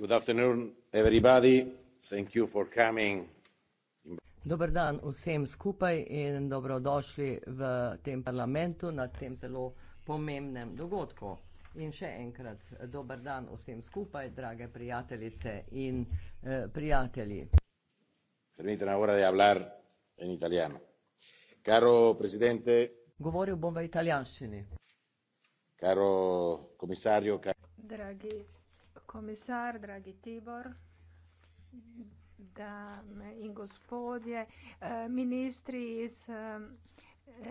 Good afternoon, everybody. Thank you for coming. Dober dan vsem skupaj in dobrodošli v tem parlamentu na tem zelo pomembnem dogodku. In še enkrat, dober dan vsem skupaj, drage prijateljice in eh, prijatelji. Permettere ora di hablar in italiano. Caro presidente. Govoril bom v italijanščini. Caro komisarju. Dragi komisar, dragi Tibor da, in gospodje, eh, ministri iz eh,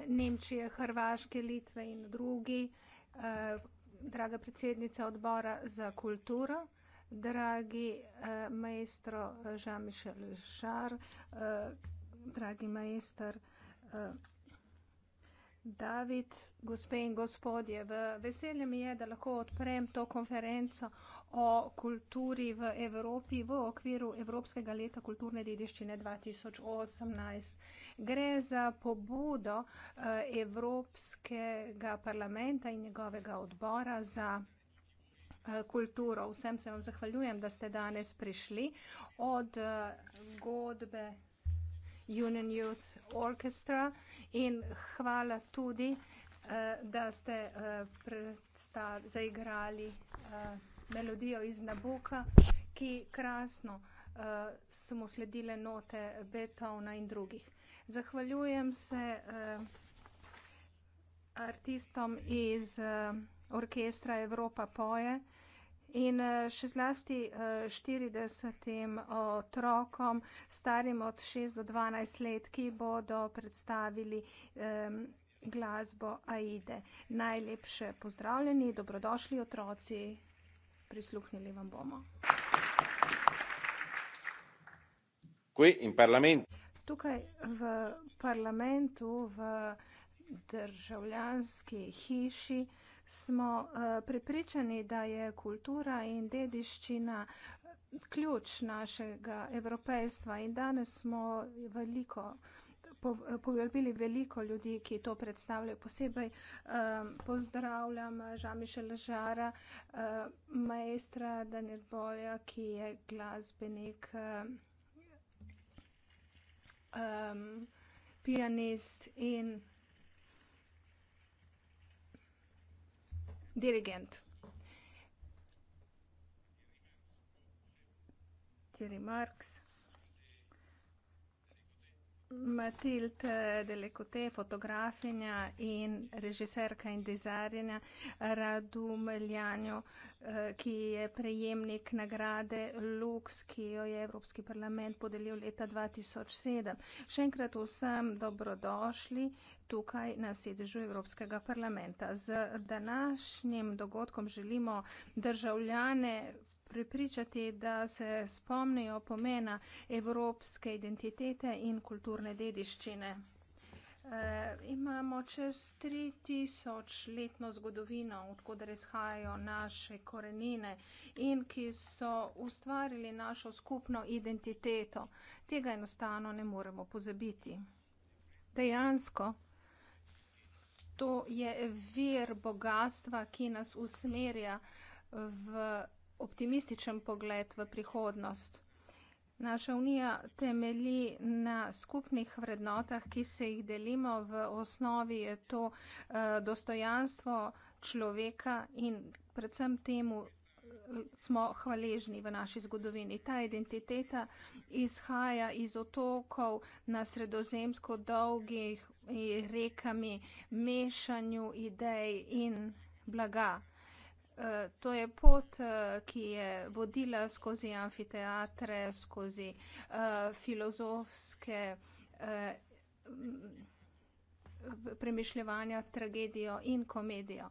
Nemčije, Hrvaške, Litve in drugi, eh, draga predsednica odbora za kulturo, dragi maestro Jean-Michel Žar, dragi maester David, gospe in gospodje, veselje mi je, da lahko odprem to konferenco o kulturi v Evropi v okviru Evropskega leta kulturne dediščine 2018. Gre za pobudo eh, Evropskega parlamenta in njegovega odbora za eh, kulturo. Vsem se vam zahvaljujem, da ste danes prišli od eh, godbe Union Youth Orchestra in hvala tudi, da ste zaigrali melodijo iz Nabuka, ki krasno uh, so mu sledile note Beethovna in drugih. Zahvaljujem se uh, artistom iz uh, orkestra Evropa Poje in uh, še zlasti uh, 40 otrokom, starim od 6 do 12 let, ki bodo predstavili. Um, glasbo Aide. Najlepše pozdravljeni, dobrodošli otroci prisluhnili vam bomo. Tukaj v parlamentu, v državljanski hiši smo uh, prepričani, da je kultura in dediščina eh, ključ našega evropejstva in danes smo veliko povabili veliko ljudi, ki to predstavljajo. Posebej um, pozdravljam Žamišela Žara, uh, eh, majstra Daniel Bolja, ki je glasbenik, um, pianist in dirigent. Terry Marks. Matilde eh, Delekote, fotografinja in režiserka in dizajnerja Radu Meljanjo, eh, ki je prejemnik nagrade Lux, ki jo je Evropski parlament podelil leta 2007. Še enkrat vsem dobrodošli tukaj na sedežu Evropskega parlamenta. Z današnjim dogodkom želimo državljane prepričati, da se spomnijo pomena evropske identitete in kulturne dediščine. E, imamo čez 3000 letno zgodovino, odkudar izhajajo naše korenine in ki so ustvarili našo skupno identiteto. Tega enostavno ne moremo pozabiti. Dejansko to je vir bogatstva, ki nas usmerja v optimističen pogled v prihodnost. Naša unija temelji na skupnih vrednotah, ki se jih delimo. V osnovi je to eh, dostojanstvo človeka in predvsem temu eh, smo hvaležni v naši zgodovini. Ta identiteta izhaja iz otokov na sredozemsko dolgih rekami, mešanju idej in blaga. Eh, to je pot, eh, ki je vodila skozi amfiteatre, skozi uh, filozofske uh, premišljevanja, tragedijo in komedijo.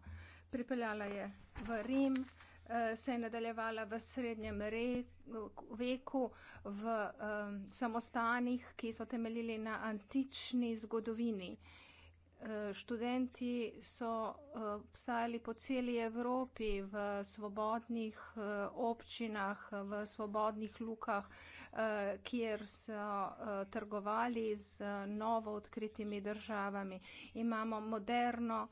Pripeljala je v Rim, uh, se je nadaljevala v srednjem re, veku, v um, samostanih, ki so temeljili na antični zgodovini. Uh, Eh, študenti so eh, obstajali po celi Evropi v svobodnih eh, občinah, v svobodnih lukah, kjer so trgovali z novo odkritimi državami. Imamo moderno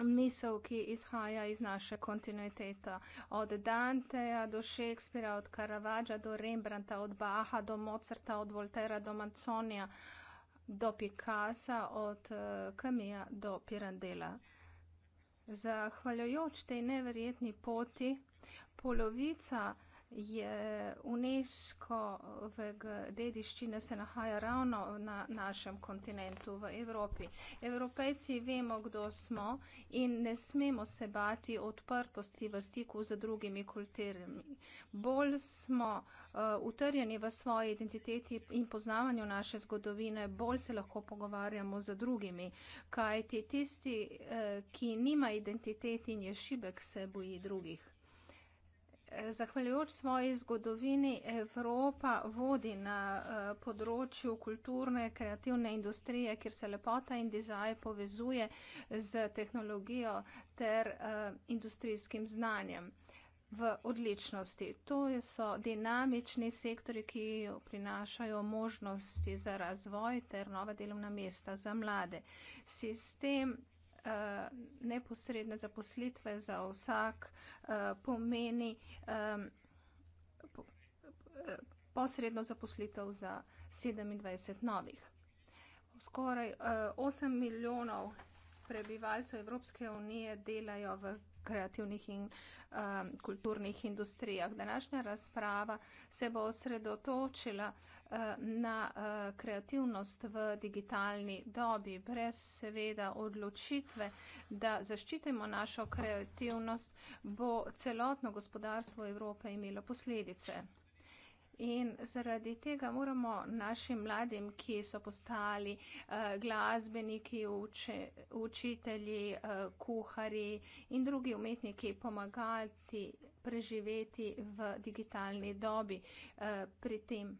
misel, ki izhaja iz naše kontinuiteta. Od Danteja do Šekspira, od Karavađa do Rembrandta, od Baha do Mozarta, od Voltera do Manconija do Picasa, od eh, Kamija do Pirandela. Zahvaljujoč tej neverjetni poti, polovica je UNESCO dediščine se nahaja ravno na našem kontinentu, v Evropi. Evropejci vemo, kdo smo in ne smemo se bati odprtosti v stiku z drugimi kulturami. Bolj smo uh, utrjeni v svoji identiteti in poznavanju naše zgodovine, bolj se lahko pogovarjamo z drugimi. Kaj ti tisti, uh, ki nima identiteti in je šibek, se boji drugih zahvaljujoč svoji zgodovini Evropa vodi na eh, področju kulturne, kreativne industrije, kjer se lepota in dizajn povezuje z tehnologijo ter eh, industrijskim znanjem v odličnosti. To so dinamični sektori, ki prinašajo možnosti za razvoj ter nova delovna mesta za mlade. Sistem Eh, neposredne zaposlitve za vsak eh, pomeni eh, posredno zaposlitev za 27 novih. Skoraj 8 milijonov prebivalcev Evropske unije delajo v kreativnih in um, kulturnih industrijah. Današnja razprava se bo osredotočila uh, na uh, kreativnost v digitalni dobi, brez seveda odločitve, da zaščitimo našo kreativnost, bo celotno gospodarstvo Evrope imelo posledice. In zaradi tega moramo našim mladim, ki so postali uh, glasbeniki, uče, učitelji, uh, eh, kuhari in drugi umetniki, pomagati preživeti v digitalni dobi. Uh, pri tem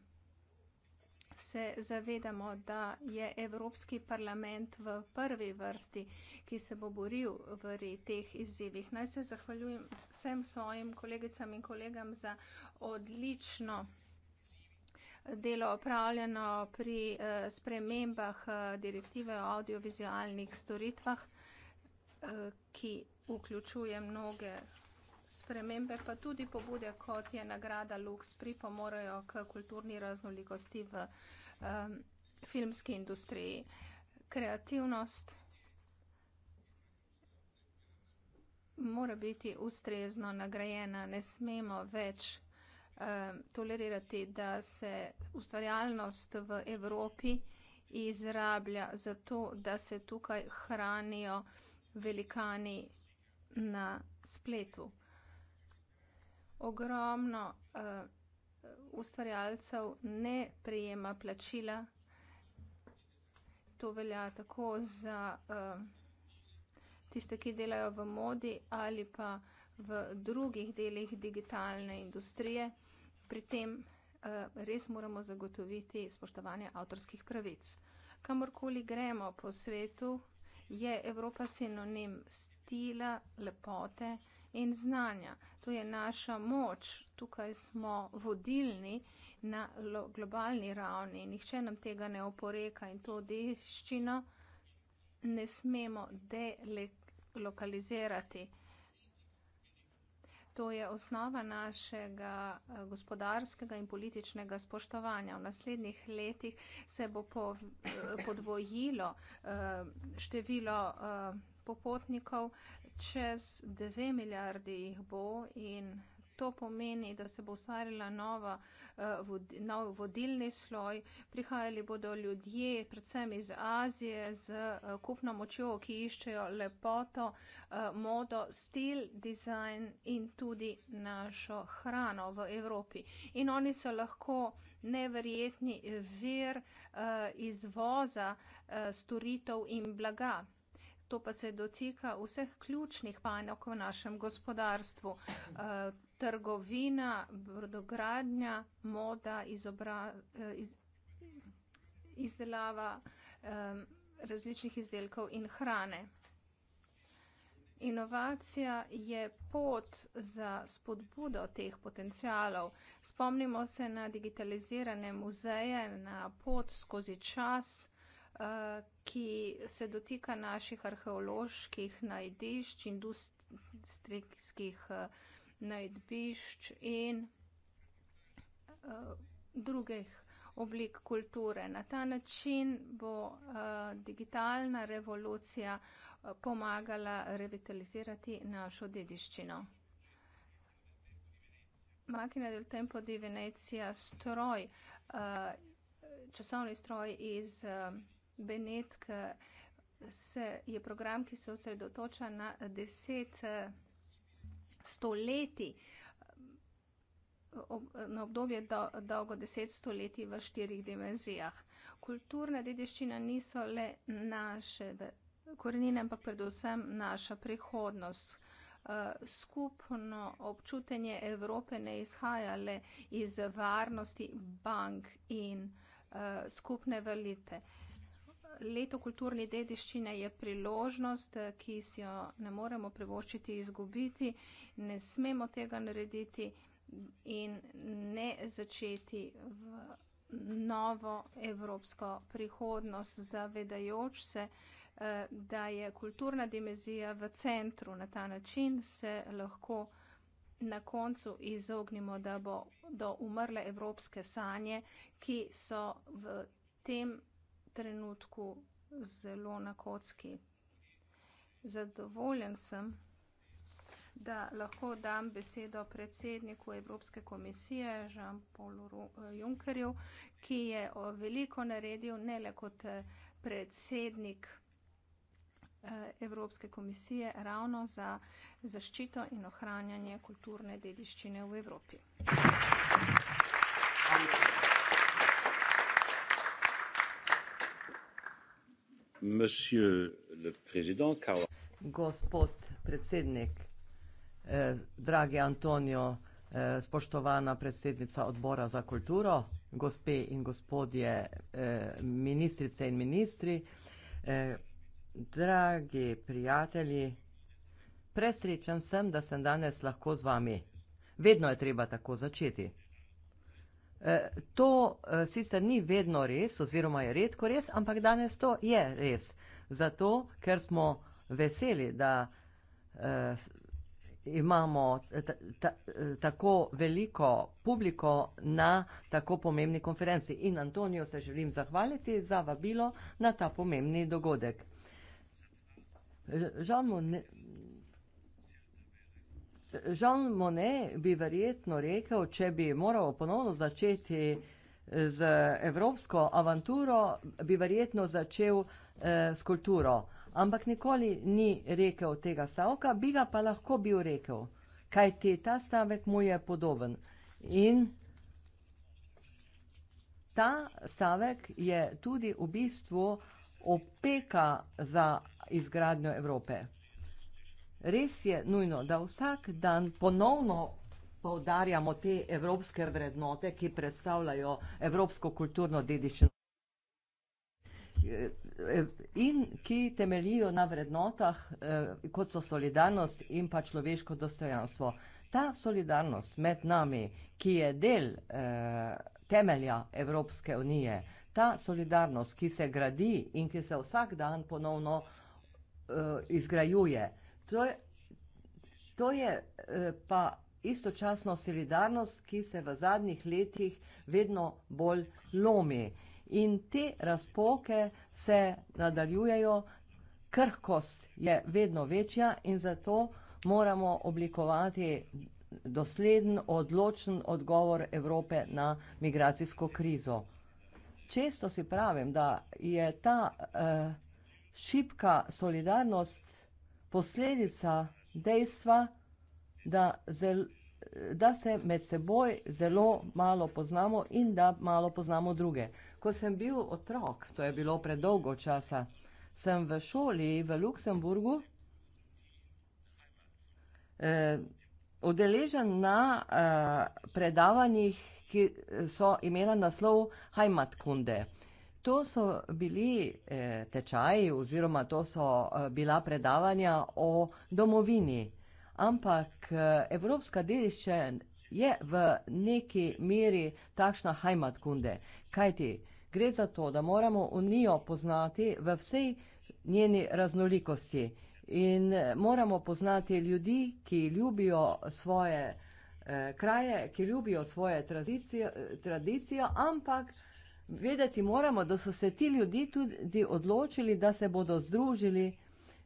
se zavedamo, da je Evropski parlament v prvi vrsti, ki se bo boril v teh izzivih. Naj se zahvaljujem vsem svojim kolegicam in kolegam za odlično delo opravljeno pri eh, spremembah eh, direktive o audiovizualnih storitvah, eh, ki vključuje mnoge spremembe, pa tudi pobude, kot je nagrada Lux pri pomorajo k kulturni raznolikosti v filmski industriji. Kreativnost mora biti ustrezno nagrajena, ne smemo več Eh, tolerirati, da se ustvarjalnost v Evropi izrablja za to, da se tukaj hranijo velikani na spletu. Ogromno uh, ustvarjalcev ne prejema plačila. To velja tako za uh, tiste, ki delajo v modi ali pa v drugih delih digitalne industrije. Pri tem eh, res moramo zagotoviti spoštovanje avtorskih pravic. Kamorkoli gremo po svetu, je Evropa sinonim stila, lepote in znanja. To je naša moč, tukaj smo vodilni na globalni ravni. Nihče nam tega ne oporeka in to deščino ne smemo delokalizirati. Dele To je osnova našega eh, gospodarskega in političnega spoštovanja. V naslednjih letih se bo eh, podvojilo eh, število popotnikov, čez dve milijardi jih bo in To pomeni, da se bo ustvarila nova, eh, nov vodilni sloj, prihajali bodo ljudje, predvsem iz Azije, z eh, kupno močjo, ki iščejo lepoto, eh, modo, stil, dizajn in tudi našo hrano v Evropi. In oni so lahko neverjetni vir izvoza storitev in blaga. To pa se dotika vseh ključnih panjok v našem gospodarstvu trgovina, brodogradnja, moda, izobra, eh, iz, izdelava um, različnih izdelkov in hrane. Inovacija je pot za spodbudo teh potencialov. Spomnimo se na digitalizirane muzeje, na pot skozi čas, eh, ki se dotika naših arheoloških najdišč, industrijskih eh, najdbišč in uh, drugih oblik kulture. Na ta način bo uh, digitalna revolucija eh, pomagala revitalizirati našo dediščino. Makina del tempo di Venecija, stroj, časovni stroj iz Benetk, se, je program, ki se osredotoča na deset stoletij, na obdobje do, dolgo deset stoletij v štirih dimenzijah. Kulturna dediščina niso le naše korenine, ampak predvsem naša prihodnost. Eh, skupno občutenje Evrope ne izhaja le iz varnosti bank in eh, skupne valite leto kulturne dediščine je priložnost, ki si jo ne moremo privoščiti izgubiti, ne smemo tega narediti in ne začeti v novo evropsko prihodnost, zavedajoč se, eh, da je kulturna dimenzija v centru. Na ta način se lahko na koncu izognimo, da bo do umrle evropske sanje, ki so v tem trenutku zelo na kocki. Zadovoljen sem, da lahko dam besedo predsedniku Evropske komisije Žan-Polu eh, Junkerju, ki je veliko naredil ne le kot eh, predsednik eh, Evropske komisije ravno za zaščito in ohranjanje kulturne dediščine v Evropi. Gospod predsednik, eh, dragi Antonijo, eh, spoštovana predsednica odbora za kulturo, gospe in gospodje eh, ministrice in ministri, eh, dragi prijatelji, presrečen sem, da sem danes lahko z vami. Vedno je treba tako začeti. Eh, to uh, sicer ni vedno res, oziroma je redko res, ampak danes to je res. Zato, ker smo veseli, da uh, imamo ta, ta, tako veliko publiko na tako pomembni konferenci. In Antonijo se želim zahvaliti za vabilo na ta pomembni dogodek. Žal mu ne, Žan Monet bi verjetno rekel, če bi moral ponovno začeti eh, z evropsko avanturo, bi verjetno začel eh, s kulturo. Ampak nikoli ni rekel tega stavka, bi ga pa lahko bil rekel, kaj ti ta stavek mu je podoben. In ta stavek je tudi v bistvu opeka za izgradnjo Evrope res je nujno, da vsak dan ponovno poudarjamo te evropske vrednote, ki predstavljajo evropsko kulturno dediščino in ki temelijo na vrednotah, eh, kot so solidarnost in pa človeško dostojanstvo. Ta solidarnost med nami, ki je del eh, temelja Evropske unije, ta solidarnost, ki se gradi in ki se vsak dan ponovno eh, izgrajuje, To je, to je eh, pa istočasno solidarnost, ki se v zadnjih letih vedno bolj lomi. In te razpoke se nadaljujejo, krhkost je vedno večja in zato moramo oblikovati dosleden, odločen odgovor Evrope na migracijsko krizo. Često si pravim, da je ta uh, eh, šipka solidarnost posledica dejstva, da, zel, da se med seboj zelo malo poznamo in da malo poznamo druge. Ko sem bil otrok, to je bilo predolgo časa, sem v šoli v Luksemburgu eh, odeležen na eh, predavanjih, ki so imela naslov Heimatkunde to so bili eh, tečaji oziroma to so eh, bila predavanja o domovini, ampak eh, evropska dedišče je v neki meri takšna hajmatkunde. Kajti gre za to, da moramo Unijo poznati v vsej njeni raznolikosti in eh, moramo poznati ljudi, ki ljubijo svoje eh, kraje, ki ljubijo svoje tradicijo, eh, tradicijo ampak vedeti moramo, da so se ti ljudje tudi odločili, da se bodo združili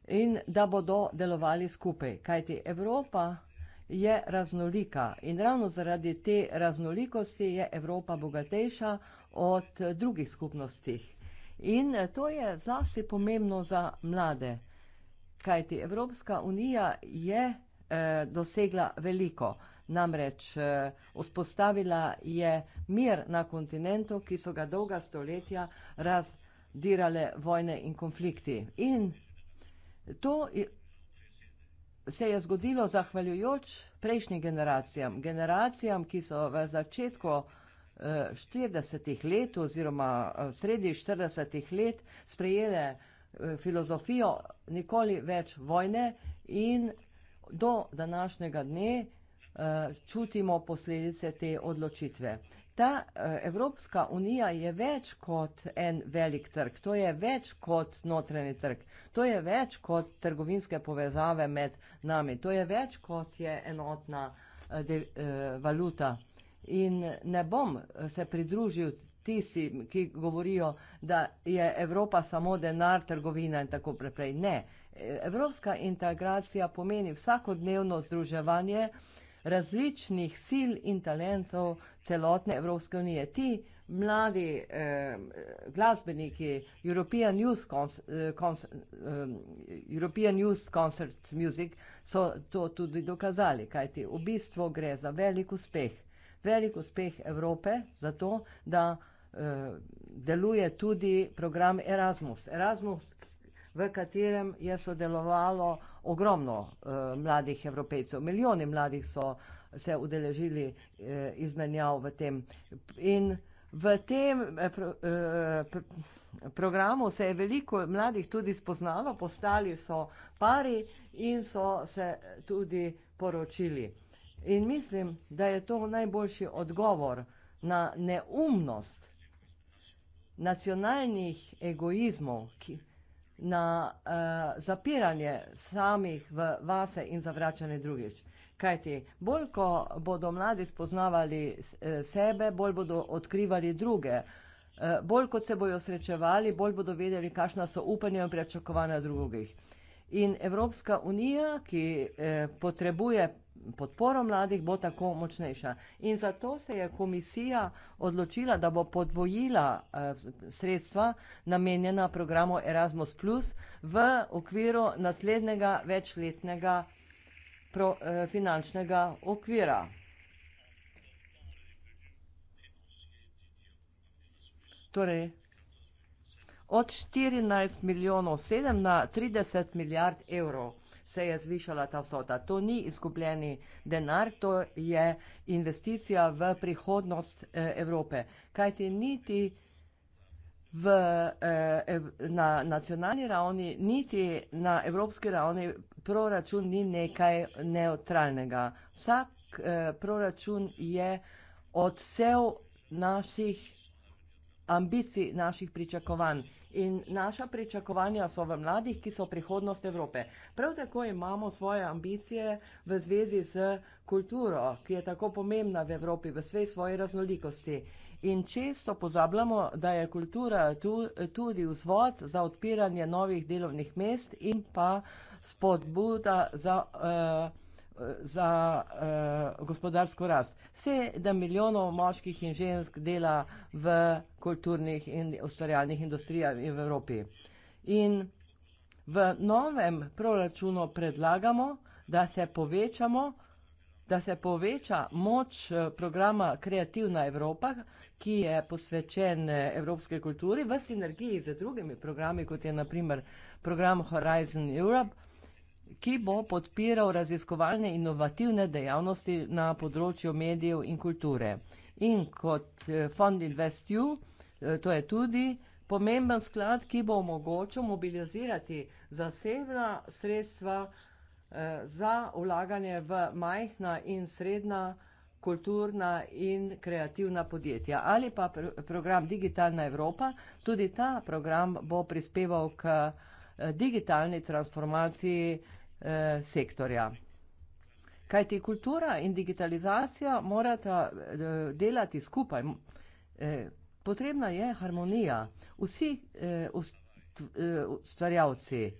in da bodo delovali skupaj. Kajti Evropa je raznolika in ravno zaradi te raznolikosti je Evropa bogatejša od drugih skupnosti. In to je zlasti pomembno za mlade, kajti Evropska unija je eh, dosegla veliko. Namreč eh, vzpostavila je mir na kontinentu, ki so ga dolga stoletja razdirale vojne in konflikti. In to se je zgodilo zahvaljujoč prejšnjim generacijam, generacijam, ki so v začetku 40-ih eh, let oziroma v eh, sredi 40-ih let sprejele eh, filozofijo nikoli več vojne in do današnjega dne čutimo posledice te odločitve. Ta e, Evropska unija je več kot en velik trg, to je več kot notranji trg, to je več kot trgovinske povezave med nami, to je več kot je enotna e, de, eh, valuta. In ne bom e, se pridružil tistim, ki govorijo, da je Evropa samo denar, trgovina in tako naprej. Ne. Evropska integracija pomeni vsakodnevno združevanje različnih sil in talentov, celotne Evropske unije. Ti mladi eh, glasbeniki European Youth, eh, eh, European Youth Concert Music so to tudi dokazali, kajti v bistvu gre za velik uspeh, velik uspeh Evrope za to, da eh, deluje tudi program Erasmus. Erasmus v katerem je sodelovalo ogromno uh, mladih evropejcev. Milijoni mladih so uh, se udeležili eh, izmenjav v tem. In v tem eh, pro, eh, programu se je veliko mladih tudi spoznalo, postali so pari in so se tudi poročili. In mislim, da je to najboljši odgovor na neumnost nacionalnih egoizmov, ki, na uh, zapiranje samih v vase in zavračanje drugih. Kajti, bolj ko bodo mladi spoznavali eh, sebe, bolj bodo odkrivali druge. Eh, bolj kot se bojo srečevali, bolj bodo vedeli, kakšna so upanja in pričakovanja drugih. In Evropska unija, ki eh, potrebuje podporo mladih, bo tako močnejša. In zato se je komisija odločila, da bo podvojila sredstva namenjena programu Erasmus, v okviru naslednjega večletnega pro, eh, finančnega okvira. Torej, od 14 milijonov 7 na 30 milijard evrov se je zvišala ta vsota. To ni izgubljeni denar, to je investicija v prihodnost eh, Evrope. Kajti niti v, eh, na nacionalni ravni, niti na evropski ravni proračun ni nekaj neutralnega. Vsak eh, proračun je odsev naših ambicij, naših pričakovanj. In naša pričakovanja so v mladih, ki so prihodnost Evrope. Prav tako imamo svoje ambicije v zvezi z kulturo, ki je tako pomembna v Evropi, v svej svoji raznolikosti. In često pozabljamo, da je kultura tu, tudi vzvod za odpiranje novih delovnih mest in pa uh, spodbuda za, uh, za uh, gospodarsko rast. Sedem milijonov moških in žensk dela v kulturnih in ustvarjalnih industrijah in v Evropi. In v novem proračunu predlagamo, da se povečamo da se poveča moč eh, programa Kreativna Evropa, ki je posvečen evropske kulturi v sinergiji z drugimi programi, kot je naprimer program Horizon Europe, ki bo podpiral raziskovalne inovativne dejavnosti na področju medijev in kulture. In kot eh, Fond Invest You, eh, to je tudi pomemben sklad, ki bo omogočil mobilizirati zasebna sredstva eh, za ulaganje v majhna in srednja kulturna in kreativna podjetja ali pa pr program Digitalna Evropa. Tudi ta program bo prispeval k digitalni transformaciji eh, eh, sektorja. Kaj ti kultura in digitalizacija morata eh, delati skupaj. Eh, potrebna je harmonija. Vsi eh, ust, eh, ustvarjavci, eh,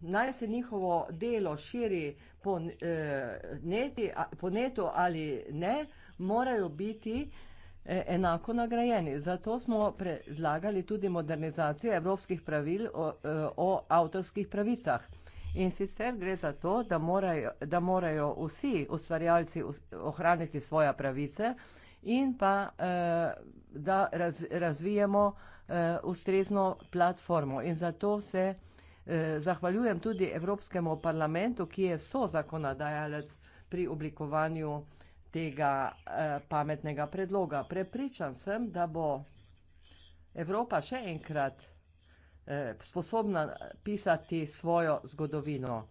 naj se njihovo delo širi po, eh, neti, po netu ali ne, morajo biti eh, E, enako nagrajeni. Zato smo predlagali tudi modernizacijo evropskih pravil o, e, o avtorskih pravicah. In sicer gre za to, da morajo, da morajo vsi ustvarjalci ohraniti svoje pravice in pa e, da razvijemo ustrezno platformo. In zato se zahvaljujem tudi Evropskemu parlamentu, ki je sozakonodajalec pri oblikovanju tega eh, pametnega predloga. Prepričan sem, da bo Evropa še enkrat eh, sposobna pisati svojo zgodovino.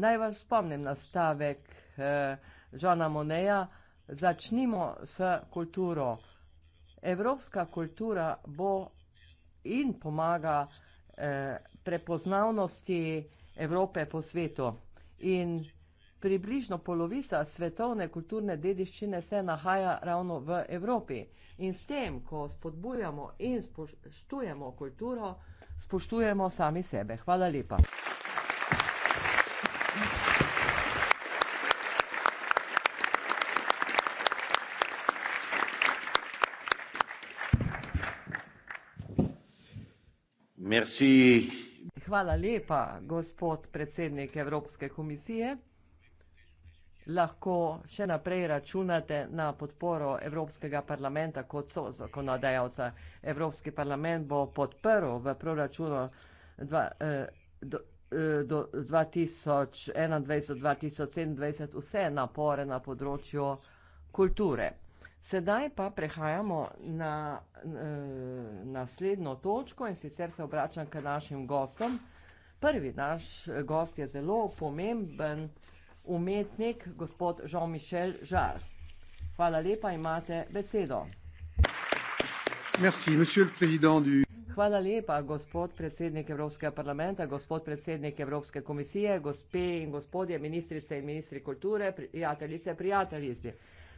Naj vas spomnim na stavek eh, Žana Moneja, začnimo s kulturo. Evropska kultura bo in pomaga eh, prepoznavnosti Evrope po svetu. In Približno polovica svetovne kulturne dediščine se nahaja ravno v Evropi. In s tem, ko spodbujamo in spoštujemo kulturo, spoštujemo sami sebe. Hvala lepa. Merci. Hvala lepa, gospod predsednik Evropske komisije lahko še naprej računate na podporo Evropskega parlamenta kot so zakonodajalca. Evropski parlament bo podprl v proračunu dva, eh, do, eh, do 2021-2027 vse napore na področju kulture. Sedaj pa prehajamo na e, naslednjo točko in sicer se obračam k našim gostom. Prvi naš eh, gost je zelo pomemben umetnik, gospod Jean-Michel Jarre. Hvala lepa, imate besedo. Merci, monsieur le président du... Hvala lepa, gospod predsednik Evropskega parlamenta, gospod predsednik Evropske komisije, gospe in gospodje, ministrice in ministri kulture, prijateljice, prijateljici.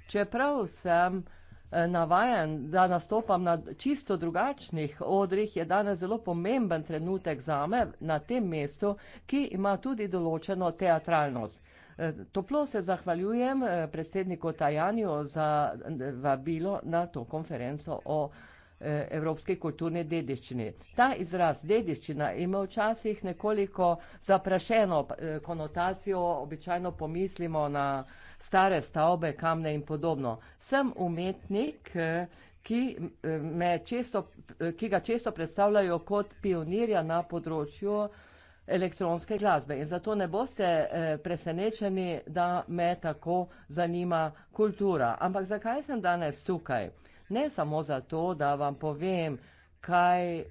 Čeprav sem eh, navajen, da nastopam na čisto drugačnih odrih, je danes zelo pomemben trenutek zame na tem mestu, ki ima tudi določeno teatralnost. Toplo se zahvaljujem eh, predsedniku Tajanju za eh, vabilo na to konferenco o eh, evropski kulturni dediščini. Ta izraz dediščina ima včasih nekoliko zaprašeno konotacijo, običajno pomislimo na stare stavbe, kamne in podobno. Sem umetnik, ki, me često, ki ga često predstavljajo kot pionirja na področju elektronske glasbe. In zato ne boste eh, presenečeni, da me tako zanima kultura. Ampak zakaj sem danes tukaj? Ne samo zato, da vam povem, kaj eh,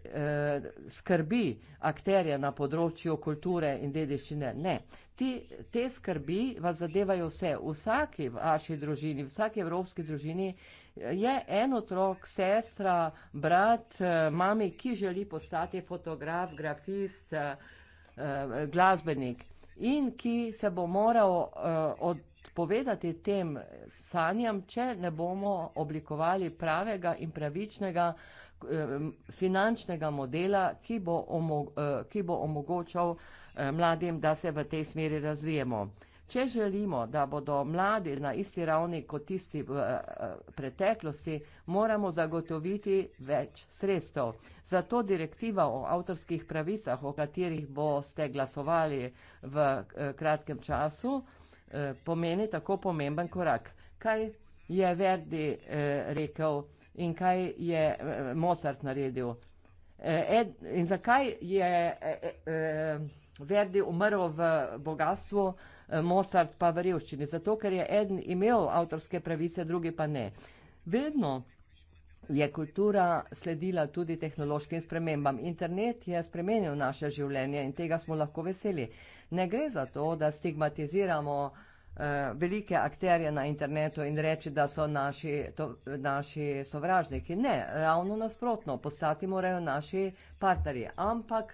skrbi akterje na področju kulture in dediščine. Ne. Ti, te skrbi vas zadevajo vse. V vsaki vaši družini, v vsaki evropski družini eh, je en otrok, sestra, brat, eh, mami, ki želi postati fotograf, grafist. Eh, uh, glasbenik in ki se bo moral uh, odpovedati tem sanjam, če ne bomo oblikovali pravega in pravičnega uh, finančnega modela, ki bo, omog uh, ki bo omogočal uh, mladim, da se v tej smeri razvijemo. Če želimo, da bodo mladi na isti ravni kot tisti v eh, preteklosti, moramo zagotoviti več sredstev. Zato direktiva o avtorskih pravicah, o katerih boste glasovali v eh, kratkem času, eh, pomeni tako pomemben korak. Kaj je Verdi rekel in kaj je Mozart naredil? Ed, in zakaj je Verdi umrl v bogatstvu? Eh, Mozart pa v revščini, zato ker je eden imel avtorske pravice, drugi pa ne. Vedno je kultura sledila tudi tehnološkim spremembam. Internet je spremenil naše življenje in tega smo lahko veseli. Ne gre za to, da stigmatiziramo uh, uh, velike akterje na internetu in reči, da so naši, to, naši sovražniki. Ne, ravno nasprotno, postati morajo naši partnerji. Ampak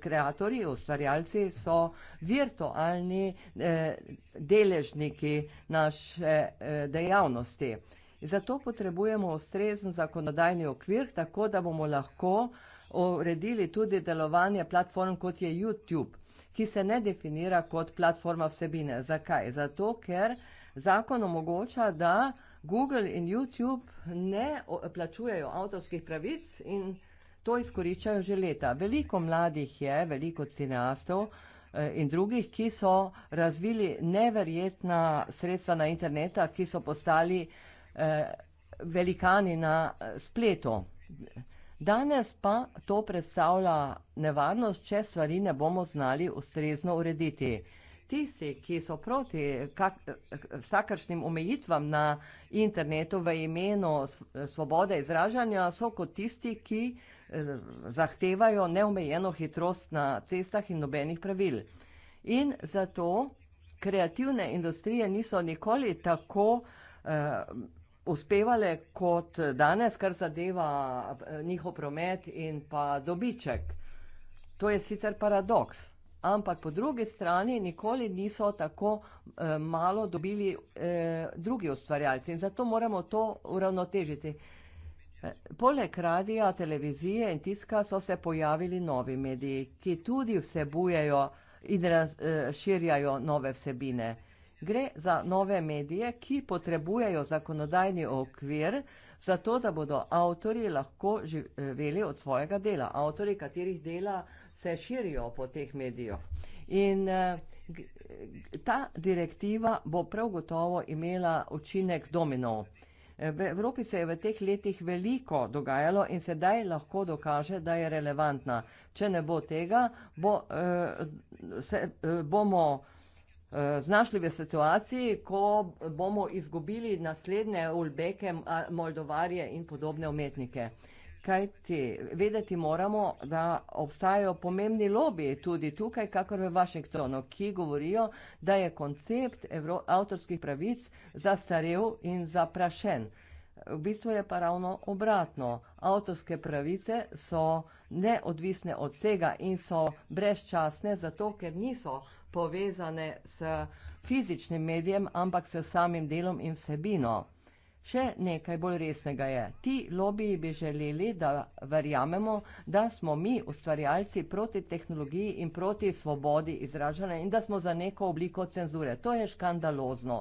kreatori, ustvarjalci so virtualni eh, deležniki naše eh, dejavnosti. Zato potrebujemo ustrezen zakonodajni okvir, tako da bomo lahko uredili tudi delovanje platform, kot je YouTube ki se ne definira kot platforma vsebine. Zakaj? Zato, ker zakon omogoča, da Google in YouTube ne plačujejo avtorskih pravic in to izkoriščajo že leta. Veliko mladih je, veliko cineastov eh, in drugih, ki so razvili neverjetna sredstva na interneta, ki so postali eh, velikani na eh, spletu. Danes pa to predstavlja nevarnost, če stvari ne bomo znali ustrezno urediti. Tisti, ki so proti kak, vsakršnim omejitvam na internetu v imenu svobode izražanja, so kot tisti, ki eh, zahtevajo neomejeno hitrost na cestah in nobenih pravil. In zato kreativne industrije niso nikoli tako. Uh, uspevale kot danes, kar zadeva eh, njihov promet in pa dobiček. To je sicer paradoks, ampak po drugi strani nikoli niso tako eh, malo dobili eh, drugi ustvarjalci in zato moramo to uravnotežiti. Eh, poleg radija, televizije in tiska so se pojavili novi mediji, ki tudi vsebujejo in raz, eh, širjajo nove vsebine gre za nove medije, ki potrebujejo zakonodajni okvir, zato da bodo avtori lahko živeli eh, od svojega dela, avtori katerih dela se širijo po teh medijih. In eh, ta direktiva bo prav gotovo imela učinek dominov. Eh, v Evropi se je v teh letih veliko dogajalo in sedaj lahko dokaže, da je relevantna. Če ne bo tega, bo, se, bomo znašli v situaciji, ko bomo izgubili naslednje ulbeke, moldovarje in podobne umetnike. Kaj ti, vedeti moramo, da obstajajo pomembni lobiji tudi tukaj, kakor v Vašingtonu, ki govorijo, da je koncept evro, avtorskih pravic zastarev in zaprašen. V bistvu je pa ravno obratno. Avtorske pravice so neodvisne od vsega in so brezčasne, zato ker niso povezane s fizičnim medijem, ampak s samim delom in vsebino. Še nekaj bolj resnega je, ti lobiji bi želeli, da verjamemo, da smo mi ustvarjalci proti tehnologiji in proti svobodi izražanja in da smo za neko obliko cenzure. To je škandalozno.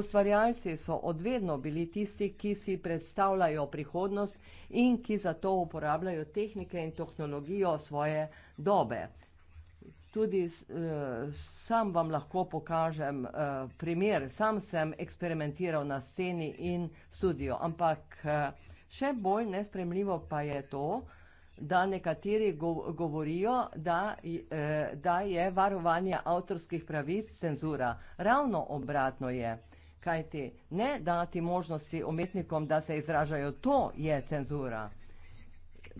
Ustvarjalci so odvedno bili tisti, ki si predstavljajo prihodnost in ki zato uporabljajo tehnike in tehnologijo svoje dobe tudi uh, sam vam lahko pokažem uh, primer. Sam sem eksperimentiral na sceni in studiu, ampak uh, še bolj nespremljivo pa je to, da nekateri govorijo, da, uh, da je varovanje avtorskih pravic cenzura. Ravno obratno je, kajti ne dati možnosti umetnikom, da se izražajo, to je cenzura.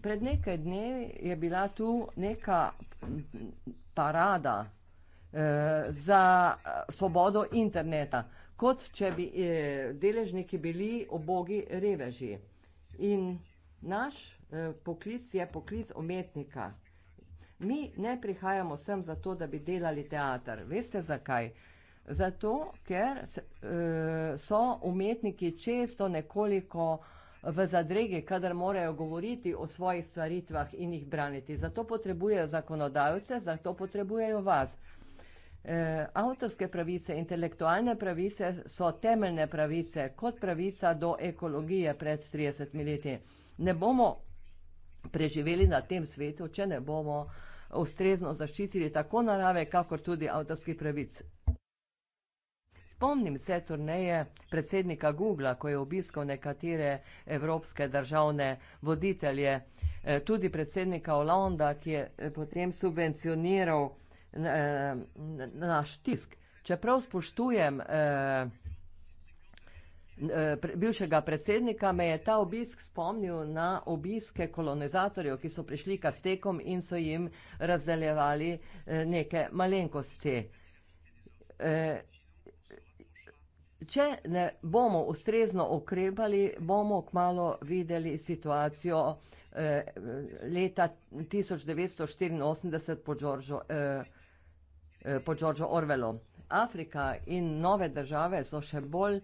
Pred nekaj dnevi je bila tu neka parada eh, za eh, svobodo interneta, kot če bi eh, deležniki bili obogi reveži. In naš eh, poklic je poklic umetnika. Mi ne prihajamo sem zato, da bi delali teater. Veste zakaj? Zato, ker eh, so umetniki često nekoliko eh, v zadregi, kadar morajo govoriti o svojih stvaritvah in jih braniti. Zato potrebujejo zakonodajce, zato potrebujejo vas. E, avtorske pravice, intelektualne pravice so temeljne pravice, kot pravica do ekologije pred 30 leti. Ne bomo preživeli na tem svetu, če ne bomo ustrezno zaščitili tako narave, kakor tudi avtorskih pravic. Spomnim se turneje predsednika Googla, ko je obiskal nekatere evropske državne voditelje, eh, tudi predsednika Olanda, ki je eh, potem subvencioniral eh, naš tisk. Čeprav spoštujem bivšega predsednika, me je ta obisk spomnil na obiske kolonizatorjev, ki so prišli k Aztekom in so jim razdeljevali neke malenkosti. Če ne bomo ustrezno okrepali, bomo kmalo videli situacijo eh, leta 1984 po Džoržu eh, eh Orvelu. Afrika in nove države so še bolj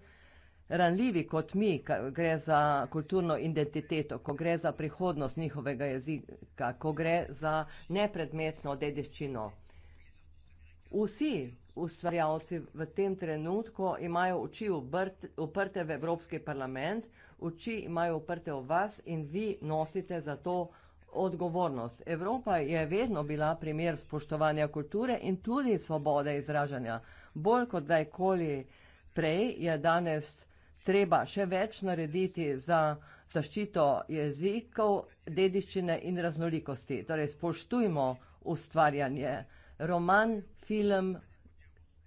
ranljivi kot mi, ko gre za kulturno identiteto, ko gre za prihodnost njihovega jezika, ko gre za nepredmetno dediščino. Vsi ustvarjalci v tem trenutku imajo oči uprte v Evropski parlament, oči imajo uprte v vas in vi nosite za to odgovornost. Evropa je vedno bila primer spoštovanja kulture in tudi svobode izražanja. Bolj kot dajkoli prej je danes treba še več narediti za zaščito jezikov, dediščine in raznolikosti. Torej, spoštujmo ustvarjanje. Roman film,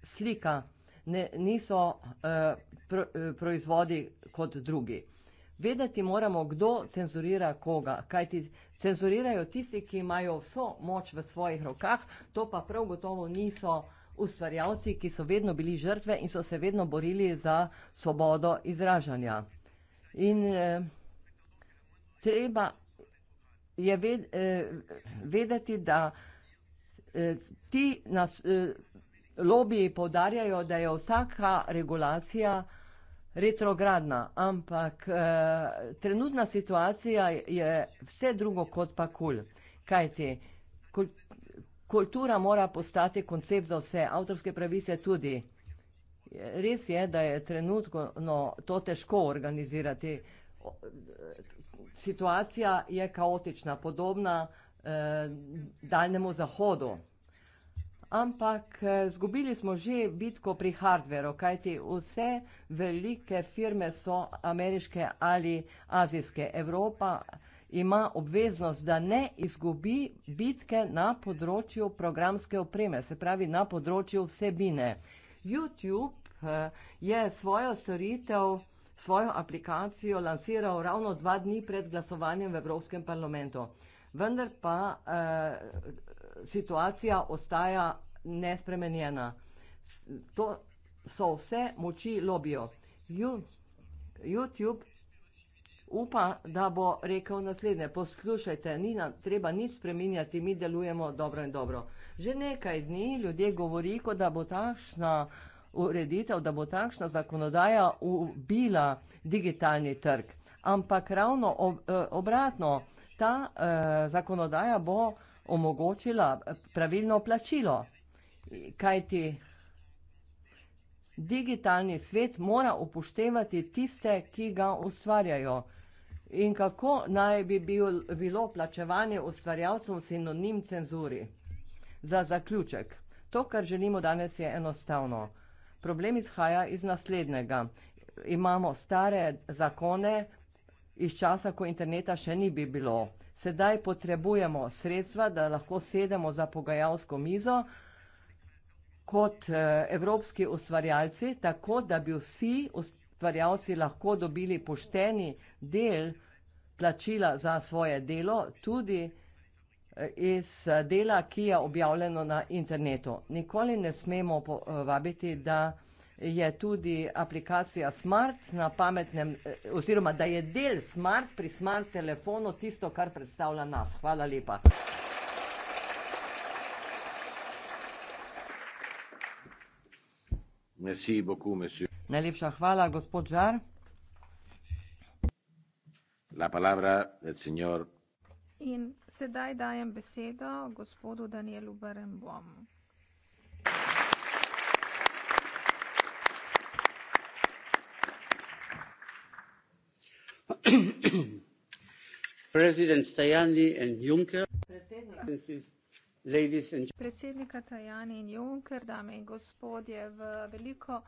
slika, ne, niso uh, pro, uh, proizvodi kot drugi. Vedeti moramo, kdo cenzurira koga, kaj ti cenzurirajo tisti, ki imajo vso moč v svojih rokah, to pa prav gotovo niso ustvarjalci, ki so vedno bili žrtve in so se vedno borili za svobodo izražanja. In eh, treba je ved, eh, vedeti, da. Eh, ti nas, eh, lobiji povdarjajo, da je vsaka regulacija retrogradna, ampak eh, trenutna situacija je vse drugo kot pa kul. Kajti, kultura mora postati koncept za vse, avtorske pravice tudi. Res je, da je trenutno to težko organizirati. Situacija je kaotična, podobna eh, daljnemu zahodu. Ampak eh, zgubili smo že bitko pri hardveru, kajti vse velike firme so ameriške ali azijske. Evropa ima obveznost, da ne izgubi bitke na področju programske opreme, se pravi na področju vsebine. YouTube eh, je svojo storitev, svojo aplikacijo lansiral ravno dva dni pred glasovanjem v Evropskem parlamentu vendar pa eh, situacija ostaja nespremenjena. To so vse moči lobijo. YouTube upa, da bo rekel naslednje, poslušajte, ni nam treba nič spreminjati, mi delujemo dobro in dobro. Že nekaj dni ljudje govori, kot da bo takšna ureditev, da bo takšna zakonodaja ubila digitalni trg. Ampak ravno ob, eh, obratno, ta eh, zakonodaja bo omogočila eh, pravilno plačilo. Kaj ti digitalni svet mora upoštevati tiste, ki ga ustvarjajo. In kako naj bi bil, bilo plačevanje ustvarjalcev sinonim cenzuri? Za zaključek. To, kar želimo danes, je enostavno. Problem izhaja iz naslednjega. Imamo stare zakone, iz časa, ko interneta še ni bi bilo. Sedaj potrebujemo sredstva, da lahko sedemo za pogajalsko mizo kot eh, evropski ustvarjalci, tako da bi vsi ustvarjalci lahko dobili pošteni del plačila za svoje delo, tudi eh, iz eh, dela, ki je objavljeno na internetu. Nikoli ne smemo vabiti, da vsi je tudi aplikacija Smart na pametnem, eh, oziroma da je del Smart pri smart telefonu tisto, kar predstavlja nas. Hvala lepa. Merci beaucoup, monsieur. Najlepša hvala, gospod Žar. La palabra del signor. In sedaj dajem besedo gospodu Danielu Berenbomu. predsednik tajani in juncker predsednika tajani in juncker dame in gospodje v veliko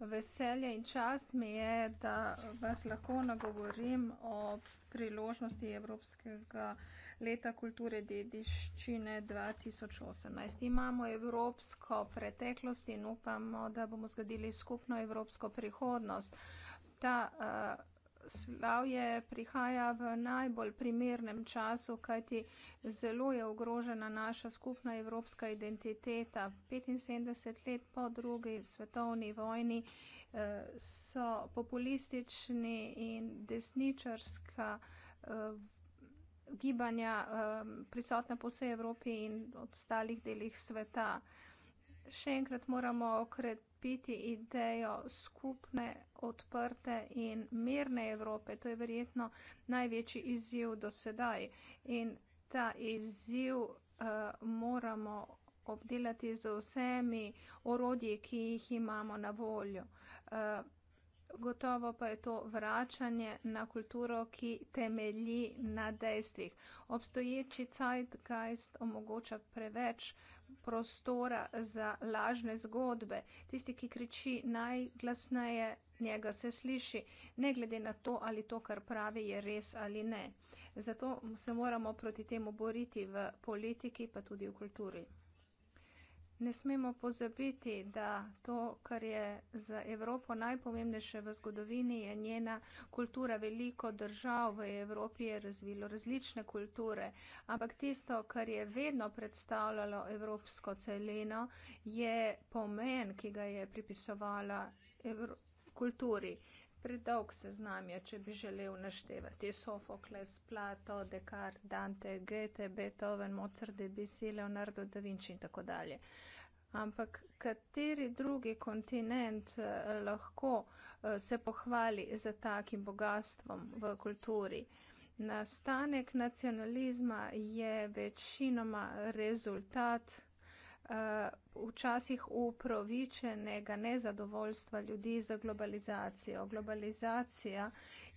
veselje in čast mi je da vas lahko nagovorim o priložnosti evropskega leta kulture dediščine 2018. Imamo evropsko preteklost in upamo, da bomo zgradili skupno evropsko prihodnost. Ta uh, slavje prihaja v najbolj primernem času, kajti zelo je ogrožena naša skupna evropska identiteta. 75 let po drugi svetovni vojni eh, so populistični in desničarska eh, gibanja eh, prisotna po vsej Evropi in ostalih delih sveta. Še enkrat moramo okrepiti idejo skupne odprte in mirne Evrope. To je verjetno največji izziv do sedaj. In ta izziv uh, moramo obdelati z vsemi orodji, ki jih imamo na voljo. Uh, gotovo pa je to vračanje na kulturo, ki temelji na dejstvih. Obstoječi Zeitgeist omogoča preveč uh, prostora za lažne zgodbe. Tisti, ki kriči najglasneje, njega se sliši, ne glede na to, ali to, kar pravi, je res ali ne. Zato se moramo proti temu boriti v politiki, pa tudi v kulturi ne smemo pozabiti, da to, kar je za Evropo najpomembnejše v zgodovini, je njena kultura. Veliko držav v Evropi je razvilo različne kulture, ampak tisto, kar je vedno predstavljalo evropsko celino, je pomen, ki ga je pripisovala Evro kulturi. Predolg se znam je, če bi želel naštevati Sofokles, Plato, Descartes, Dante, Goethe, Beethoven, Mozart, Debussy, Leonardo da Vinci in tako dalje ampak kateri drugi kontinent eh, lahko eh, se pohvali z takim bogatstvom v kulturi? Nastanek nacionalizma je večinoma rezultat eh, včasih upravičenega nezadovoljstva ljudi za globalizacijo. Globalizacija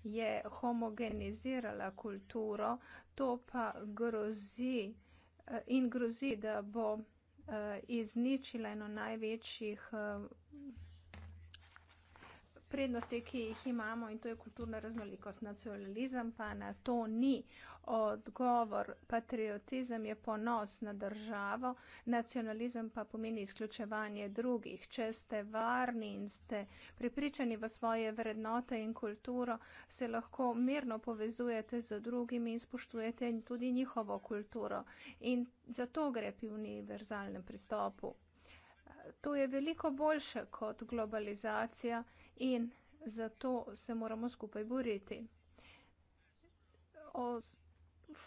je homogenizirala kulturo, to pa grozi in grozi, da bo Eh, izničila eno največjih eh, prednosti, ki jih imamo in to je kulturna raznolikost. Nacionalizem pa na to ni odgovor. Patriotizem je ponos na državo, nacionalizem pa pomeni izključevanje drugih. Če ste varni in ste pripričani v svoje vrednote in kulturo, se lahko mirno povezujete z drugimi in spoštujete tudi njihovo kulturo. In zato gre pri univerzalnem pristopu. To je veliko boljše kot globalizacija in zato se moramo skupaj boriti. O,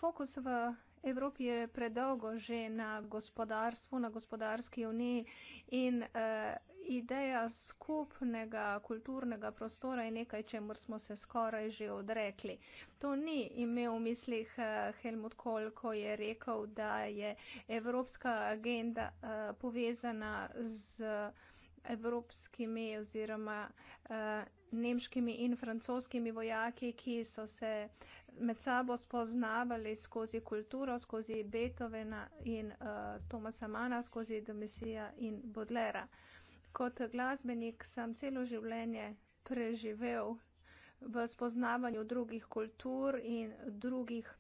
fokus v Evropi je predolgo že na gospodarstvu, na gospodarski uniji in eh, ideja skupnega kulturnega prostora je nekaj, čemu smo se skoraj že odrekli. To ni imel v mislih eh, Helmut Kohl, ko je rekel, da je evropska agenda eh, povezana z. Eh, evropskimi oziroma uh, nemškimi in francoskimi vojaki, ki so se med sabo spoznavali skozi kulturo, skozi Beethovena in uh, eh, Tomasa Mana, skozi Domesija in Bodlera. Kot glasbenik sem celo življenje preživel v spoznavanju drugih kultur in drugih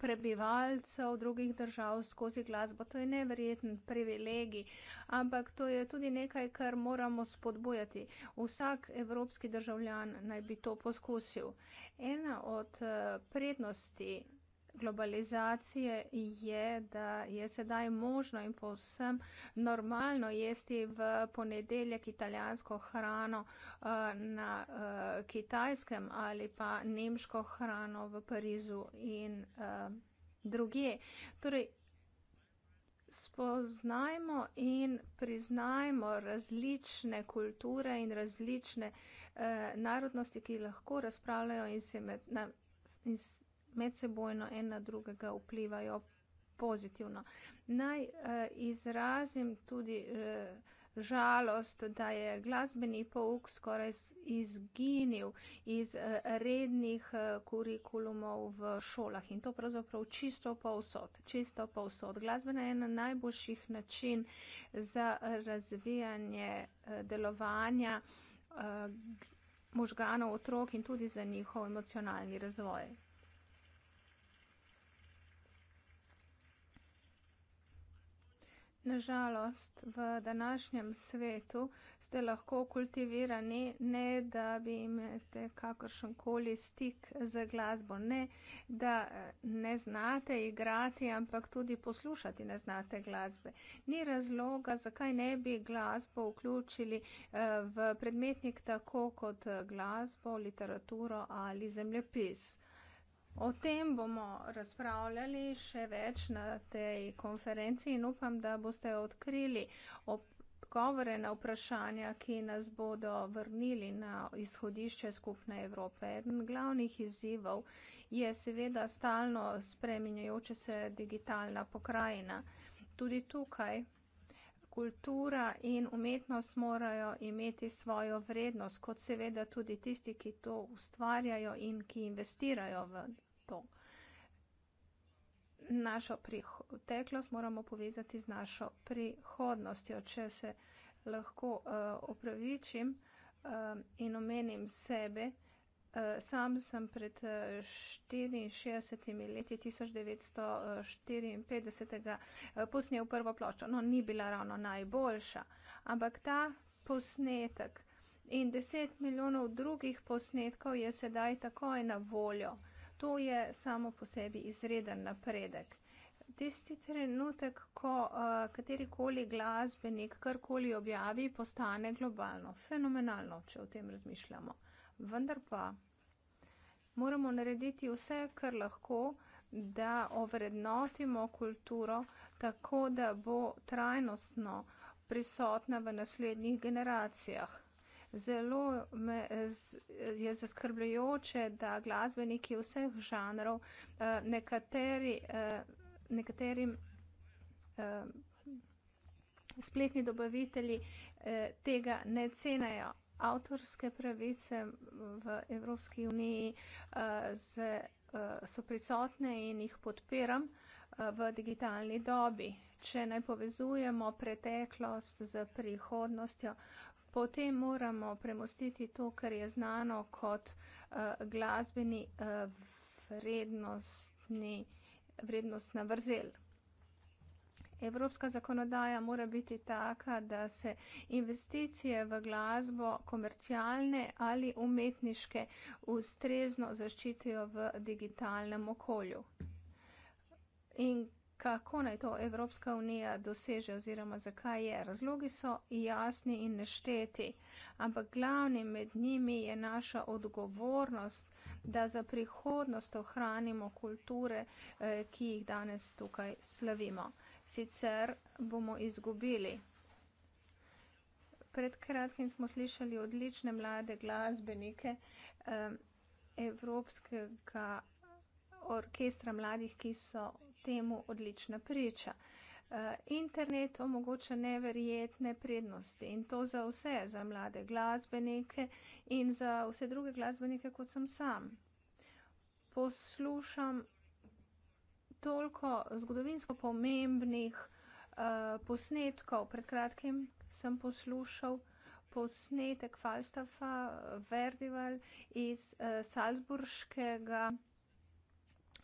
prebivalcev drugih držav skozi glasbo. To je neverjeten privilegij, ampak to je tudi nekaj, kar moramo spodbujati. Vsak evropski državljan naj bi to poskusil. Ena od eh, prednosti globalizacije je, da je sedaj možno in povsem normalno jesti v ponedeljek italijansko hrano eh, na eh, kitajskem ali pa nemško hrano v Parizu in eh, druge. Torej, spoznajmo in priznajmo različne kulture in različne eh, narodnosti, ki lahko razpravljajo in se med, na, in medsebojno en na drugega vplivajo pozitivno. Naj eh, izrazim tudi eh, žalost, da je glasbeni pouk skoraj izginil iz eh, rednih eh, kurikulumov v šolah in to pravzaprav čisto povsod, čisto povsod. Glasbena je ena najboljših način za razvijanje eh, delovanja možganov otrok in tudi za njihov emocionalni razvoj. Nažalost, v današnjem svetu ste lahko kultivirani, ne da bi imeli kakršen koli stik z glasbo, ne da ne znate igrati, ampak tudi poslušati ne znate glasbe. Ni razloga, zakaj ne bi glasbo vključili eh, v predmetnik tako kot eh, glasbo, literaturo ali zemljepis. O tem bomo razpravljali še več na tej konferenci in upam, da boste odkrili odgovore na vprašanja, ki nas bodo vrnili na izhodišče skupne Evrope. Eden glavnih izzivov je seveda stalno spreminjajoče se digitalna pokrajina. Tudi tukaj. Kultura in umetnost morajo imeti svojo vrednost, kot seveda tudi tisti, ki to ustvarjajo in ki investirajo v to. Našo preteklost moramo povezati z našo prihodnostjo. Če se lahko uh, opravičim uh, in omenim sebe, uh, sam sem pred 64 leti 1954 uh, posnel prvo ploščo. No, ni bila ravno najboljša, ampak ta posnetek in 10 milijonov drugih posnetkov je sedaj takoj na voljo. To je samo po sebi izreden napredek. Tisti trenutek, ko uh, katerikoli glasbenik karkoli objavi, postane globalno. Fenomenalno, če o tem razmišljamo. Vendar pa moramo narediti vse, kar lahko, da ovrednotimo kulturo tako, da bo trajnostno prisotna v naslednjih generacijah zelo me je zaskrbljujoče, da glasbeniki vseh žanrov eh, nekateri, eh, nekaterim eh, spletni dobavitelji tega ne cenajo. Avtorske pravice v Evropski uniji so prisotne in jih podpiram v digitalni dobi. Če naj povezujemo preteklost z prihodnostjo, Potem moramo premostiti to, kar je znano kot uh, glasbeni uh, vrednostni, vrednostna vrzel. Evropska zakonodaja mora biti taka, da se investicije v glasbo, komercialne ali umetniške, ustrezno zaščitijo v digitalnem okolju. In kako naj to Evropska unija doseže oziroma zakaj je. Razlogi so jasni in nešteti, ampak glavni med njimi je naša odgovornost, da za prihodnost ohranimo kulture, eh, ki jih danes tukaj slavimo. Sicer bomo izgubili. Pred kratkim smo slišali odlične mlade glasbenike eh, Evropskega orkestra mladih, ki so temu odlična priča. Eh, internet omogoča neverjetne prednosti in to za vse, za mlade glasbenike in za vse druge glasbenike, kot sem sam. Poslušam toliko zgodovinsko pomembnih uh, posnetkov. Pred kratkim sem poslušal posnetek Falstafa Verdival iz uh, Salzburškega.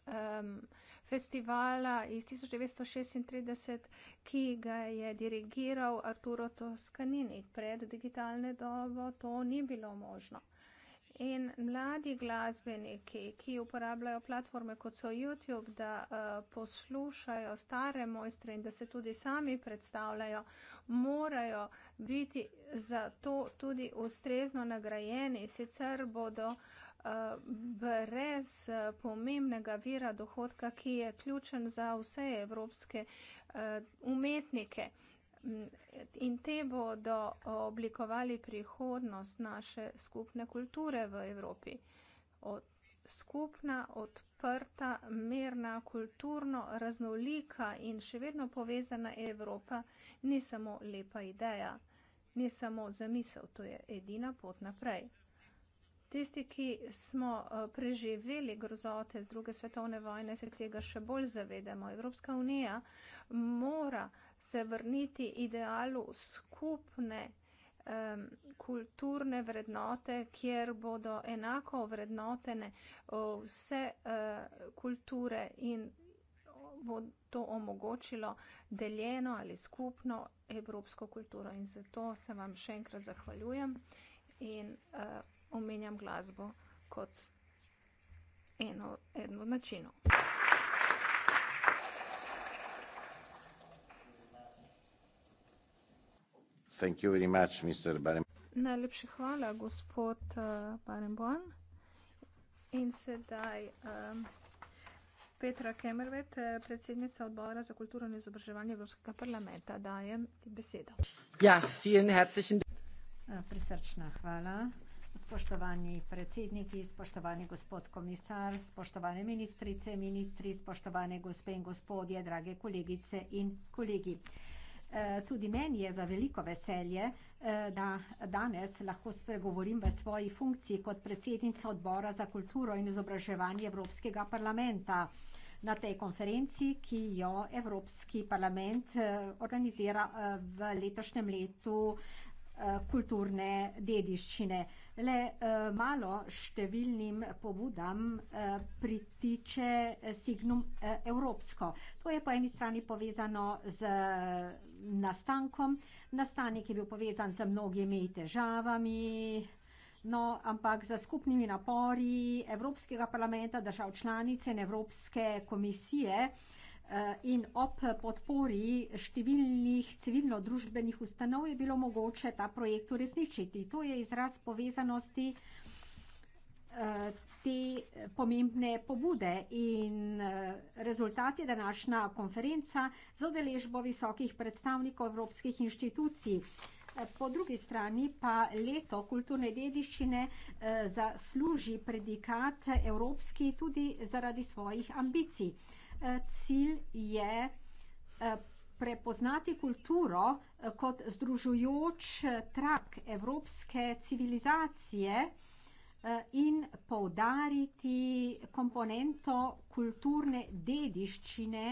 Um, festivala iz 1936, ki ga je dirigiral Arturo Toskanini. Pred digitalne dobo to ni bilo možno. In mladi glasbeniki, ki uporabljajo platforme kot so YouTube, da uh, poslušajo stare mojstre in da se tudi sami predstavljajo, morajo biti za to tudi ustrezno nagrajeni, sicer bodo uh, brez eh, pomembnega vira dohodka, ki je ključen za vse evropske eh, umetnike. Mm, in te bodo oblikovali prihodnost naše skupne kulture v Evropi. Od skupna, odprta, merna, kulturno raznolika in še vedno povezana Evropa ni samo lepa ideja, ni samo zamisel, to je edina pot naprej. Tisti, ki smo eh, preživeli grozote druge svetovne vojne, se tega še bolj zavedamo. Evropska unija mora se vrniti idealu skupne um, kulturne vrednote, kjer bodo enako vrednotene vse uh, kulture in bo to omogočilo deljeno ali skupno evropsko kulturo. In zato se vam še enkrat zahvaljujem. In, uh, omenjam glasbo kot eno, eno načino. Thank you very much, Mr. Najlepše hvala, gospod uh, eh, Barenboan. In sedaj um, Petra Kemervet, eh, predsednica odbora za kulturo in izobraževanje Evropskega parlamenta, dajem ti besedo. Ja, vielen herzlichen Dank. Prisrčna hvala spoštovani predsedniki, spoštovani gospod komisar, spoštovane ministrice, ministri, spoštovane gospe in gospodje, drage kolegice in kolegi. Eh, tudi meni je v veliko veselje, eh, da danes lahko spregovorim v svoji funkciji kot predsednica odbora za kulturo in izobraževanje Evropskega parlamenta na tej konferenci, ki jo Evropski parlament eh, organizira v letošnjem letu Eh, kulturne dediščine. Le eh, malo številnim pobudam eh, pritiče signum evropsko. To je po eni strani povezano z nastankom. Nastanek je bil povezan z mnogimi težavami, no, ampak za skupnimi napori Evropskega parlamenta, držav članice in Evropske komisije, Eh, in ob podpori številnih civilno-družbenih ustanov je bilo mogoče ta projekt uresničiti. To je izraz povezanosti eh, te pomembne pobude in eh, rezultat je današnja konferenca z odeležbo visokih predstavnikov evropskih inštitucij. Po drugi strani pa leto kulturne dediščine zasluži predikat evropski tudi zaradi svojih ambicij. Eh, cilj je eh, prepoznati kulturo eh, kot združujoč trak evropske civilizacije in poudariti komponento kulturne dediščine,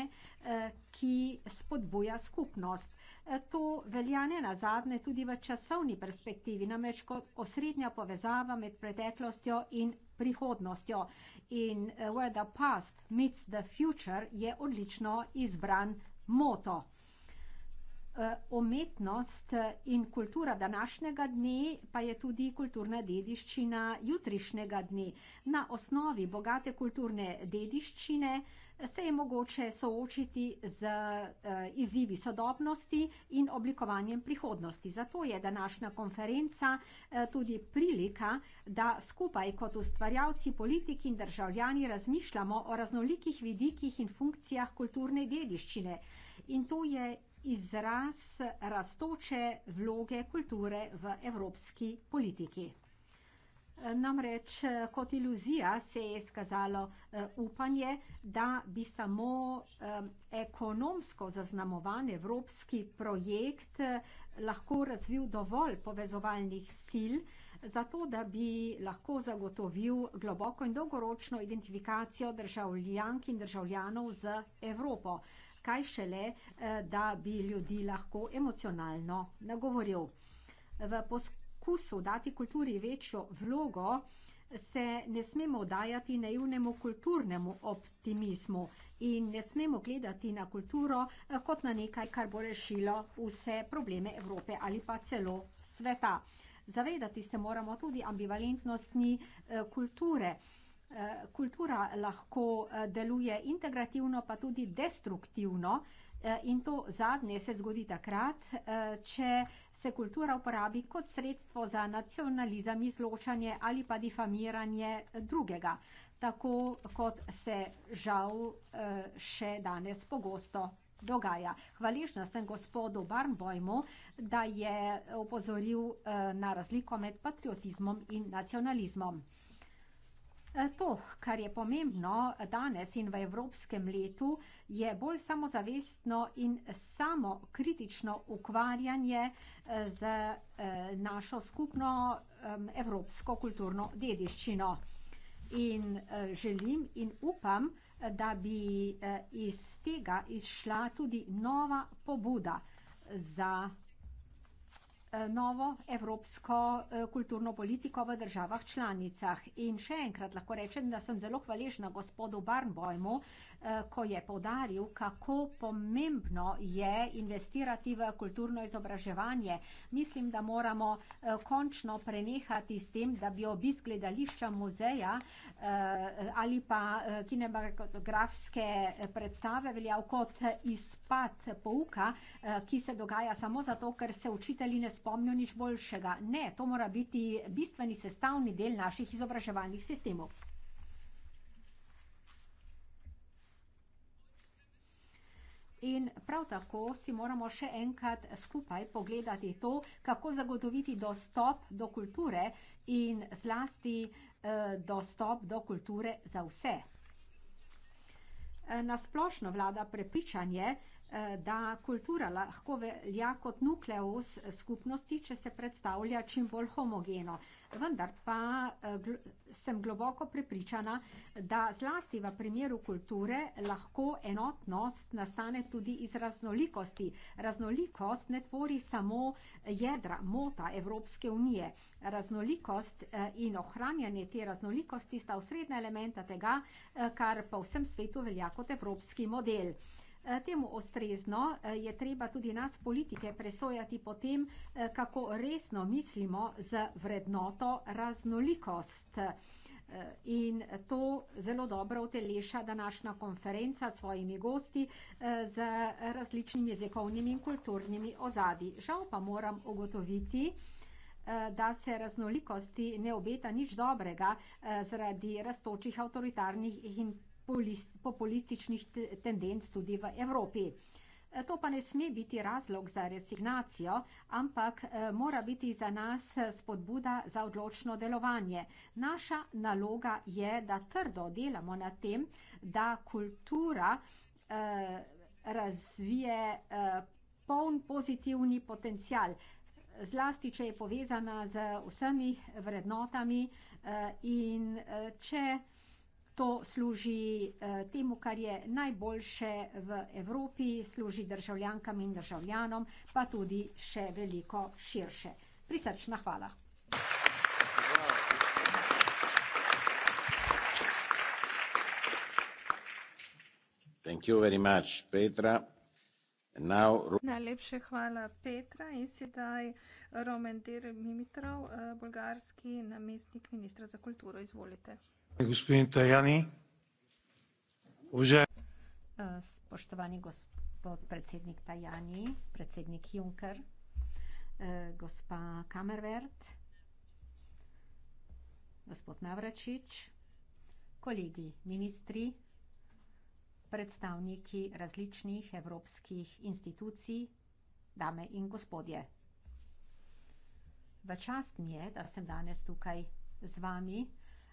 ki spodbuja skupnost. To velja ne nazadne tudi v časovni perspektivi, namreč kot osrednja povezava med preteklostjo in prihodnostjo. In eh, where the past meets the future je odlično izbran moto. Eh, umetnost eh, in kultura današnjega dne pa je tudi kulturna dediščina jutrišnjega dne. Na osnovi bogate kulturne dediščine se je mogoče soočiti z eh, izzivi sodobnosti in oblikovanjem prihodnosti. Zato je današnja konferenca eh, tudi prilika, da skupaj kot ustvarjalci politik in državljani razmišljamo o raznolikih vidikih in funkcijah kulturne dediščine. In to je izraz rastoče vloge kulture v evropski politiki. Namreč eh, kot iluzija se je izkazalo eh, upanje, da bi samo eh, ekonomsko zaznamovan evropski projekt lahko razvil dovolj povezovalnih sil, zato da bi lahko zagotovil globoko in dolgoročno identifikacijo državljank in državljanov z Evropo. Kaj šele, da bi ljudi lahko emocionalno nagovoril. V okusov, dati kulturi večjo vlogo, se ne smemo dajati naivnemu kulturnemu optimizmu in ne smemo gledati na kulturo eh, kot na nekaj, kar bo rešilo vse probleme Evrope ali pa celo sveta. Zavedati se moramo tudi ambivalentnostni eh, kulture. Eh, kultura lahko deluje integrativno, pa tudi destruktivno. Eh, in to zadnje se zgodi takrat, eh, če se kultura uporabi kot sredstvo za nacionalizem, izločanje ali pa difamiranje drugega, tako kot se žal eh, še danes pogosto. Dogaja. Hvaležna sem gospodu Barnbojmu, da je opozoril na razliko med patriotizmom in nacionalizmom. Eh, to, kar je pomembno eh, danes in v Evropskem letu, je bolj samozavestno in samo kritično ukvarjanje eh, z našo skupno evropsko kulturno dediščino. In želim in upam, da bi iz tega izšla tudi nova pobuda za Eh, novo evropsko eh, kulturno politiko v državah članicah. In še enkrat lahko rečem, da sem zelo hvaležna gospodu Barnbojmu, Eh, ko je podaril, kako pomembno je investirati v kulturno izobraževanje. Mislim, da moramo eh, končno prenehati s tem, da bi obisk gledališča muzeja eh, ali pa kinematografske predstave veljal kot izpad pouka, ki se dogaja samo zato, ker se učitelji ne spomnijo nič boljšega. Ne, to mora biti bistveni sestavni del naših izobraževalnih sistemov. In prav tako si moramo še enkrat skupaj pogledati to, kako zagotoviti dostop do kulture in zlasti eh, dostop do kulture za vse. Eh, na splošno vlada prepričanje, eh, da kultura lahko velja kot nukleus skupnosti, če se predstavlja čim bolj homogeno vendar pa eh, sem globoko prepričana, da zlasti v primeru kulture lahko enotnost nastane tudi iz raznolikosti. Raznolikost ne tvori samo jedra, mota Evropske unije. Raznolikost eh, in ohranjanje te raznolikosti sta osrednja elementa tega, eh, kar pa vsem svetu velja kot evropski model. Eh, temu ustrezno eh, je treba tudi nas, politike, presojati po tem, eh, kako resno mislimo z vrednoto raznolikost. In to zelo dobro uteleša današnja konferenca s svojimi gosti z različnimi jezikovnimi in kulturnimi ozadji. Žal pa moram ugotoviti, da se raznolikosti ne obeta nič dobrega zaradi rastočih avtoritarnih in populističnih tendenc tudi v Evropi. E, to pa ne sme biti razlog za resignacijo, ampak e, mora biti za nas e, spodbuda za odločno delovanje. Naša naloga je, da trdo delamo na tem, da kultura razvije poln pozitivni potencial, zlasti, če je povezana z vsemi vrednotami in če vsemi vrednotami to služi eh, temu, kar je najboljše v Evropi, služi državljankam in državljanom, pa tudi še veliko širše. Prisrčna hvala. Thank you very much, Petra. Now... Najlepše hvala Petra in sedaj Romen Dir Mimitrov, eh, bolgarski namestnik ministra za kulturo. Izvolite. Gospod Tajani. Uže. Eh, spoštovani gospod predsednik Tajani, predsednik Juncker, eh, gospa Kamervert, gospod Navračič, kolegi ministri, predstavniki različnih evropskih institucij, dame in gospodje. V čast mi je, da sem danes tukaj z vami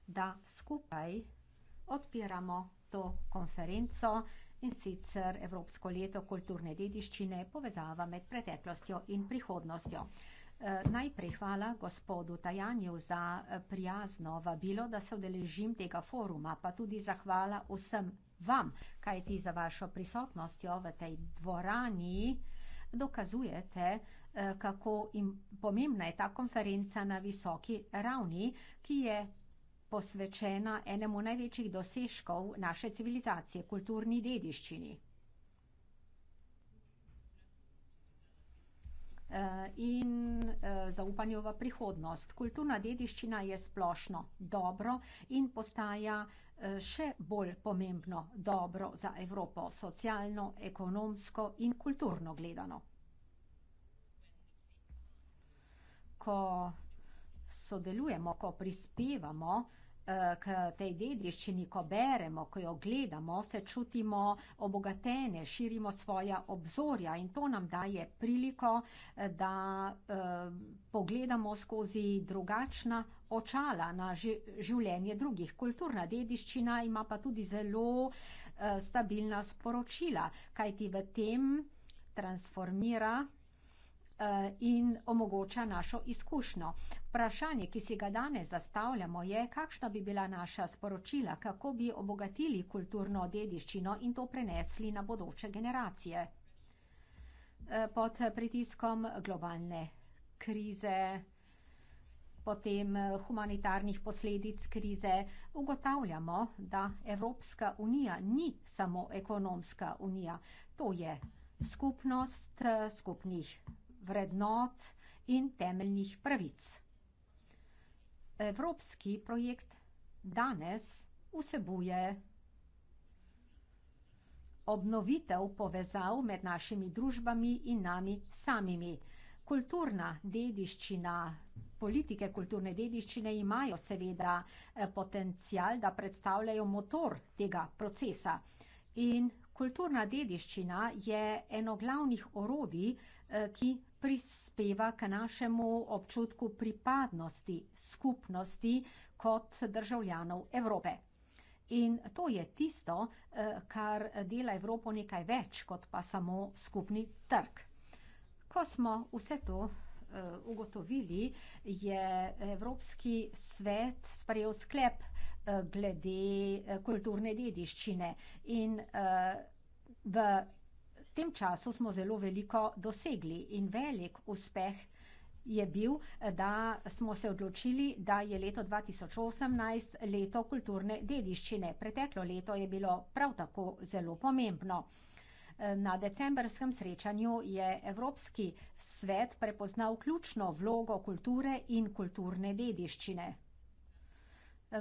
da skupaj odpiramo to konferenco in sicer Evropsko leto kulturne dediščine povezava med preteklostjo in prihodnostjo. E, najprej hvala gospodu Tajanju za e, prijazno vabilo, da se odeležim tega foruma, pa tudi zahvala vsem vam, kajti za vašo prisotnostjo v tej dvorani dokazujete, e, kako pomembna je ta konferenca na visoki ravni, ki je posvečena enemu največjih dosežkov naše civilizacije, kulturni dediščini. E, in e, zaupanju v prihodnost. Kulturna dediščina je splošno dobro in postaja e, še bolj pomembno dobro za Evropo, socialno, ekonomsko in kulturno gledano. Ko sodelujemo, ko prispevamo eh, k tej dediščini, ko beremo, ko jo gledamo, se čutimo obogatene, širimo svoja obzorja in to nam daje priliko, eh, da eh, pogledamo skozi drugačna očala na življenje drugih. Kulturna dediščina ima pa tudi zelo stabilna sporočila, kajti v tem transformira Eh, in omogoča našo izkušnjo. Vprašanje, ki si ga danes zastavljamo, je, kakšna bi bila naša sporočila, kako bi obogatili kulturno dediščino in to prenesli na bodoče generacije. Eh, pod pritiskom globalne krize, potem humanitarnih posledic krize, ugotavljamo, da Evropska unija ni samo ekonomska unija. To je skupnost eh, skupnih vrednot in temeljnih pravic. Evropski projekt danes vsebuje obnovitev povezav med našimi družbami in nami samimi. Kulturna dediščina, politike kulturne dediščine imajo seveda eh, potencial, da predstavljajo motor tega procesa. In kulturna dediščina je eno glavnih orodij, eh, ki prispeva k našemu občutku pripadnosti skupnosti kot državljanov Evrope. In to je tisto, eh, kar dela Evropo nekaj več kot pa samo skupni trg. Ko smo vse to eh, ugotovili, je Evropski svet sprejel sklep eh, glede kulturne dediščine in v tem času smo zelo veliko dosegli in velik uspeh je bil, da smo se odločili, da je leto 2018 leto kulturne dediščine. Preteklo leto je bilo prav tako zelo pomembno. Na decembrskem srečanju je Evropski svet prepoznal ključno vlogo kulture in kulturne dediščine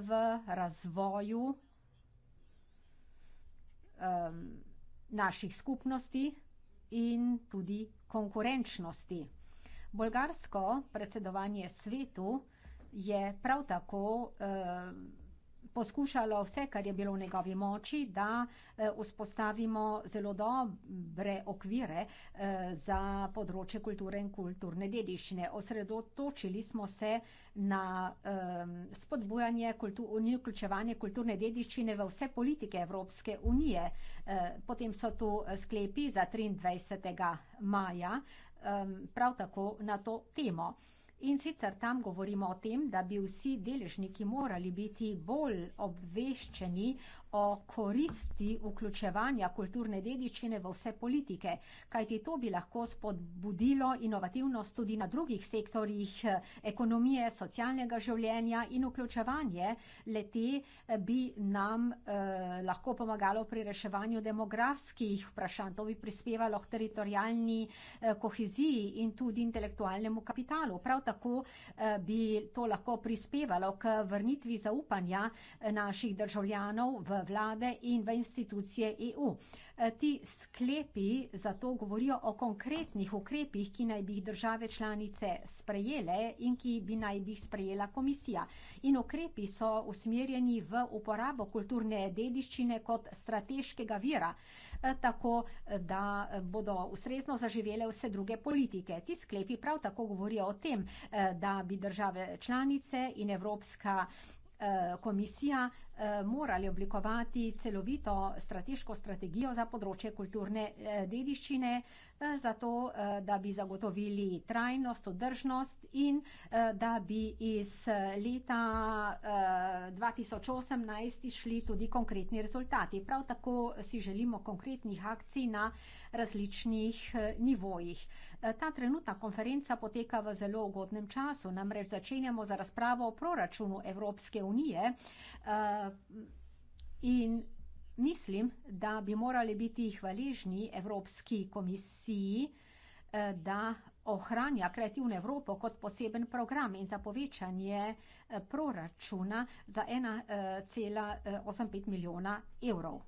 v razvoju um, naših skupnosti in tudi konkurenčnosti. Bolgarsko predsedovanje svetu je prav tako eh, poskušalo vse, kar je bilo v njegovi moči, da eh, vzpostavimo zelo dobre okvire eh, za področje kulture in kulturne dediščine. Osredotočili smo se na ehm, spodbujanje in vključevanje kulturne dediščine v vse politike Evropske unije. Eh, potem so tu sklepi za 23. maja ehm, prav tako na to temo. In sicer tam govorimo o tem, da bi vsi deležniki morali biti bolj obveščeni o koristi vključevanja kulturne dediščine v vse politike, kajti to bi lahko spodbudilo inovativnost tudi na drugih sektorjih eh, ekonomije, socialnega življenja in vključevanje leti eh, bi nam eh, lahko pomagalo pri reševanju demografskih vprašanj. To bi prispevalo k teritorijalni eh, koheziji in tudi intelektualnemu kapitalu. Prav tako eh, bi to lahko prispevalo k vrnitvi zaupanja eh, naših državljanov v vlade in v institucije EU. E, ti sklepi zato govorijo o konkretnih ukrepih, ki naj bi jih države članice sprejele in ki bi naj bi jih sprejela komisija. In ukrepi so usmerjeni v uporabo kulturne dediščine kot strateškega vira, e, tako da bodo ustrezno zaživele vse druge politike. Ti sklepi prav tako govorijo o tem, e, da bi države članice in Evropska Eh, komisija eh, morali oblikovati celovito strateško strategijo za področje kulturne eh, dediščine, zato da bi zagotovili trajnost, održnost in da bi iz leta 2018 išli tudi konkretni rezultati. Prav tako si želimo konkretnih akcij na različnih nivojih. Eh, ta trenutna konferenca poteka v zelo ugodnem času, namreč začenjamo za razpravo o proračunu Evropske unije eh, in mislim, da bi morali biti hvaležni Evropski komisiji, eh, da ohranja kreativno Evropo kot poseben program in za povečanje proračuna za 1,85 milijona evrov.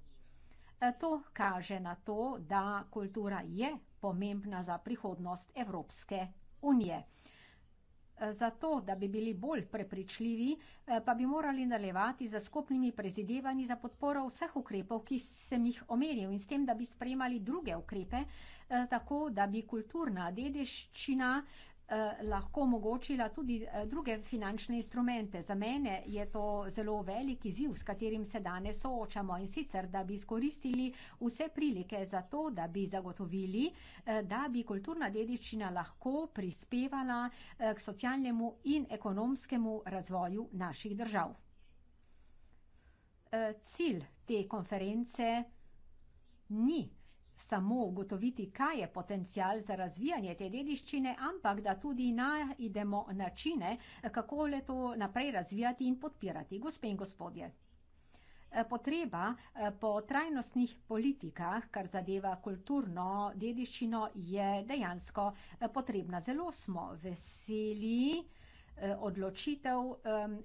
To kaže na to, da kultura je pomembna za prihodnost Evropske unije. Zato, da bi bili bolj prepričljivi, pa bi morali nalevati za skupnimi prezidevanji za podporo vseh ukrepov, ki sem jih omenil in s tem, da bi sprejemali druge ukrepe, eh, tako da bi kulturna dediščina Eh, lahko omogočila tudi eh, druge finančne instrumente. Za mene je to zelo velik izziv, s katerim se danes soočamo in sicer, da bi izkoristili vse prilike za to, da bi zagotovili, eh, da bi kulturna dediščina lahko prispevala k socialnemu in ekonomskemu razvoju naših držav. Cilj te konference ni samo ugotoviti, kaj je potencial za razvijanje te dediščine, ampak da tudi najdemo načine, kako le to naprej razvijati in podpirati. Gospe in gospodje. Eh, potreba eh, po trajnostnih politikah, kar zadeva kulturno dediščino, je dejansko eh, potrebna. Zelo smo veseli, Eh, odločitev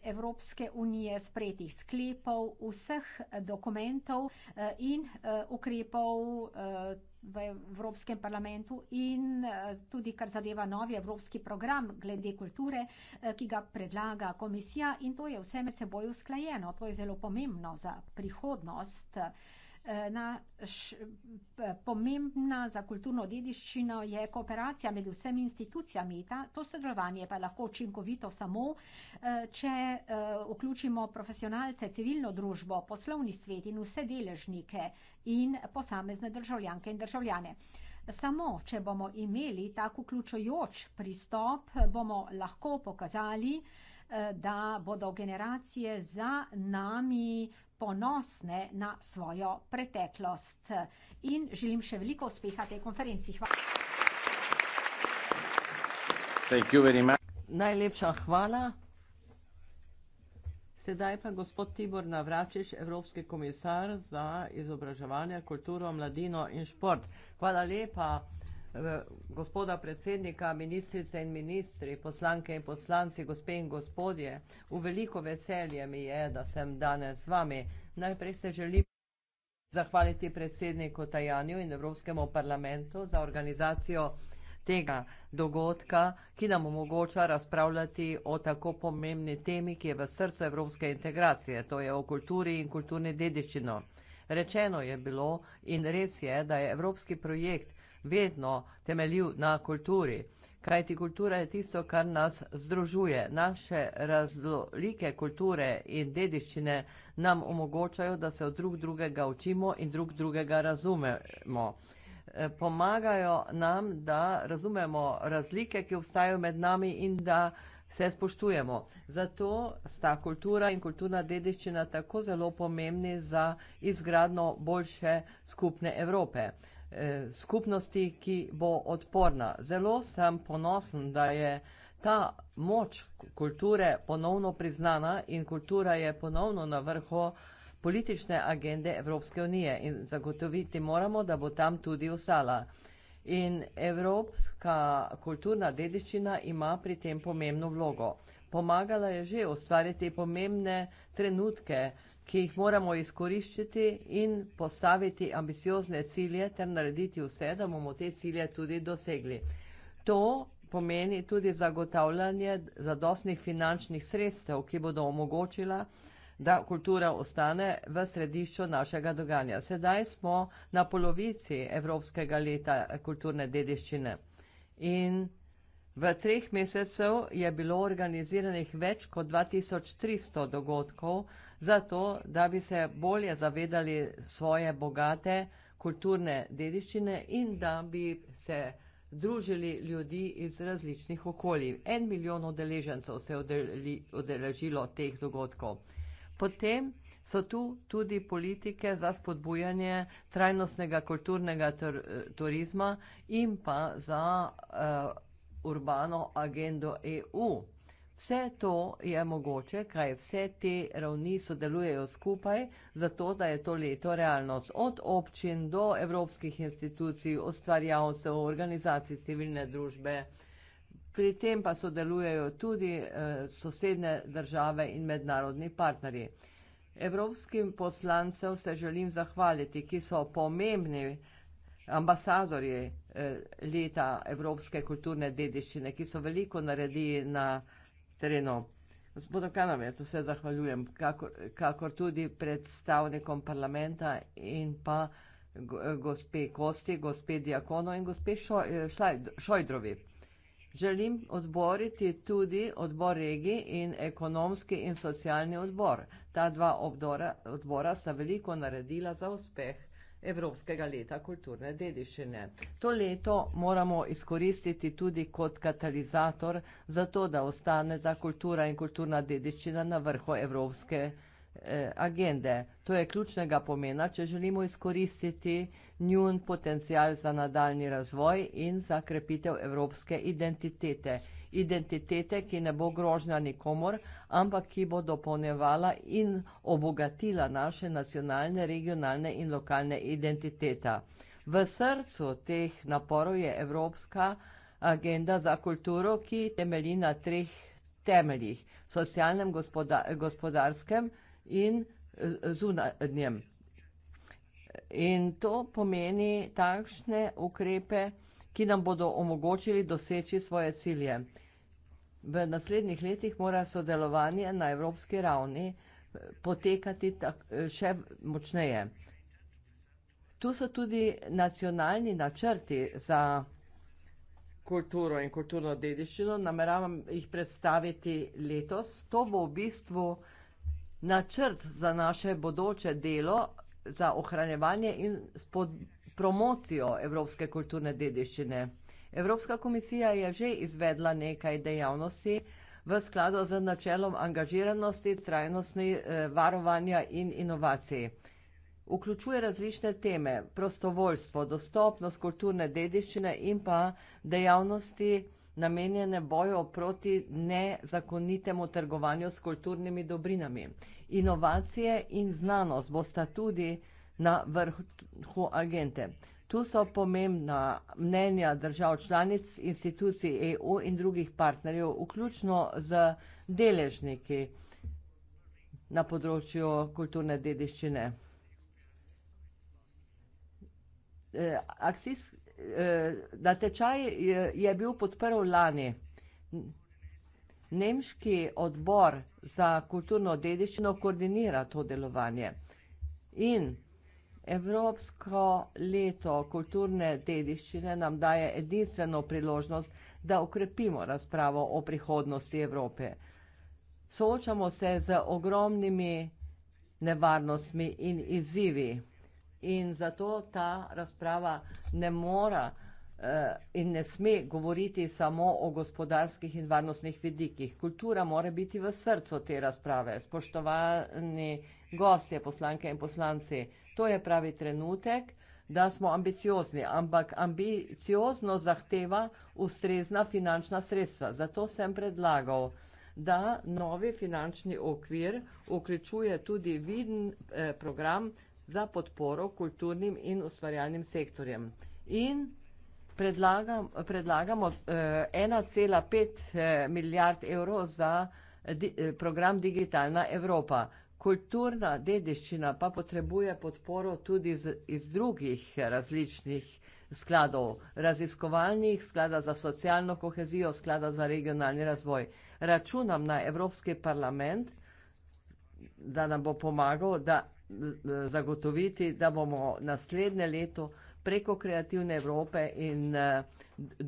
Evropske unije, spretih sklepov, vseh eh, dokumentov eh, in ukrepov v Evropskem parlamentu in tudi kar zadeva novi evropski program glede kulture, ki ga predlaga komisija in to je vse med seboj usklajeno. To je zelo pomembno za prihodnost Eh, na š, eh, pomembna za kulturno dediščino je kooperacija med vsemi institucijami. Ta, to sodelovanje pa je lahko učinkovito samo, eh, če vključimo profesionalce, civilno družbo, poslovni svet in vse deležnike in posamezne državljanke in državljane. Samo, če bomo imeli tako vključujoč pristop, bomo lahko pokazali, Eh, da bodo generacije za nami ponosne na svojo preteklost. In želim še veliko uspeha tej konferenci. Hvala. Najlepša hvala. Sedaj pa gospod Tibor Navračiš, Evropski komisar za izobraževanje, kulturo, mladino in šport. Hvala lepa. Eh, gospoda predsednika, ministrice in ministri, poslanke in poslanci, gospe in gospodje. V veliko veselje mi je, da sem danes z vami. Najprej se želim zahvaliti predsedniku Tajanju in Evropskemu parlamentu za organizacijo tega dogodka, ki nam omogoča razpravljati o tako pomembni temi, ki je v srcu evropske integracije, to je o kulturi in kulturni dediščino. Rečeno je bilo in res je, da je evropski projekt vedno temeljil na kulturi. Kajti kultura je tisto, kar nas združuje. Naše razlike kulture in dediščine nam omogočajo, da se od drug drugega učimo in drug drugega razumemo. E, pomagajo nam, da razumemo razlike, ki obstajajo med nami in da se spoštujemo. Zato sta kultura in kulturna dediščina tako zelo pomembni za izgradno boljše skupne Evrope. Eh, skupnosti, ki bo odporna. Zelo sem ponosen, da je ta moč kulture ponovno priznana in kultura je ponovno na vrhu politične agende Evropske unije in zagotoviti moramo, da bo tam tudi ostala. In evropska kulturna dediščina ima pri tem pomembno vlogo pomagala je že ustvariti pomembne trenutke, ki jih moramo izkoriščiti in postaviti ambiciozne cilje ter narediti vse, da bomo te cilje tudi dosegli. To pomeni tudi zagotavljanje zadostnih finančnih sredstev, ki bodo omogočila, da kultura ostane v središču našega dogajanja. Sedaj smo na polovici Evropskega leta kulturne dediščine in V treh mesecev je bilo organiziranih več kot 2300 dogodkov, zato da bi se bolje zavedali svoje bogate kulturne dediščine in da bi se družili ljudi iz različnih okolij. En milijon udeležencev se je udeležilo teh dogodkov. Potem so tu tudi politike za spodbujanje trajnostnega kulturnega turizma in pa za uh, urbano agendo EU. Vse to je mogoče, kaj vse te ravni sodelujejo skupaj, zato da je to leto realnost. Od občin do evropskih institucij, ustvarjalcev, organizacij civilne družbe. Pri tem pa sodelujejo tudi eh, sosedne države in mednarodni partnerji. Evropskim poslancev se želim zahvaliti, ki so pomembni ambasadorji Eh, leta evropske kulturne dediščine, ki so veliko naredili na terenu. Gospodu Kanovetu se zahvaljujem, kakor, kakor tudi predstavnikom parlamenta in pa eh, gospe Kosti, gospe Diakono in gospe eh, Šojdrovi. Želim odboriti tudi odbor regi in ekonomski in socialni odbor. Ta dva obdora, odbora sta veliko naredila za uspeh Evropskega leta kulturne dediščine. To leto moramo izkoristiti tudi kot katalizator za to, da ostane ta kultura in kulturna dediščina na vrhu Evropske eh, agende. To je ključnega pomena, če želimo izkoristiti njun potencial za nadaljni razvoj in za krepitev evropske identitete identitete, ki ne bo grožnja nikomor, ampak ki bo dopolnjevala in obogatila naše nacionalne, regionalne in lokalne identitete. V srcu teh naporov je Evropska agenda za kulturo, ki temelji na treh temeljih: socialnem, gospoda, gospodarskem in eh, zunanjem. In to pomeni takšne ukrepe, ki nam bodo omogočili doseči svoje cilje v naslednjih letih mora sodelovanje na evropski ravni potekati še močneje. Tu so tudi nacionalni načrti za kulturo in kulturno dediščino, nameravam jih predstaviti letos. To bo v bistvu načrt za naše bodoče delo, za ohranjevanje in spod promocijo evropske kulturne dediščine. Evropska komisija je že izvedla nekaj dejavnosti v skladu z načelom angažiranosti, trajnostni eh, varovanja in inovacij. Vključuje različne teme, prostovoljstvo, dostopnost kulturne dediščine in pa dejavnosti namenjene bojo proti nezakonitemu trgovanju s kulturnimi dobrinami. Inovacije in znanost bosta tudi na vrhu agente. Tu so pomembna mnenja držav članic, institucij EU in drugih partnerjev, vključno z deležniki na področju kulturne dediščine. E, e, na tečaj je bil podprl lani Nemški odbor za kulturno dediščino koordinira to delovanje in Evropsko leto kulturne dediščine nam daje edinstveno priložnost, da ukrepimo razpravo o prihodnosti Evrope. Soočamo se z ogromnimi nevarnostmi in izzivi in zato ta razprava ne mora eh, in ne sme govoriti samo o gospodarskih in varnostnih vidikih. Kultura mora biti v srcu te razprave. Spoštovani gostje, poslanke in poslanci, to je pravi trenutek, da smo ambiciozni, ampak ambiciozno zahteva ustrezna finančna sredstva. Zato sem predlagal, da novi finančni okvir vključuje tudi viden eh, program za podporo kulturnim in ustvarjalnim sektorjem. In predlagam, predlagamo eh, 1,5 eh, milijard evrov za di, eh, program Digitalna Evropa kulturna dediščina pa potrebuje podporo tudi z, iz drugih različnih skladov, raziskovalnih, sklada za socialno kohezijo, sklada za regionalni razvoj. Računam na Evropski parlament, da nam bo pomagal, da zagotoviti, da bomo naslednje leto preko kreativne Evrope in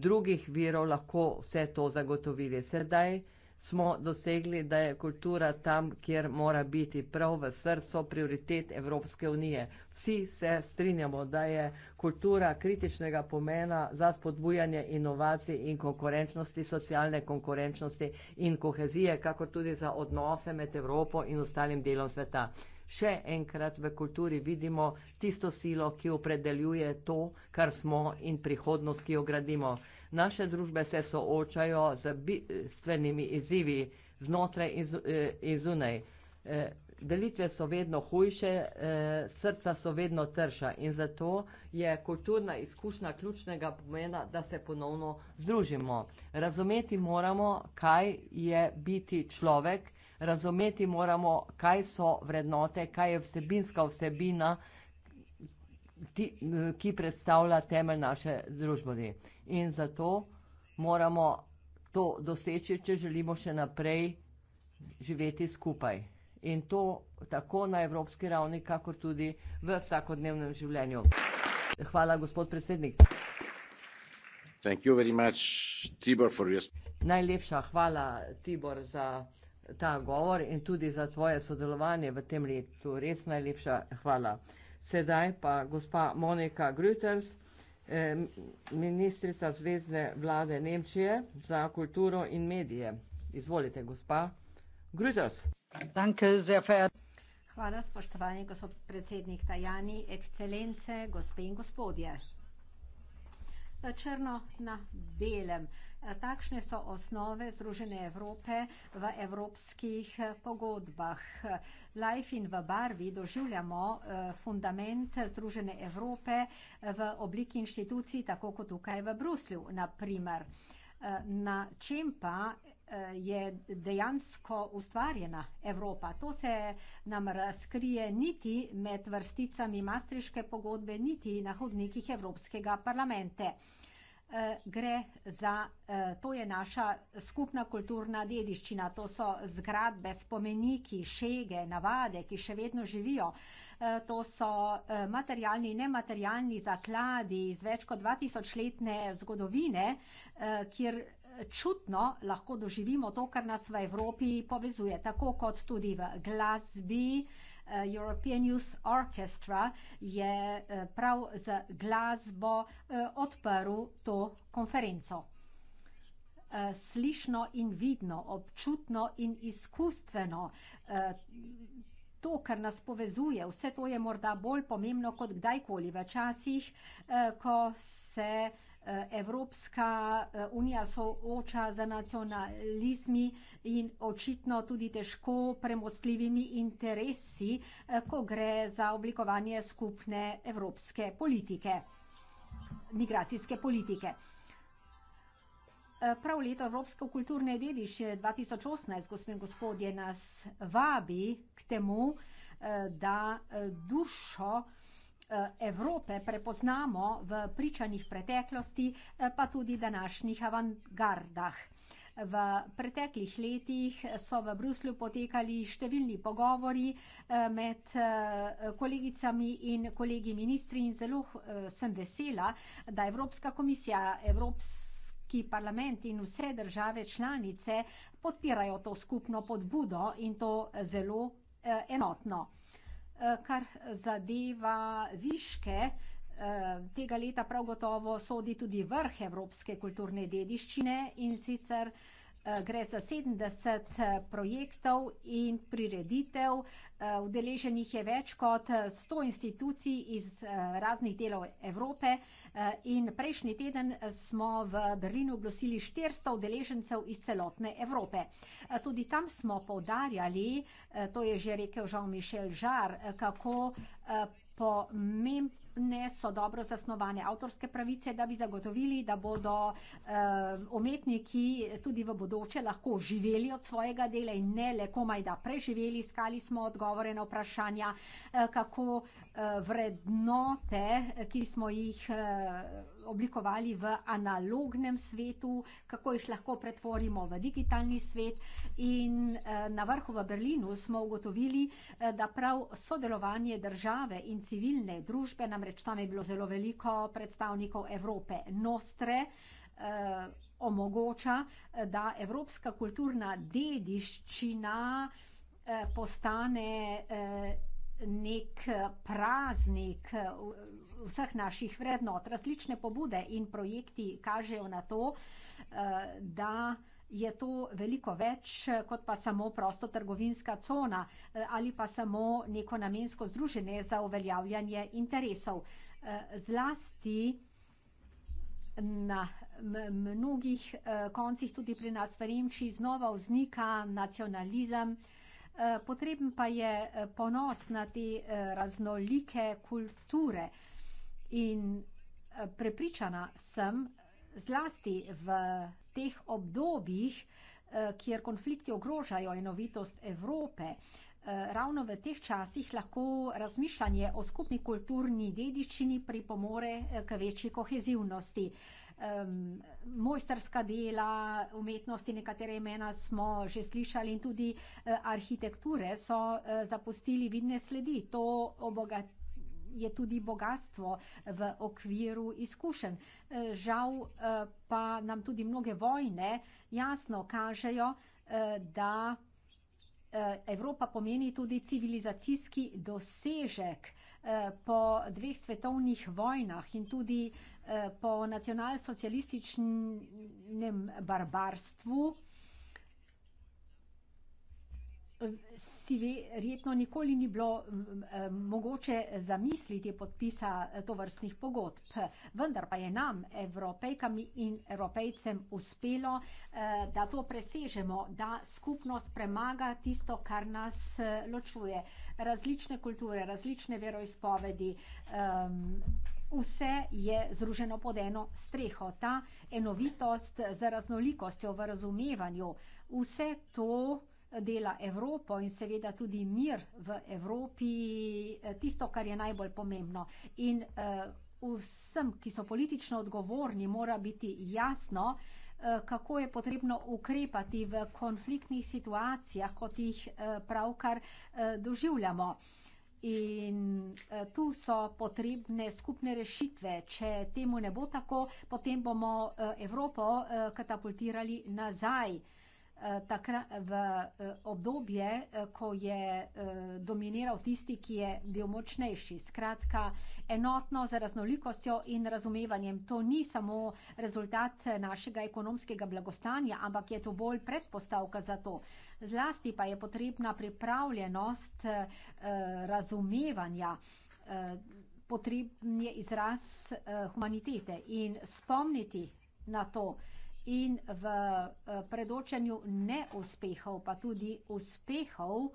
drugih virov lahko vse to zagotovili. Sedaj smo dosegli, da je kultura tam, kjer mora biti, prav v srcu prioritet Evropske unije. Vsi se strinjamo, da je kultura kritičnega pomena za spodbujanje inovacij in konkurenčnosti, socialne konkurenčnosti in kohezije, kakor tudi za odnose med Evropo in ostalim delom sveta. Še enkrat v kulturi vidimo tisto silo, ki opredeljuje to, kar smo in prihodnost, ki jo gradimo naše družbe se soočajo z bistvenimi izzivi znotraj in, z, eh, in zunaj. Eh, delitve so vedno hujše, eh, srca so vedno trša in zato je kulturna izkušnja ključnega pomena, da se ponovno združimo. Razumeti moramo, kaj je biti človek, razumeti moramo, kaj so vrednote, kaj je vsebinska vsebina ti, ki predstavlja temelj naše družbene. In zato moramo to doseči, če želimo še naprej živeti skupaj. In to tako na evropski ravni, kakor tudi v vsakodnevnem življenju. Hvala, gospod predsednik. Much, Tibor, Najlepša hvala, Tibor, za ta govor in tudi za tvoje sodelovanje v tem letu. Res najlepša hvala. Sedaj pa gospa Monika Grüters, eh, ministrica Zvezdne vlade Nemčije za kulturo in medije. Izvolite, gospa Grüters. Hvala, spoštovani gospod predsednik Tajani, ekscelence, gospe in gospodje. Na črno na belem. Takšne so osnove Združene Evrope v evropskih pogodbah. Life in v barvi doživljamo eh, fundament Združene Evrope v obliki inštitucij, tako kot tukaj v Bruslju, naprimer. Eh, na čem pa eh, je dejansko ustvarjena Evropa? To se nam razkrije niti med vrsticami Maastriške pogodbe, niti na hodnikih Evropskega parlamente. Eh, gre za, eh, to je naša skupna kulturna dediščina, to so zgradbe, spomeniki, šege, navade, ki še vedno živijo. Eh, to so materialni in nematerialni zakladi iz več kot 2000 letne zgodovine, kjer čutno lahko doživimo to, kar nas v Evropi povezuje, tako kot tudi v glasbi, Eh, European Youth Orchestra je eh, prav z glasbo eh, odprl to konferenco. Slišno in vidno, občutno in izkustveno, to, kar nas povezuje, vse to je morda bolj pomembno kot kdajkoli v časih, ko se Eh, Evropska eh, unija sooča z nacionalizmi in očitno tudi težko premostljivimi interesi, eh, ko gre za oblikovanje skupne evropske politike, migracijske politike. Prav leto Evropske kulturne dediščine 2018, gospe in gospodje, nas vabi k temu, da dušo Eh, Evrope prepoznamo v pričanjih preteklosti, eh, pa tudi današnjih avantgardah. V preteklih letih so v Bruslju potekali številni pogovori eh, med kolegicami in kolegi ministri in zelo sem vesela, da Evropska komisija, Evropski parlament in vse države članice podpirajo to skupno podbudo in to zelo enotno. Eh, kar zadeva viške, eh, tega leta prav gotovo sodi tudi vrh evropske kulturne dediščine, in sicer Eh, gre za 70 eh, projektov in prireditev. Eh, udeleženih je več kot 100 institucij iz raznih delov Evrope in prejšnji teden smo v Berlinu oblosili 400 udeležencev iz celotne Evrope. Tudi tam smo povdarjali, to je že rekel Jean-Michel Jarre, kako pomembno niso dobro zasnovane avtorske pravice, da bi zagotovili, da bodo uh, umetniki tudi v bodoče lahko živeli od svojega dela in ne le komaj da preživeli. Iskali smo odgovore na vprašanja, uh, kako uh, vrednote, ki smo jih. Uh, oblikovali v analognem svetu, kako jih lahko pretvorimo v digitalni svet. In eh, na vrhu v Berlinu smo ugotovili, eh, da prav sodelovanje države in civilne družbe, namreč tam je bilo zelo veliko predstavnikov Evrope, Nostre, eh, omogoča, da evropska kulturna dediščina postane nek praznik vseh naših vrednot. Različne pobude in projekti kažejo na to, eh, da je to veliko več kot pa samo prostotrgovinska cona eh, ali pa samo neko namensko združenje za uveljavljanje interesov. Eh, zlasti na mnogih koncih, tudi pri nas v Nemčiji, znova vznika nacionalizem. Potreben pa je ponos na te raznolike kulture. In eh, prepričana sem, zlasti v teh obdobjih, eh, kjer konflikti ogrožajo enovitost Evrope, eh, ravno v teh časih lahko razmišljanje o skupni kulturni dediščini pripomore k večji kohezivnosti. Um, mojsterska dela, umetnosti, nekatere imena smo že slišali in tudi uh, arhitekture so uh, zapustili vidne sledi. To obogati je tudi bogatstvo v okviru izkušenj. Eh, žal eh, pa nam tudi mnoge vojne jasno kažejo, eh, da Evropa pomeni tudi civilizacijski dosežek po dveh svetovnih vojnah in tudi po nacionalsocialističnem barbarstvu si verjetno nikoli ni bilo eh, mogoče zamisliti podpisa eh, tovrstnih pogodb. Vendar pa je nam, evropejkami in evropejcem, uspelo, eh, da to presežemo, da skupnost premaga tisto, kar nas ločuje. Različne kulture, različne veroizpovedi, vse je združeno pod eno streho. Ta enovitost za raznolikostjo v razumevanju, vse to dela Evropo in seveda tudi mir v Evropi, eh, tisto, kar je najbolj pomembno. In eh, vsem, ki so politično odgovorni, mora biti jasno, eh, kako je potrebno ukrepati v konfliktnih situacijah, kot jih pravkar doživljamo. In tu so potrebne skupne rešitve. Če temu ne bo tako, potem bomo Evropo katapultirali nazaj takrat v eh, obdobje, eh, ko je eh, dominiral tisti, ki je bil močnejši. Skratka, enotno za raznolikostjo in razumevanjem. To ni samo rezultat našega ekonomskega blagostanja, ampak je to bolj predpostavka za to. Zlasti pa je potrebna pripravljenost razumevanja potrebni izraz humanitete in spomniti na to, in v eh, predočanju neuspehov, pa tudi uspehov um,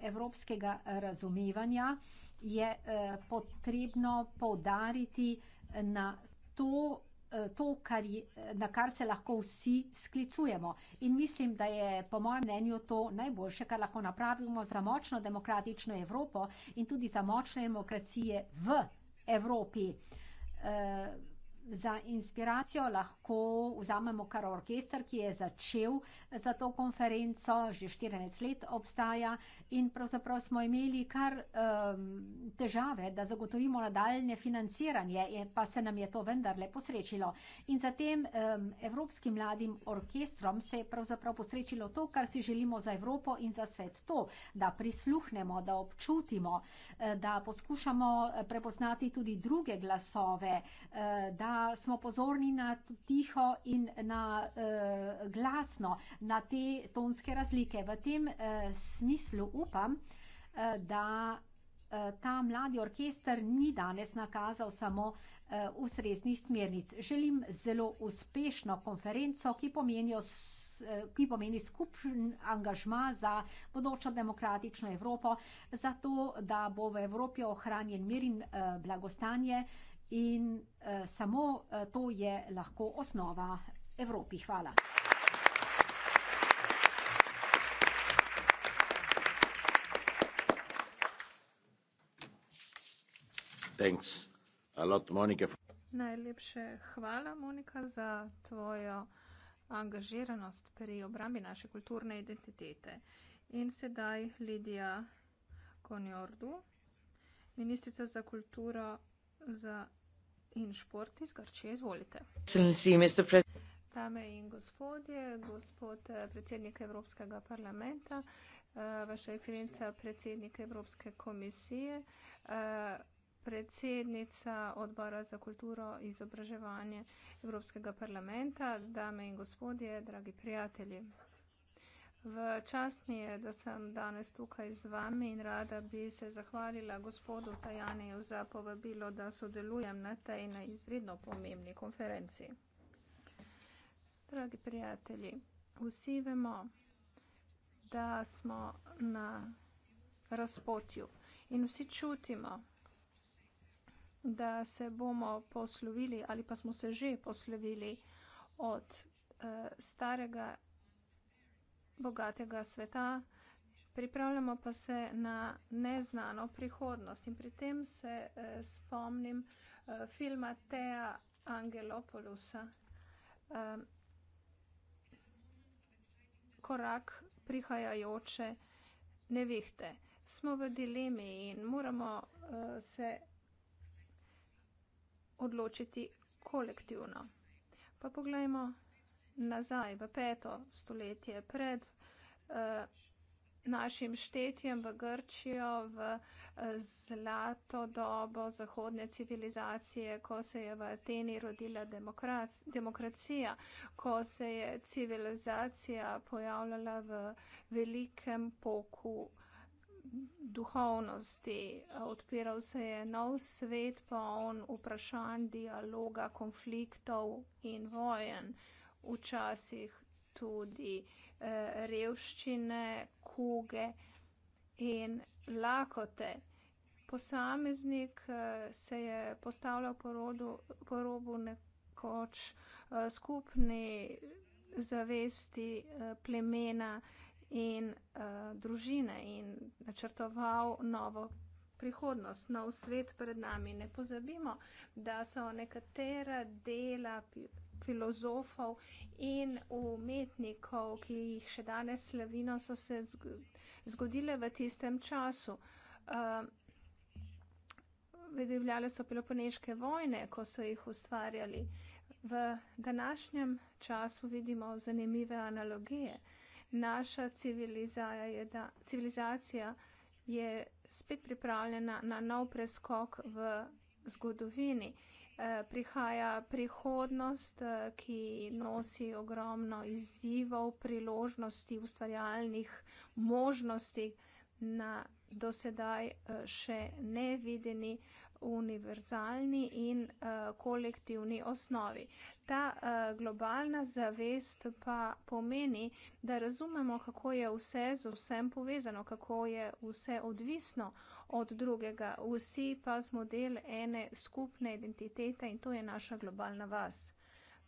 evropskega razumevanja, je uh, potrebno poudariti na to, eh, To, kar je, na kar se lahko vsi sklicujemo. In mislim, da je po mojem mnenju to najboljše, kar lahko napravimo za močno demokratično Evropo in tudi za močne demokracije v Evropi. Uh, za inspiracijo lahko vzamemo kar orkester, ki je začel za to konferenco, že 14 let obstaja in pravzaprav smo imeli kar um, težave, da zagotovimo nadaljne financiranje, pa se nam je to vendarle posrečilo. In zatem um, Evropskim mladim orkestrom se je pravzaprav posrečilo to, kar si želimo za Evropo in za svet. To, da prisluhnemo, da občutimo, eh, da poskušamo eh, prepoznati tudi druge glasove, eh, da Eh, smo pozorni na tiho in na uh, glasno, na te tonske razlike. V tem uh, smislu upam, uh, da uh, ta mladi orkester ni danes nakazal samo uh, ustreznih smernic. Želim zelo uspešno konferenco, ki pomeni ki pomeni skupen angažma za bodočo demokratično Evropo, zato da bo v Evropi ohranjen mir in eh, blagostanje in uh, samo uh, to je lahko osnova Evropi. Hvala. Lot, Najlepše hvala, Monika, za tvojo angažiranost pri obrambi naše kulturne identitete. In sedaj Lidija Konjordu, ministrica za kulturo za in šport iz Grčije. Izvolite. Dame in gospodje, gospod eh, predsednik Evropskega parlamenta, eh, vaša ekscelenca predsednik Evropske komisije, eh, predsednica odbora za kulturo in izobraževanje Evropskega parlamenta, dame in gospodje, dragi prijatelji. V čast mi je, da sem danes tukaj z vami in rada bi se zahvalila gospodu Tajaniju za povabilo, da sodelujem na tej izredno pomembni konferenci. Dragi prijatelji, vsi vemo, da smo na razpotju in vsi čutimo, da se bomo poslovili ali pa smo se že poslovili od eh, starega bogatega sveta, pripravljamo pa se na neznano prihodnost. In pri tem se eh, spomnim eh, filma Teja Angelopolusa. Eh, korak prihajajoče nevihte. Smo v dilemi in moramo uh, se odločiti kolektivno. Pa pogledajmo nazaj v peto stoletje pred uh, našim štetjem v Grčijo, v uh, zlato dobo zahodne civilizacije, ko se je v Ateni rodila demokrac demokracija, ko se je civilizacija pojavljala v velikem poku duhovnosti, odpiral se je nov svet, poln vprašanj, dialoga, konfliktov in vojen včasih tudi eh, revščine, kuge in lakote. Posameznik eh, se je postavljal po robu nekoč eh, skupni zavesti eh, plemena in eh, družine in načrtoval novo. Prihodnost, nov svet pred nami. Ne pozabimo, da so nekatera dela filozofov in umetnikov, ki jih še danes slavino, so se zgodile v tistem času. Ehm, Vedevljale so peloponeške vojne, ko so jih ustvarjali. V današnjem času vidimo zanimive analogije. Naša je da, civilizacija je spet pripravljena na nov preskok v zgodovini. Uh, Eh, prihaja prihodnost, eh, ki nosi ogromno izzivov, priložnosti, ustvarjalnih možnosti na dosedaj eh, še nevideni univerzalni in kolektivni osnovi. Ta globalna zavest pa pomeni, da razumemo, kako je vse z vsem povezano, kako je vse odvisno od drugega. Vsi pa smo del ene skupne identitete in to je naša globalna vas.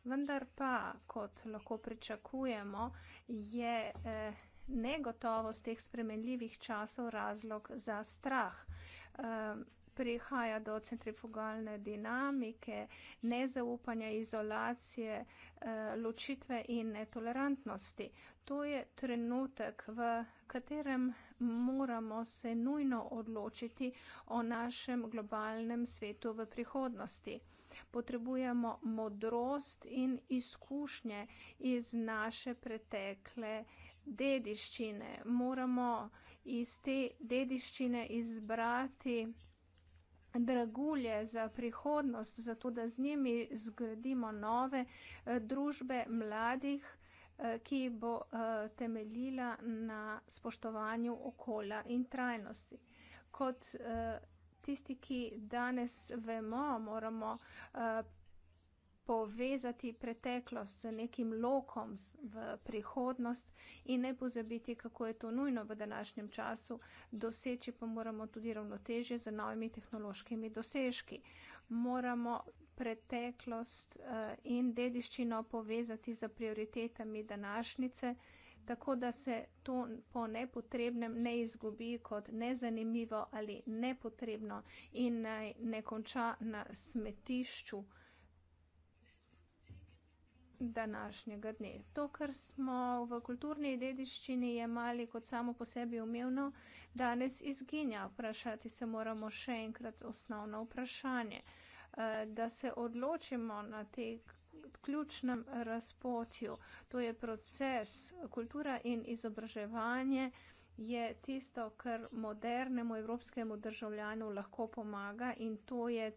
Vendar pa, kot lahko pričakujemo, je eh, negotovost teh spremenljivih časov razlog za strah. Eh, prihaja do centrifugalne dinamike, nezaupanja, izolacije, eh, ločitve in netolerantnosti to je trenutek, v katerem moramo se nujno odločiti o našem globalnem svetu v prihodnosti. Potrebujemo modrost in izkušnje iz naše pretekle dediščine. Moramo iz te dediščine izbrati dragulje za prihodnost, zato da z njimi zgradimo nove eh, družbe mladih. Eh, ki bo eh, temeljila na spoštovanju okolja in trajnosti. Kot eh, tisti, ki danes vemo, moramo povezati preteklost z nekim lokom v prihodnost in ne pozabiti, kako je to nujno v današnjem času, doseči pa moramo tudi ravnotežje z novimi tehnološkimi dosežki. Moramo preteklost eh, in dediščino povezati z prioritetami današnjice, tako da se to po nepotrebnem ne izgubi kot nezanimivo ali nepotrebno in naj ne konča na smetišču današnjega dne. To, kar smo v kulturni dediščini jemali kot samo po sebi umevno, danes izginja. Vprašati se moramo še enkrat osnovno vprašanje. Eh, da se odločimo na tem ključnem razpotju. To je proces. Kultura in izobraževanje je tisto, kar modernemu evropskemu državljanu lahko pomaga in to je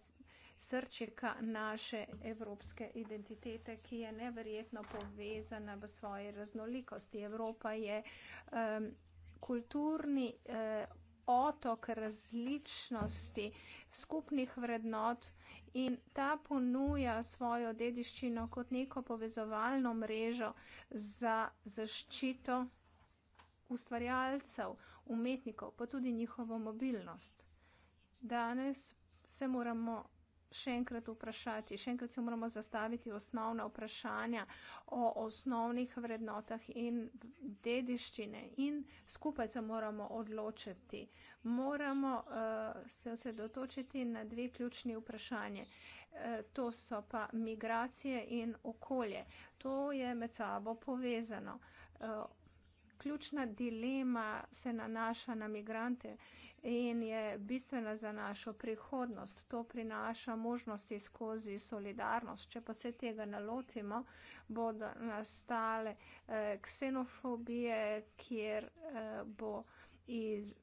srčika naše evropske identitete, ki je neverjetno povezana v svoji raznolikosti. Evropa je um, kulturni, eh, otok različnosti, skupnih vrednot in ta ponuja svojo dediščino kot neko povezovalno mrežo za zaščito ustvarjalcev, umetnikov, pa tudi njihovo mobilnost. Danes se moramo še enkrat vprašati, še enkrat se moramo zastaviti osnovna vprašanja o osnovnih vrednotah in dediščine in skupaj se moramo odločiti. Moramo uh, se osredotočiti na dve ključni vprašanje. Uh, to so pa migracije in okolje. To je med sabo povezano. Uh, ključna dilema se nanaša na migrante in je bistvena za našo prihodnost. To prinaša možnosti skozi solidarnost. Če pa se tega nalotimo, bodo nastale eh, ksenofobije, kjer eh, bo eh, iz,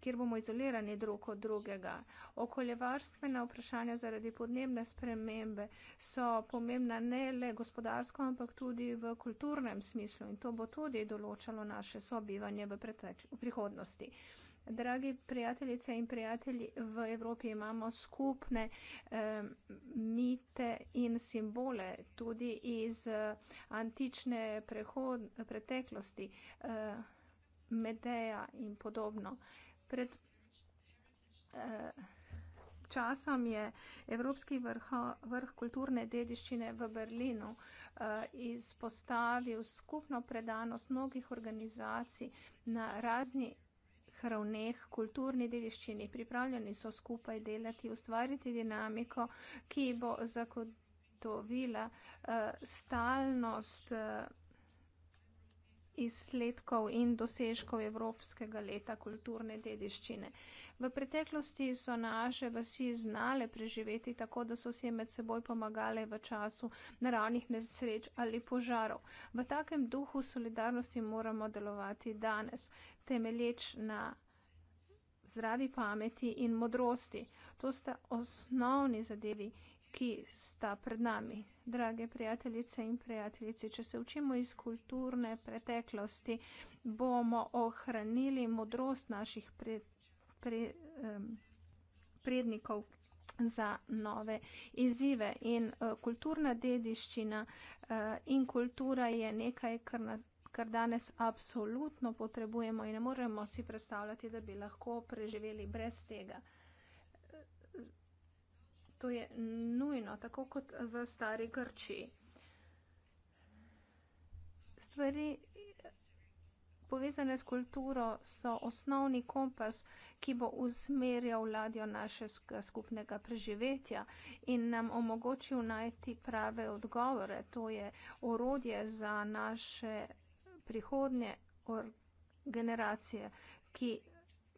kjer bomo izolirani drug od drugega. Okoljevarstvena vprašanja zaradi podnebne spremembe so pomembna ne le gospodarsko, ampak tudi v kulturnem smislu in to bo tudi določalo naše sobivanje v, v prihodnosti. Dragi prijateljice in prijatelji, v Evropi imamo skupne eh, mite in simbole tudi iz eh, antične prehod, preteklosti. Eh, Medeja in podobno. Pred eh, časom je Evropski vrha, vrh kulturne dediščine v Berlinu eh, izpostavil skupno predanost mnogih organizacij na razni ravneh kulturni dediščini. Pripravljeni so skupaj delati, ustvariti dinamiko, ki bo zagotovila eh, stalnost. Eh, izsledkov in dosežkov Evropskega leta kulturne dediščine. V preteklosti so naše vasi znale preživeti tako, da so si med seboj pomagale v času naravnih nesreč ali požarov. V takem duhu solidarnosti moramo delovati danes, temelječ na zdravi pameti in modrosti. To sta osnovni zadevi, ki sta pred nami. Drage prijateljice in prijateljici, če se učimo iz kulturne preteklosti, bomo ohranili modrost naših pred, pred, prednikov za nove izzive. In e, kulturna dediščina e, in kultura je nekaj, kar nas kar danes absolutno potrebujemo in ne moremo si predstavljati, da bi lahko preživeli brez tega. To je nujno, tako kot v stari Grči. Stvari povezane s kulturo so osnovni kompas, ki bo usmerjal ladjo našega skupnega preživetja in nam omogočil najti prave odgovore. To je orodje za naše prihodnje generacije, ki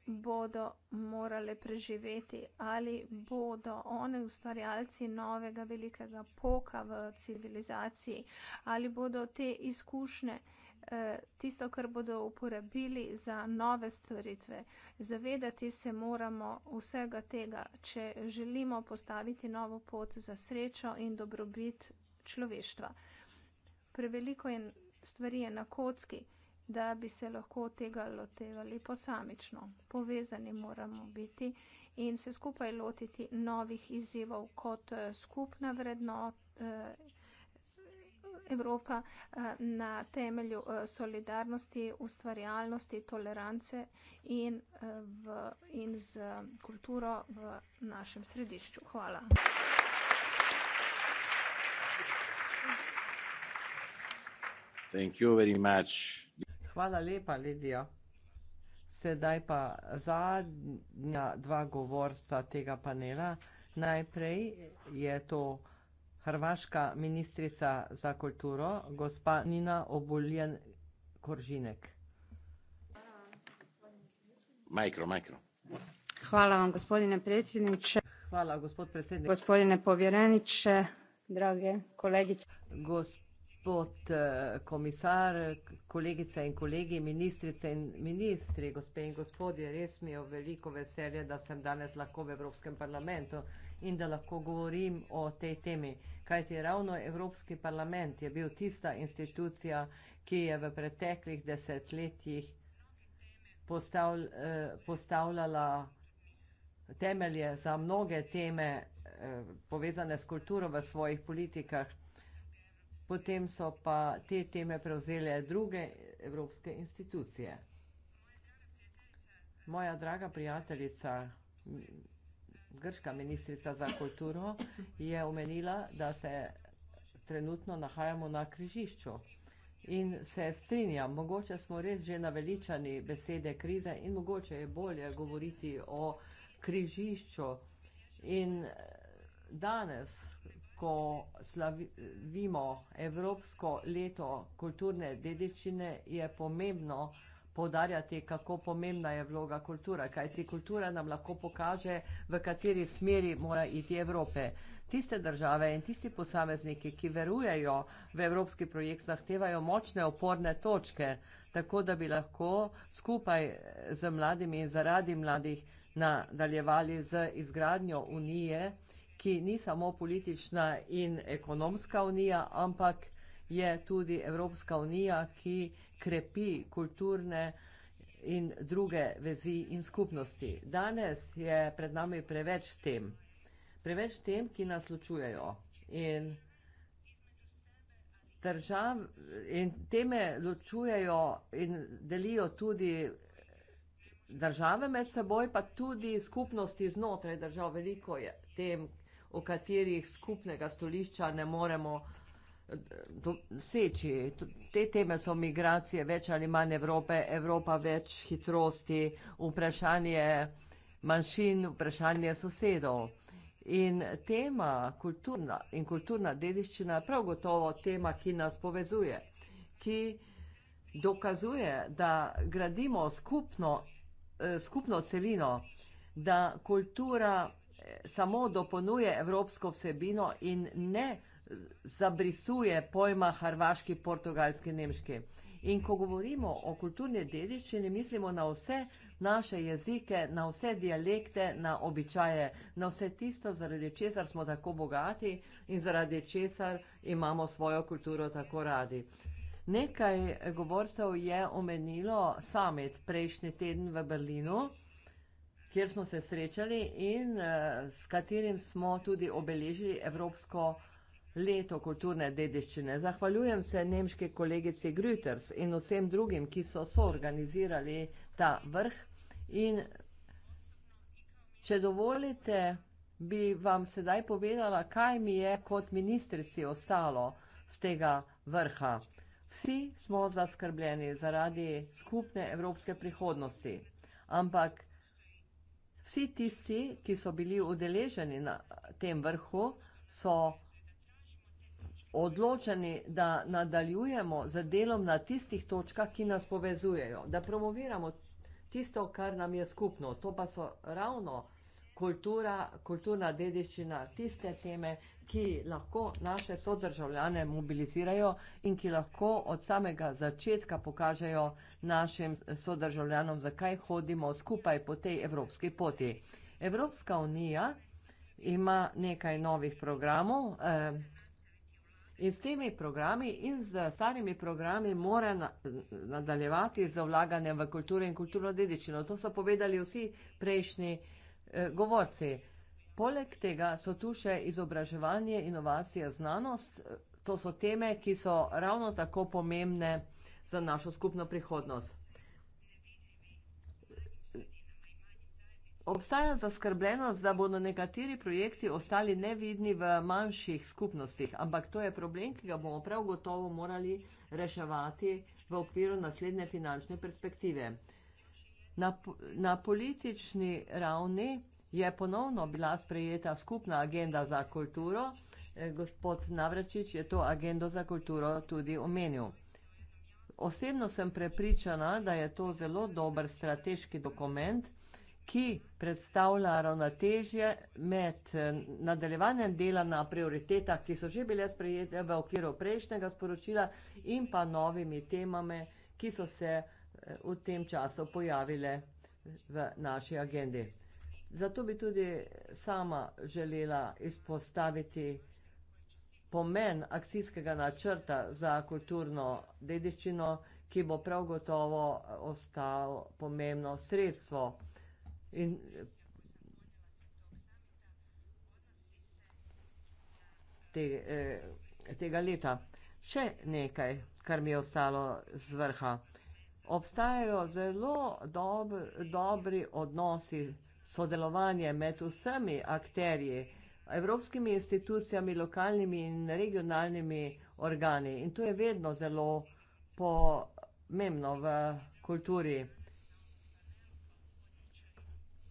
bodo morale preživeti, ali bodo one ustvarjalci novega velikega poka v civilizaciji, ali bodo te izkušnje eh, tisto, kar bodo uporabili za nove stvaritve. Zavedati se moramo vsega tega, če želimo postaviti novo pot za srečo in dobrobit človeštva. Preveliko je stvari je na kocki da bi se lahko tega lotevali posamično. Povezani moramo biti in se skupaj lotiti novih izzivov kot eh, skupna vrednot eh, Evropa eh, na temelju solidarnosti, ustvarjalnosti, tolerance in, v, in z kulturo v našem središču. Hvala. Thank you very much. Hvala lepa, Lidija. Sedaj pa zadnja dva govorca tega panela. Najprej je to hrvaška ministrica za kulturo, gospa Nina Obuljen Koržinek. Mikro, mikro. Hvala vam, gospodine predsjedniče. Hvala, gospod predsjednik. Gospodine povjereniče, drage kolegice. Gosp gospod eh, komisar, kolegice in kolegi, ministrice in ministri, gospe in gospodje, res mi je veliko veselje, da sem danes lahko v Evropskem parlamentu in da lahko govorim o tej temi. Kajti ravno Evropski parlament je bil tista institucija, ki je v preteklih desetletjih eh, postavljala temelje za mnoge teme eh, povezane s kulturo v svojih politikah potem so pa te teme prevzele druge evropske institucije. Moja draga prijateljica, grška ministrica za kulturo, je omenila, da se trenutno nahajamo na križišču. In se strinjam, mogoče smo res že naveličani besede krize in mogoče je bolje govoriti o križišču. In danes, ko slavimo Evropsko leto kulturne dedičine, je pomembno podarjati, kako pomembna je vloga kultura, kajti kultura nam lahko pokaže, v kateri smeri mora iti Evrope. Tiste države in tisti posamezniki, ki verujejo v evropski projekt, zahtevajo močne oporne točke, tako da bi lahko skupaj z mladimi in zaradi mladih nadaljevali z izgradnjo unije ki ni samo politična in ekonomska unija, ampak je tudi Evropska unija, ki krepi kulturne in druge vezi in skupnosti. Danes je pred nami preveč tem, preveč tem, ki nas ločujejo. In, držav, in teme ločujejo in delijo tudi države med seboj, pa tudi skupnosti znotraj držav. Veliko je tem, o katerih skupnega stolišča ne moremo eh, doseči. Te teme so migracije več ali manj Evrope, Evropa več hitrosti, vprašanje manjšin, vprašanje sosedov. In tema kulturna in kulturna dediščina je prav gotovo tema, ki nas povezuje, ki dokazuje, da gradimo skupno, eh, skupno celino, da kultura samo dopolnjuje evropsko vsebino in ne zabrisuje pojma hrvaški, portugalski, nemški. In ko govorimo o kulturni dediščini, mislimo na vse naše jezike, na vse dialekte, na običaje, na vse tisto, zaradi česar smo tako bogati in zaradi česar imamo svojo kulturo tako radi. Nekaj govorcev je omenilo summit prejšnji teden v Berlinu kjer smo se srečali in eh, s katerim smo tudi obeležili Evropsko leto kulturne dediščine. Zahvaljujem se nemški kolegici Grüters in vsem drugim, ki so soorganizirali ta vrh. In če dovolite, bi vam sedaj povedala, kaj mi je kot ministrici ostalo z tega vrha. Vsi smo zaskrbljeni zaradi skupne evropske prihodnosti, ampak Vsi tisti, ki so bili udeleženi na tem vrhu, so odločeni, da nadaljujemo z delom na tistih točkah, ki nas povezujejo, da promoviramo tisto, kar nam je skupno. To pa so ravno kultura, kulturna dediščina, tiste teme, ki lahko naše sodržavljane mobilizirajo in ki lahko od samega začetka pokažejo našim sodržavljanom, zakaj hodimo skupaj po tej evropski poti. Evropska unija ima nekaj novih programov eh, in s temi programi in z starimi programi mora nadaljevati z vlaganjem v kulturo in kulturno dediščino. To so povedali vsi prejšnji programi Eh, govorci. Poleg tega so tu še izobraževanje, inovacija, znanost. To so teme, ki so ravno tako pomembne za našo skupno prihodnost. Obstaja zaskrbljenost, da bodo nekateri projekti ostali nevidni v manjših skupnostih, ampak to je problem, ki ga bomo prav gotovo morali reševati v okviru naslednje finančne perspektive. Na, na politični ravni je ponovno bila sprejeta skupna agenda za kulturo. E, gospod Navračič je to agendo za kulturo tudi omenil. Osebno sem prepričana, da je to zelo dober strateški dokument, ki predstavlja ravnotežje med e, nadaljevanjem dela na prioritetah, ki so že bile sprejete v okviru prejšnjega sporočila, in pa novimi temami, ki so se v tem času pojavile v naši agendi. Zato bi tudi sama želela izpostaviti pomen akcijskega načrta za kulturno dediščino, ki bo prav gotovo ostal pomembno sredstvo. In te, eh, tega leta. Še nekaj, kar mi je ostalo z vrha obstajajo zelo dob, dobri odnosi, sodelovanje med vsemi akterji, evropskimi institucijami, lokalnimi in regionalnimi organi. In to je vedno zelo pomembno v kulturi.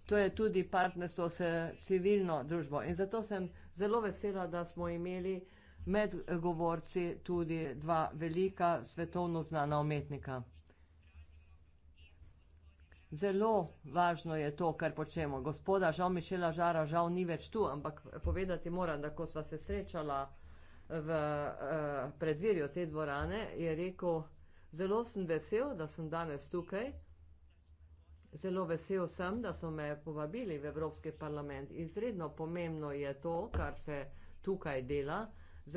To je tudi partnerstvo s civilno družbo in zato sem zelo vesela, da smo imeli med govorci tudi dva velika svetovno znana umetnika. Zelo važno je to, kar počnemo. Gospoda, žal Mišela Žara, žal ni več tu, ampak povedati moram, da ko sva se srečala v eh, predvirju te dvorane, je rekel, zelo sem vesel, da sem danes tukaj. Zelo vesel sem, da so me povabili v Evropski parlament. Izredno pomembno je to, kar se tukaj dela.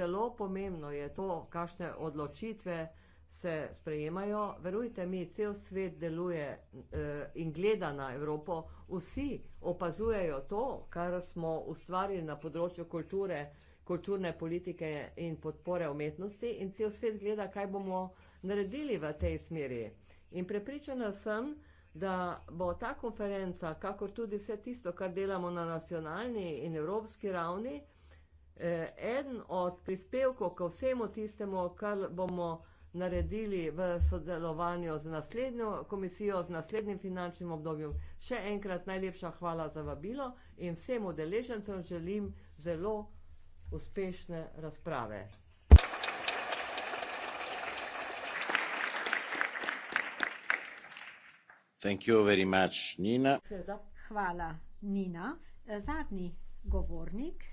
Zelo pomembno je to, kakšne odločitve se sprejemajo. Verujte mi, cel svet deluje eh, in gleda na Evropo. Vsi opazujejo to, kar smo ustvarili na področju kulture, kulturne politike in podpore umetnosti in cel svet gleda, kaj bomo naredili v tej smeri. In prepričana sem, da bo ta konferenca, kakor tudi vse tisto, kar delamo na nacionalni in evropski ravni, eh, eden od prispevkov k vsemu tistemu, kar bomo naredili v sodelovanju z naslednjo komisijo, z naslednjim finančnim obdobjem. Še enkrat najlepša hvala za vabilo in vsem udeležencem želim zelo uspešne razprave. Thank you very much, Nina. Hvala, Nina. Zadnji govornik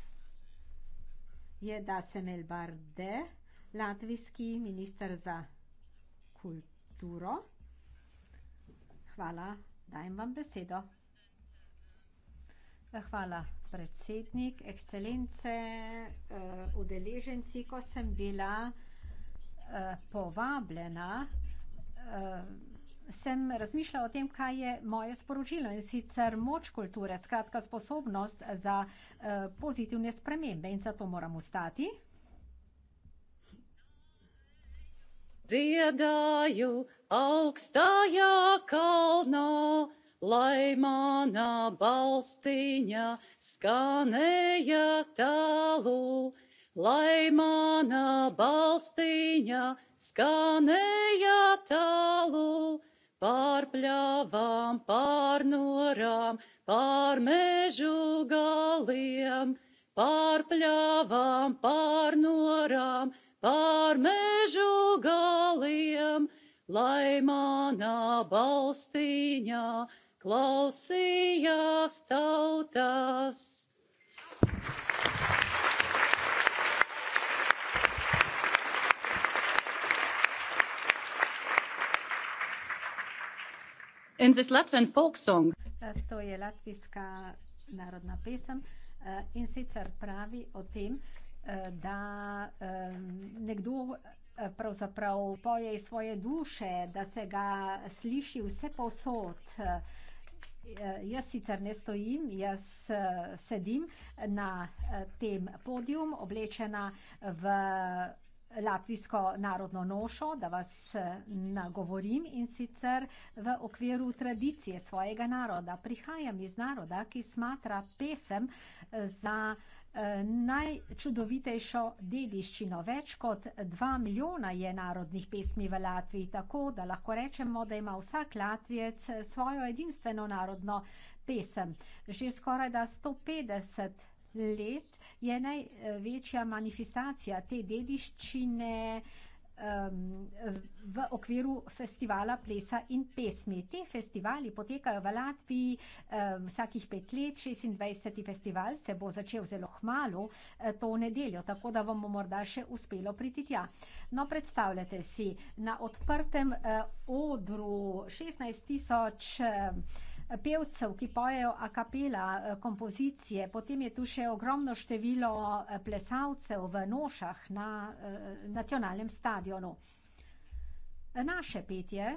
je Dasemel Barde latvijski minister za kulturo. Hvala, dajem vam besedo. Hvala, predsednik, ekscelence, eh, udeleženci, ko sem bila eh, povabljena, eh, sem razmišljala o tem, kaj je moje sporočilo in sicer moč kulture, skratka sposobnost za pozitivne spremembe in zato moram ustati. Dziedāju augstajā kalnā, lai manā balstīņā skanēja tālu, lai manā balstīņā skanēja tālu, pārpļāvām pārnorām, pārmežu galiem, pārpļāvām pārnorām, pārmežu galiem pār mežu galiem, lai manā balstīņā klausījās tautas. In this Latvian folk song. Eh, to je latvijska narodna pesem eh, in sicer pravi o tem, da nekdo eh, pravzaprav poje iz svoje duše, da se ga sliši vse povsod. Eh, jaz sicer ne stojim, jaz eh, sedim na tem podijum, oblečena v latvijsko narodno nošo, da vas nagovorim in sicer v okviru tradicije svojega naroda. Prihajam iz naroda, ki smatra pesem za vse, najčudovitejšo dediščino. Več kot dva milijona je narodnih pesmi v Latviji, tako da lahko rečemo, da ima vsak Latvijec svojo edinstveno narodno pesem. Že skoraj da 150 let je največja manifestacija te dediščine eh, um, v okviru festivala plesa in pesmi. Te festivali potekajo v Latviji um, vsakih pet let, 26. festival se bo začel zelo hmalo eh, to nedeljo, tako da vam bo morda še uspelo priti tja. No, predstavljate si, na odprtem uh, odru 16 tisoč. Uh, pevcev, ki pojejo a capela eh, kompozicije, potem je tu še ogromno število eh, plesalcev v nošah na eh, nacionalnem stadionu. Naše petje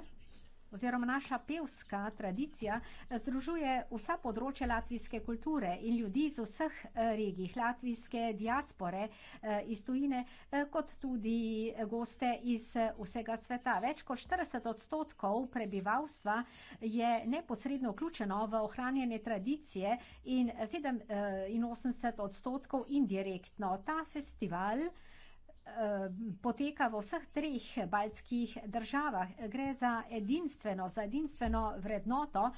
oziroma naša pevska tradicija eh, združuje vsa področja latvijske kulture in ljudi iz vseh eh, regij, latvijske diaspore eh, iz tujine, kot tudi goste iz vsega sveta. Več kot 40 odstotkov prebivalstva je neposredno vključeno v ohranjene tradicije in 87 odstotkov indirektno. Ta festival Eh, poteka v vseh treh baljskih državah. Gre za edinstveno, za edinstveno vrednoto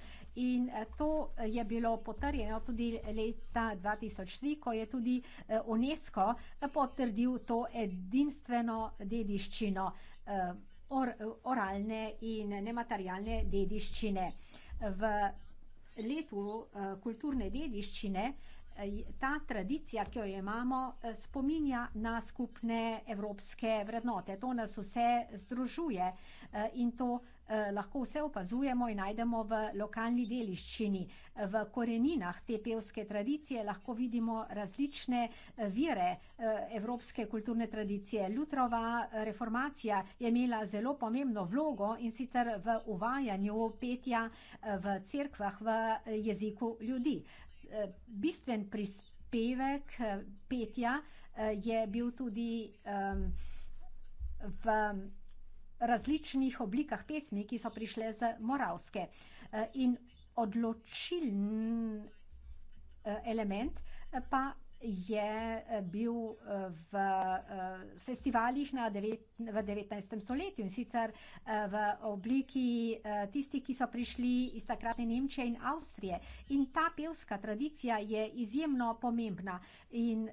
in eh, to je bilo potrjeno tudi leta 2003, ko je tudi eh, UNESCO potrdil to edinstveno dediščino or, oralne in nematerialne dediščine. V letu kulturne dediščine Eh, ta tradicija, ki jo imamo, eh, spominja na skupne evropske vrednote. To nas vse združuje eh, in to lahko vse opazujemo in najdemo v lokalni deliščini. V koreninah te pevske tradicije lahko vidimo različne vire evropske kulturne tradicije. Lutrova reformacija je imela zelo pomembno vlogo in sicer v uvajanju petja v cerkvah v jeziku ljudi. Eh, bistven prispevek eh, petja eh, je bil tudi v različnih oblikah pesmi, ki so prišle z Moravske. In odločilen element pa je eh, bil eh, v eh, festivalih na devet, v 19. stoletju in sicer v obliki tistih, ki so prišli iz takratne Nemčije in Avstrije. In ta pevska tradicija je izjemno pomembna in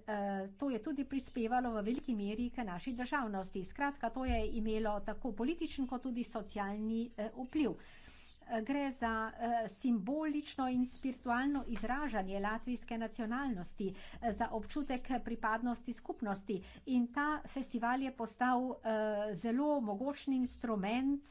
to je tudi prispevalo v veliki meri k naši državnosti. Skratka, to je imelo tako političen kot tudi socialni vpliv gre za eh, simbolično in spiritualno izražanje latvijske nacionalnosti, eh, za občutek pripadnosti skupnosti in ta festival je postal eh, zelo mogočen instrument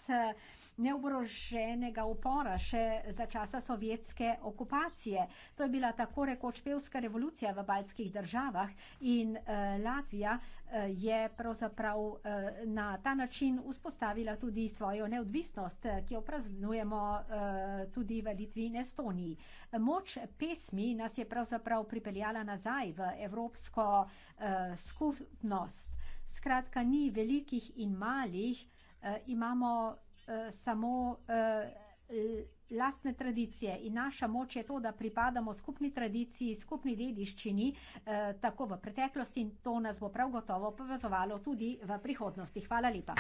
neoboroženega upora še za časa sovjetske okupacije. To je bila tako rekoč pevska revolucija v baltskih državah in eh, Latvija eh, je pravzaprav eh, na ta način vzpostavila tudi svojo neodvisnost, eh, ki jo praznujemo eh, tudi v Litvi in Estoniji. Moč pesmi nas je pravzaprav pripeljala nazaj v evropsko eh, skupnost. Skratka, ni velikih in malih, eh, imamo Eh, samo eh, lastne tradicije in naša moč je to, da pripadamo skupni tradiciji, skupni dediščini, eh, tako v preteklosti in to nas bo prav gotovo povezovalo tudi v prihodnosti. Hvala lepa.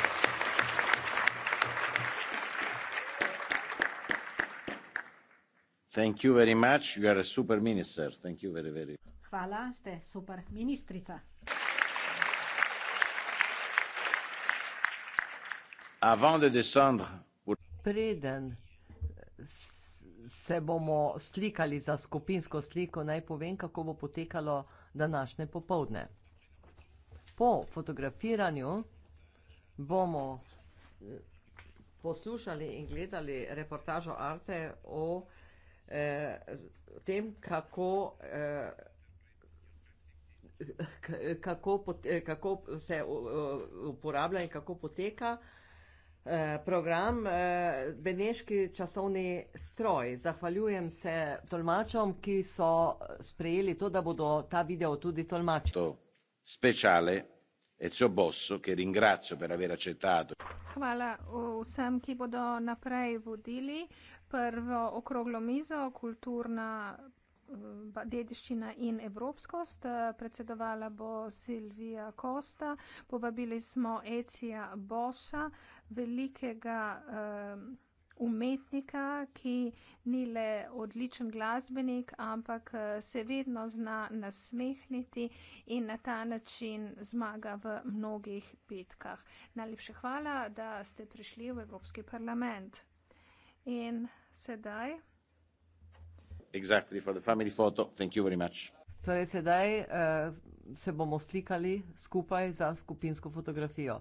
Thank you very much. You are a super minister. Thank you very, very. Hvala, ste super ministrica. Preden se bomo slikali za skupinsko sliko, naj povem, kako bo potekalo današnje popovdne. Po fotografiranju bomo poslušali in gledali reportažo Arte o eh, tem, kako eh, Kako, eh, kako se uporablja in kako poteka uh, Eh, program eh, Beneški časovni stroj. Zahvaljujem se tolmačom, ki so sprejeli to, da bodo ta video tudi tolmačili. To speciale Ezio Bosso, ki ringrazio per aver accettato. Hvala vsem, ki bodo naprej vodili prvo okroglo mizo, kulturna dediščina in evropskost. Eh, predsedovala bo Silvija Kosta. Povabili smo Ecija Bosa, velikega eh, umetnika, ki ni le odličen glasbenik, ampak eh, se vedno zna nasmehniti in na ta način zmaga v mnogih bitkah. Najlepše hvala, da ste prišli v Evropski parlament. In sedaj exactly for the family photo. Thank you very much. Torej sedaj uh, se bomo slikali skupaj za skupinsko fotografijo.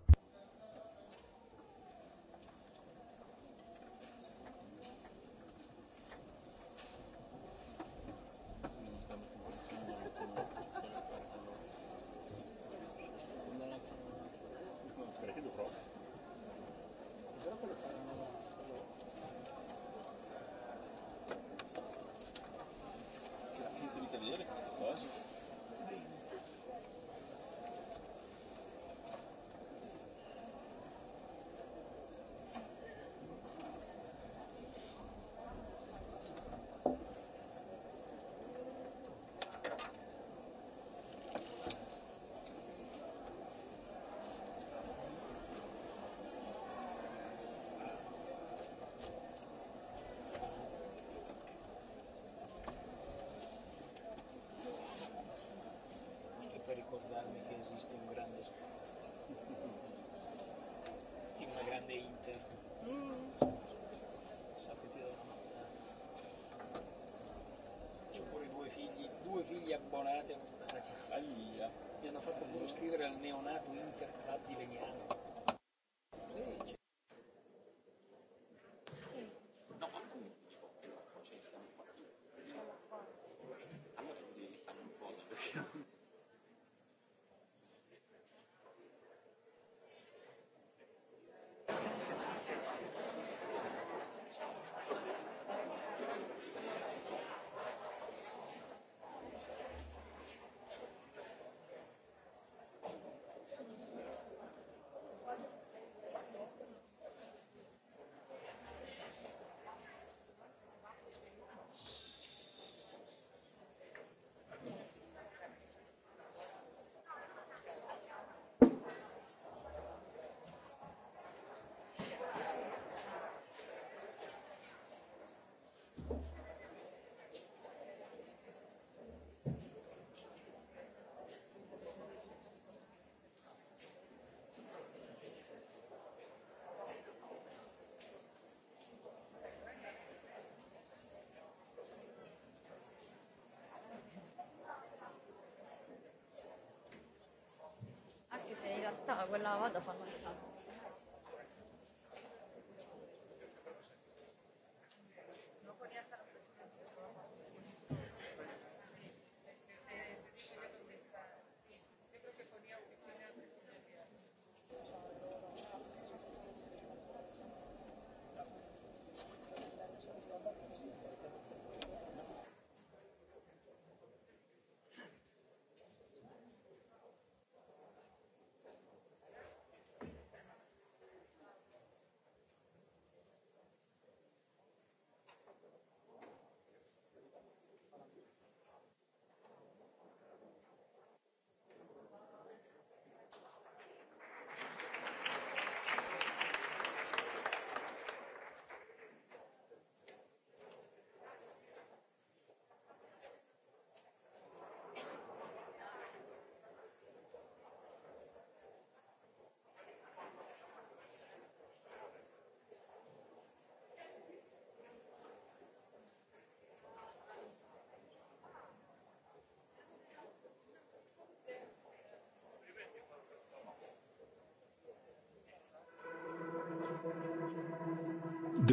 ta quella volta ho fatto.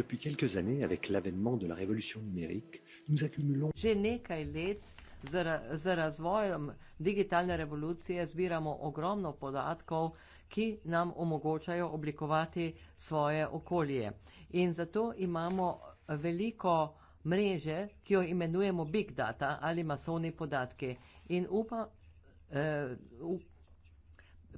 Depuis quelques années, avec l'avènement de la révolution numérique, nous accumulons. Že nekaj let z razvojem digitalne revolucije zbiramo ogromno podatkov, ki nam omogočajo oblikovati svoje okolje. In zato imamo veliko mreže, ki jo imenujemo big data ali masovni podatki. In upa, eh,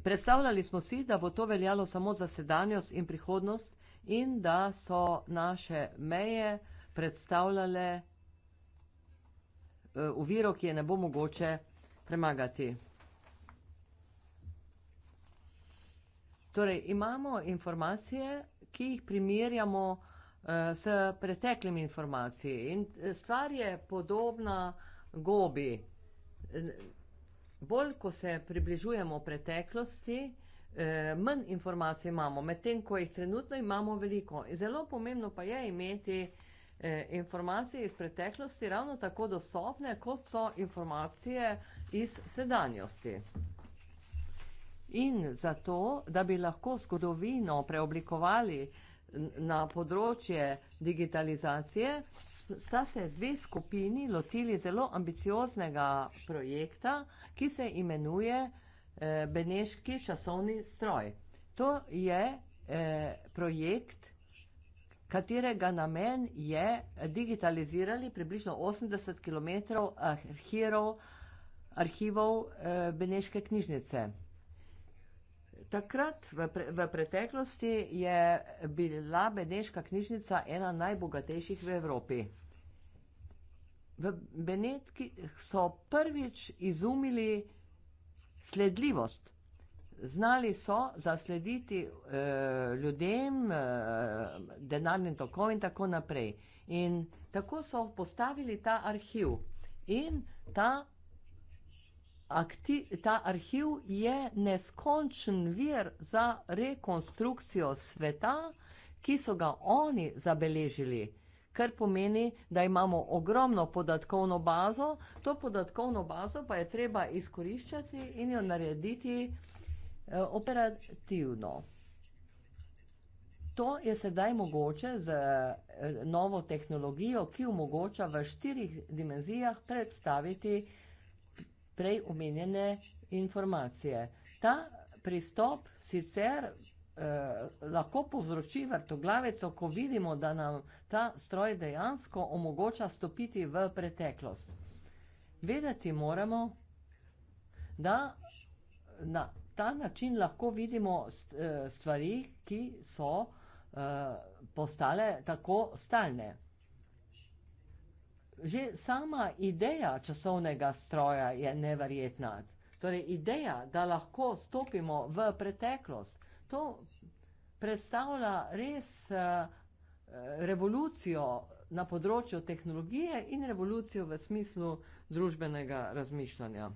predstavljali smo si, da bo to veljalo samo za sedanjost in prihodnost, in da so naše meje predstavljale uviro, eh, ki je ne bo mogoče premagati. Torej, imamo informacije, ki jih primerjamo eh, s preteklimi informacij in eh, stvar je podobna gobi. Bolj, ko se približujemo preteklosti, eh, manj informacij imamo, medtem ko jih trenutno imamo veliko. Zelo pomembno pa je imeti eh, informacije iz preteklosti ravno tako dostopne, kot so informacije iz sedanjosti. In zato, da bi lahko zgodovino preoblikovali na področje digitalizacije, sta se dve skupini lotili zelo ambicioznega projekta, ki se imenuje eh, Eh, beneški časovni stroj. To je eh, projekt, katerega namen je digitalizirali približno 80 kilometrov arhirov, arhivov eh, beneške knjižnice. Takrat v, pre, v preteklosti je bila beneška knjižnica ena najbogatejših v Evropi. V Benetki so prvič izumili sledljivost. Znali so zaslediti eh, ljudem eh, denarnim tokom in tako naprej. In tako so postavili ta arhiv. In ta, akti, ta arhiv je neskončen vir za rekonstrukcijo sveta, ki so ga oni zabeležili kar pomeni, da imamo ogromno podatkovno bazo, to podatkovno bazo pa je treba izkoriščati in jo narediti eh, operativno. To je sedaj mogoče z eh, novo tehnologijo, ki omogoča v štirih dimenzijah predstaviti prej omenjene informacije. Ta pristop sicer Eh, lahko povzroči vrtoglavico, ko vidimo, da nam ta stroj dejansko omogoča stopiti v preteklost. Vedeti moramo, da na ta način lahko vidimo st, uh, stvari, ki so uh, postale tako stalne. Že sama ideja časovnega stroja je neverjetna. Torej, ideja, da lahko stopimo v preteklost, to predstavlja res eh, revolucijo na področju tehnologije in revolucijo v smislu družbenega razmišljanja.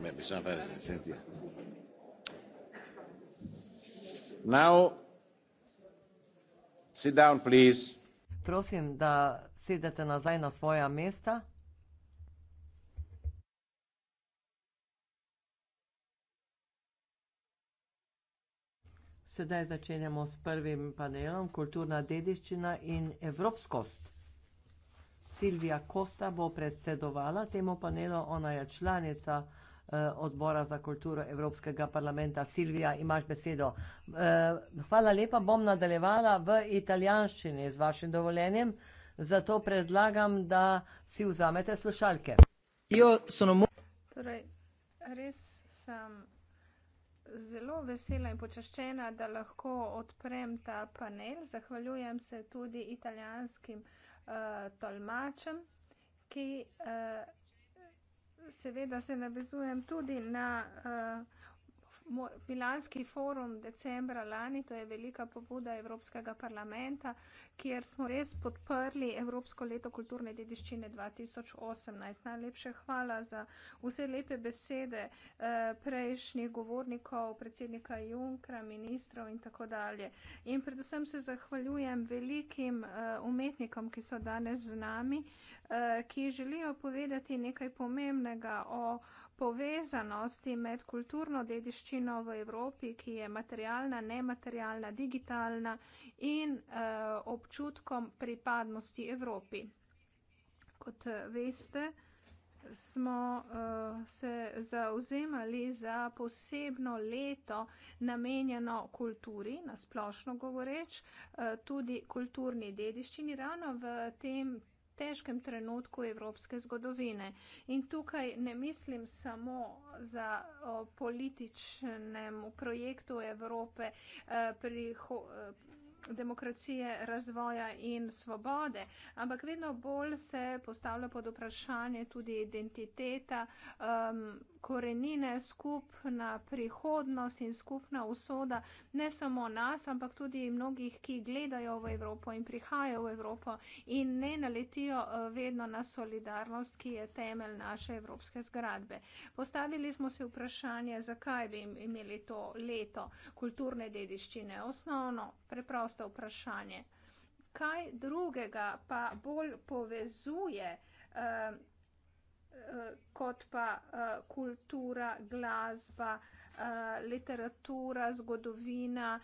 mais bisogna fare sentire. Now sit down please. Prosim da sedete nazaj na svoja mesta. Sedaj začenjamo s prvim panelom Kulturna dediščina in evropskost. Silvija Kosta bo predsedovala temu panelu, ona je članica uh, Eh, odbora za kulturo Evropskega parlamenta. Silvija, imaš besedo. Eh, hvala lepa, bom nadaljevala v italijanščini z vašim dovoljenjem, zato predlagam, da si vzamete slušalke. Torej, res sem zelo vesela in počaščena, da lahko odprem ta panel. Zahvaljujem se tudi italijanskim uh, tolmačem, ki uh, seveda se navezujem tudi na eh, Milanski forum decembra lani, to je velika pobuda Evropskega parlamenta, kjer smo res podprli Evropsko leto kulturne dediščine 2018. Najlepše hvala za vse lepe besede eh, prejšnjih govornikov, predsednika Junkra, ministrov in tako dalje. In predvsem se zahvaljujem velikim eh, umetnikom, ki so danes z nami, eh, ki želijo povedati nekaj pomembnega o povezanosti med kulturno dediščino v Evropi, ki je materialna, nematerialna, digitalna in uh, občutkom pripadnosti Evropi. Kot eh, veste, smo uh, se zauzemali za posebno leto namenjeno kulturi, nasplošno govoreč, uh, tudi kulturni dediščini. Rano v tem težkem trenutku evropske zgodovine. In tukaj ne mislim samo za o, političnem projektu Evrope, eh, pri, ho, eh, demokracije, razvoja in svobode, ampak vedno bolj se postavlja pod vprašanje tudi identiteta, um, korenine, skupna prihodnost in skupna usoda ne samo nas, ampak tudi mnogih, ki gledajo v Evropo in prihajajo v Evropo in ne naletijo uh, vedno na solidarnost, ki je temelj naše evropske zgradbe. Postavili smo se vprašanje, zakaj bi imeli to leto kulturne dediščine. Osnovno, preprosto, preprosto vprašanje. Kaj drugega pa bolj povezuje eh, eh, kot pa eh, kultura, glasba, literatura, zgodovina,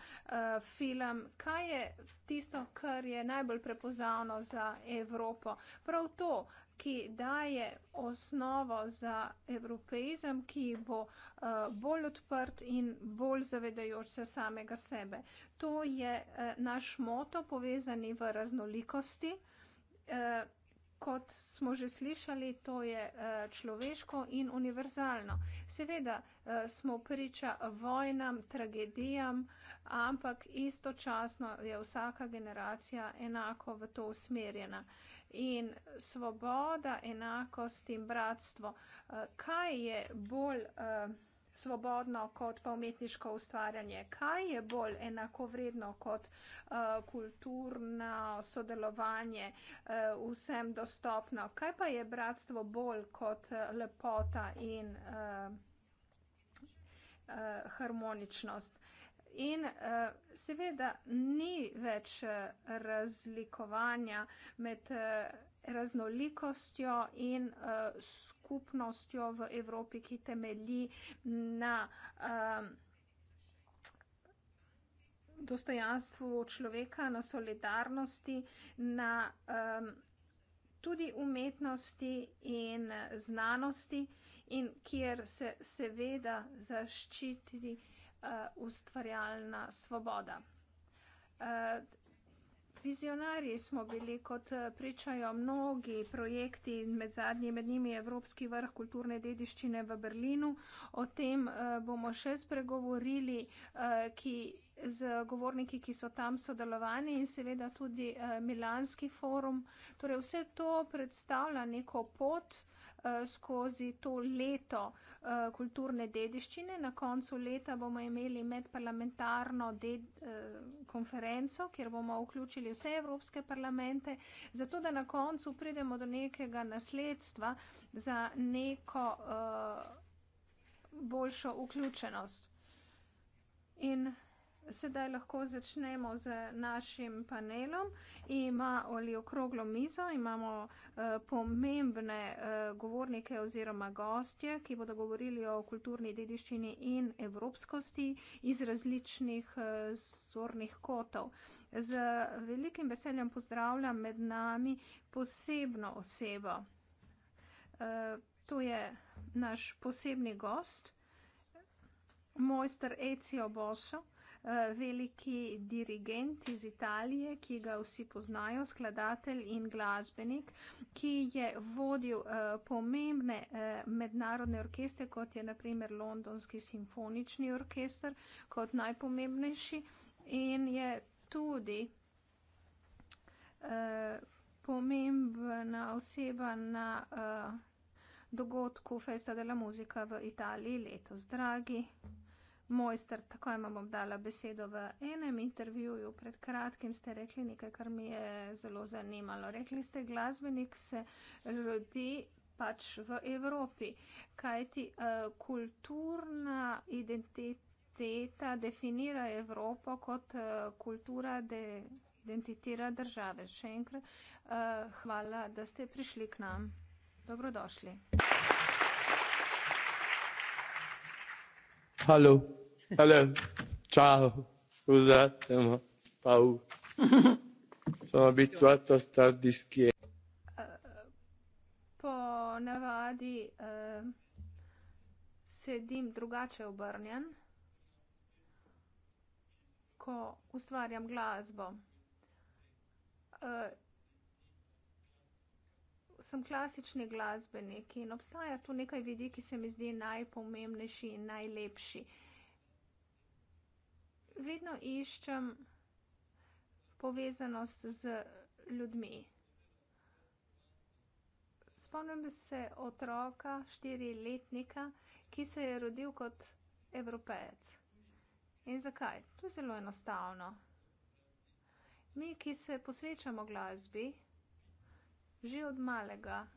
film? Kaj je tisto, kar je najbolj prepoznavno za Evropo? Prav to, ki daje osnovo za evropeizem, ki bo uh, bolj odprt in bolj zavedajoč se samega sebe. To je uh, naš moto povezani v raznolikosti. Uh, Kot smo že slišali, to je človeško in univerzalno. Seveda smo priča vojnam, tragedijam, ampak istočasno je vsaka generacija enako v to usmerjena in svoboda, enakost in bratstvo. Eh, kaj je bolj eh, svobodno kot pa umetniško ustvarjanje? Kaj je bolj enakovredno kot eh, kulturno sodelovanje, vsem dostopno? Kaj pa je bratstvo bolj kot lepota in harmoničnost? In uh, seveda ni več eh, razlikovanja med uh, raznolikostjo in uh, skupnostjo v Evropi, ki temelji na uh, dostojanstvu človeka, na solidarnosti, na um, tudi umetnosti in znanosti, in kjer se seveda zaščiti uh, ustvarjalna svoboda. Uh, Vizionarji smo bili, kot eh, pričajo mnogi projekti, med zadnji med njimi je Evropski vrh kulturne dediščine v Berlinu. O tem bomo še spregovorili ki, z govorniki, ki so tam sodelovani in seveda tudi Milanski forum. Torej vse to predstavlja neko pot, Eh, skozi to leto eh, kulturne dediščine. Na koncu leta bomo imeli medparlamentarno eh, konferenco, kjer bomo vključili vse evropske parlamente, zato da na koncu pridemo do nekega nasledstva za neko boljšo vključenost. In sedaj lahko začnemo z našim panelom. Ima ali okroglo mizo, imamo uh, pomembne uh, govornike oziroma gostje, ki bodo govorili o kulturni dediščini in evropskosti iz različnih uh, zornih kotov. Z velikim veseljem pozdravljam med nami posebno osebo. Uh, to je naš posebni gost. Mojster Ecio Bosso, Eh, veliki dirigent iz Italije, ki ga vsi poznajo, skladatelj in glasbenik, ki je vodil eh, pomembne eh, mednarodne orkestre, kot je naprimer Londonski simfonični orkester, kot najpomembnejši in je tudi pomembna oseba na dogodku Festa della Musica v Italiji letos. Dragi mojster, tako jim bom dala besedo. V enem intervjuju pred kratkim ste rekli nekaj, kar mi je zelo zanimalo. Rekli ste, glasbenik se rodi pač v Evropi, kajti uh, kulturna identiteta definira Evropo kot uh, kultura. De identitira države. Še enkrat uh, hvala, da ste prišli k nam. Dobrodošli. Hallo. Hallo. Ciao. Scusate, ma paura. Sono abituato a star di schiena. Uh, po navadi uh, eh, sedim drugače obrnjen, ko ustvarjam glasbo. Uh, sem klasični glasbenik in obstaja tu nekaj vidi, ki se mi zdi najpomembnejši in najlepši. Vedno iščem povezanost z ljudmi. Spomnim se otroka, štiriletnika, ki se je rodil kot evropejec. In zakaj? To je zelo enostavno. Mi, ki se posvečamo glasbi, že od malega.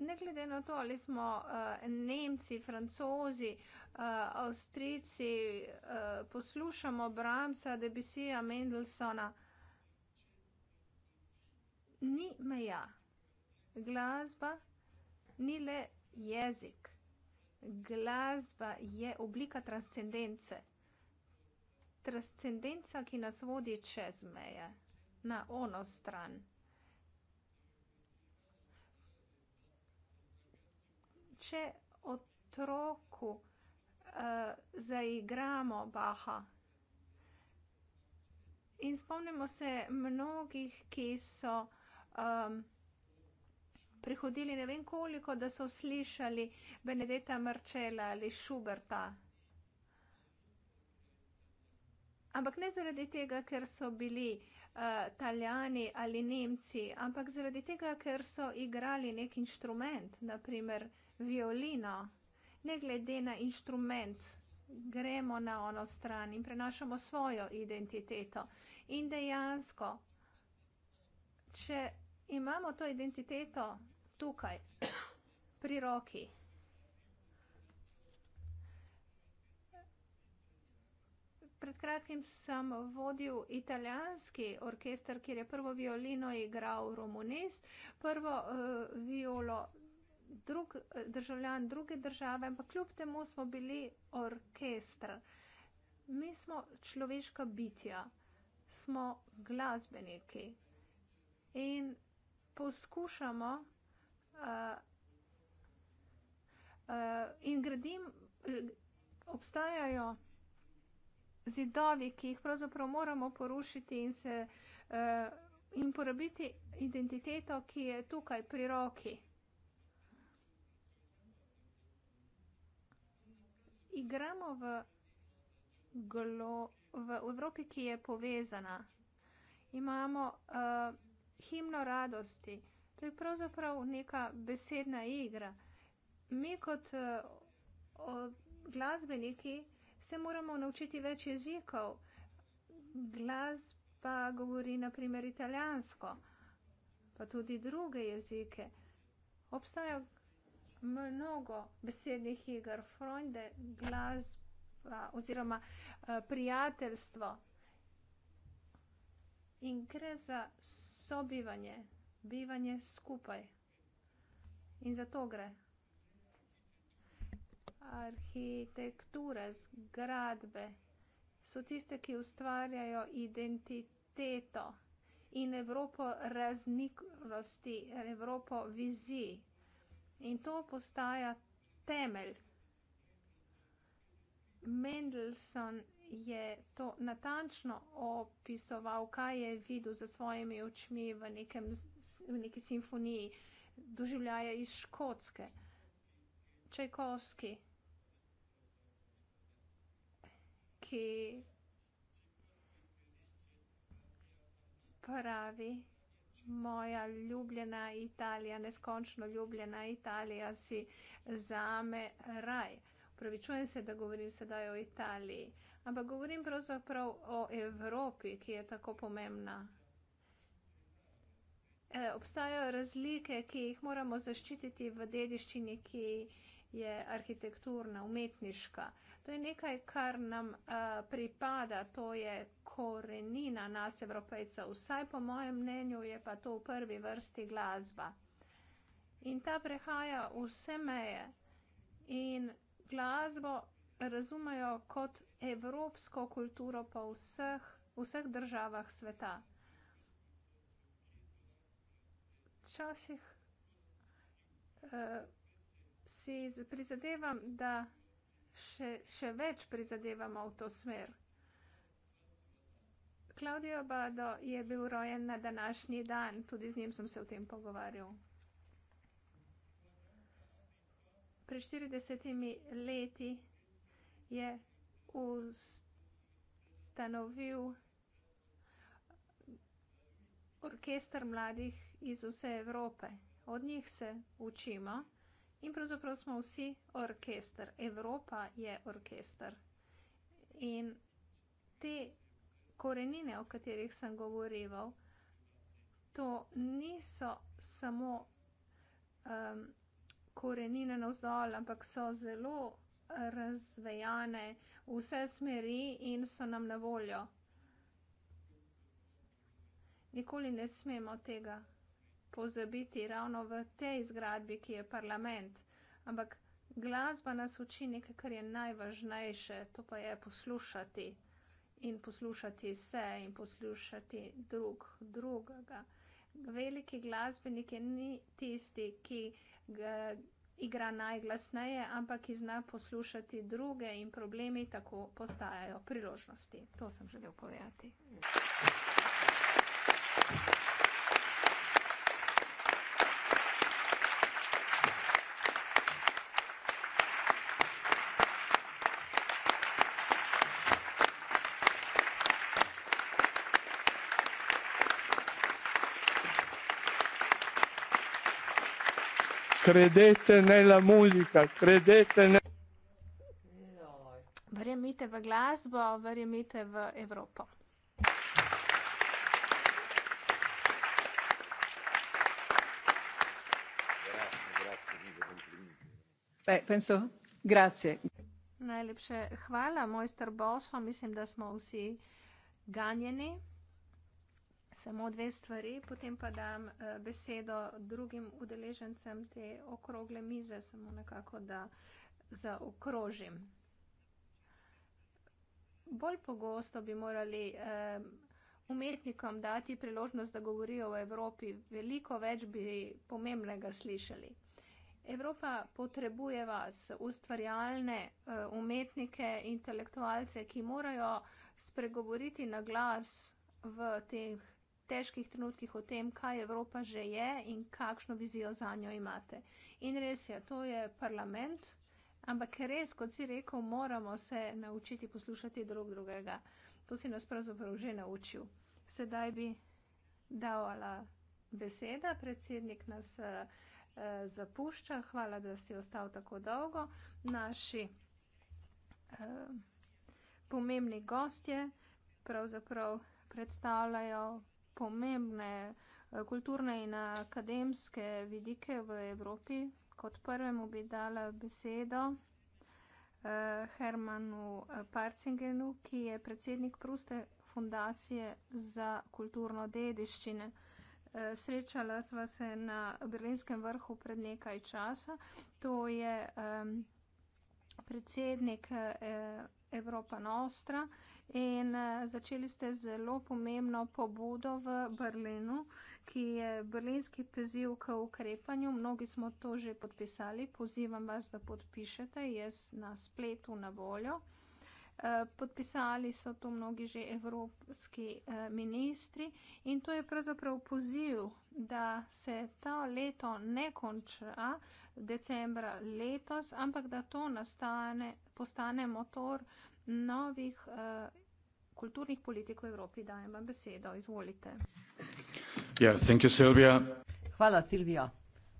Ne glede na to, ali smo uh, Nemci, Francozi, uh, eh, Avstrici, uh, eh, poslušamo Brahma, Debisija, Mendelsona, ni meja. Glasba ni le jezik. Glasba je oblika transcendence transcendenca, ki nas vodi čez meje, na ono stran. Če otroku uh, zaigramo Baha in spomnimo se mnogih, ki so um, prihodili ne vem koliko, da so slišali Benedeta Marčela ali Šuberta. Ampak ne zaradi tega, ker so bili uh, eh, Italijani ali Nemci, ampak zaradi tega, ker so igrali nek inštrument, naprimer violino. Ne glede na inštrument, gremo na ono stran in prenašamo svojo identiteto. In dejansko, če imamo to identiteto tukaj, pri roki, Pred kratkim sem vodil italijanski orkester, kjer je prvo violino igral Romunes, prvo uh, violo drug, eh, državljan druge države, ampak kljub temu smo bili orkester. Mi smo človeška bitja, smo glasbeniki in poskušamo uh, uh, in gradim, obstajajo zidovi, ki jih pravzaprav moramo porušiti in se uh, in porabiti identiteto, ki je tukaj pri roki. Igramo v, glo, v Evropi, ki je povezana. Imamo uh, himno radosti. To je pravzaprav neka besedna igra. Mi kot uh, glasbeniki uh, se moramo naučiti več jezikov. Glasba govori naprimer italijansko, pa tudi druge jezike. Obstaja mnogo besednih igr, fronde, glasba oziroma eh, prijateljstvo. In gre za sobivanje, bivanje skupaj. In za to gre arhitekture, zgradbe so tiste, ki ustvarjajo identiteto in Evropo raznikrosti, Evropo viziji. In to postaja temelj. Mendelssohn je to natančno opisoval, kaj je videl za svojimi očmi v, nekem, v neki simfoniji, doživljaje iz Škotske. Čajkovski. ki pravi, moja ljubljena Italija, neskončno ljubljena Italija si zame raj. Pravičujem se, da govorim sedaj o Italiji, ampak govorim pravzaprav o Evropi, ki je tako pomembna. E, obstajajo razlike, ki jih moramo zaščititi v dediščini, ki je arhitekturna, umetniška. E, To je nekaj, kar nam uh, pripada, to je korenina nas evropejcev. Vsaj po mojem mnenju je pa to v prvi vrsti glasba. In ta prehaja vse meje in glasbo razumejo kot evropsko kulturo po vseh, vseh državah sveta. Včasih uh, si prizadevam, da še, še več prizadevamo v to smer. Klaudijo Bado je bil rojen na današnji dan, tudi z njim sem se o tem pogovarjal. Pred 40 leti je ustanovil orkester mladih iz vse Evrope. Od njih se učimo. In pravzaprav smo vsi orkester, Evropa je orkester. In te korenine, o katerih sem govoril, to niso samo um, korenine navzdol, ampak so zelo razvejane v vse smeri in so nam na voljo. Nikoli ne smemo tega pozabiti ravno v tej zgradbi, ki je parlament. Ampak glasba nas uči nekaj, kar je najvažnejše, to pa je poslušati in poslušati se in poslušati drug, drugega. Veliki glasbenik je ni tisti, ki ga igra najglasneje, ampak ki zna poslušati druge in problemi tako postajajo priložnosti. To sem želel povedati. Mm. Credete nella musica, credete nel... Verjemite v glasbo, verjemite v Evropo. Grazie, grazie, penso, grazie. Najlepše hvala, mojster Boso. Mislim, da smo vsi ganjeni samo dve stvari, potem pa dam eh, besedo drugim udeležencem te okrogle mize, samo nekako, da zaokrožim. Bolj pogosto bi morali eh, umetnikom dati priložnost, da govorijo o Evropi, veliko več bi pomembnega slišali. Evropa potrebuje vas, ustvarjalne eh, umetnike, intelektualce, ki morajo spregovoriti na glas v teh težkih trenutkih o tem, kaj Evropa že je in kakšno vizijo za njo imate. In res je, to je parlament, ampak res, kot si rekel, moramo se naučiti poslušati drug drugega. To si nas pravzaprav že naučil. Sedaj bi dala beseda, predsednik nas eh, eh zapušča. Hvala, da si ostal tako dolgo. Naši eh, pomembni gostje pravzaprav predstavljajo pomembne eh, kulturne in akademske vidike v Evropi. Kot prvemu bi dala besedo eh, Hermanu Parcingenu, ki je predsednik Pruste fundacije za kulturno dediščine. Eh, srečala sva se na berlinskem vrhu pred nekaj časa. To je eh, predsednik eh, Evropa Nostra in eh, začeli ste zelo pomembno pobudo v Berlinu, ki je berlinski poziv k ukrepanju. Mnogi smo to že podpisali. Pozivam vas, da podpišete. Jaz na spletu na voljo. Eh, podpisali so to mnogi že evropski eh, ministri in to je pravzaprav poziv, da se ta leto ne konča decembra letos, ampak da to nastane postane motor novih uh, kulturnih politik v Evropi. Dajem vam besedo, izvolite. Yeah, ja, you, Silvia. Hvala, Silvija.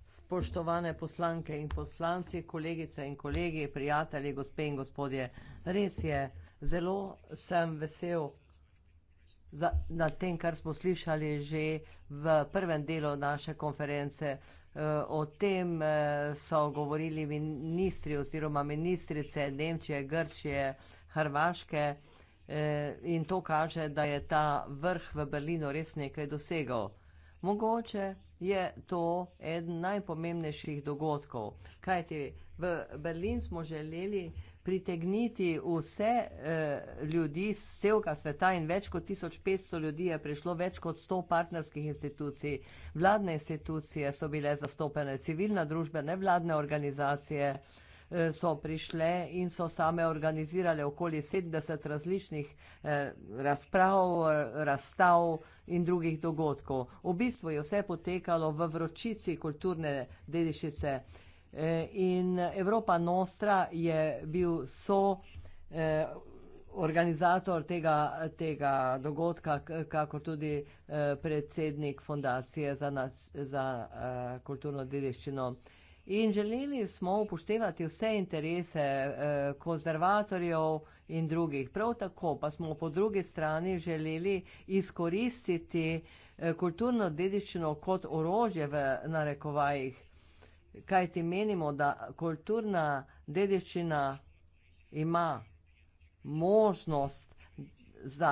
Spoštovane poslanke in poslanci, kolegice in kolegi, prijatelji, gospe in gospodje, res je, zelo sem vesel za, na tem, kar smo slišali že v prvem delu naše konference. Eh, o tem eh, so govorili ministri oziroma ministrice Nemčije, Grčije, Hrvaške eh, in to kaže, da je ta vrh v Berlinu res nekaj dosegal. Mogoče je to eden najpomembnejših dogodkov, kajti v Berlin smo želeli pritegniti vse eh, ljudi z celega sveta in več kot 1500 ljudi je prišlo, več kot 100 partnerskih institucij, vladne institucije so bile zastopene, civilna družba, nevladne organizacije eh, so prišle in so same organizirale okoli 70 različnih eh, razprav, eh, razstav in drugih dogodkov. V bistvu je vse potekalo v vročici kulturne dedišice. Eh, Eh, in Evropa Nostra je bil so eh, organizator tega, tega dogodka, kako tudi eh, predsednik Fondacije za, nas, za kulturno dediščino. In želeli smo upoštevati vse interese eh, konzervatorjev in drugih. Prav tako pa smo po drugi strani želeli izkoristiti eh, kulturno dediščino kot orožje v narekovajih kaj ti menimo, da kulturna dediščina ima možnost za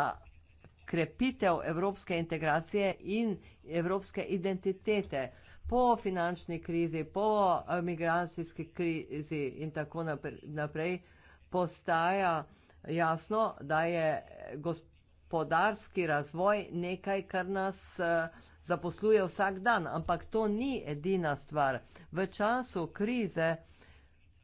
krepitev evropske integracije in evropske identitete po finančni krizi, po eh, migracijski krizi in tako naprej, postaja jasno, da je gospodarski razvoj nekaj, kar nas uh, zaposluje vsak dan, ampak to ni edina stvar. V času krize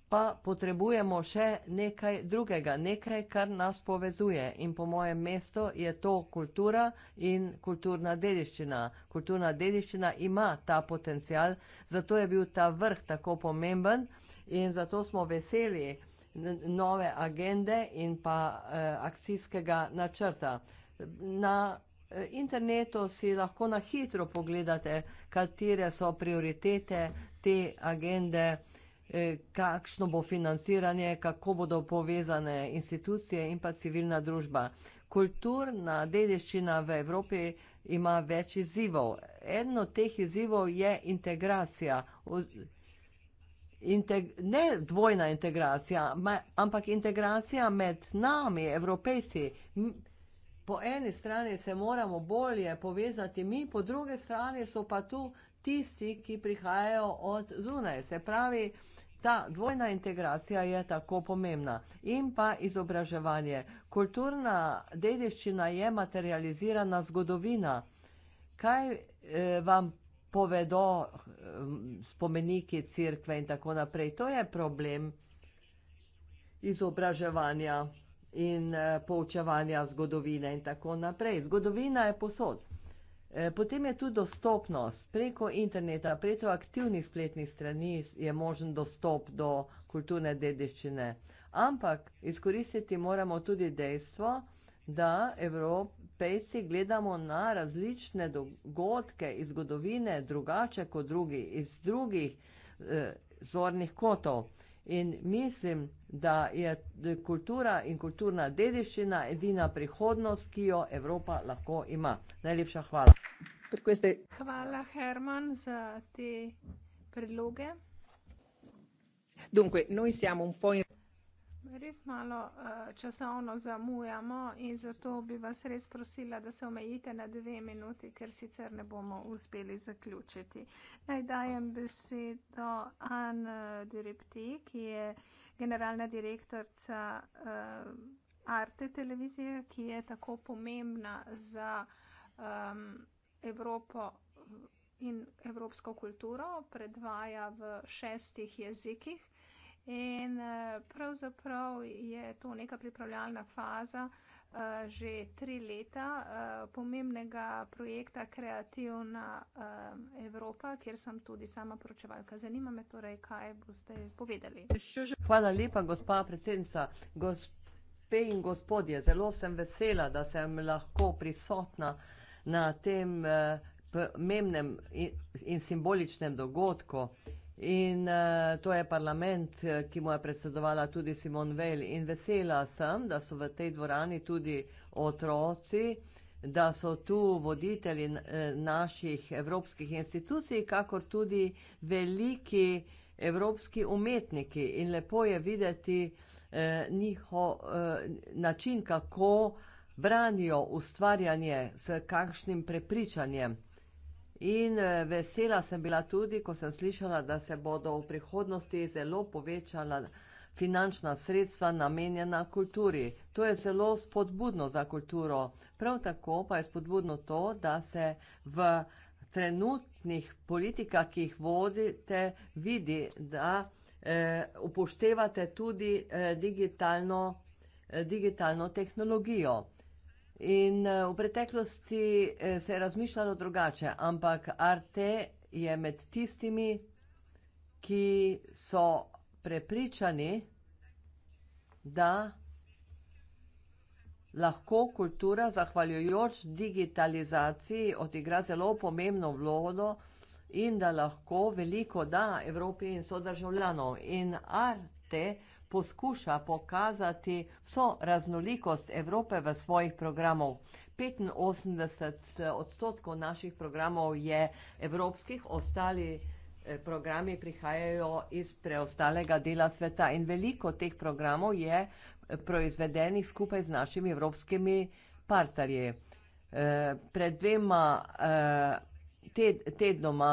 pa potrebujemo še nekaj drugega, nekaj, kar nas povezuje in po mojem mestu je to kultura in kulturna dediščina. Kulturna dediščina ima ta potencial, zato je bil ta vrh tako pomemben in zato smo veseli nove agende in pa eh, akcijskega načrta. Na internetu si lahko na hitro pogledate, katere so prioritete te agende, eh, kakšno bo financiranje, kako bodo povezane institucije in pa civilna družba. Kulturna dediščina v Evropi ima več izzivov. Eno od teh izzivov je integracija. Integ ne dvojna integracija, ampak integracija med nami, evropejci po eni strani se moramo bolje povezati mi, po drugi strani so pa tu tisti, ki prihajajo od zunaj. Se pravi, ta dvojna integracija je tako pomembna. In pa izobraževanje. Kulturna dediščina je materializirana zgodovina. Kaj eh, vam povedo eh, spomeniki, crkve in tako naprej? To je problem izobraževanja in eh, poučevanja zgodovine in tako naprej. Zgodovina je posod. Eh, potem je tudi dostopnost preko interneta, preko aktivnih spletnih strani je možen dostop do kulturne dediščine. Ampak izkoristiti moramo tudi dejstvo, da evropejci gledamo na različne dogodke iz zgodovine drugače kot drugi, iz drugih eh, zornih kotov. Eh, In mislim, da je kultura in kulturna dediščina edina prihodnost, ki jo Evropa lahko ima. Najlepša hvala. Hvala, Herman, za te predloge. Dunque, noi siamo un po' in... Res malo eh, časovno zamujamo in zato bi vas res prosila, da se omejite na dve minuti, ker sicer ne bomo uspeli zaključiti. Naj dajem besedo An eh, Direpti, ki je generalna direktorca eh, Arte televizije, ki je tako pomembna za um, Evropo in evropsko kulturo, predvaja v šestih jezikih. In eh, pravzaprav je to neka pripravljalna faza eh, že tri leta eh, pomembnega projekta Kreativna Evropa, kjer sem tudi sama poročevalka. Zanima me torej, kaj boste povedali. Hvala lepa, gospa predsednica. Gospe in gospodje, zelo sem vesela, da sem lahko prisotna na tem pomembnem in simboličnem dogodku. In uh, to je parlament, eh, ki mu je predsedovala tudi Simon Veil. In vesela sem, da so v tej dvorani tudi otroci, da so tu voditelji eh, naših evropskih institucij, kakor tudi veliki evropski umetniki. In lepo je videti uh, njihov uh, način, kako branijo ustvarjanje, s kakšnim prepričanjem. In eh, vesela sem bila tudi, ko sem slišala, da se bodo v prihodnosti zelo povečala finančna sredstva namenjena kulturi. To je zelo spodbudno za kulturo. Prav tako pa je spodbudno to, da se v trenutnih politikah, ki jih vodite, vidi, da eh, upoštevate tudi eh, digitalno, eh, digitalno tehnologijo. In eh, v preteklosti eh, se je razmišljalo drugače, ampak Arte je med tistimi, ki so prepričani, da lahko kultura, zahvaljujoč digitalizaciji, odigra zelo pomembno vlogo in da lahko veliko da Evropi in sodržavljanom. In Arte poskuša pokazati so raznolikost Evrope v svojih programov. 85 eh, odstotkov naših programov je evropskih, ostali eh, programi prihajajo iz preostalega dela sveta in veliko teh programov je eh, proizvedenih skupaj z našimi evropskimi partnerji. Pred dvema tednoma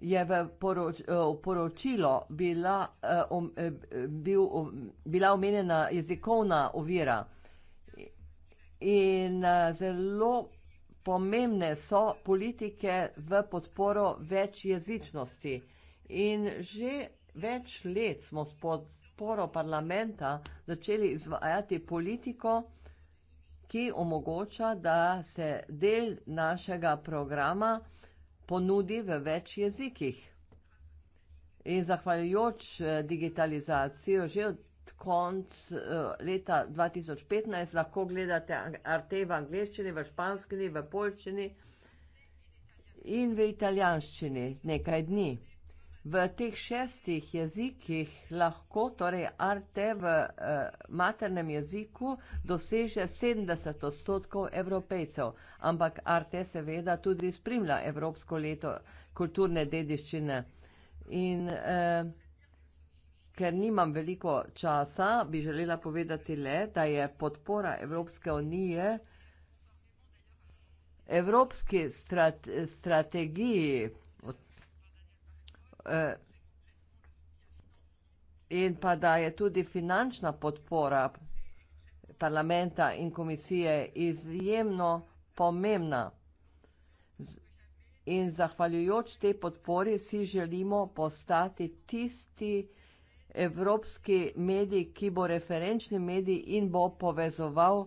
je v poroč, eh, v poročilo bila, um, bil, um, bila omenjena jezikovna ovira. In zelo pomembne so politike v podporo večjezičnosti. In že več let smo s podporo parlamenta začeli izvajati politiko, ki omogoča, da se del našega programa ponudi v več jezikih. In zahvaljujoč eh, digitalizacijo že od konc eh, leta 2015 lahko gledate arte v angliščini, v španskini, v polščini in v italijanščini nekaj dni v teh šestih jezikih lahko torej arte v eh, maternem jeziku doseže 70 odstotkov evropejcev, ampak arte seveda tudi spremlja Evropsko leto kulturne dediščine. In eh, ker nimam veliko časa, bi želela povedati le, da je podpora Evropske unije Evropski strat strategiji Eh, in pa da je tudi finančna podpora parlamenta in komisije izjemno pomembna. In zahvaljujoč te podpori si želimo postati tisti evropski medij, ki bo referenčni medij in bo povezoval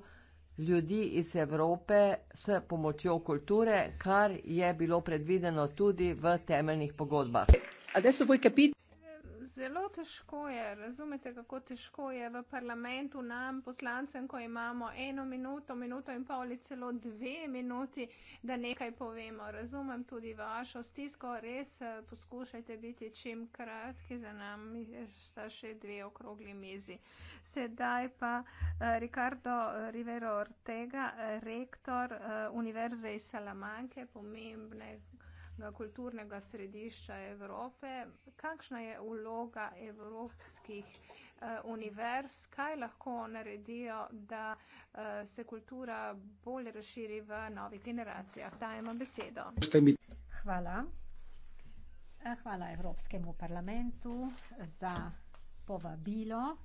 ljudi iz Evrope s pomočjo kulture, kar je bilo predvideno tudi v temeljnih pogodbah. Adesso voi capite. Zelo težko je, razumete, kako težko je v parlamentu nam, poslancem, ko imamo eno minuto, minuto in pol ali celo dve minuti, da nekaj povemo. Razumem tudi vašo stisko, res eh, poskušajte biti čim kratki, za nami sta še dve okrogli mizi. Sedaj pa eh, Ricardo eh, Rivero Ortega, rektor Univerze iz Salamanke, pomembne evropskega kulturnega središča Evrope. Kakšna je vloga evropskih eh, univerz, kaj lahko naredijo, da eh, se kultura bolj razširi v novih generacijah? Dajemo besedo. Hvala. Eh, hvala Evropskemu parlamentu za povabilo,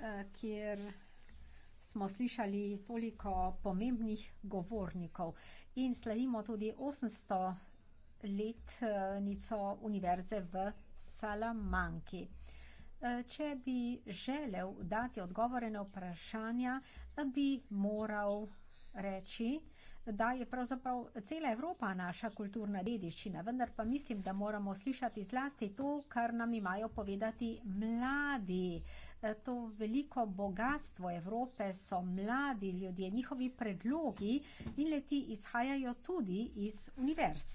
eh, kjer smo slišali toliko pomembnih govornikov in slavimo tudi 800 letnico univerze v Salamanki. E, če bi želel dati odgovore na vprašanja, bi moral reči, da je pravzaprav cela Evropa naša kulturna dediščina, vendar pa mislim, da moramo slišati zlasti to, kar nam imajo povedati mladi. E, to veliko bogatstvo Evrope so mladi ljudje, njihovi predlogi in leti izhajajo tudi iz univerz.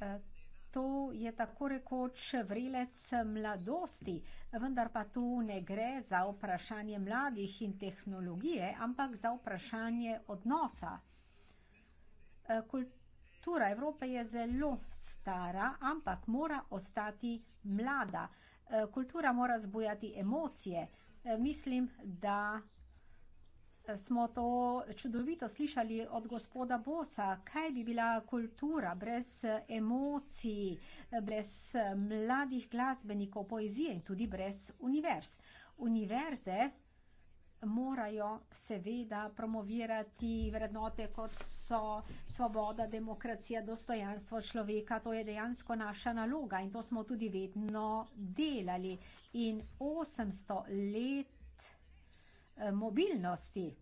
Eh, to je tako rekoč vrelec mladosti, vendar pa tu ne gre za vprašanje mladih in tehnologije, ampak za vprašanje odnosa. Eh, kultura Evrope je zelo stara, ampak mora ostati mlada. Eh, kultura mora zbujati emocije. Mislim, da smo to čudovito slišali od gospoda Bosa, kaj bi bila kultura brez emocij, brez mladih glasbenikov poezije in tudi brez univerz. Univerze morajo seveda promovirati vrednote, kot so svoboda, demokracija, dostojanstvo človeka. To je dejansko naša naloga in to smo tudi vedno delali. In 800 let Eh, mobilnosti.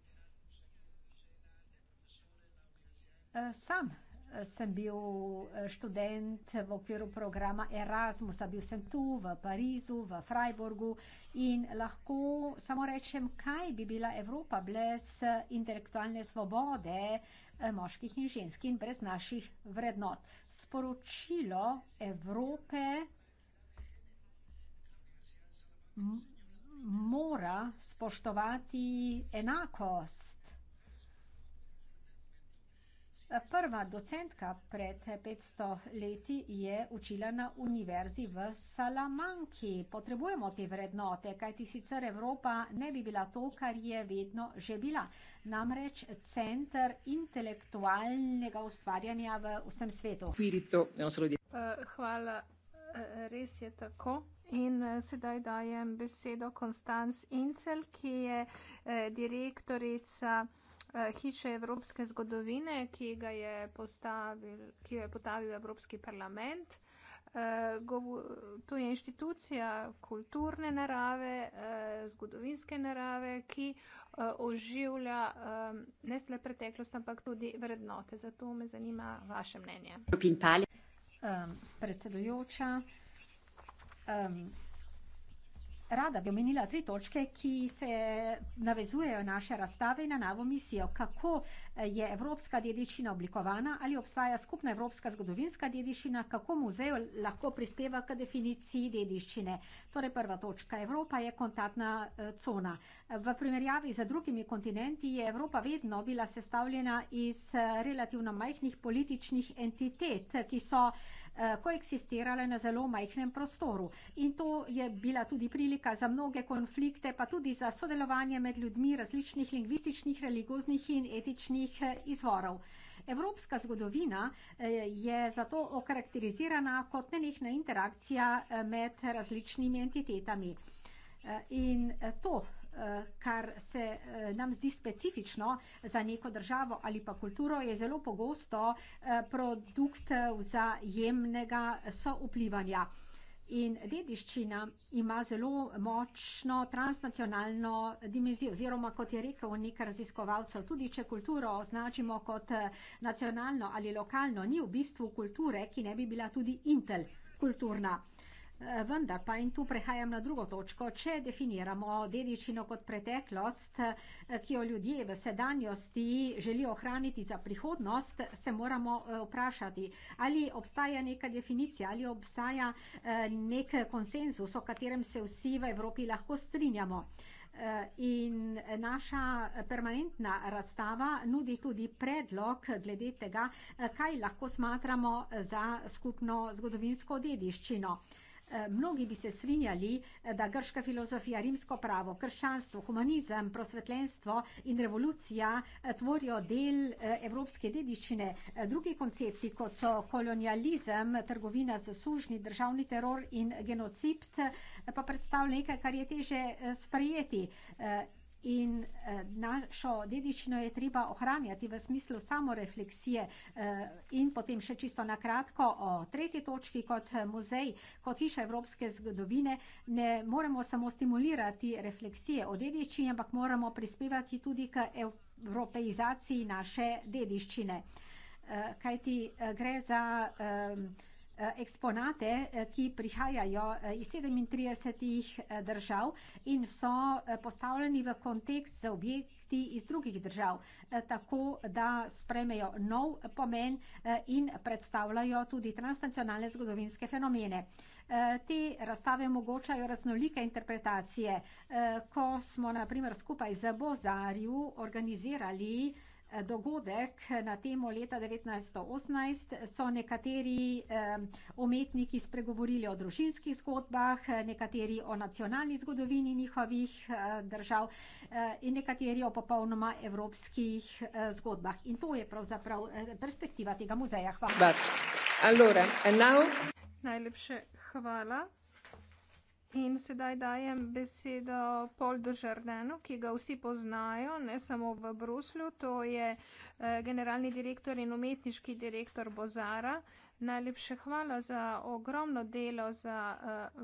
Eh, sam eh, sem bil študent v okviru programa Erasmusa, bil sem tu v Parizu, v Freiburgu in lahko samo rečem, kaj bi bila Evropa brez intelektualne svobode moških in žensk in brez naših vrednot. Sporočilo Evrope mora spoštovati enakost. Prva docentka pred 500 leti je učila na univerzi v Salamanki. Potrebujemo te vrednote, kajti sicer Evropa ne bi bila to, kar je vedno že bila. Namreč center intelektualnega ustvarjanja v vsem svetu. Eh, hvala, eh, res je tako. In eh, sedaj dajem besedo Konstanc Incel, ki je eh, direktorica eh, Hiše Evropske zgodovine, ki, je postavil, ki jo je postavil Evropski parlament. To je inštitucija kulturne narave, zgodovinske narave, ki oživlja ne le preteklost, ampak tudi vrednote. Zato me zanima vaše mnenje. Um, predsedujoča, Um, rada bi omenila tri točke, ki se navezujejo naše razstave in na novo misijo. Kako eh, je evropska dediščina oblikovana, ali obstaja skupna evropska zgodovinska dediščina, kako muzej lahko prispeva k definiciji dediščine. Torej prva točka. Evropa je kontaktna eh, cona. V primerjavi z drugimi kontinenti je Evropa vedno bila sestavljena iz eh, relativno majhnih političnih entitet, ki so Eh, koeksistirale na zelo majhnem prostoru. In to je bila tudi prilika za mnoge konflikte, pa tudi za sodelovanje med ljudmi različnih lingvističnih, religioznih in etičnih eh, izvorov. Evropska zgodovina eh, je zato okarakterizirana kot nenehna interakcija med različnimi entitetami. In to Eh, kar se eh, nam zdi specifično za neko državo ali pa kulturo, je zelo pogosto eh, produkt vzajemnega soplivanja. In dediščina ima zelo močno transnacionalno dimenzijo, oziroma kot je rekel nek raziskovalcev, tudi če kulturo označimo kot nacionalno ali lokalno, ni v bistvu kulture, ki ne bi bila tudi intelkulturna. Eh, vendar pa in tu prehajam na drugo točko, če definiramo dediščino kot preteklost, eh, ki jo ljudje v sedanjosti želijo ohraniti za prihodnost, se moramo eh, vprašati, ali obstaja neka definicija, ali obstaja nek konsensus, o katerem se vsi v Evropi lahko strinjamo. In naša permanentna razstava nudi tudi predlog glede tega, kaj lahko smatramo za skupno zgodovinsko dediščino. Eh, mnogi bi se strinjali, eh, da grška filozofija, rimsko pravo, krščanstvo, humanizem, prosvetljenstvo in revolucija eh, tvorijo del evropske dediščine. Drugi koncepti, kot so kolonializem, trgovina z sužnji, državni teror in genocid, pa predstavlja nekaj, kar je teže sprejeti in eh, našo dedičino je treba ohranjati v smislu samorefleksije eh, in potem še čisto na kratko o tretji točki kot eh, muzej, kot hiša evropske zgodovine. Ne moremo samo stimulirati refleksije o dedičini, ampak moramo prispevati tudi k evropeizaciji naše dediščine. Kajti gre za um, Eh, eksponate, eh, ki prihajajo eh, iz 37 držav in so postavljeni v kontekst z objekti iz drugih držav, tako da spremejo nov pomen in predstavljajo tudi transnacionalne zgodovinske fenomene. Te razstave omogočajo raznolike interpretacije. Ko smo naprimer skupaj z Bozarju organizirali dogodek na temo leta 1918 so nekateri umetniki spregovorili o družinskih zgodbah, nekateri o nacionalni zgodovini njihovih eh, držav eh, in nekateri o popolnoma evropskih eh, zgodbah. In to je pravzaprav perspektiva tega muzeja. Hvala. But, allora, and now... Najlepše hvala. In sedaj dajem besedo Paul Dožardenu, ki ga vsi poznajo, ne samo v Bruslju, to je eh, generalni direktor in umetniški direktor Bozara. Najlepše hvala za ogromno delo, za eh,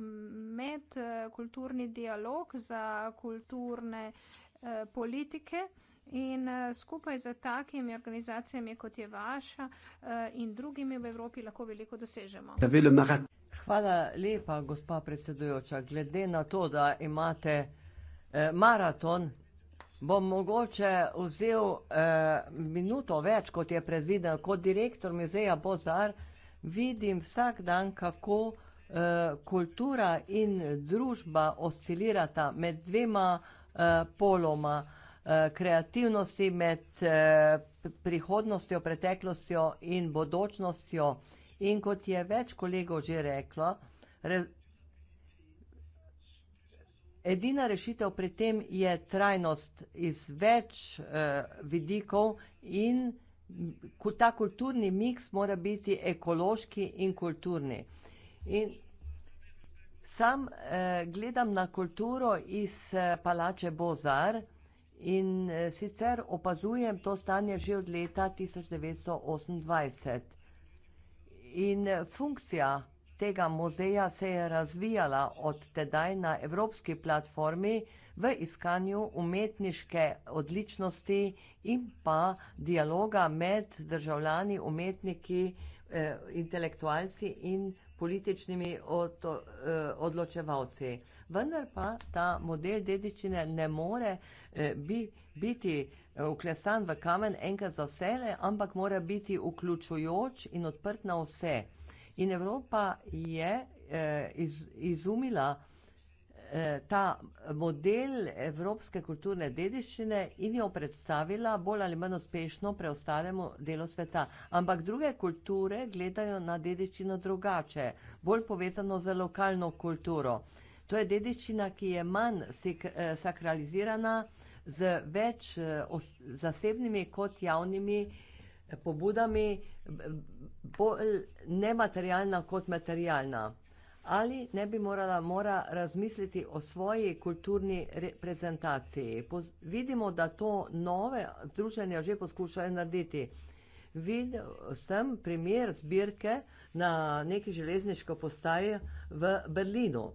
medkulturni dialog, za kulturne eh, politike. In skupaj z takimi organizacijami, kot je vaša in drugimi v Evropi, lahko veliko dosežemo. Hvala lepa, gospa predsedujoča. Glede na to, da imate eh, maraton, bom mogoče vzel eh, minuto več, kot je predviden. Kot direktor muzeja Bozar vidim vsak dan, kako eh, kultura in družba oscilirata med dvema eh, poloma eh, kreativnosti, med eh, prihodnostjo, preteklostjo in bodočnostjo. In kot je več kolegov že reklo, re, edina rešitev pri tem je trajnost iz več uh, vidikov in ta kulturni miks mora biti ekološki in kulturni. In sam uh, gledam na kulturo iz uh, palače Bozar. In sicer opazujem to stanje že od leta 1928. In funkcija tega muzeja se je razvijala od tedaj na evropski platformi v iskanju umetniške odličnosti in pa dialoga med državljani, umetniki, eh, intelektualci in političnimi eh, odločevalci. Vendar pa ta model dedičine ne more eh, biti uklesan v kamen enkrat za vse, ampak mora biti vključujoč in odprt na vse. In Evropa je eh, iz, izumila eh, ta model evropske kulturne dediščine in jo predstavila bolj ali manj uspešno preostalemu delu sveta. Ampak druge kulture gledajo na dediščino drugače, bolj povezano z lokalno kulturo. To je dediščina, ki je manj eh, sakralizirana, z več eh, zasebnimi kot javnimi eh, pobudami, eh, bolj nematerialna kot materialna. Ali ne bi morala mora razmisliti o svoji kulturni reprezentaciji? Poz, vidimo, da to nove združenja že poskušajo narediti. Videl sem primer zbirke na neki železniški postaji v Berlinu.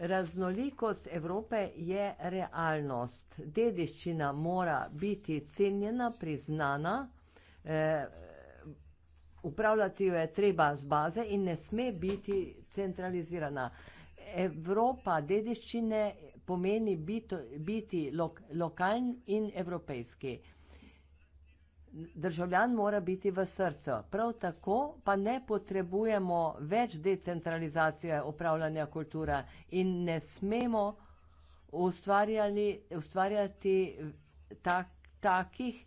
Raznolikost Evrope je realnost. Dediščina mora biti cenjena, priznana, eh, upravljati jo je treba z baze in ne sme biti centralizirana. Evropa dediščine pomeni biti, biti lok, lokalni in evropejski državljan mora biti v srcu. Prav tako pa ne potrebujemo več decentralizacije upravljanja kulture in ne smemo ustvarjati tak, takih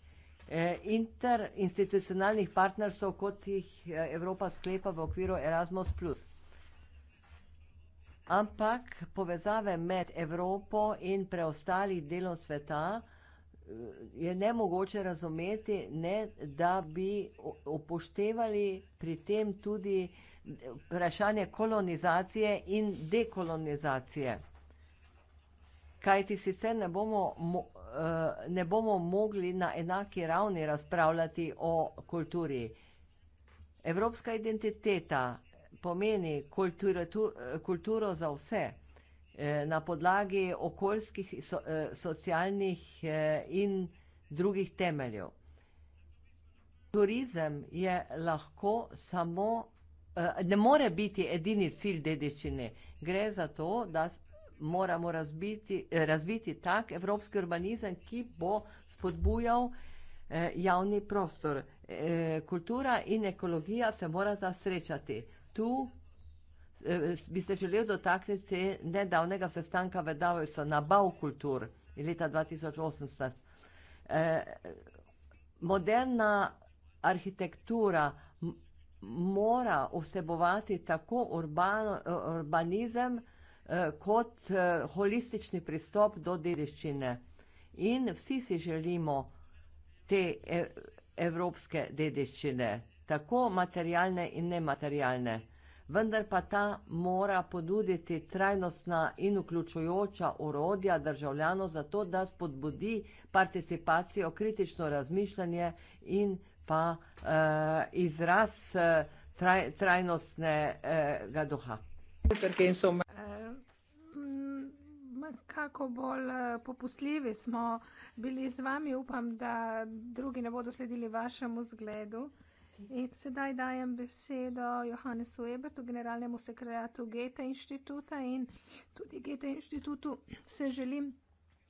eh, interinstitucionalnih partnerstv, kot jih eh, Evropa sklepa v okviru Erasmus. Ampak povezave med Evropo in preostalih delov sveta je nemogoče razumeti, ne, da bi upoštevali pri tem tudi vprašanje kolonizacije in dekolonizacije. Kaj ti sicer ne bomo, eh, ne bomo mogli na enaki ravni razpravljati o kulturi. Evropska identiteta pomeni kulturo, eh, kulturo za vse. Eh, na podlagi okoljskih, eh, socialnih eh, in drugih temeljev. Turizem je lahko samo, ne more biti edini cilj dedičine. Gre za to, da moramo razbiti, razviti tak evropski urbanizem, ki bo spodbujal javni prostor. Kultura in ekologija se morata srečati. Tu Eh, bi se želel dotakniti nedavnega sestanka v Davosu na Baukultur leta 2018. Eh, moderna arhitektura mora vsebovati tako urbano, eh, urbanizem kot holistični pristop do dediščine. In vsi si želimo te e-, evropske dediščine, tako materialne in nematerialne vendar pa ta mora ponuditi trajnostna in vključujoča orodja državljano za to, da spodbudi participacijo, kritično razmišljanje in pa eh, izraz eh, traj, trajnostnega eh, duha. Kako bolj eh, popustljivi smo bili z vami, upam, da drugi ne bodo sledili vašemu zgledu. In sedaj dajem besedo Johannesu Ebertu, generalnemu sekretarju Gete inštituta in tudi Gete inštitutu se želim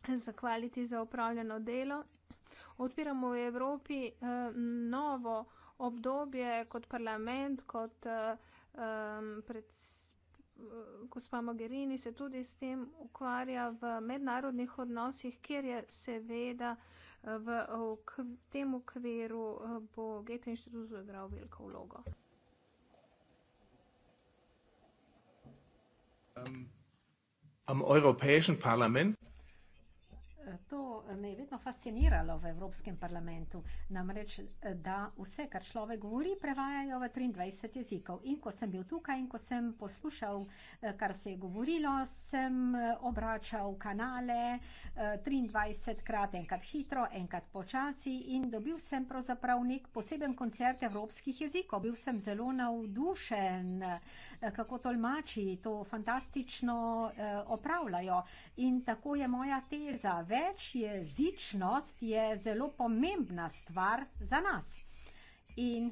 zahvaliti za upravljeno delo. Odpiramo v Evropi eh, novo obdobje kot parlament, kot eh, pred. Gospa Mogherini se tudi s tem ukvarja v mednarodnih odnosih, kjer je seveda eh, V, v, v tem okviru eh, bo Geta inštitut zagral veliko vlogo. Um, am Evropskem parlamentu to me je vedno fasciniralo v Evropskem parlamentu, namreč, da vse, kar človek govori, prevajajo v 23 jezikov. In ko sem bil tukaj in ko sem poslušal, eh, kar se je govorilo, sem eh, obračal kanale 23 eh, krat, enkrat hitro, enkrat počasi in dobil sem pravzaprav nek poseben koncert evropskih jezikov. Bil sem zelo navdušen, kako tolmači to fantastično opravljajo. In tako je moja teza večjezičnost je zelo pomembna stvar za nas. In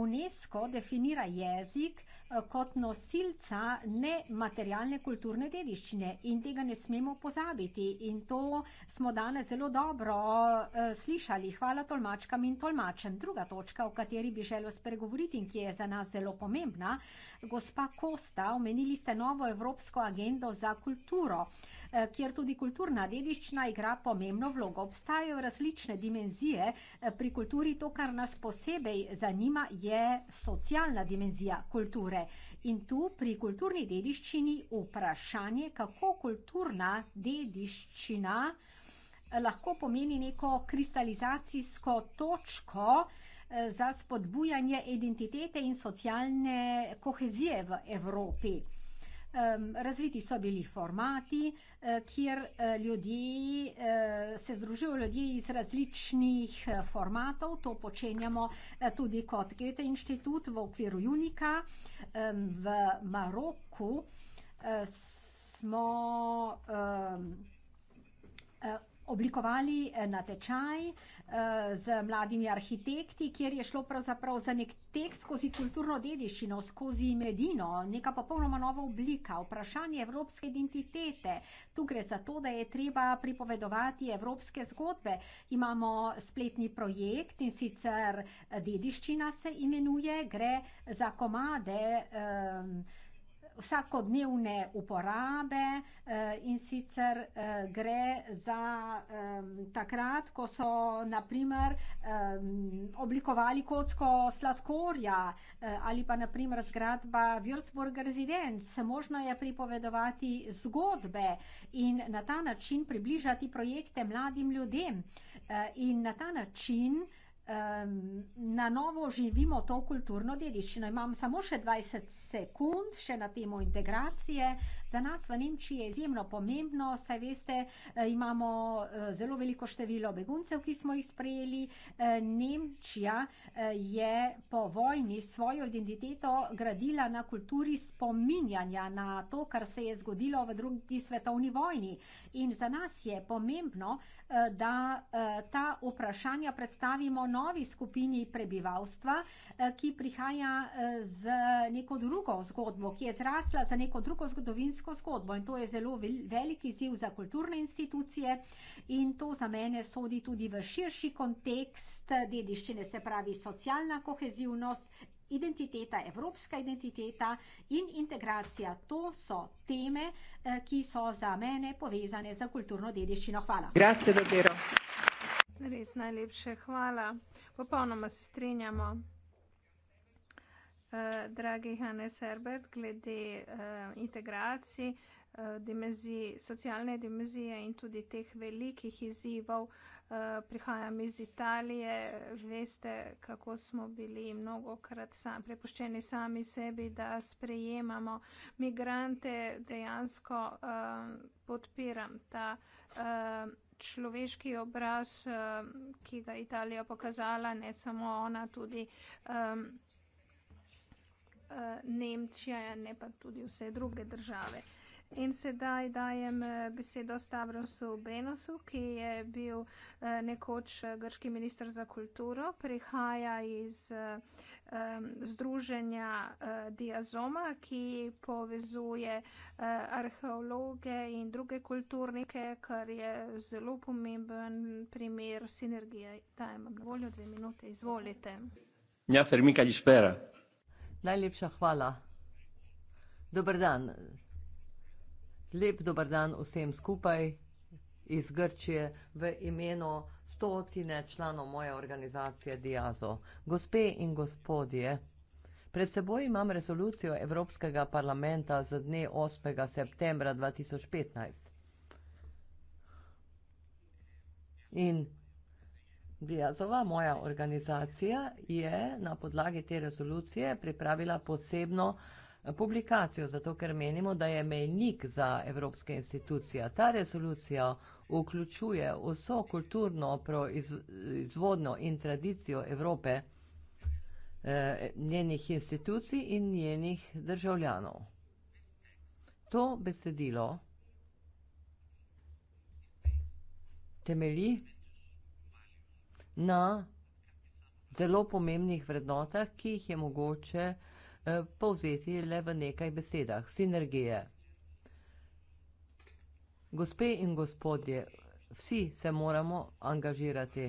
UNESCO definira jezik kot nosilca nematerialne kulturne dediščine in tega ne smemo pozabiti in to smo danes zelo dobro eh, slišali. Hvala tolmačkam in tolmačem. Druga točka, o kateri bi želel spregovoriti in ki je za nas zelo pomembna, gospa Kosta, omenili ste novo Evropsko agendo za kulturo, eh, kjer tudi kulturna dediščina igra pomembno vlogo. Obstajajo različne dimenzije eh, pri kulturi, to, kar nas posebej zanima, je socialna dimenzija kulture kulture in tu pri kulturni dediščini vprašanje, kako kulturna dediščina eh, lahko pomeni neko kristalizacijsko točko eh, za spodbujanje identitete in socialne kohezije v Evropi um, razviti so bili formati, uh, kjer uh, ljudje, uh, se združijo ljudje iz različnih uh, formatov. To počenjamo uh, tudi kot Goethe inštitut v okviru Junika. Um, v Maroku uh, smo um, uh, oblikovali eh, natečaj eh, z mladimi arhitekti, kjer je šlo pravzaprav za nek tek skozi kulturno dediščino, skozi medino, neka popolnoma nova oblika, vprašanje evropske identitete. Tu gre za to, da je treba pripovedovati evropske zgodbe. Imamo spletni projekt in sicer eh, dediščina se imenuje, gre za komade. Um, vsakodnevne uporabe eh, in sicer eh, gre za takrat, ko so naprimer oblikovali kocko sladkorja eh, ali pa naprimer zgradba Würzburg Residenc. Možno je pripovedovati zgodbe in na ta način približati projekte mladim ljudem. In na ta način um, na novo živimo to kulturno dediščino. Imam samo še 20 sekund, še na temo integracije. Uh, Za nas v Nemčiji je izjemno pomembno, saj veste, eh, imamo eh, zelo veliko število beguncev, ki smo jih sprejeli. Eh, Nemčija je po vojni svojo identiteto gradila na kulturi spominjanja na to, kar se je zgodilo v drugi svetovni vojni. In za nas je pomembno, da ta vprašanja predstavimo novi skupini prebivalstva, ki prihaja z neko drugo zgodbo, ki je zrasla za neko drugo zgodovinsko slovensko zgodbo in to je zelo velik izziv za kulturne institucije in to za mene sodi tudi v širši kontekst dediščine, se pravi socialna kohezivnost, identiteta, evropska identiteta in integracija. To so teme, eh, ki so za mene povezane za kulturno dediščino. Hvala. Grazie, Res najlepše hvala. Popolnoma se strinjamo. Uh, dragi Hannes Herbert, glede uh, integracij, uh, dimenzij, socialne dimenzije in tudi teh velikih izzivov, uh, prihajam iz Italije, veste, kako smo bili mnogo krat sam, prepuščeni sami sebi, da sprejemamo migrante, dejansko uh, podpiram ta. Uh, človeški obraz, ki ga Italija pokazala, ne samo ona, tudi um, Eh, Nemčija, ne pa tudi vse druge države. In sedaj dajem eh, besedo Stavrosu Benosu, ki je bil eh, nekoč grški minister za kulturo, prihaja iz um, združenja uh, Diazoma, ki povezuje uh, arheologe in druge kulturnike, kar je zelo pomemben primer sinergije. Dajem vam na voljo dve minute, izvolite. Ja, fermika, dispera. Najlepša hvala. Dober dan. Lep dober dan vsem skupaj iz Grčije v imenu stotine članov moje organizacije Diazo. Gospe in gospodje, pred seboj imam resolucijo Evropskega parlamenta z dne 8. septembra 2015. In Diazova, moja organizacija, je na podlagi te rezolucije pripravila posebno eh, publikacijo, zato ker menimo, da je mejnik za evropske institucije. Ta rezolucija vključuje vso kulturno proizvodno in tradicijo Evrope, eh, njenih institucij in njenih državljanov. To besedilo temelji na zelo pomembnih vrednotah, ki jih je mogoče eh, povzeti le v nekaj besedah. Sinergije. Gospe in gospodje, vsi se moramo angažirati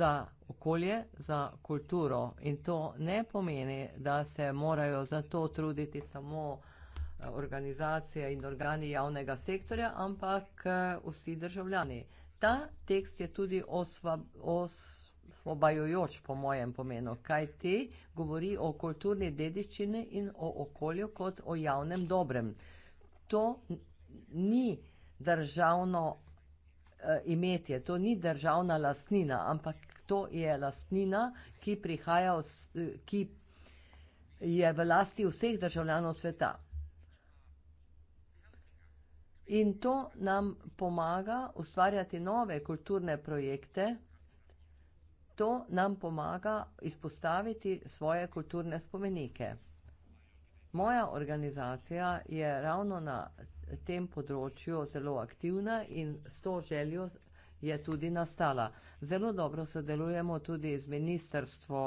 za okolje, za kulturo. In to ne pomeni, da se morajo za to truditi samo eh, organizacije in organi javnega sektorja, ampak eh, vsi državljani ta tekst je tudi osvobajajoč po mojem pomenu, kaj ti govori o kulturni dediščini in o okolju kot o javnem dobrem. To ni državno eh, imetje, to ni državna lastnina, ampak to je lastnina, ki prihaja, os, ki je v lasti vseh državljanov sveta. In to nam pomaga ustvarjati nove kulturne projekte, to nam pomaga izpostaviti svoje kulturne spomenike. Moja organizacija je ravno na tem področju zelo aktivna in s to željo je tudi nastala. Zelo dobro sodelujemo tudi z Ministrstvo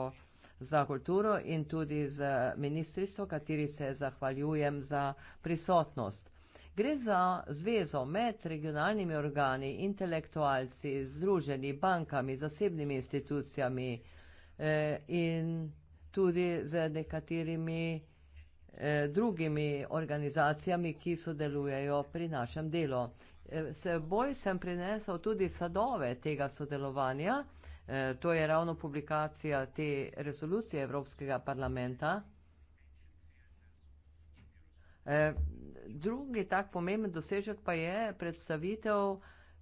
za kulturo in tudi z ministrstvo, kateri se zahvaljujem za prisotnost. Gre za zvezo med regionalnimi organi, intelektualci, združeni bankami, zasebnimi institucijami eh, in tudi z nekaterimi eh, drugimi organizacijami, ki sodelujejo pri našem delu. Eh, seboj sem prinesel tudi sadove tega sodelovanja, eh, to je ravno publikacija te resolucije Evropskega parlamenta. Eh, drugi tak pomemben dosežek pa je predstavitev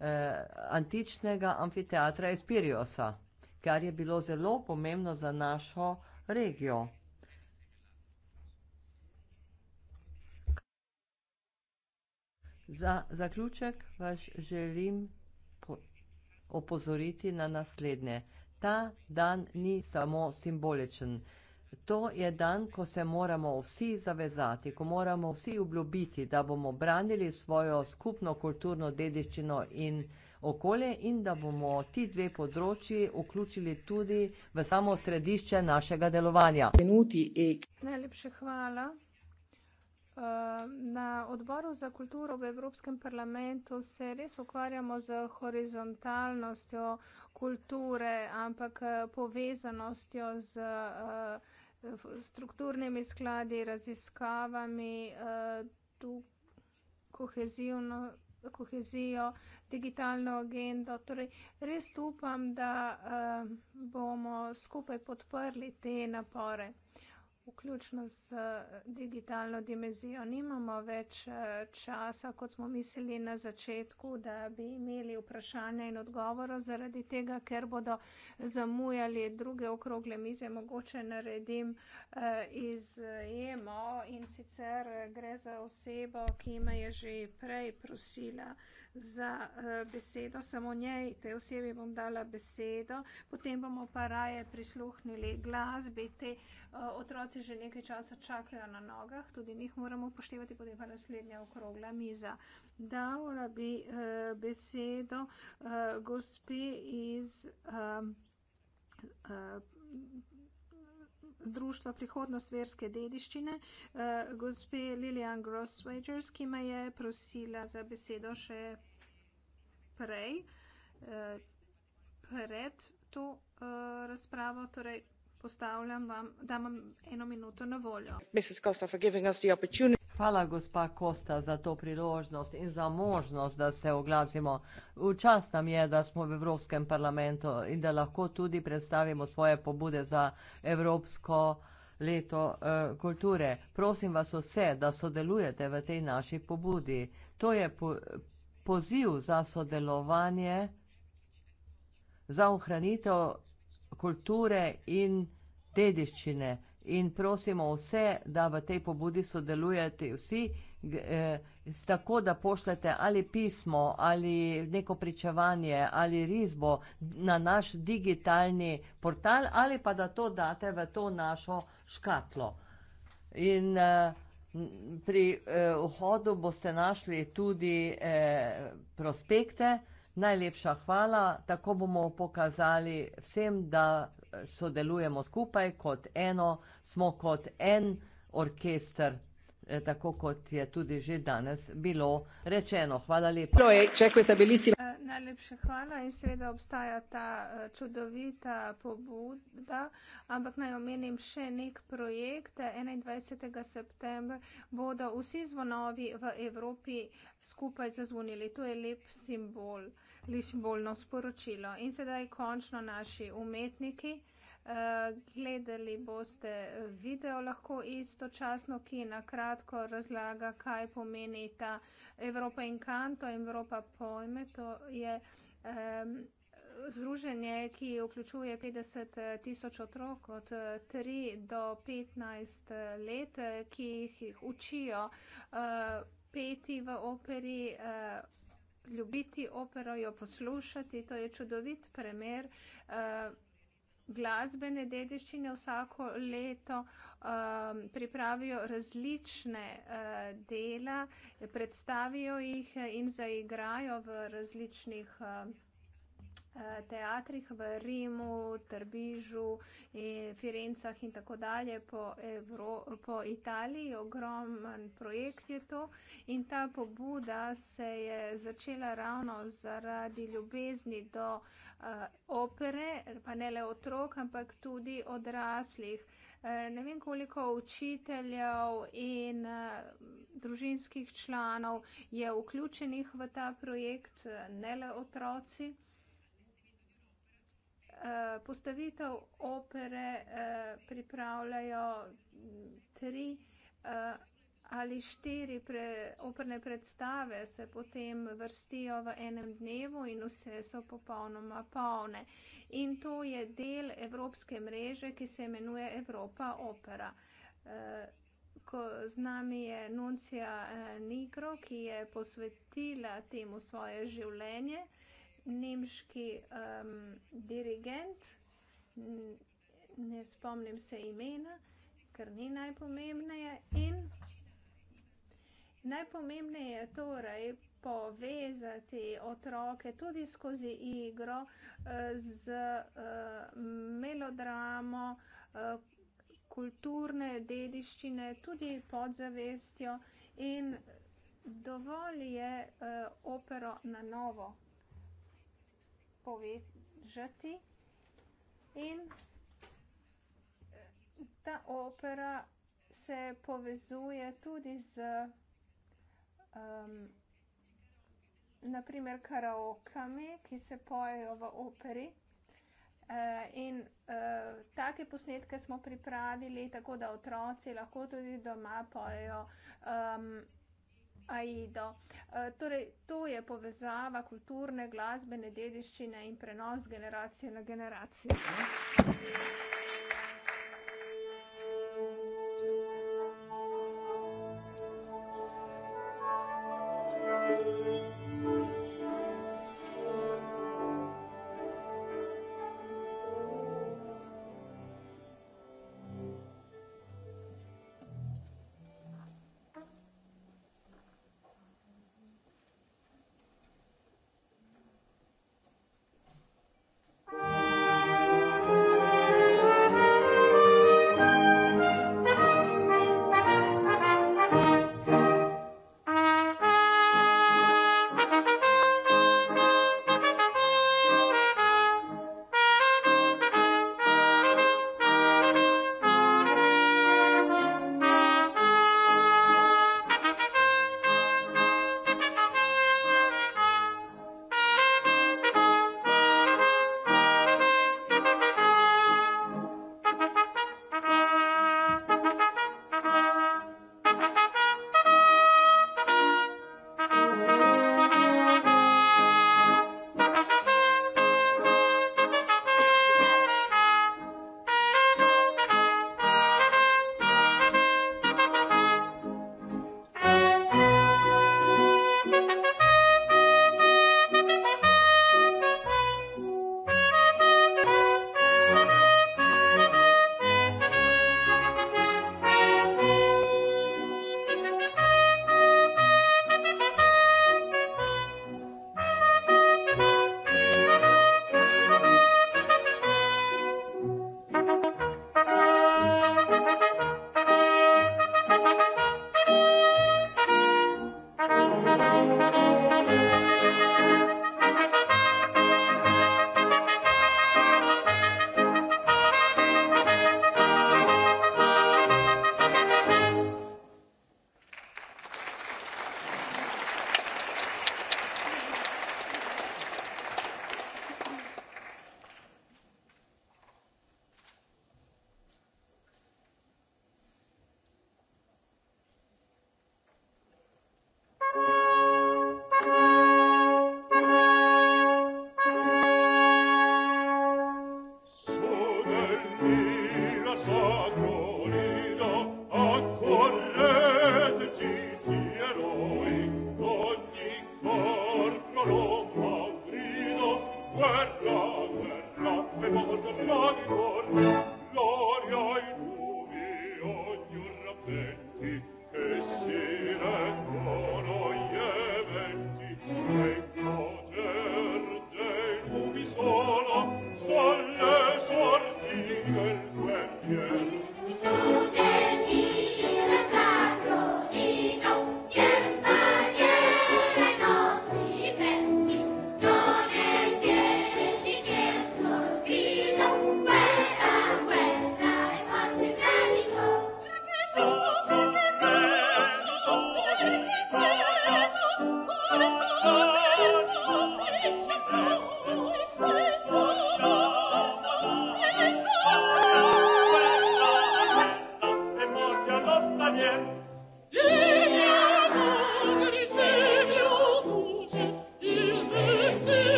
eh, antičnega amfiteatra Espiriosa, kar je bilo zelo pomembno za našo regijo. Za zaključek vas želim opozoriti na naslednje. Ta dan ni samo simboličen. To je dan, ko se moramo vsi zavezati, ko moramo vsi obljubiti, da bomo branili svojo skupno kulturno dediščino in okolje in da bomo ti dve področji vključili tudi v samo središče našega delovanja. Najlepše hvala. Eh, na odboru za kulturo v Evropskem parlamentu se res ukvarjamo z horizontalnostjo kulture, ampak eh, povezanostjo z. Uh, strukturnimi skladi, raziskavami, eh, tu kohezivno, kohezijo, digitalno agendo. Torej, res upam, da eh, bomo skupaj podprli te napore vključno z eh, digitalno dimenzijo. Nimamo več eh, časa, kot smo mislili na začetku, da bi imeli vprašanja in odgovore zaradi tega, ker bodo zamujali druge okrogle mize. Mogoče naredim eh, izjemo in sicer gre za osebo, ki me je že prej prosila za eh, besedo, samo njej, te osebi bom dala besedo, potem bomo pa raje prisluhnili glasbi, te eh, otroci že nekaj časa čakajo na nogah, tudi njih moramo upoštevati, potem pa naslednja okrogla miza. Dala bi eh, besedo gospe iz Društva prihodnost verske dediščine, gospe Lilian Grosswagers, ki me je prosila za besedo še prej, eh, pred to eh, razpravo, torej postavljam vam, da imam eno minuto na voljo. Hvala, gospa Kosta, za to priložnost in za možnost, da se oglasimo. V čast nam je, da smo v Evropskem parlamentu in da lahko tudi predstavimo svoje pobude za Evropsko leto uh, kulture. Prosim vas vse, da sodelujete v tej naši pobudi. To je po, poziv za sodelovanje, za ohranitev kulture in dediščine. In prosimo vse, da v tej pobudi sodelujete vsi, eh, tako da pošljete ali pismo, ali neko pričevanje, ali risbo na naš digitalni portal, ali pa da to date v to našo škatlo. In eh, Pri eh, vhodu boste našli tudi eh, prospekte. Najlepša hvala. Tako bomo pokazali vsem, da eh, sodelujemo skupaj kot eno, smo kot en orkester. Eh, tako kot je tudi že danes bilo rečeno. Hvala lepa. Je, če, eh, Najlepša hvala in seveda obstaja ta eh, čudovita pobuda, ampak naj omenim še nek projekt. 21. september bodo vsi zvonovi v Evropi skupaj zazvonili. To je lep simbol, lišbolno sporočilo. In sedaj končno naši umetniki gledali boste video lahko istočasno, ki na kratko razlaga, kaj pomeni ta Evropa in kanto, Evropa pojme. To je um, združenje, ki vključuje 50 tisoč otrok od 3 do 15 let, ki jih učijo uh, peti v operi. Uh, Ljubiti opero, jo poslušati, to je čudovit primer uh, glasbene dediščine vsako leto um, pripravijo različne uh, dela, predstavijo jih in zaigrajo v različnih uh, teatrih v Rimu, Trbižu, eh, Firencah in tako dalje po, Evro, po Italiji. Ogromen projekt je to in ta pobuda se je začela ravno zaradi ljubezni do uh, opere, pa ne le otrok, ampak tudi odraslih. Uh, ne vem, koliko učiteljev in uh, družinskih članov je vključenih v ta projekt, ne le otroci. Eh, postavitev opere eh, pripravljajo mm, tri eh, ali štiri pre, operne predstave, se potem vrstijo v enem dnevu in vse so popolnoma polne. In to je del evropske mreže, ki se imenuje Evropa opera. Ko z nami je Nuncija Nigro, ki je posvetila temu svoje življenje nemški um, dirigent, ne spomnim se imena, ker ni najpomembneje. In najpomembneje je torej povezati otroke tudi skozi igro eh, z eh, melodramo, eh, kulturne dediščine, tudi podzavestjo in dovolj je opero na novo povežati in eh, ta opera se povezuje tudi z um, ehm, naprimer karaokami, ki se pojejo v operi. Uh, in uh, take posnetke smo pripravili, tako da otroci lahko tudi doma pojejo um, Aido. E, torej, to je povezava kulturne, glasbene dediščine in prenos generacije na generacijo. Hvala.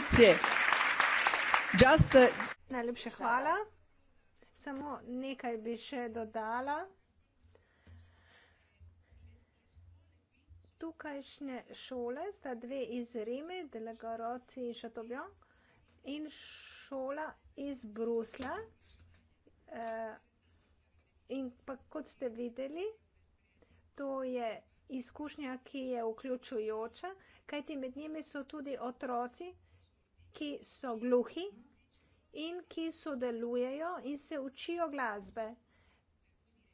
situacije. Just, uh... Najlepše hvala. Samo nekaj bi še dodala. Tukajšnje šole sta dve iz Rime, Delagarot in Šatobjong in šola iz Brusla. Eh, in pa kot ste videli, to je izkušnja, ki je vključujoča, kajti med njimi so tudi otroci, ki so gluhi in ki sodelujejo in se učijo glasbe.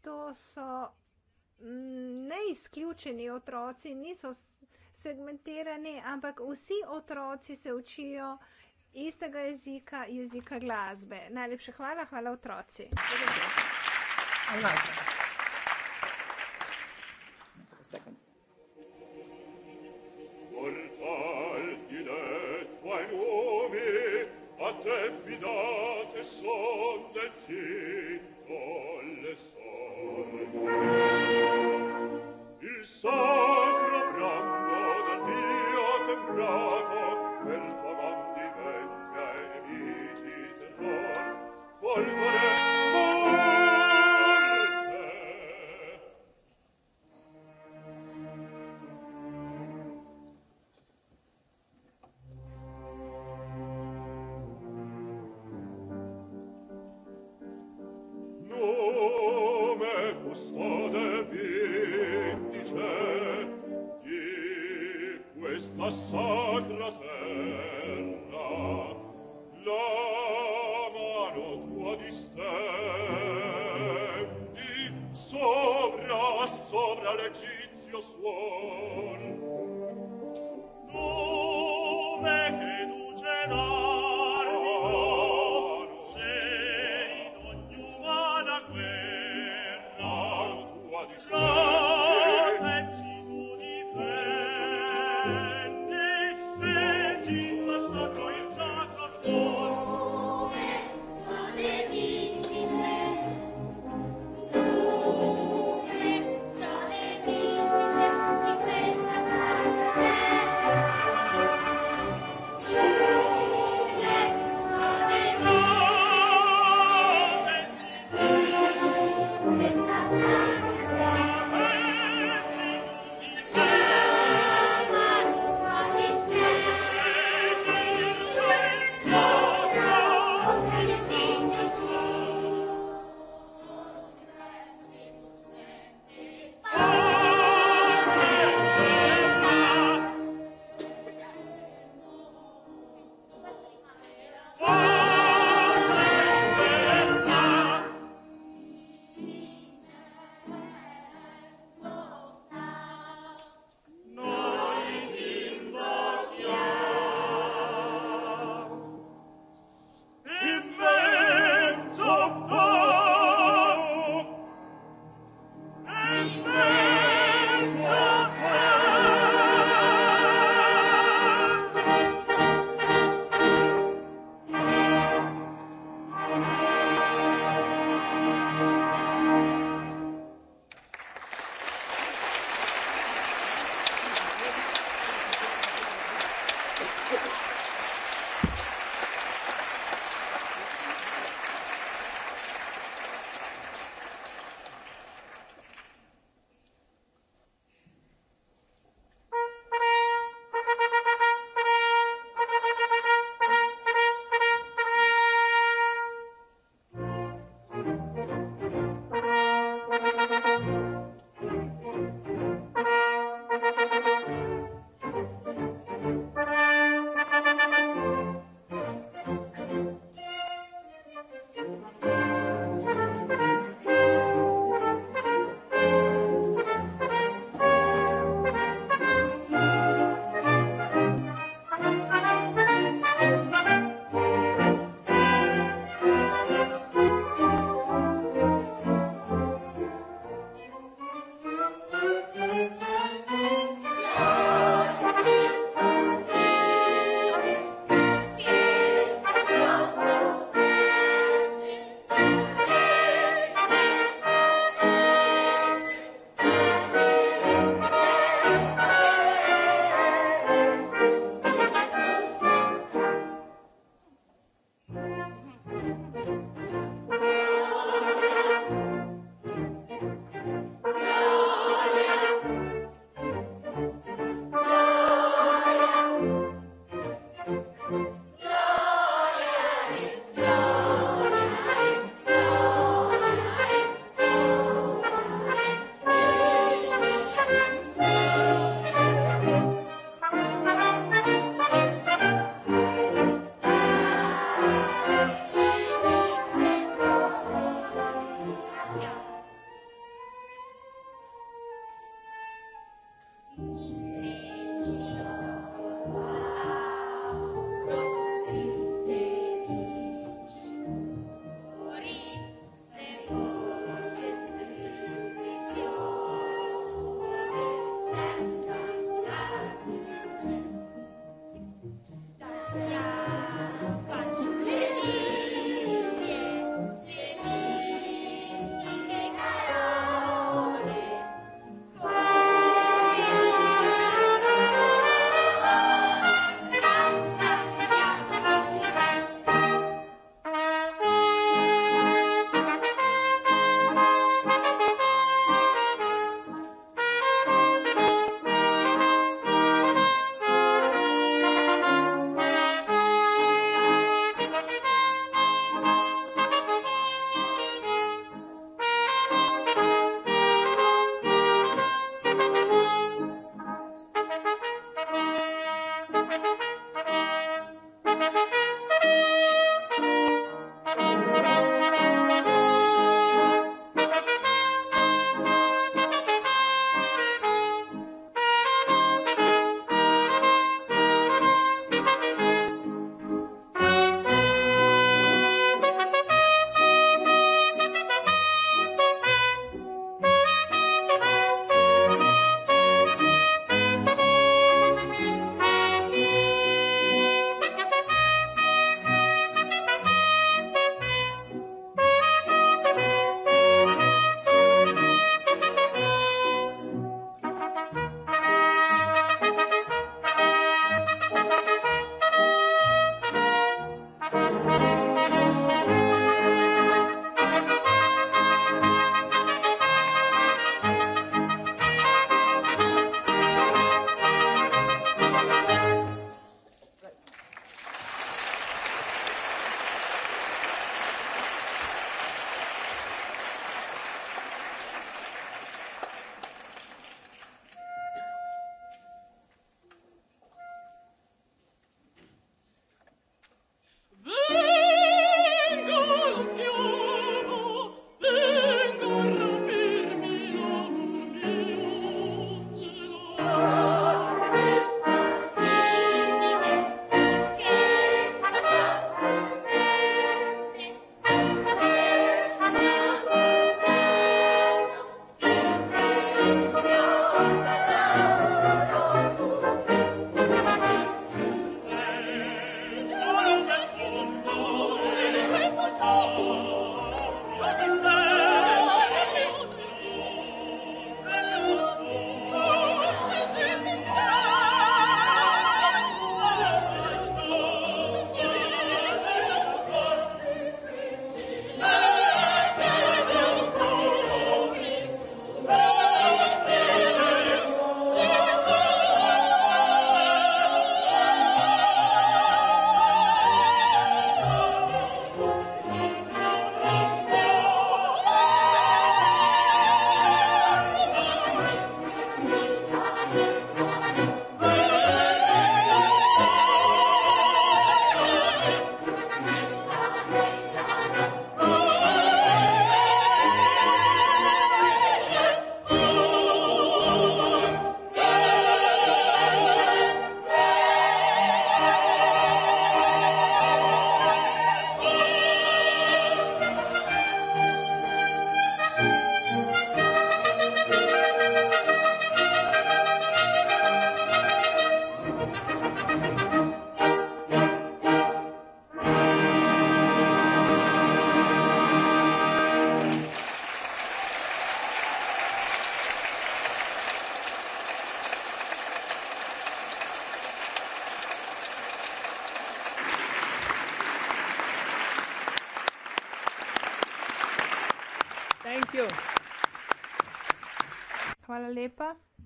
To so mm, neizključeni otroci, niso segmentirani, ampak vsi otroci se učijo istega jezika, jezika glasbe. Najlepša hvala, hvala otroci. Hvala. Hvala. te fidate son del cinto le son. Il sacro brando del Dio temblato per te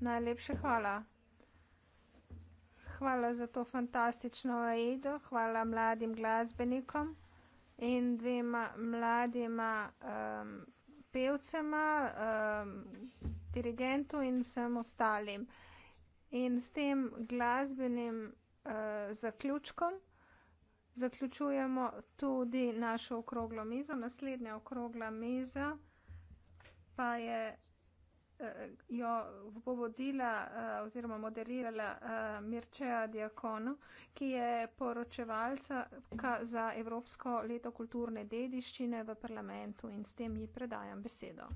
Najlepša hvala. Hvala za to fantastično AIDO, hvala mladim glasbenikom in dvema mladima um, pevcema, um, dirigentu in vsem ostalim. In s tem glasbenim uh, zaključkom zaključujemo tudi našo okroglo mizo. Naslednja okrogla miza pa je. Eh, jo povodila eh, oziroma moderirala eh, Mircea Diakono, ki je poročevalca za Evropsko leto kulturne dediščine v parlamentu in s tem ji predajam besedo.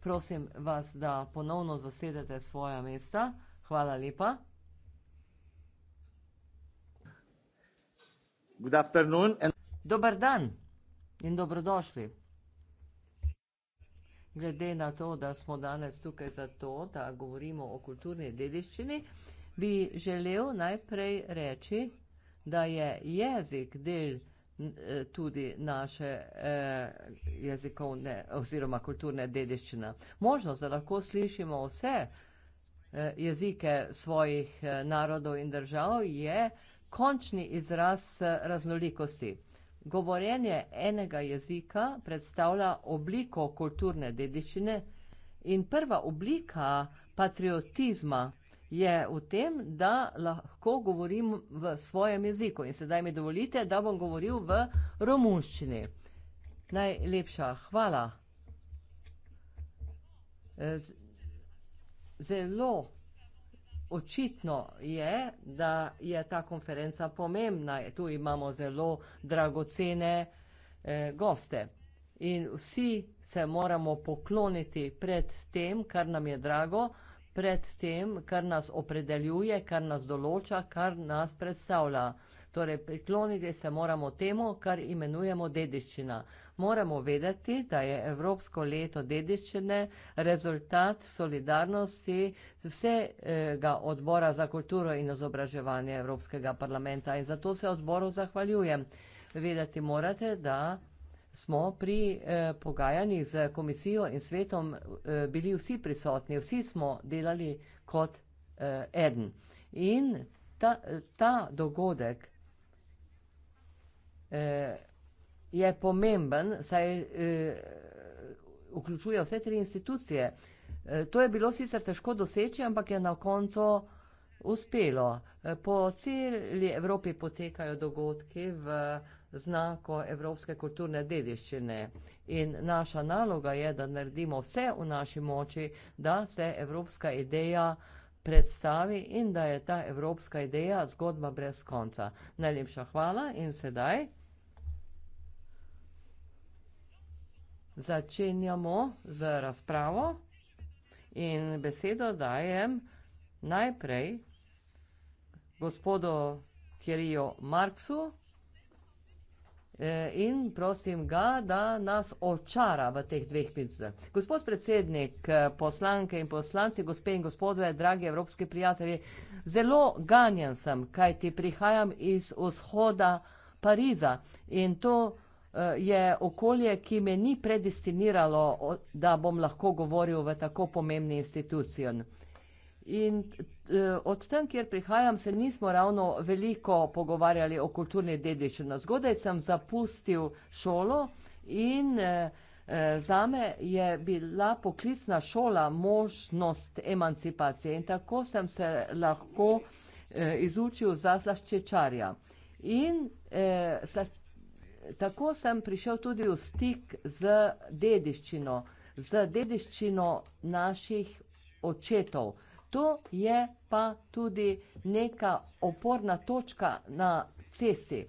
Prosim vas, da ponovno zasedete svoja mesta. Hvala lepa. Dobar dan in dobrodošli. Glede na to, da smo danes tukaj zato, da govorimo o kulturni dediščini, bi želel najprej reči, da je jezik del dediščine, E, tudi naše eh, jezikovne oziroma kulturne dediščine. Možnost, da lahko slišimo vse eh, jezike svojih eh, narodov in držav, je končni izraz eh, raznolikosti. Govorenje enega jezika predstavlja obliko kulturne dediščine in prva oblika patriotizma, je v tem, da lahko govorim v svojem jeziku. In sedaj mi dovolite, da bom govoril v romunščini. Najlepša hvala. E, zelo očitno je, da je ta konferenca pomembna. Tu imamo zelo dragocene e, goste. In vsi se moramo pokloniti pred tem, kar nam je drago, da je to, pred tem, kar nas opredeljuje, kar nas določa, kar nas predstavlja. Torej, prikloniti se moramo temu, kar imenujemo dediščina. Moramo vedeti, da je Evropsko leto dediščine rezultat solidarnosti vsega odbora za kulturo in izobraževanje Evropskega parlamenta in zato se odboru zahvaljujem. Vedeti morate, da smo pri eh, pogajanjih z komisijo in svetom eh, bili vsi prisotni, vsi smo delali kot eh, eden. In ta, ta dogodek eh, je pomemben, saj eh, vključuje vse tri institucije. Eh, to je bilo sicer težko doseči, ampak je na koncu uspelo. Eh, po celi Evropi potekajo dogodki v. Eh, znako evropske kulturne dediščine. In naša naloga je, da naredimo vse v naši moči, da se evropska ideja predstavi in da je ta evropska ideja zgodba brez konca. Najlepša hvala in sedaj začenjamo z razpravo in besedo dajem najprej gospodu Thierryju Marksu, Eh, in prosim ga, da nas očara v teh dveh minutah. Gospod predsednik, eh, poslanke in poslanci, gospe in gospodove, dragi evropski prijatelji, zelo ganjen sem, kaj ti prihajam iz vzhoda Pariza in to eh, je okolje, ki me ni predestiniralo, da bom lahko govoril v tako pomembni institucijon. In eh, od tam, kjer prihajam, se nismo ravno veliko pogovarjali o kulturni dediščini. Zgodaj sem zapustil šolo in eh, eh, zame je bila poklicna šola možnost emancipacije in tako sem se lahko izučil za slaščečarja. In tako sem prišel tudi v stik z dediščino, z dediščino naših očetov. To je pa tudi neka oporna točka na cesti.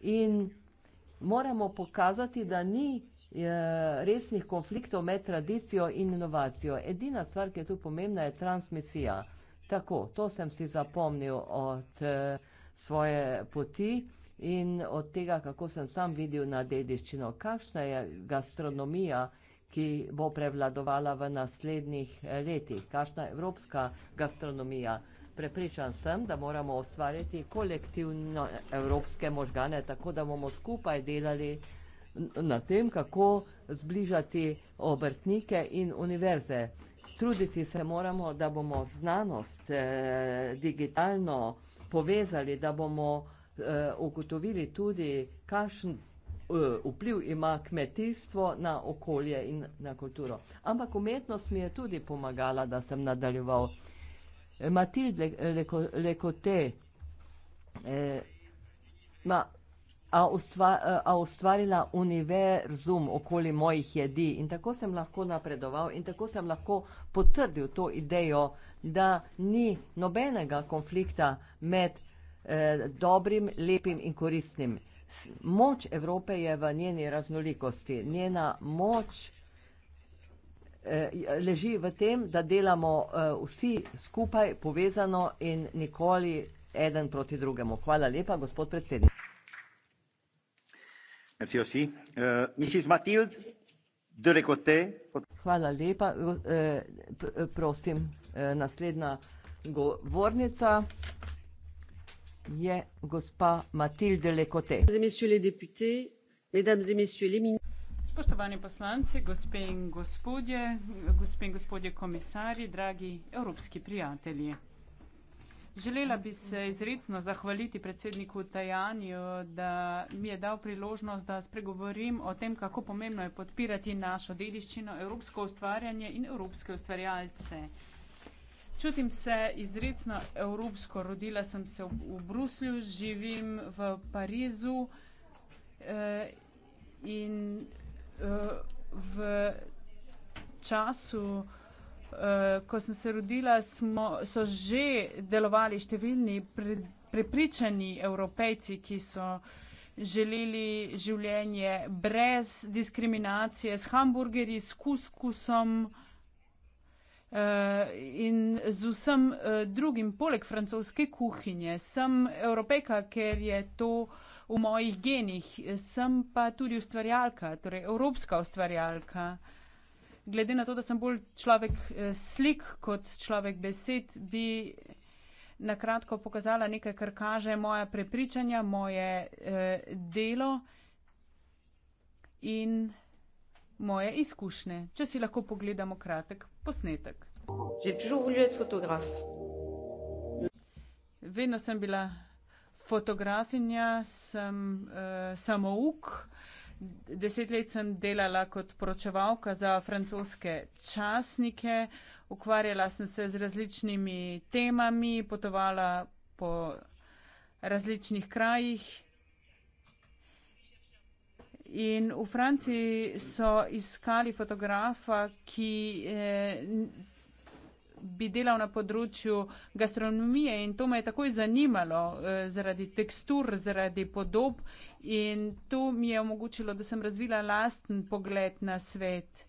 In moramo pokazati, da ni eh, resnih konfliktov med tradicijo in inovacijo. Edina stvar, ki je tu pomembna, je transmisija. Tako, to sem si zapomnil od eh, svoje poti in od tega, kako sem sam videl na dediščino, kakšna je gastronomija, ki bo prevladovala v naslednjih eh, letih. Kakšna je evropska gastronomija? Prepričan sem, da moramo ustvariti kolektivno evropske možgane, tako da bomo skupaj delali na tem, kako zbližati obrtnike in univerze. Truditi se moramo, da bomo znanost eh, digitalno povezali, da bomo eh, ugotovili tudi, kakšen Eh, vpliv ima kmetijstvo na okolje in na kulturo. Ampak umetnost mi je tudi pomagala, da sem nadaljeval. Eh, Matilde eh, Lekote, eh, ma, a, ustva, a ustvarila univerzum okoli mojih jedi in tako sem lahko napredoval in tako sem lahko potrdil to idejo, da ni nobenega konflikta med eh, dobrim, lepim in koristnim moč Evrope je v njeni raznolikosti. Njena moč eh, leži v tem, da delamo eh, vsi skupaj, povezano in nikoli eden proti drugemu. Hvala lepa, gospod predsednik. Euh, Hvala lepa. Eh, prosim, naslednja govornica je gospa Matilde Lekote. Spoštovani poslanci, gospe in gospodje, gospe in gospodje komisarji, dragi evropski prijatelji. Želela bi se izredno zahvaliti predsedniku Tajanju, da mi je dal priložnost, da spregovorim o tem, kako pomembno je podpirati našo dediščino, evropsko ustvarjanje in evropske ustvarjalce. Čutim se izredno evropsko, rodila sem se v, v Bruslju, živim v Parizu eh, in eh, v času, eh, ko sem se rodila, smo, so že delovali številni pre, prepričani evropejci, ki so želeli življenje brez diskriminacije, s hamburgerji, s kuskusom. Eh, Eh, in z vsem uh, drugim, poleg francoske kuhinje. Sem evropejka, ker je to v mojih genih, sem pa tudi ustvarjalka, torej evropska ustvarjalka. Glede na to, da sem bolj človek eh, slik kot človek besed, bi na kratko pokazala nekaj, kar kaže moja prepričanja, moje eh, delo in moje izkušnje. Če si lahko pogledamo kratek posnetek. Vedno sem bila fotografinja, sem uh, samouk. Deset let sem delala kot poročevalka za francoske časnike, ukvarjala sem se z različnimi temami, potovala po različnih krajih, In v Franciji so iskali fotografa, ki eh, bi delal na področju gastronomije in to me je takoj zanimalo eh, zaradi tekstur, zaradi podob in to mi je omogočilo, da sem razvila lasten pogled na svet.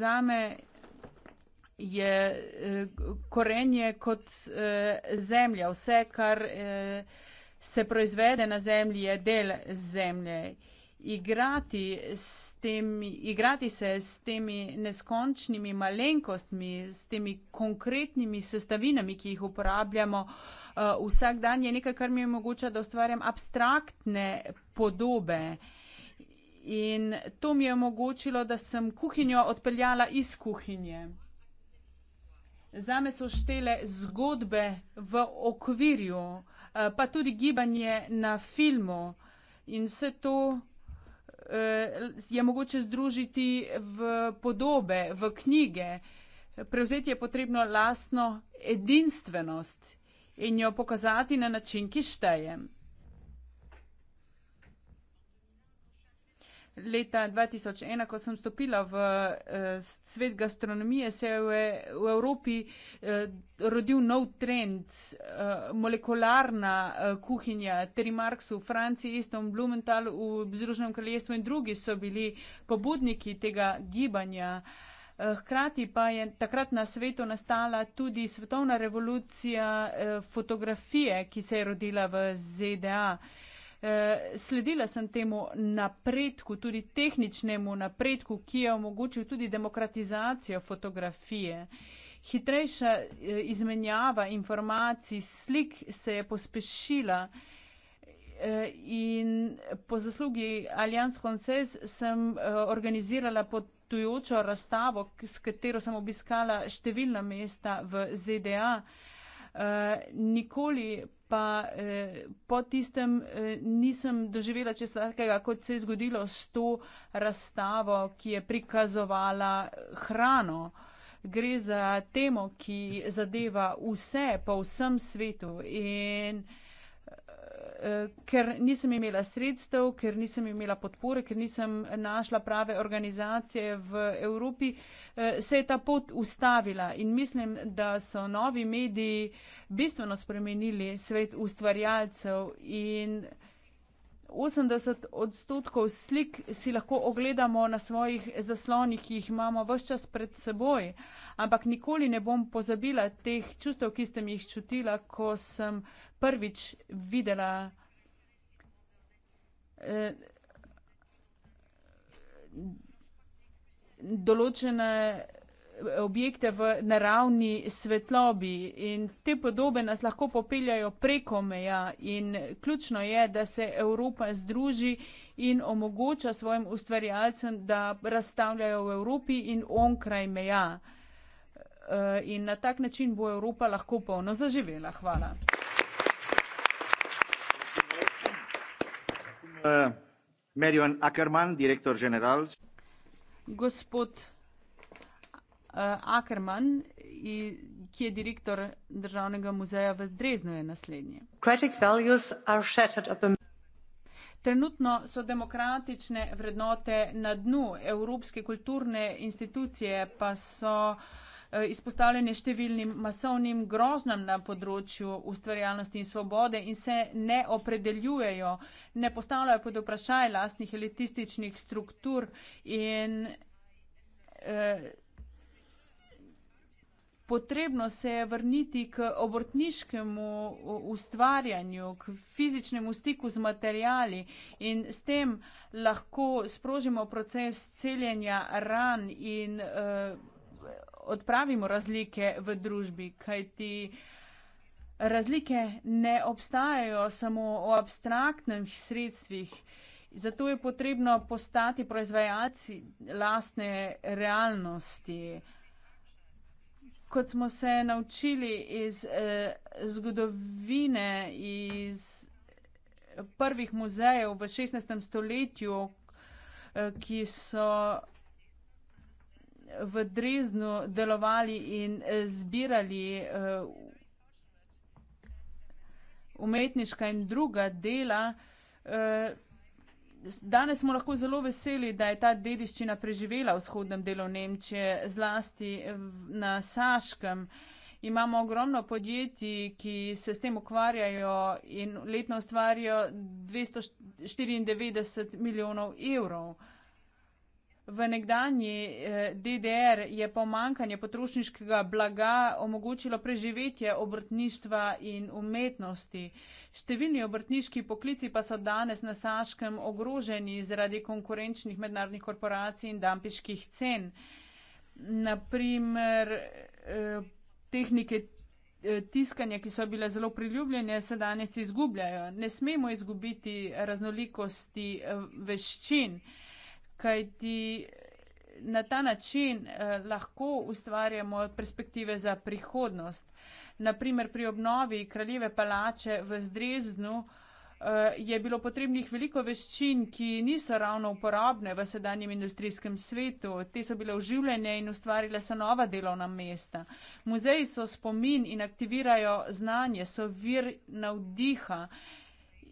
Za me je eh, korenje kot zemlja, vse, kar se proizvede na zemlji, je del zemlje. Igrati, s temi, igrati se s temi neskončnimi malenkostmi, s temi konkretnimi sestavinami, ki jih uporabljamo uh, vsak dan, je nekaj, kar mi omogoča, da ustvarjam abstraktne podobe. In to mi je omogočilo, da sem kuhinjo odpeljala iz kuhinje. Zame so štele zgodbe v okvirju. Eh, pa tudi gibanje na filmu in vse to eh, je mogoče združiti v podobe, v knjige. Prevzeti je potrebno lastno edinstvenost in jo pokazati na način, ki šteje. leta 2001, ko sem stopila v uh, svet gastronomije, se je v, v Evropi uh, rodil nov trend, uh, molekularna uh, kuhinja. Terry Marks v Franciji, Easton Blumenthal v Združenem kraljestvu in drugi so bili pobudniki tega gibanja. Hkrati pa je takrat na svetu nastala tudi svetovna revolucija fotografije, ki se je rodila v ZDA. Uh, Eh, sledila sem temu napredku, tudi tehničnemu napredku, ki je omogočil tudi demokratizacijo fotografije. Hitrejša eh, izmenjava informacij, slik se je pospešila eh, in po zaslugi Allianz Concez sem organizirala potujočo razstavo, s katero sem obiskala številna mesta v ZDA. Nikoli pa eh, po tistem eh, nisem doživela česlakega, kot se je zgodilo s to razstavo, ki je prikazovala hrano. Gre za temo, ki zadeva vse po vsem svetu in eh, ker nisem imela sredstev, ker nisem imela podpore, ker nisem našla prave organizacije v Evropi, eh, se je ta pot ustavila in mislim, da so novi mediji bistveno spremenili svet ustvarjalcev in 80 odstotkov slik si lahko ogledamo na svojih zaslonih, ki jih imamo vse čas pred seboj. Uh, Ampak nikoli ne bom pozabila teh čustev, ki sem jih čutila, ko sem prvič videla. Eh, določene objekte v naravni svetlobi in te podobe nas lahko popeljajo preko meja in ključno je, da se Evropa združi in omogoča svojim ustvarjalcem, da razstavljajo v Evropi in onkraj meja. Eh, in na tak način bo Evropa lahko polno zaživela. Hvala. Eh, Marion Ackerman, direktor general. Gospod eh, Ackerman, ki je direktor Državnega muzeja v Drezno, je naslednji. Trenutno so demokratične vrednote na dnu, evropske kulturne institucije pa so uh, Eh, izpostavljene številnim masovnim groznam na področju ustvarjalnosti in svobode in se ne opredeljujejo, ne postavljajo pod vprašaj lastnih elitističnih struktur in eh, Potrebno se je vrniti k obrtniškemu ustvarjanju, k fizičnemu stiku z materijali in s tem lahko sprožimo proces celjenja ran in uh, odpravimo razlike v družbi, kajti razlike ne obstajajo samo v abstraktnih sredstvih. Zato je potrebno postati proizvajalci lastne realnosti. Kot smo se naučili iz eh, zgodovine, iz prvih muzejev v 16. stoletju, eh, ki so v Dreznu delovali in eh, zbirali eh, umetniška in druga dela. Eh, danes smo lahko zelo veseli, da je ta dediščina preživela v vzhodnem delu Nemčije, zlasti na Saškem. Imamo ogromno podjetij, ki se s tem ukvarjajo in letno ustvarjajo 294 milijonov evrov. V nekdanji eh, DDR je pomankanje potrošniškega blaga omogočilo preživetje obrtništva in umetnosti. Številni obrtniški poklici pa so danes na Saškem ogroženi zaradi konkurenčnih mednarodnih korporacij in dampiških cen. Naprimer, eh, tehnike eh, tiskanja, ki so bile zelo priljubljene, se danes izgubljajo. Ne smemo izgubiti raznolikosti veščin kaj ti eh, na ta način eh, lahko ustvarjamo perspektive za prihodnost. Naprimer, pri obnovi kraljeve palače v Zdreznu eh, je bilo potrebnih veliko veščin, ki niso ravno uporabne v sedanjem industrijskem svetu. Te so bile oživljene in ustvarile so nova delovna mesta. Muzeji so spomin in aktivirajo znanje, so vir navdiha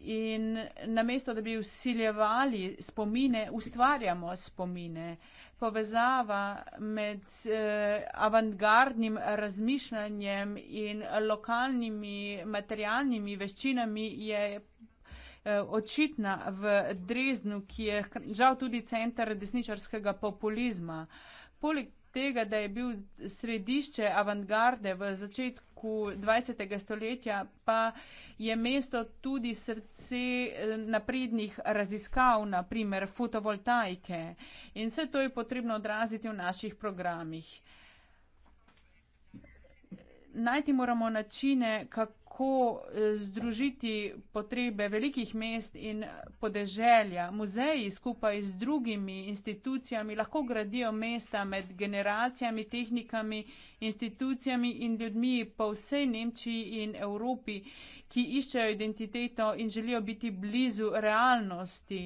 in namesto, da bi usiljevali spomine, ustvarjamo spomine. Povezava med eh, avantgardnim razmišljanjem in lokalnimi materialnimi veščinami je eh, očitna v Dreznu, ki je žal tudi center desničarskega populizma. Poleg tega, da je bil središče avangarde v začetku 20. stoletja, pa je mesto tudi srce eh, naprednih raziskav, naprimer fotovoltaike. In vse to je potrebno odraziti v naših programih. Najti moramo načine, kako kako eh, združiti potrebe velikih mest in podeželja. Muzeji skupaj z drugimi institucijami lahko gradijo mesta med generacijami, tehnikami, institucijami in ljudmi po vsej Nemčiji in Evropi, ki iščejo identiteto in želijo biti blizu realnosti.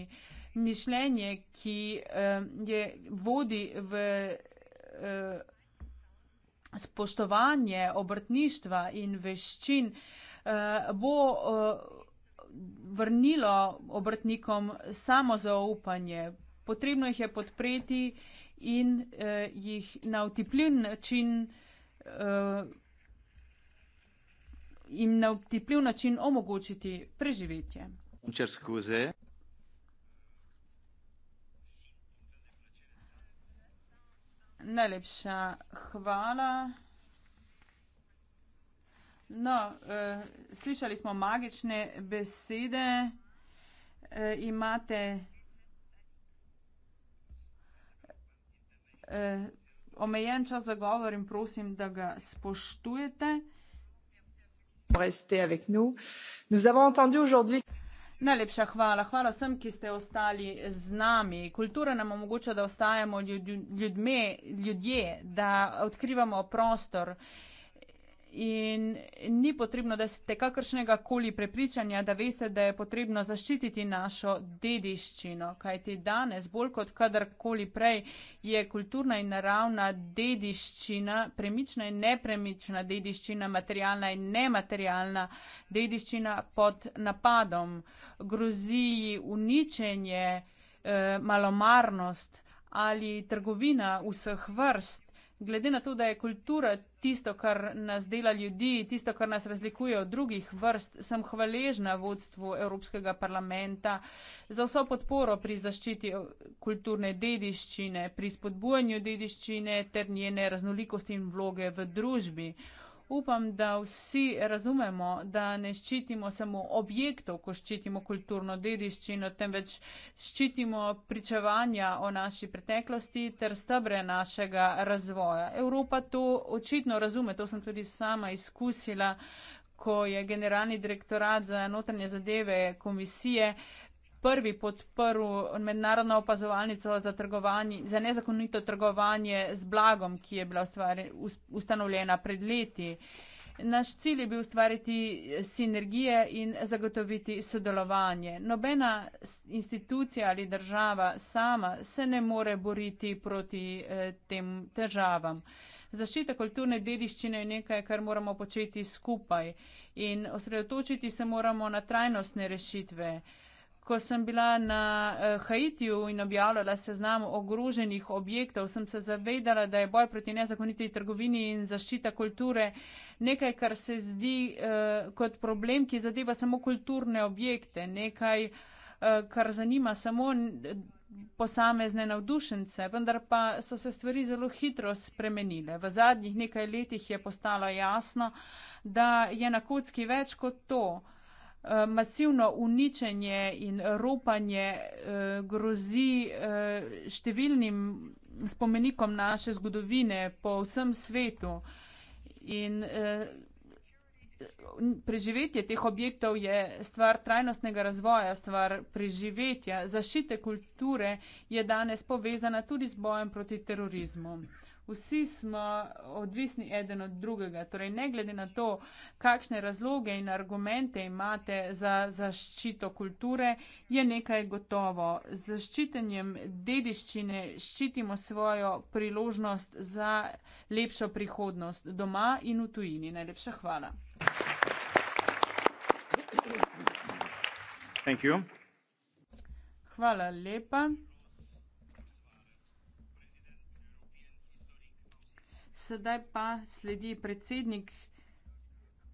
Mišljenje, ki eh, je vodi v eh, spoštovanje obrtništva in veščin, Eh, bo eh, vrnilo obrtnikom samo zaupanje. Potrebno jih je podpreti in eh, jih na utipljiv način in na utipljiv način omogočiti preživetje. Najlepša hvala. No, uh, slišali smo magične besede. Uh, imate uh, omejen čas za govor in prosim, da ga spoštujete. Restez avec nous. Nous avons entendu aujourd'hui. Najlepša hvala. Hvala vsem, ki ste ostali z nami. Kultura nam omogoča, da ostajamo ljudme, ljudje, da odkrivamo prostor. Uh, in ni potrebno, da ste kakršnega koli prepričanja, da veste, da je potrebno zaščititi našo dediščino, kajti danes bolj kot kadarkoli prej je kulturna in naravna dediščina, premična in nepremična dediščina, materialna in nematerialna dediščina pod napadom, grozi uničenje, eh, malomarnost ali trgovina vseh vrst glede na to, da je kultura tisto, kar nas dela ljudi, tisto, kar nas razlikuje od drugih vrst, sem hvaležna vodstvu Evropskega parlamenta za vso podporo pri zaščiti kulturne dediščine, pri spodbujanju dediščine ter njene raznolikosti in vloge v družbi upam, da vsi razumemo, da ne ščitimo samo objektov, ko ščitimo kulturno dediščino, temveč ščitimo pričevanja o naši preteklosti ter stebre našega razvoja. Evropa to očitno razume, to sem tudi sama izkusila, ko je generalni direktorat za notranje zadeve komisije prvi podprl mednarodno opazovalnico za, za nezakonito trgovanje z blagom, ki je bila ustvari, ustanovljena pred leti. Naš cilj je bil ustvariti sinergije in zagotoviti sodelovanje. Nobena institucija ali država sama se ne more boriti proti eh, tem težavam. Zaščita kulturne dediščine je nekaj, kar moramo početi skupaj in osredotočiti se moramo na trajnostne rešitve. Eh, Ko sem bila na eh, Haitiju in objavljala seznam ogroženih objektov, sem se zavedala, da je boj proti nezakoniti trgovini in zaščita kulture nekaj, kar se zdi eh, kot problem, ki zadeva samo kulturne objekte, nekaj, eh, kar zanima samo posamezne navdušence, vendar pa so se stvari zelo hitro spremenile. V zadnjih nekaj letih je postalo jasno, da je na kocki več kot to. Eh, Eh, masivno uničenje in ropanje eh, grozi eh, številnim spomenikom naše zgodovine po vsem svetu. In preživetje teh objektov je stvar trajnostnega razvoja, stvar preživetja. Zašite kulture je danes povezana tudi z bojem proti terorizmu vsi smo odvisni eden od drugega. Torej, ne glede na to, kakšne razloge in argumente imate za zaščito kulture, je nekaj gotovo. Z zaščitenjem dediščine ščitimo svojo priložnost za lepšo prihodnost doma in v tujini. Najlepša hvala. Thank you. Hvala lepa. Sedaj pa sledi predsednik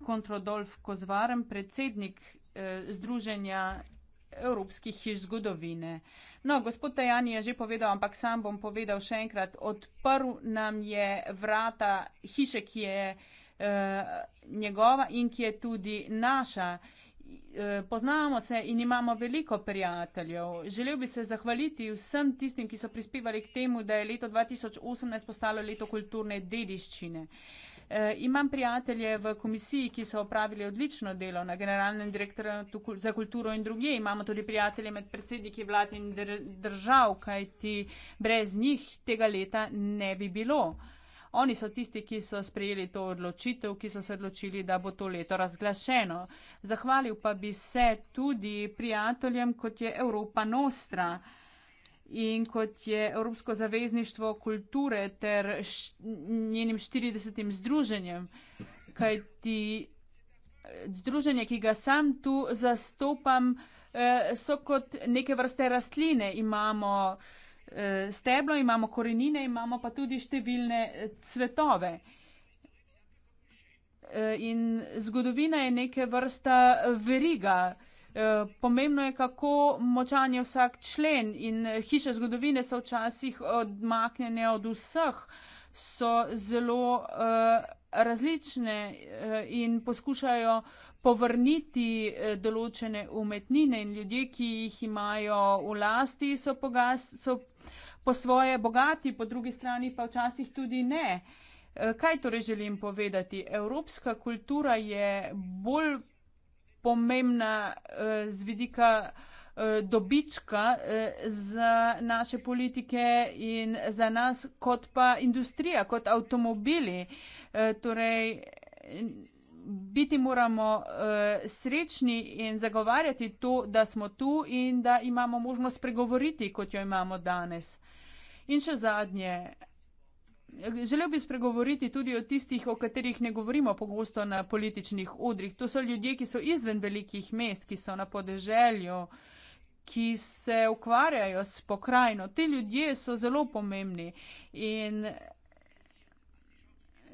Kontrodolf Kozvaren, predsednik eh, Združenja Evropskih hiš zgodovine. No, gospod Tajani je že povedal, ampak sam bom povedal še enkrat. Odprl nam je vrata hiše, ki je eh, njegova in ki je tudi naša. Eh, Eh, poznamo se in imamo veliko prijateljev. Želel bi se zahvaliti vsem tistim, ki so prispevali k temu, da je leto 2018 postalo leto kulturne dediščine. E, imam prijatelje v komisiji, ki so opravili odlično delo na generalnem direktoratu za kulturo in druge. Imamo tudi prijatelje med predsedniki vlad in držav, kajti brez njih tega leta ne bi bilo. Oni so tisti, ki so sprejeli to odločitev, ki so se odločili, da bo to leto razglašeno. Zahvalil pa bi se tudi prijateljem, kot je Evropa Nostra in kot je Evropsko zavezništvo kulture ter š, njenim 40. združenjem, kajti eh, združenje, ki ga sam tu zastopam, eh, so kot neke vrste rastline. Imamo Eh, steblo, imamo korenine, imamo pa tudi številne eh, cvetove. Eh, in zgodovina je neke vrsta veriga. Pomembno je, kako močan je vsak člen in hiše zgodovine so včasih odmaknjene od vseh, so zelo različne in poskušajo povrniti eh, določene umetnine in ljudje, ki jih imajo v lasti, so, pogas, so po svoje bogati, po drugi strani pa včasih tudi ne. Eh, kaj torej želim povedati? Evropska kultura je bolj pomembna eh, z vidika dobička za naše politike in za nas kot pa industrija, kot avtomobili. Torej, biti moramo uh, srečni in zagovarjati to, da smo tu in da imamo možnost pregovoriti, kot jo imamo danes. In še zadnje. Želel bi spregovoriti tudi o tistih, o katerih ne govorimo pogosto na političnih odrih. To so ljudje, ki so izven velikih mest, ki so na podeželju, ki se ukvarjajo s pokrajino. Ti ljudje so zelo pomembni in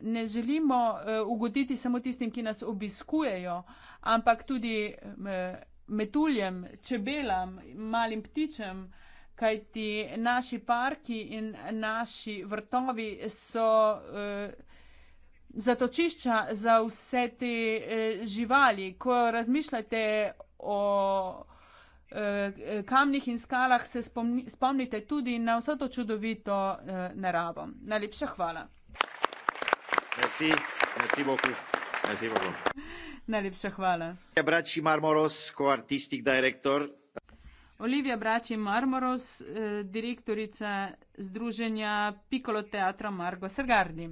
ne želimo eh, ugoditi samo tistim, ki nas obiskujejo, ampak tudi eh, metuljem, čebelam, malim ptičem, kajti naši parki in naši vrtovi so eh, zatočišča za vse te živali. Ko razmišljate o kamnih in skalah, se spomnite tudi na vso to čudovito naravo. Najlepša hvala. Merci. Merci beaucoup. Merci beaucoup. Najlepša hvala. Brači Marmoros, ko artistik direktor. Olivia Brači Marmoros, eh, direktorica Združenja Piccolo Teatra Margo Sergardi.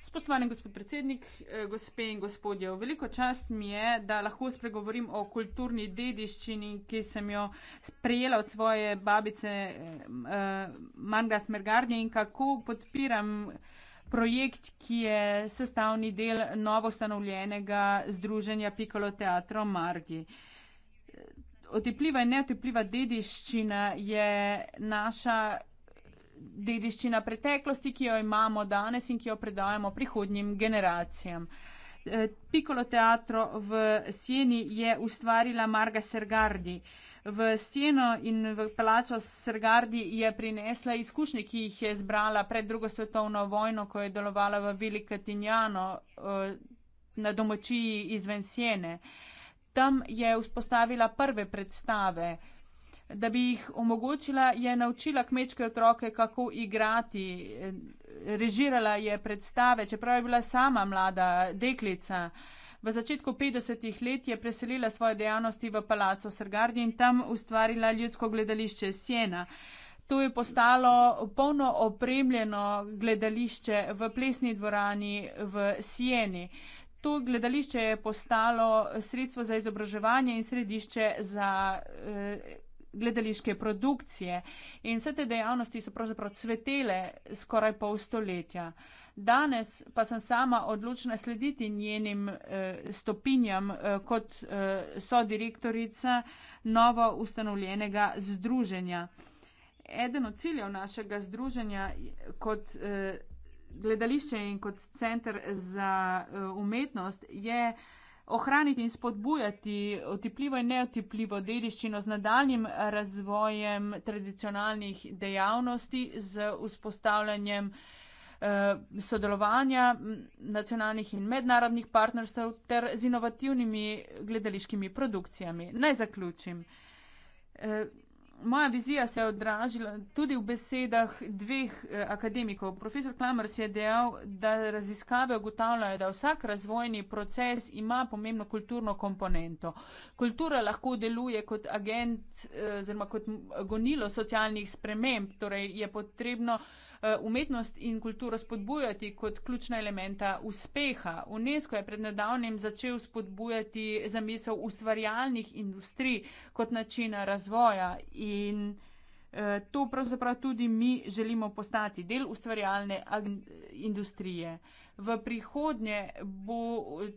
Spoštovani gospod predsednik, eh, gospe in gospodje, veliko čast mi je, da lahko spregovorim o kulturni dediščini, ki sem jo sprejela od svoje babice eh, Manga Smergardi in kako podpiram projekt, ki je sestavni del novostanovljenega združenja Piccolo Teatro Margi. Otepljiva in neotepljiva dediščina je naša dediščina preteklosti, ki jo imamo danes in ki jo predajamo prihodnjim generacijam. Piccolo Teatro v Sieni je ustvarila Marga Sergardi v Sieno in v palačo Srgardi je prinesla izkušnje, ki jih je zbrala pred drugo svetovno vojno, ko je delovala v Velikatinjano eh, na domočiji izven Siene. Tam je vzpostavila prve predstave. Da bi jih omogočila, je naučila kmečke otroke, kako igrati. Eh, režirala je predstave, čeprav je bila sama mlada deklica. V začetku 50-ih let je preselila svoje dejavnosti v Palaco Srgardi in tam ustvarila ljudsko gledališče Siena. To je postalo polno opremljeno gledališče v plesni dvorani v Sieni. To gledališče je postalo sredstvo za izobraževanje in središče za eh, gledališke produkcije. In vse te dejavnosti so pravzaprav cvetele skoraj pol stoletja. Eh, Danes pa sem sama odločna slediti njenim eh, stopinjam eh, kot eh, sodirektorica novo ustanovljenega združenja. Eden od ciljev našega združenja kot eh, gledališče in kot centr za eh, umetnost je ohraniti in spodbujati otipljivo in neotipljivo dediščino z nadaljnim razvojem tradicionalnih dejavnosti, z vzpostavljanjem eh, Eh, sodelovanja nacionalnih in mednarodnih partnerstv ter z inovativnimi gledališkimi produkcijami. Naj zaključim. Eh, moja vizija se je odražila tudi v besedah dveh eh, akademikov. Profesor Klamers je dejal, da raziskave ugotavljajo, da vsak razvojni proces ima pomembno kulturno komponento. Kultura lahko deluje kot agent oziroma kot gonilo socialnih sprememb, torej je potrebno uh, Eh, umetnost in kulturo spodbujati kot ključna elementa uspeha. UNESCO je pred nedavnim začel spodbujati zamisel ustvarjalnih industrij kot načina razvoja in eh, to pravzaprav tudi mi želimo postati del ustvarjalne industrije v prihodnje bo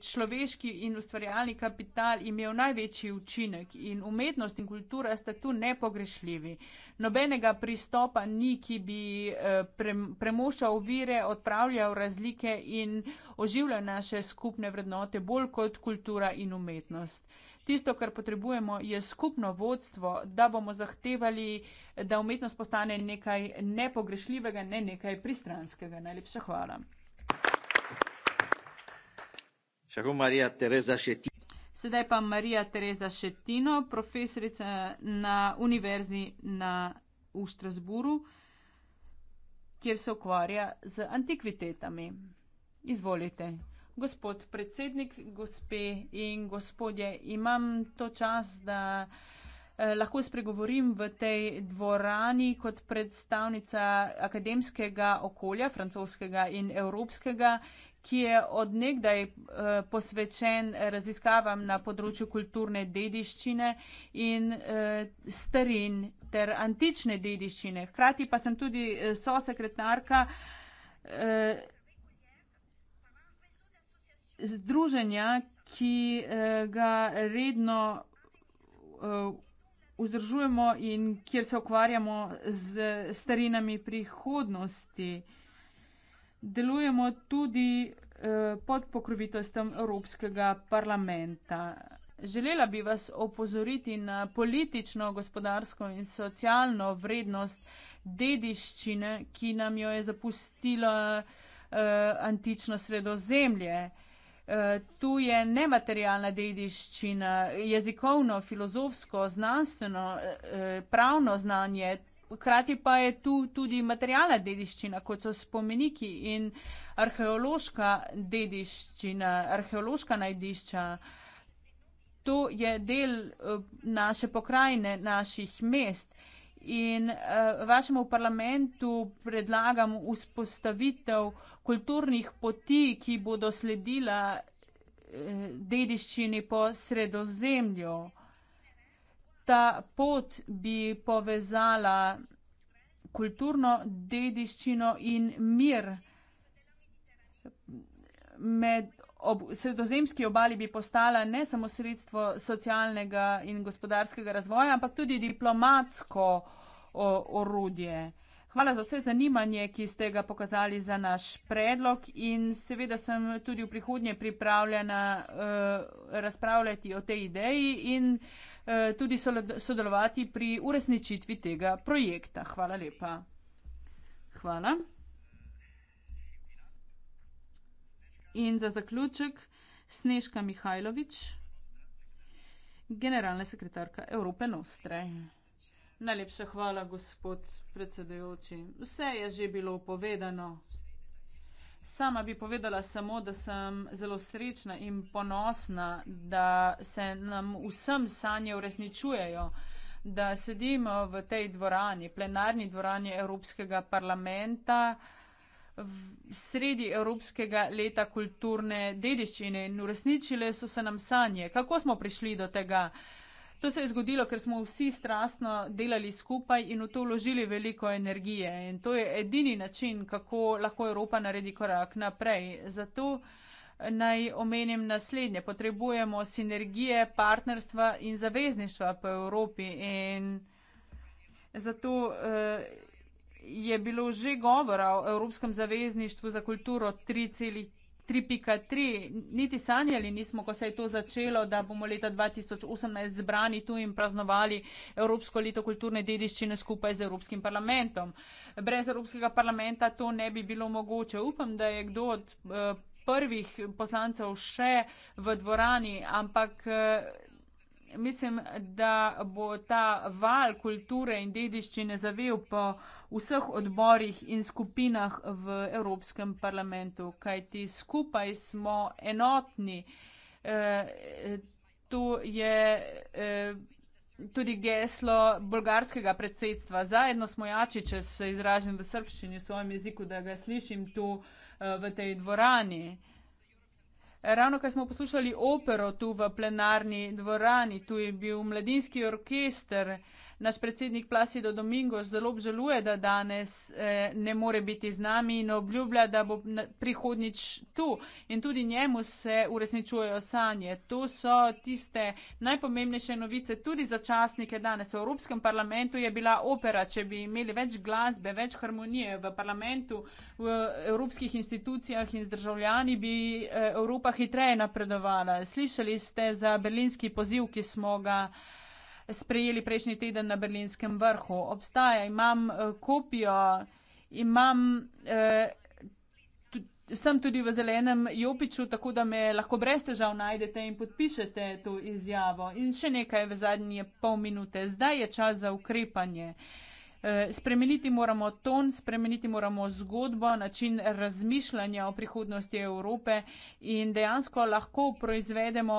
človeški in ustvarjalni kapital imel največji učinek in umetnost in kultura sta tu nepogrešljivi. Nobenega pristopa ni, ki bi eh, premošal vire, odpravljal razlike in oživljal naše skupne vrednote bolj kot kultura in umetnost. Tisto, kar potrebujemo, je skupno vodstvo, da bomo zahtevali, da umetnost postane nekaj nepogrešljivega, ne nekaj pristranskega. Najlepša hvala. Sedaj pa Marija Tereza Šetino, profesorica na univerzi na v Štrasburu, kjer se ukvarja z antikvitetami. Izvolite. Gospod predsednik, gospe in gospodje, imam to čas, da eh, lahko spregovorim v tej dvorani kot predstavnica akademskega okolja, francoskega in evropskega, ki je odnegdaj eh, posvečen raziskavam na področju kulturne dediščine in eh, starin ter antične dediščine. Hkrati pa sem tudi eh, sosekretarka združenja, ki ga redno vzdržujemo in kjer se ukvarjamo z starinami prihodnosti delujemo tudi eh, pod pokroviteljstvom Evropskega parlamenta. Želela bi vas opozoriti na politično, gospodarsko in socialno vrednost dediščine, ki nam jo je zapustila eh, antično sredozemlje. Eh, tu je nematerialna dediščina, jezikovno, filozofsko, znanstveno, eh, eh pravno znanje, Hkrati pa je tu tudi materialna dediščina, kot so spomeniki in arheološka dediščina, arheološka najdišča. To je del eh, naše pokrajine, naših mest. In eh, vašemu parlamentu predlagam vzpostavitev kulturnih poti, ki bodo sledila eh, dediščini po sredozemlju ta pot bi povezala kulturno dediščino in mir. Med ob sredozemski obali bi postala ne samo sredstvo socialnega in gospodarskega razvoja, ampak tudi diplomatsko o, orodje. Hvala za vse zanimanje, ki ste ga pokazali za naš predlog in seveda sem tudi v prihodnje pripravljena uh, razpravljati o tej ideji in uh, Eh, tudi sodelovati pri uresničitvi tega projekta. Hvala lepa. Hvala. In za zaključek Sneška Mihajlovič, generalna sekretarka Evrope Nostre. Najlepša hvala, gospod predsedujoči. Vse je že bilo povedano. Sama bi povedala samo, da sem zelo srečna in ponosna, da se nam vsem sanje uresničujejo, da sedimo v tej dvorani, plenarni dvorani Evropskega parlamenta, sredi Evropskega leta kulturne dediščine in uresničile so se nam sanje. Kako smo prišli do tega? To se je zgodilo, ker smo vsi strastno delali skupaj in v to vložili veliko energije. In to je edini način, kako lahko Evropa naredi korak naprej. Zato naj omenim naslednje. Potrebujemo sinergije, partnerstva in zavezništva po Evropi. In zato uh, je bilo že govora o Evropskem zavezništvu za kulturo 3,3. 3.3, niti sanjali nismo, ko se je to začelo, da bomo leta 2018 zbrani tu in praznovali Evropsko leto kulturne dediščine skupaj z Evropskim parlamentom. Brez Evropskega parlamenta to ne bi bilo mogoče. Upam, da je kdo od. Uh, prvih poslancev še v dvorani, ampak eh, mislim, da bo ta val kulture in dediščine zavel po vseh odborih in skupinah v Evropskem parlamentu, kajti skupaj smo enotni. E, to je e, tudi geslo bolgarskega predsedstva. Zajedno smo jači, če se izražim v srbščini, v svojem jeziku, da ga slišim tu eh, v tej dvorani. E, Ravno kar smo poslušali opero tu v plenarni dvorani, tu je bil mladinski orkester. Naš predsednik Plasido Domingo zelo obžaluje, da danes eh, ne more biti z nami in obljublja, da bo prihodnič tu. In tudi njemu se uresničujejo sanje. To so tiste najpomembnejše novice tudi za časnike danes. V Evropskem parlamentu je bila opera, če bi imeli več glasbe, več harmonije v parlamentu, v evropskih institucijah in z državljani, bi eh, Evropa hitreje napredovala. Slišali ste za berlinski poziv, ki smo ga sprejeli prejšnji teden na berlinskem vrhu. Obstaja, imam eh, kopijo, imam, eh, sem tudi v zelenem jopiču, tako da me lahko brez težav najdete in podpišete to izjavo. In še nekaj v zadnje pol minute. Zdaj je čas za ukrepanje. Eh, spremeniti moramo ton, spremeniti moramo zgodbo, način razmišljanja o prihodnosti Evrope in dejansko lahko proizvedemo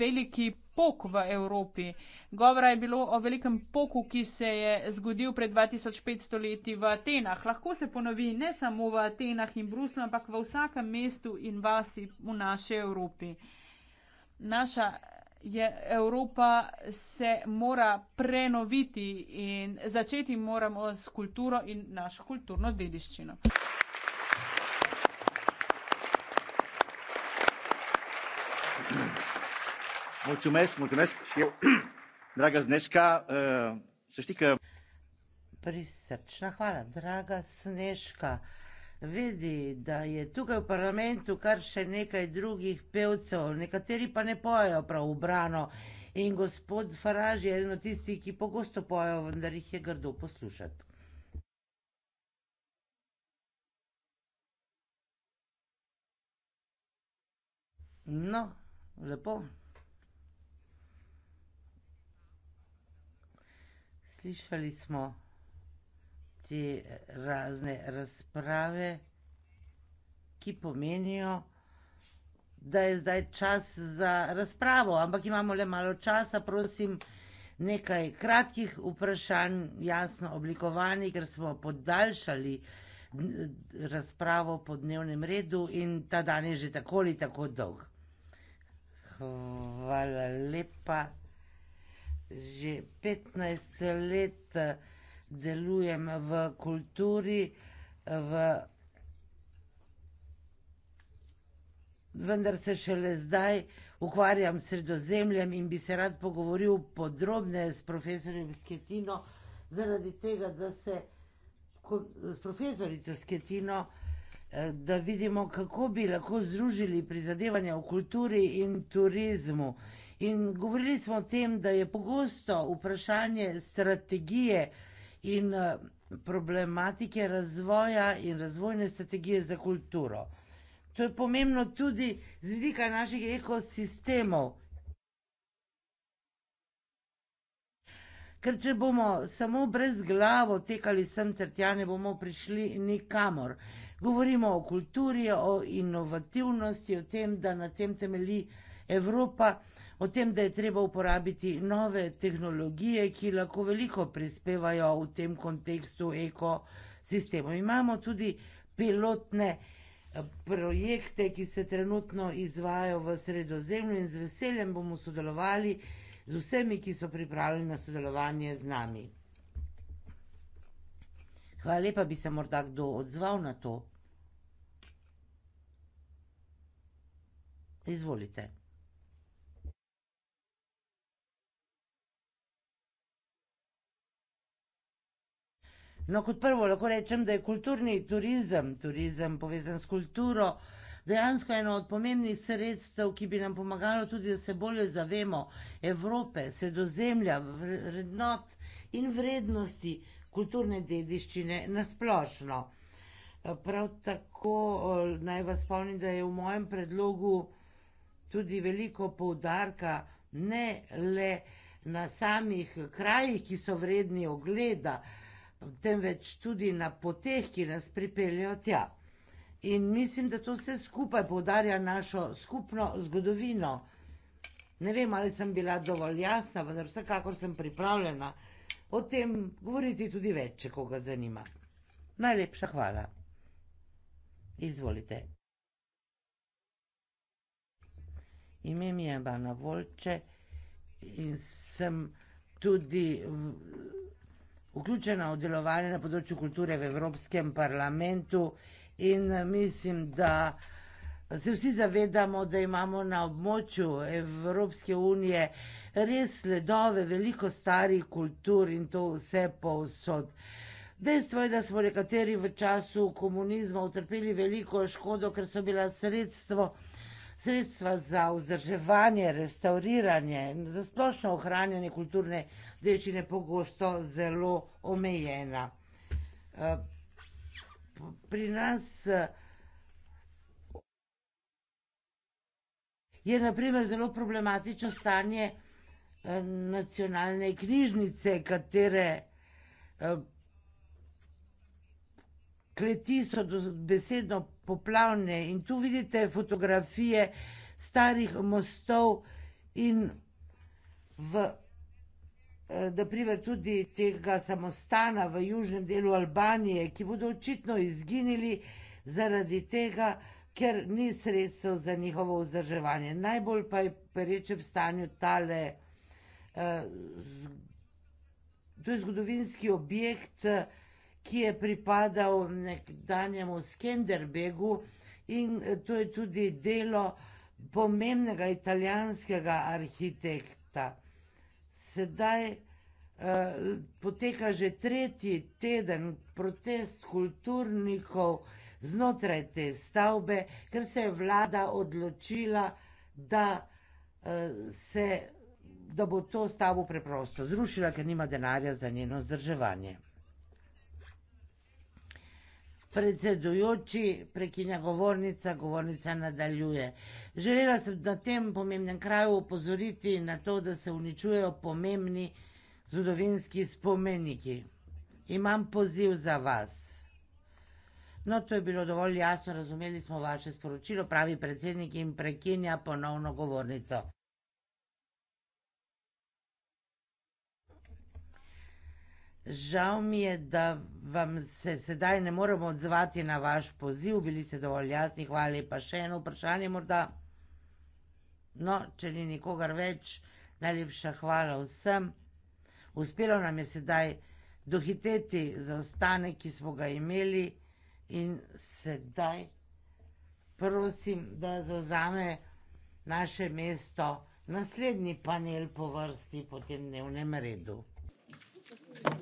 veliki pok v Evropi. Govora je bilo o velikem poku, ki se je zgodil pred 2500 leti v Atenah. Lahko se ponovi ne samo v Atenah in Bruslu, ampak v vsakem mestu in vasi v naši Evropi. Naša je Evropa se mora prenoviti in začeti moramo s kulturo in našo kulturno dediščino. Mulțumesc, mulțumesc și eu, dragă Zneșca, să știi că... Prisăcna, hvala, draga Snežka vidi, da je tukaj v parlamentu kar še nekaj drugih pevcev, nekateri pa ne pojejo prav ubrano. In gospod Faraž je eden od tistih, ki pogosto pojejo, vendar jih je grdo poslušati. No, lepo. Slišali smo te razne razprave, ki pomenijo, da je zdaj čas za razpravo, ampak imamo le malo časa, prosim. Nekaj kratkih vprašanj, jasno oblikovani, ker smo podaljšali razpravo po dnevnem redu in ta dan je že tako ali tako dolg. Hvala lepa. Že 15 let delujem v kulturi, v vendar se šele zdaj ukvarjam s sredozemljem in bi se rad pogovoril podrobneje s profesorjem Sketino, zaradi tega, da se s profesorico Sketino, eh, da vidimo, kako bi lahko združili prizadevanja v kulturi in turizmu. In govorili smo o tem, da je pogosto vprašanje strategije, in eh, problematike razvoja in razvojne strategije za kulturo. To je pomembno tudi z vidika naših ekosistemov. Ker če bomo samo brez glavo tekali sem ter tja, ne bomo prišli nikamor. Govorimo o kulturi, o inovativnosti, o tem, da na tem temelji Evropa o tem, da je treba uporabiti nove tehnologije, ki lahko veliko prispevajo v tem kontekstu ekosistemu. Imamo tudi pilotne eh, projekte, ki se trenutno izvajo v sredozemlju in z veseljem bomo sodelovali z vsemi, ki so pripravljeni na sodelovanje z nami. Hvala lepa, bi se morda kdo odzval na to. Izvolite. No, kot prvo lahko rečem, da je kulturni turizem, turizem povezan s kulturo, dejansko eno od pomembnih sredstev, ki bi nam pomagalo tudi, da se bolje zavemo Evrope, sredozemlja, vrednot in vrednosti kulturne dediščine nasplošno. Prav tako naj vas spomnim, da je v mojem predlogu tudi veliko poudarka ne le na samih krajih, ki so vredni ogleda, temveč tudi na poteh, ki nas pripeljejo tja. In mislim, da to vse skupaj poudarja našo skupno zgodovino. Ne vem, ali sem bila dovolj jasna, vendar vsekakor sem pripravljena o tem govoriti tudi več, če koga zanima. Najlepša hvala. Izvolite. Ime mi je Bana Volče in sem tudi vključena v delovanje na področju kulture v Evropskem parlamentu in eh, mislim, da se vsi zavedamo, da imamo na območju Evropske unije res sledove veliko starih kultur in to vse povsod. Dejstvo je, da smo nekateri v času komunizma utrpeli veliko škodo, ker so bila sredstvo, sredstva za vzdrževanje, restauriranje in za splošno ohranjanje kulturne vsega zdaj če ne pogosto zelo omejena. Eh, pri nas eh, je naprimer zelo problematično stanje eh, nacionalne knjižnice, katere kleti so besedno poplavne in tu vidite fotografije starih mostov in v da eh, primer tudi tega samostana v južnem delu Albanije, ki bodo očitno izginili zaradi tega, ker ni sredstev za njihovo vzdrževanje. Najbolj pa je pereče v stanju tale, eh, to je zgodovinski objekt, ki je pripadal nekdanjemu Skenderbegu in eh, to je tudi delo pomembnega italijanskega arhitekta sedaj eh, poteka že tretji teden protest kulturnikov znotraj te stavbe, ker se je vlada odločila, da, eh, se, da bo to stavbo preprosto zrušila, ker nima denarja za njeno vzdrževanje predsedujoči, prekinja govornica, govornica nadaljuje. Želela sem na tem pomembnem kraju upozoriti na to, da se uničujejo pomembni zgodovinski spomeniki. Imam poziv za vas. No, to je bilo dovolj jasno, razumeli smo vaše sporočilo, pravi predsednik in prekinja ponovno govornico. Žal mi je, da vam se sedaj ne moremo odzvati na vaš poziv, bili ste dovolj jasni, hvala lepa. Še eno vprašanje morda. No, če ni nikogar več, najlepša hvala vsem. Uspelo nam je sedaj dohiteti za ostane, ki smo ga imeli in sedaj prosim, da zauzame naše mesto naslednji panel po vrsti po tem dnevnem redu. Thank you.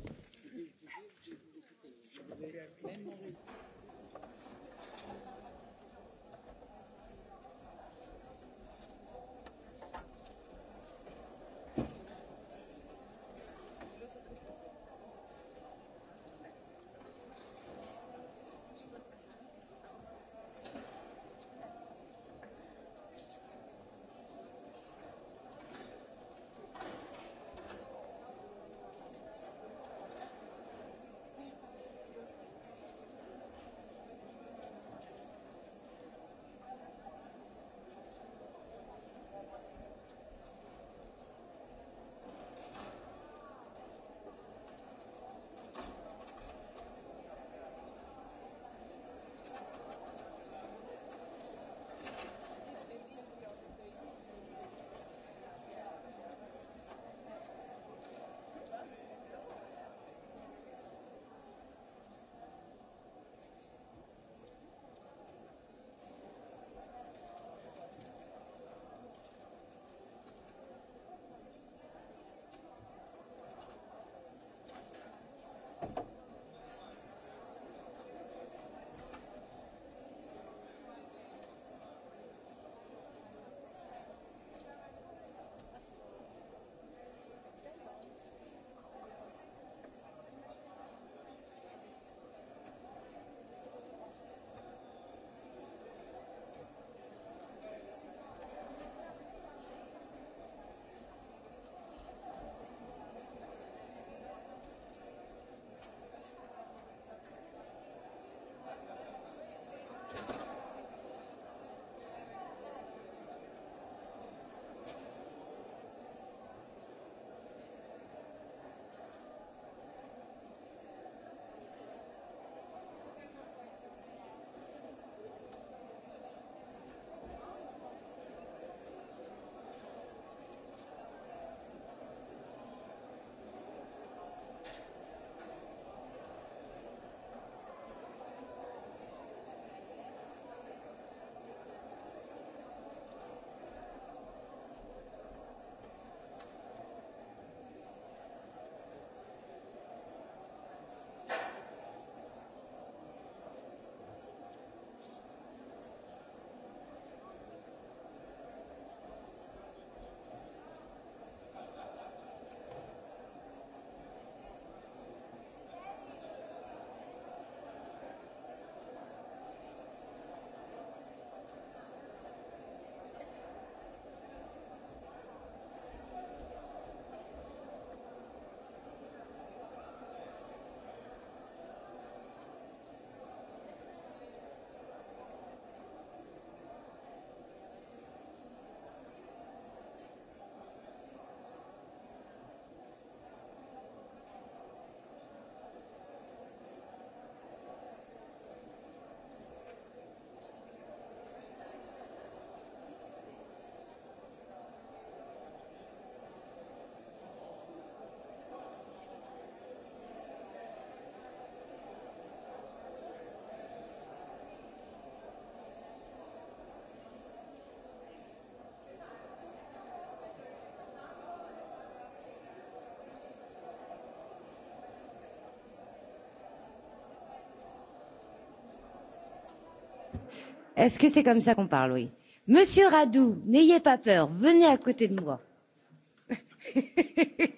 Est-ce que c'est comme ça qu'on parle, oui Monsieur Radou, n'ayez pas peur, venez à côté de moi.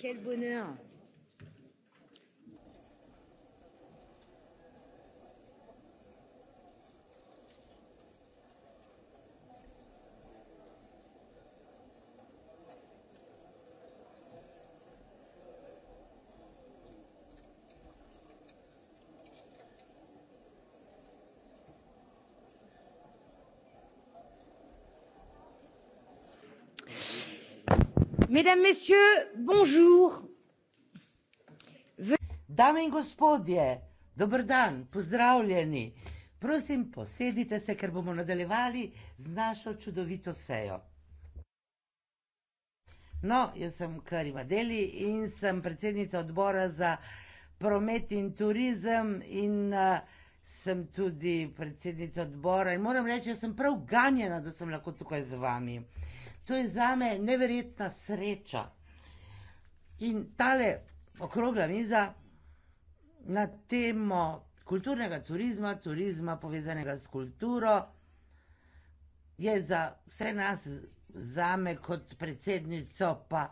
Quel bonheur Mesdames, Messieurs, bonjour. Dame in gospodje, dober dan, pozdravljeni. Prosim, posedite se, ker bomo nadaljevali z našo čudovito sejo. No, jaz sem Karima Deli in sem predsednica odbora za promet in turizem in sem tudi predsednica odbora in moram reči, da sem prav ganjena, da sem lahko tukaj z vami. To je za me neverjetna sreča. In tale okrogla miza na temo kulturnega turizma, turizma povezanega s kulturo, je za vse nas, za me kot predsednico, pa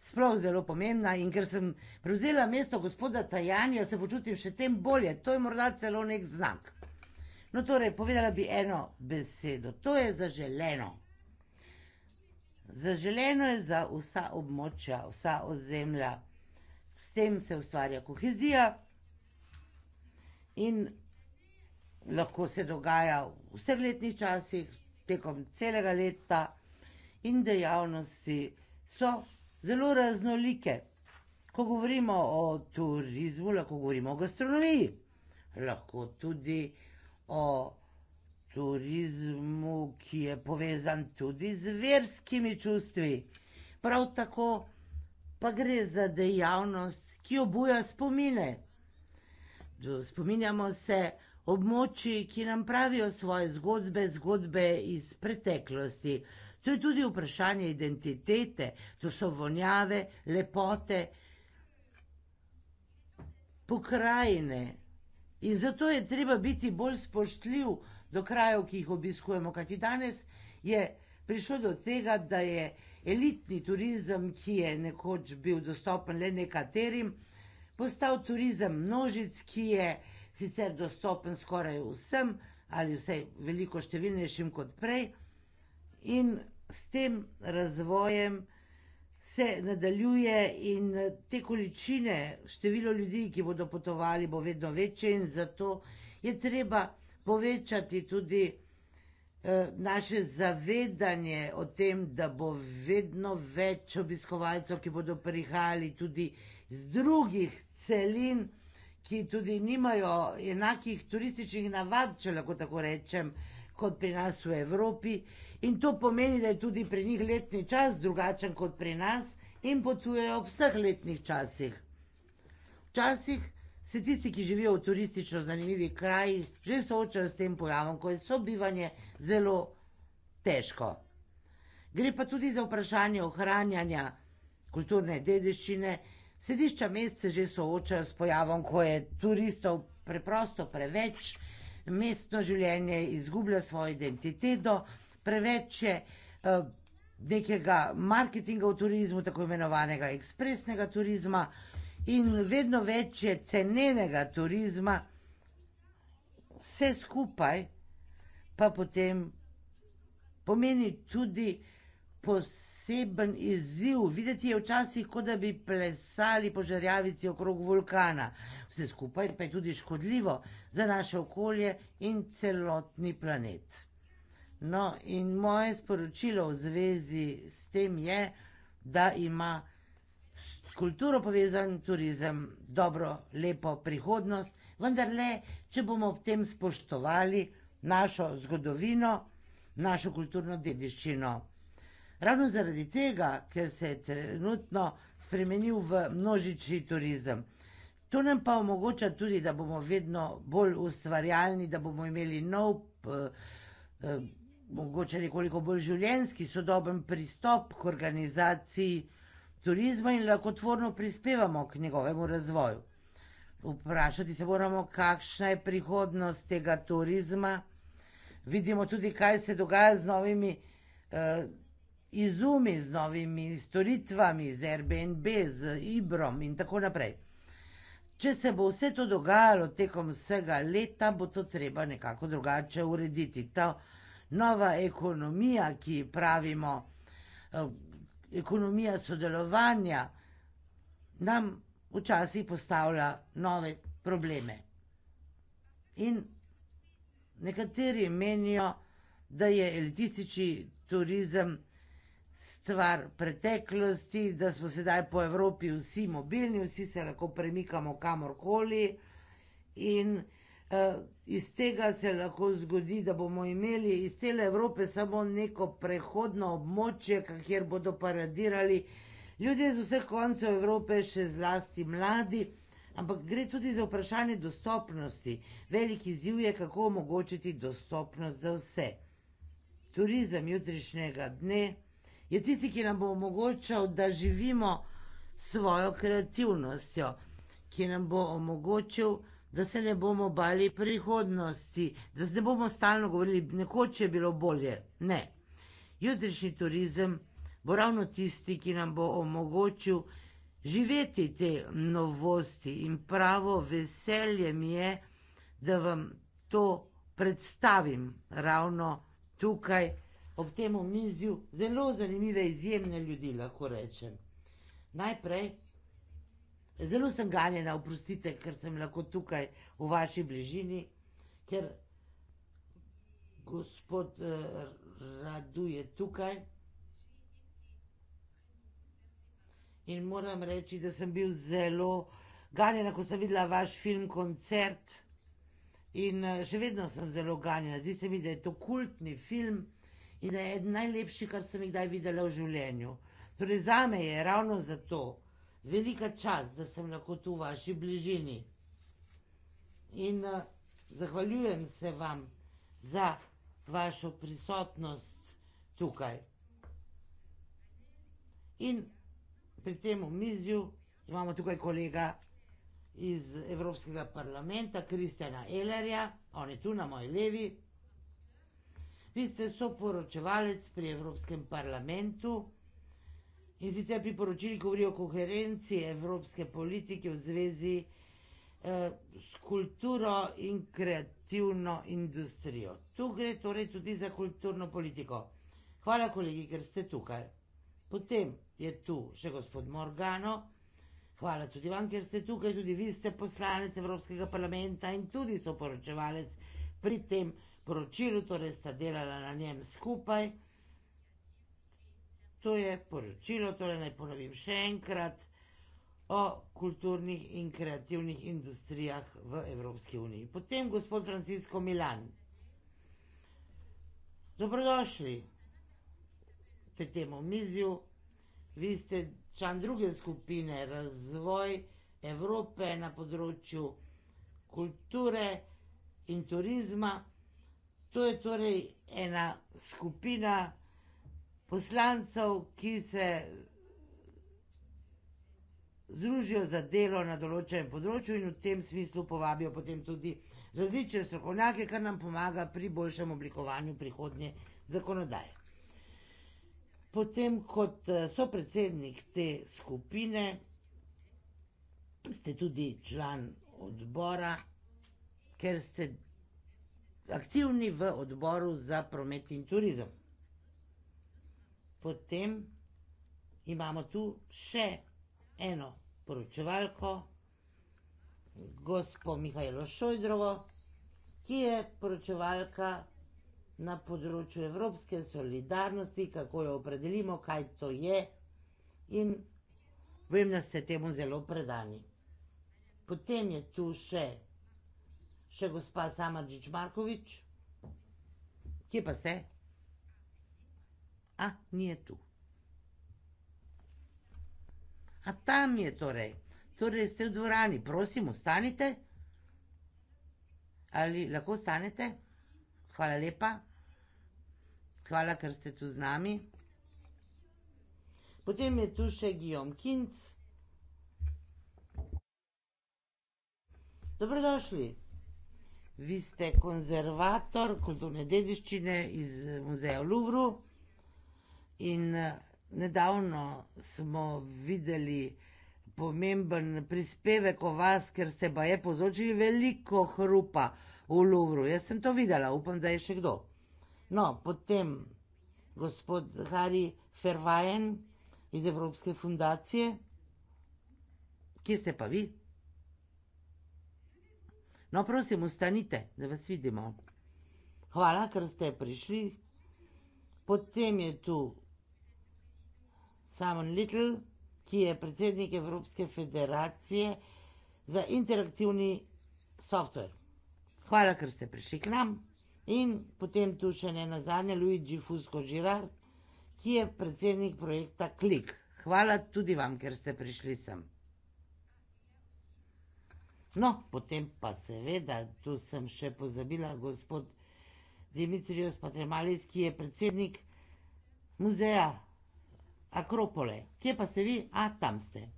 sploh zelo pomembna. In ker sem prevzela mesto gospoda Tajanja, se počutim še tem bolje. To je morda celo nek znak. No, torej, povedala bi eno besedo. To je zaželeno. Zaželeno je za vsa območja, vsa ozemlja, s tem se ustvarja kohezija in lahko se dogaja v vseh letnih časih, tekom celega leta in dejavnosti so zelo raznolike. Ko govorimo o turizmu, lahko govorimo o gastronomiji, lahko tudi o turizmu, turizmu, ki je povezan tudi z verskimi čustvi. Prav tako pa gre za dejavnost, ki obuja spomine. Spominjamo se območij, ki nam pravijo svoje zgodbe, zgodbe iz preteklosti. To je tudi vprašanje identitete, to so vonjave, lepote, pokrajine. In zato je treba biti bolj spoštljiv, do krajev, ki jih obiskujemo, kajti danes je prišlo do tega, da je elitni turizem, ki je nekoč bil dostopen le nekaterim, postal turizem množic, ki je sicer dostopen skoraj vsem ali vsaj veliko številnejšim kot prej. In s tem razvojem se nadaljuje in te količine, število ljudi, ki bodo potovali, bo vedno večje in zato je treba povečati tudi eh, naše zavedanje o tem, da bo vedno več obiskovalcev, ki bodo prihajali tudi z drugih celin, ki tudi nimajo enakih turističnih navad, če lahko tako rečem, kot pri nas v Evropi. In to pomeni, da je tudi pri njih letni čas drugačen kot pri nas in potujejo ob vseh letnih časih. Včasih Vsi tisti, ki živijo v turistično zanimivih krajih, že soočajo s tem pojavom, ko je sobivanje zelo težko. Gre pa tudi za vprašanje ohranjanja kulturne dediščine. Središča mest se že soočajo s pojavom, ko je turistov preprosto preveč, mestno življenje izgublja svojo identiteto, preveč je eh, nekega marketinga v turizmu, tako imenovanega ekspresnega turizma in vedno več je cenenega turizma, vse skupaj pa potem pomeni tudi poseben izziv. Videti je včasih, kot da bi plesali po žarjavici okrog vulkana. Vse skupaj pa je tudi škodljivo za naše okolje in celotni planet. No, in moje sporočilo v zvezi s tem je, da ima vse kulturo povezan turizem, dobro, lepo prihodnost, vendar le, če bomo ob tem spoštovali našo zgodovino, našo kulturno dediščino. Ravno zaradi tega, ker se je trenutno spremenil v množični turizem. To nam pa omogoča tudi, da bomo vedno bolj ustvarjalni, da bomo imeli nov, eh, eh, mogoče nekoliko bolj življenski, sodoben pristop k organizaciji turizma in lahko tvorno prispevamo k njegovemu razvoju. Vprašati se moramo, kakšna je prihodnost tega turizma. Vidimo tudi, kaj se dogaja z novimi uh, izumi, z novimi storitvami, z Airbnb, z Ibrom in tako naprej. Če se bo vse to dogajalo tekom vsega leta, bo to treba nekako drugače urediti. Ta nova ekonomija, ki pravimo, eh, ekonomija sodelovanja nam včasih postavlja nove probleme. In nekateri menijo, da je elitistični turizem stvar preteklosti, da smo sedaj po Evropi vsi mobilni, vsi se lahko premikamo kamorkoli in Eh, iz tega se lahko zgodi, da bomo imeli iz cele Evrope samo neko prehodno območje, kjer bodo paradirali ljudje z vseh koncev Evrope, še zlasti mladi. Ampak gre tudi za vprašanje dostopnosti. Veliki ziv je, kako omogočiti dostopnost za vse. Turizem jutrišnjega dne je tisti, ki nam bo omogočal, da živimo svojo kreativnostjo, ki nam bo omogočil, da živimo da se ne bomo bali prihodnosti, da se ne bomo stalno govorili, nekoč je bilo bolje. Ne. Jutrišnji turizem bo ravno tisti, ki nam bo omogočil živeti te novosti in pravo veselje mi je, da vam to predstavim ravno tukaj ob tem omizju. Zelo zanimive, izjemne ljudi lahko rečem. Najprej Zelo sem ganjena, oprostite, ker sem lahko tukaj v vaši bližini, ker gospod uh, eh, raduje tukaj. In moram reči, da sem bil zelo ganjena, ko sem videla vaš film koncert. In uh, še vedno sem zelo ganjena. Zdi se mi, da je to kultni film in da je eden najlepši, kar sem jih kdaj videla v življenju. Torej, zame je ravno zato velika čast, da sem lahko tu v vaši bližini. In eh, zahvaljujem se vam za vašo prisotnost tukaj. In pri tem omizju imamo tukaj kolega iz Evropskega parlamenta, Kristjana Elerja, on je tu na moji levi. Vi ste soporočevalec pri Evropskem parlamentu. In sicer priporočili govorijo o koherenci evropske politike v zvezi eh, s kulturo in kreativno industrijo. Tu gre torej tudi za kulturno politiko. Hvala, kolegi, ker ste tukaj. Potem je tu še gospod Morgano. Hvala tudi vam, ker ste tukaj. Tudi vi ste poslanec Evropskega parlamenta in tudi soporočevalec pri tem poročilu, torej sta delala na njem skupaj. To je poročilo, torej naj ponovim še enkrat, o kulturnih in kreativnih industrijah v Evropski uniji. Potem gospod Francisco Milan. Dobrodošli pri tem omizju. Vi ste član druge skupine Razvoj Evrope na področju kulture in turizma. To je torej ena skupina, poslancev, ki se združijo za delo na določenem področju in v tem smislu povabijo potem tudi različne strokovnjake, kar nam pomaga pri boljšem oblikovanju prihodnje zakonodaje. Potem kot eh, sopredsednik te skupine ste tudi član odbora, ker ste aktivni v odboru za promet in turizem. Potem imamo tu še eno poročevalko, gospo Mihajlo Šojdrovo, ki je poročevalka na področju evropske solidarnosti, kako jo opredelimo, kaj to je in vem, da ste temu zelo predani. Potem je tu še, še gospa Samardžić Marković. Kje pa ste? a ni je tu. A tam je torej, torej ste v dvorani, prosim, ostanite. Ali lahko ostanete? Hvala lepa. Hvala, ker ste tu z nami. Potem je tu še Guillaume Kinc. Dobrodošli. Vi ste konzervator kulturne dediščine iz muzeja v Louvru. In eh, nedavno smo videli pomemben prispevek o vas, ker ste pa je povzročili veliko hrupa v Louvru. Jaz sem to videla, upam, da je še kdo. No, potem gospod Harry Fervajen iz Evropske fundacije. Kje ste pa vi? No, prosim, ustanite, da vas vidimo. Hvala, ker ste prišli. Potem je tu Simon Little, ki je predsednik Evropske federacije za interaktivni software. Hvala, ker ste prišli k nam. In potem tu še ne nazadnje Luigi Fusco Girard, ki je predsednik projekta Klik. Hvala tudi vam, ker ste prišli sem. No, potem pa seveda, tu sem še pozabila gospod Dimitrios Patremalis, ki je predsednik muzeja Akropole. Kje pa ste vi? A, tam ste.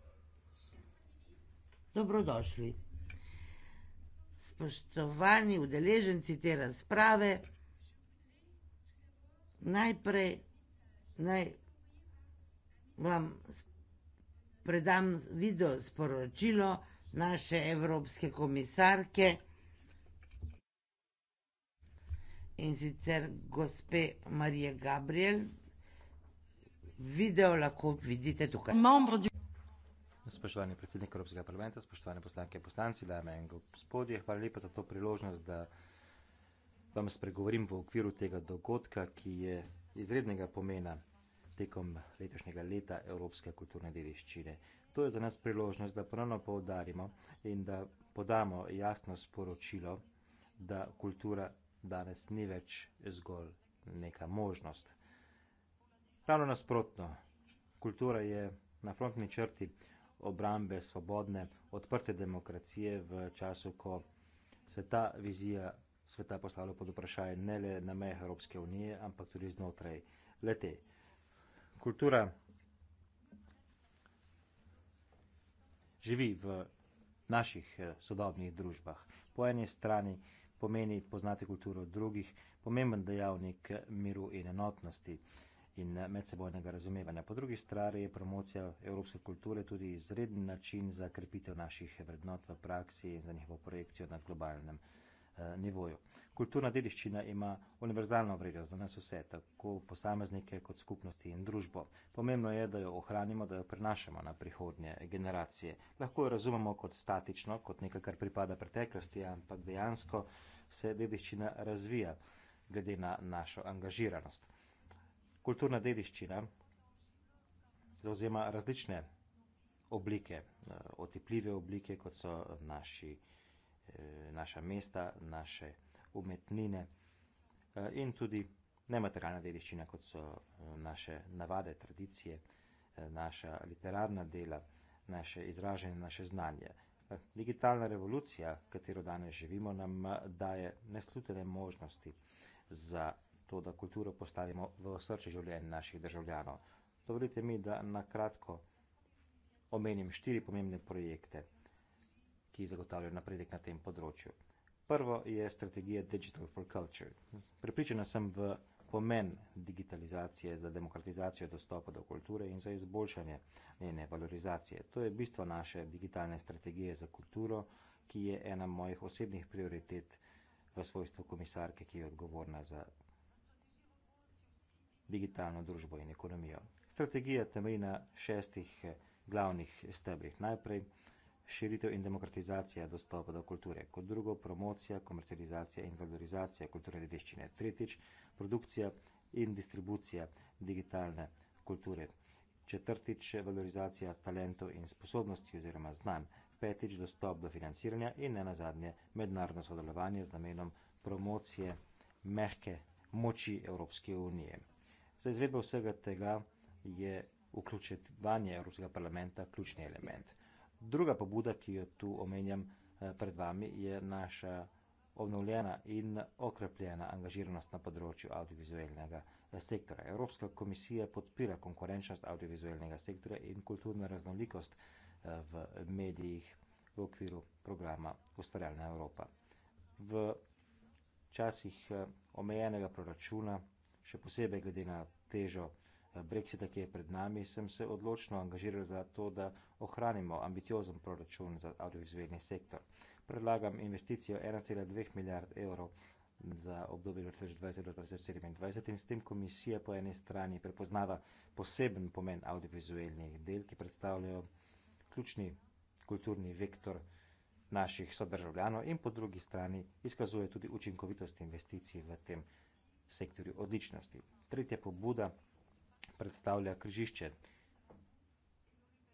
Dobrodošli. Spoštovani udeleženci te razprave, najprej naj vam predam video sporočilo naše evropske komisarke in sicer gospe Marije Gabriel, video lahko vidite tukaj. Spoštovani predsednik Evropskega parlamenta, spoštovane poslanke in poslanci, dame in gospodje, hvala lepa za to priložnost, da vam spregovorim v okviru tega dogodka, ki je izrednega pomena tekom letošnjega leta Evropske kulturne dediščine. To je za nas priložnost, da ponovno poudarimo in da podamo jasno sporočilo, da kultura danes ni več zgolj neka možnost. Ravno nasprotno, kultura je na frontni črti obrambe svobodne, odprte demokracije v času, ko se ta vizija sveta postavlja pod vprašanje ne le na mejah Evropske unije, ampak tudi znotraj lete. Kultura živi v naših eh, sodobnih družbah. Po eni strani pomeni poznati kulturo drugih, pomemben dejavnik miru in enotnosti in medsebojnega razumevanja. Po drugi strani je promocija evropske kulture tudi izreden način za krepitev naših vrednot v praksi in za njihovo projekcijo na globalnem eh, nivoju. Kulturna dediščina ima univerzalno vrednost za nas vse, tako posameznike kot skupnosti in družbo. Pomembno je, da jo ohranimo, da jo prenašamo na prihodnje generacije. Lahko jo razumemo kot statično, kot nekaj, kar pripada preteklosti, ampak dejansko se dediščina razvija glede na našo angažiranost kulturna dediščina zauzema različne oblike, eh, otepljive oblike, kot so eh, naši, eh, naša mesta, naše umetnine in tudi nematerialna dediščina, kot so naše navade, tradicije, naša literarna dela, naše izražanje, naše znanje. Digitalna revolucija, katero danes živimo, nam daje neslutene možnosti za to, da kulturo postavimo v srce življenj naših državljanov. Dovolite mi, da na kratko omenim štiri pomembne projekte, ki zagotavljajo napredek na tem področju. Prvo je strategija Digital for Culture. Pripričana sem v pomen digitalizacije za demokratizacijo dostopa do kulture in za izboljšanje njene valorizacije. To je bistvo naše digitalne strategije za kulturo, ki je ena mojih osebnih prioritet v svojstvu komisarke, ki je odgovorna za digitalno družbo in ekonomijo. Strategija temelji na šestih eh, glavnih stebrih. Najprej širitev in demokratizacija dostopa do kulture, kot drugo promocija, komercializacija in valorizacija kulturne dediščine, tretjič produkcija in distribucija digitalne kulture, četrtič valorizacija talentov in sposobnosti oziroma znanj, petič dostop do financiranja in ne nazadnje mednarodno sodelovanje z namenom promocije mehke moči Evropske unije. Za izvedbo vsega tega je vključevanje Evropskega parlamenta ključni element. Druga pobuda, ki jo tu omenjam eh, pred vami, je naša obnovljena in okrepljena angažiranost na področju audiovizualnega eh, sektora. Evropska komisija podpira konkurenčnost audiovizualnega sektora in kulturno raznolikost eh, v medijih v okviru programa Ustvarjalna Evropa. V časih omejenega proračuna še posebej glede na težo eh, brexita, ki je pred nami, sem se odločno angažiral za to, da ohranimo ambiciozen proračun za audiovizualni sektor. Predlagam investicijo 1,2 milijard evrov za obdobje 2020-2027 in s tem komisija po eni strani prepoznava poseben pomen audiovizualnih del, ki predstavljajo ključni kulturni vektor naših sodržavljanov in po drugi strani izkazuje tudi učinkovitost investicij v tem sektorju odličnosti. Tretja pobuda predstavlja križišče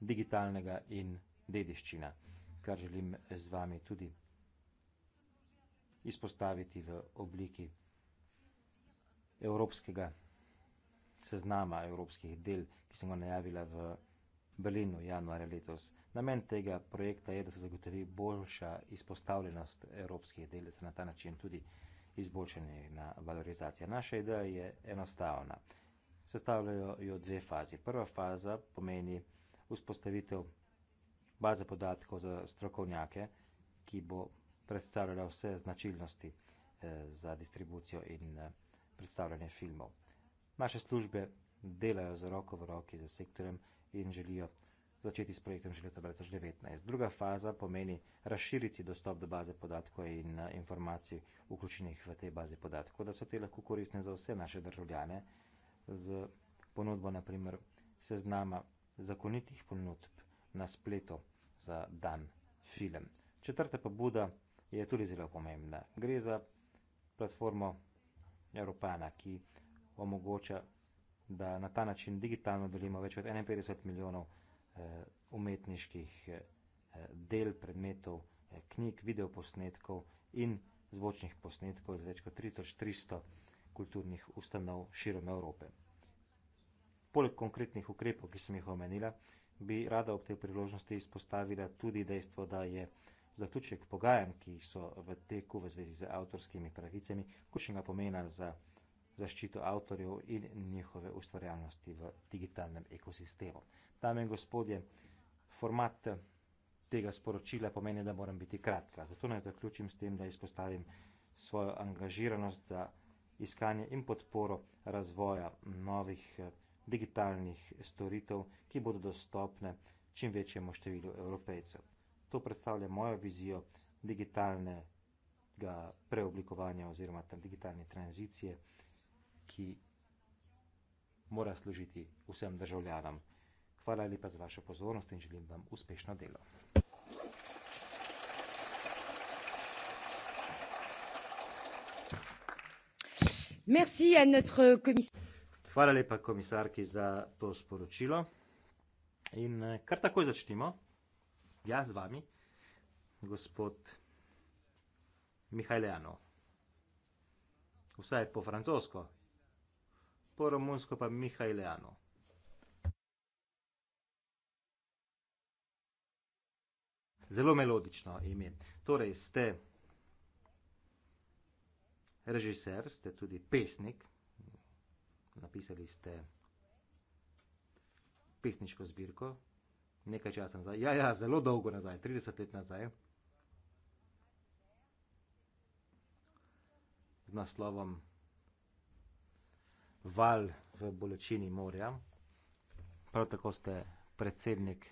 digitalnega in dediščina, kar želim z vami tudi izpostaviti v obliki evropskega seznama evropskih del, ki sem ga najavila v Berlinu januarja letos. Namen tega projekta je, da se zagotovi boljša izpostavljenost evropskih del, da se na ta način tudi izboljšena valorizacija. Naša ideja je enostavna. Sestavljajo jo dve fazi. Prva faza pomeni vzpostavitev baze podatkov za strokovnjake, ki bo predstavljala vse značilnosti eh, za distribucijo in eh, predstavljanje filmov. Naše službe delajo za roko v roki za sektorem in želijo začeti s projektom že leta 2019. Druga faza pomeni razširiti dostop do baze podatkov in eh, informacij vključenih v te baze podatkov, da so te lahko koristne za vse naše državljane z ponudbo naprimer seznama zakonitih ponudb na spletu za dan film. Četrta pobuda je tudi zelo pomembna. Gre za platformo Europana, ki omogoča, da na ta način digitalno delimo več kot 51 milijonov Eh, umetniških eh, del, predmetov, eh, knjig, videoposnetkov in zvočnih posnetkov iz več kot 3300 kulturnih ustanov širom Evrope. Poleg konkretnih ukrepov, ki sem jih omenila, bi rada ob tej priložnosti izpostavila tudi dejstvo, da je zaključek pogajanj, ki so v teku v zvezi z avtorskimi pravicami, ključnega pomena za zaščito avtorjev in njihove ustvarjalnosti v digitalnem ekosistemu. Dame in gospodje, format eh, tega sporočila pomeni, da moram biti kratka. Zato naj zaključim s tem, da izpostavim svojo angažiranost za iskanje in podporo razvoja novih eh, digitalnih storitev, ki bodo dostopne čim večjemu številu evropejcev. To predstavlja mojo vizijo digitalnega preoblikovanja oziroma digitalne tranzicije, ki mora služiti vsem državljanom. Hvala lepa za vašo pozornost in želim vam uspešno delo. Merci à notre Hvala lepa komisarki za to sporočilo. In eh, kar takoj začnimo, jaz z vami, gospod Mihajlejano. Vsaj po francosko, po romunsko pa Mihajlejano. zelo melodično ime. Torej, ste režiser, ste tudi pesnik, napisali ste pesniško zbirko, nekaj časa nazaj, ja, ja, zelo dolgo nazaj, 30 let nazaj, z naslovom Val v bolečini morja. Prav tako ste predsednik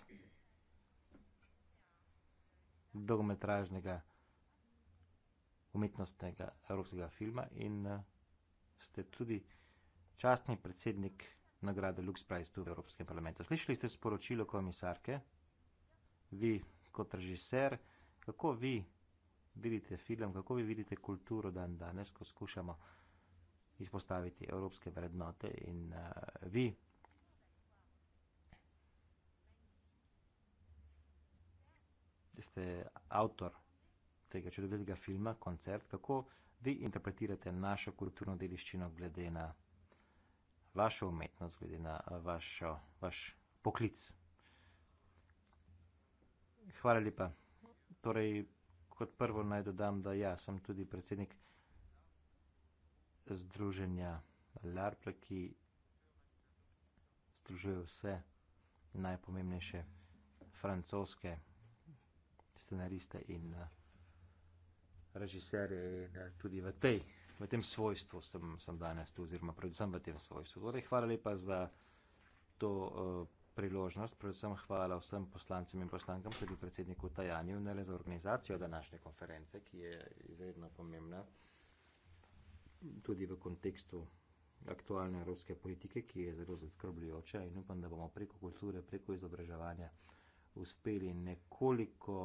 dolgometražnega umetnostnega evropskega filma in eh, ste tudi častni predsednik nagrade Lux Prize tu v Evropskem parlamentu. Slišali ste sporočilo komisarke, vi kot režiser, kako vi vidite film, kako vi vidite kulturo dan danes, ko skušamo izpostaviti evropske vrednote in uh, vi ste avtor tega čudovitega filma, koncert, kako vi interpretirate našo kulturno dediščino glede na vašo umetnost, glede na vašo, vaš poklic? Hvala lepa. Torej, kot prvo naj dodam, da ja, sem tudi predsednik Združenja LARPLA, ki združuje vse najpomembnejše francoske scenariste in eh, režiserje in eh, tudi v tej, v tem svojstvu sem, sem danes tu, oziroma predvsem v tem svojstvu. Torej, hvala lepa za to uh, priložnost, predvsem hvala vsem poslancem in poslankam, tudi predsedniku Tajanju, ne le za organizacijo današnje konference, ki je izredno pomembna tudi v kontekstu aktualne evropske politike, ki je zelo zaskrbljujoča in upam, da bomo preko kulture, preko izobraževanja uspeli nekoliko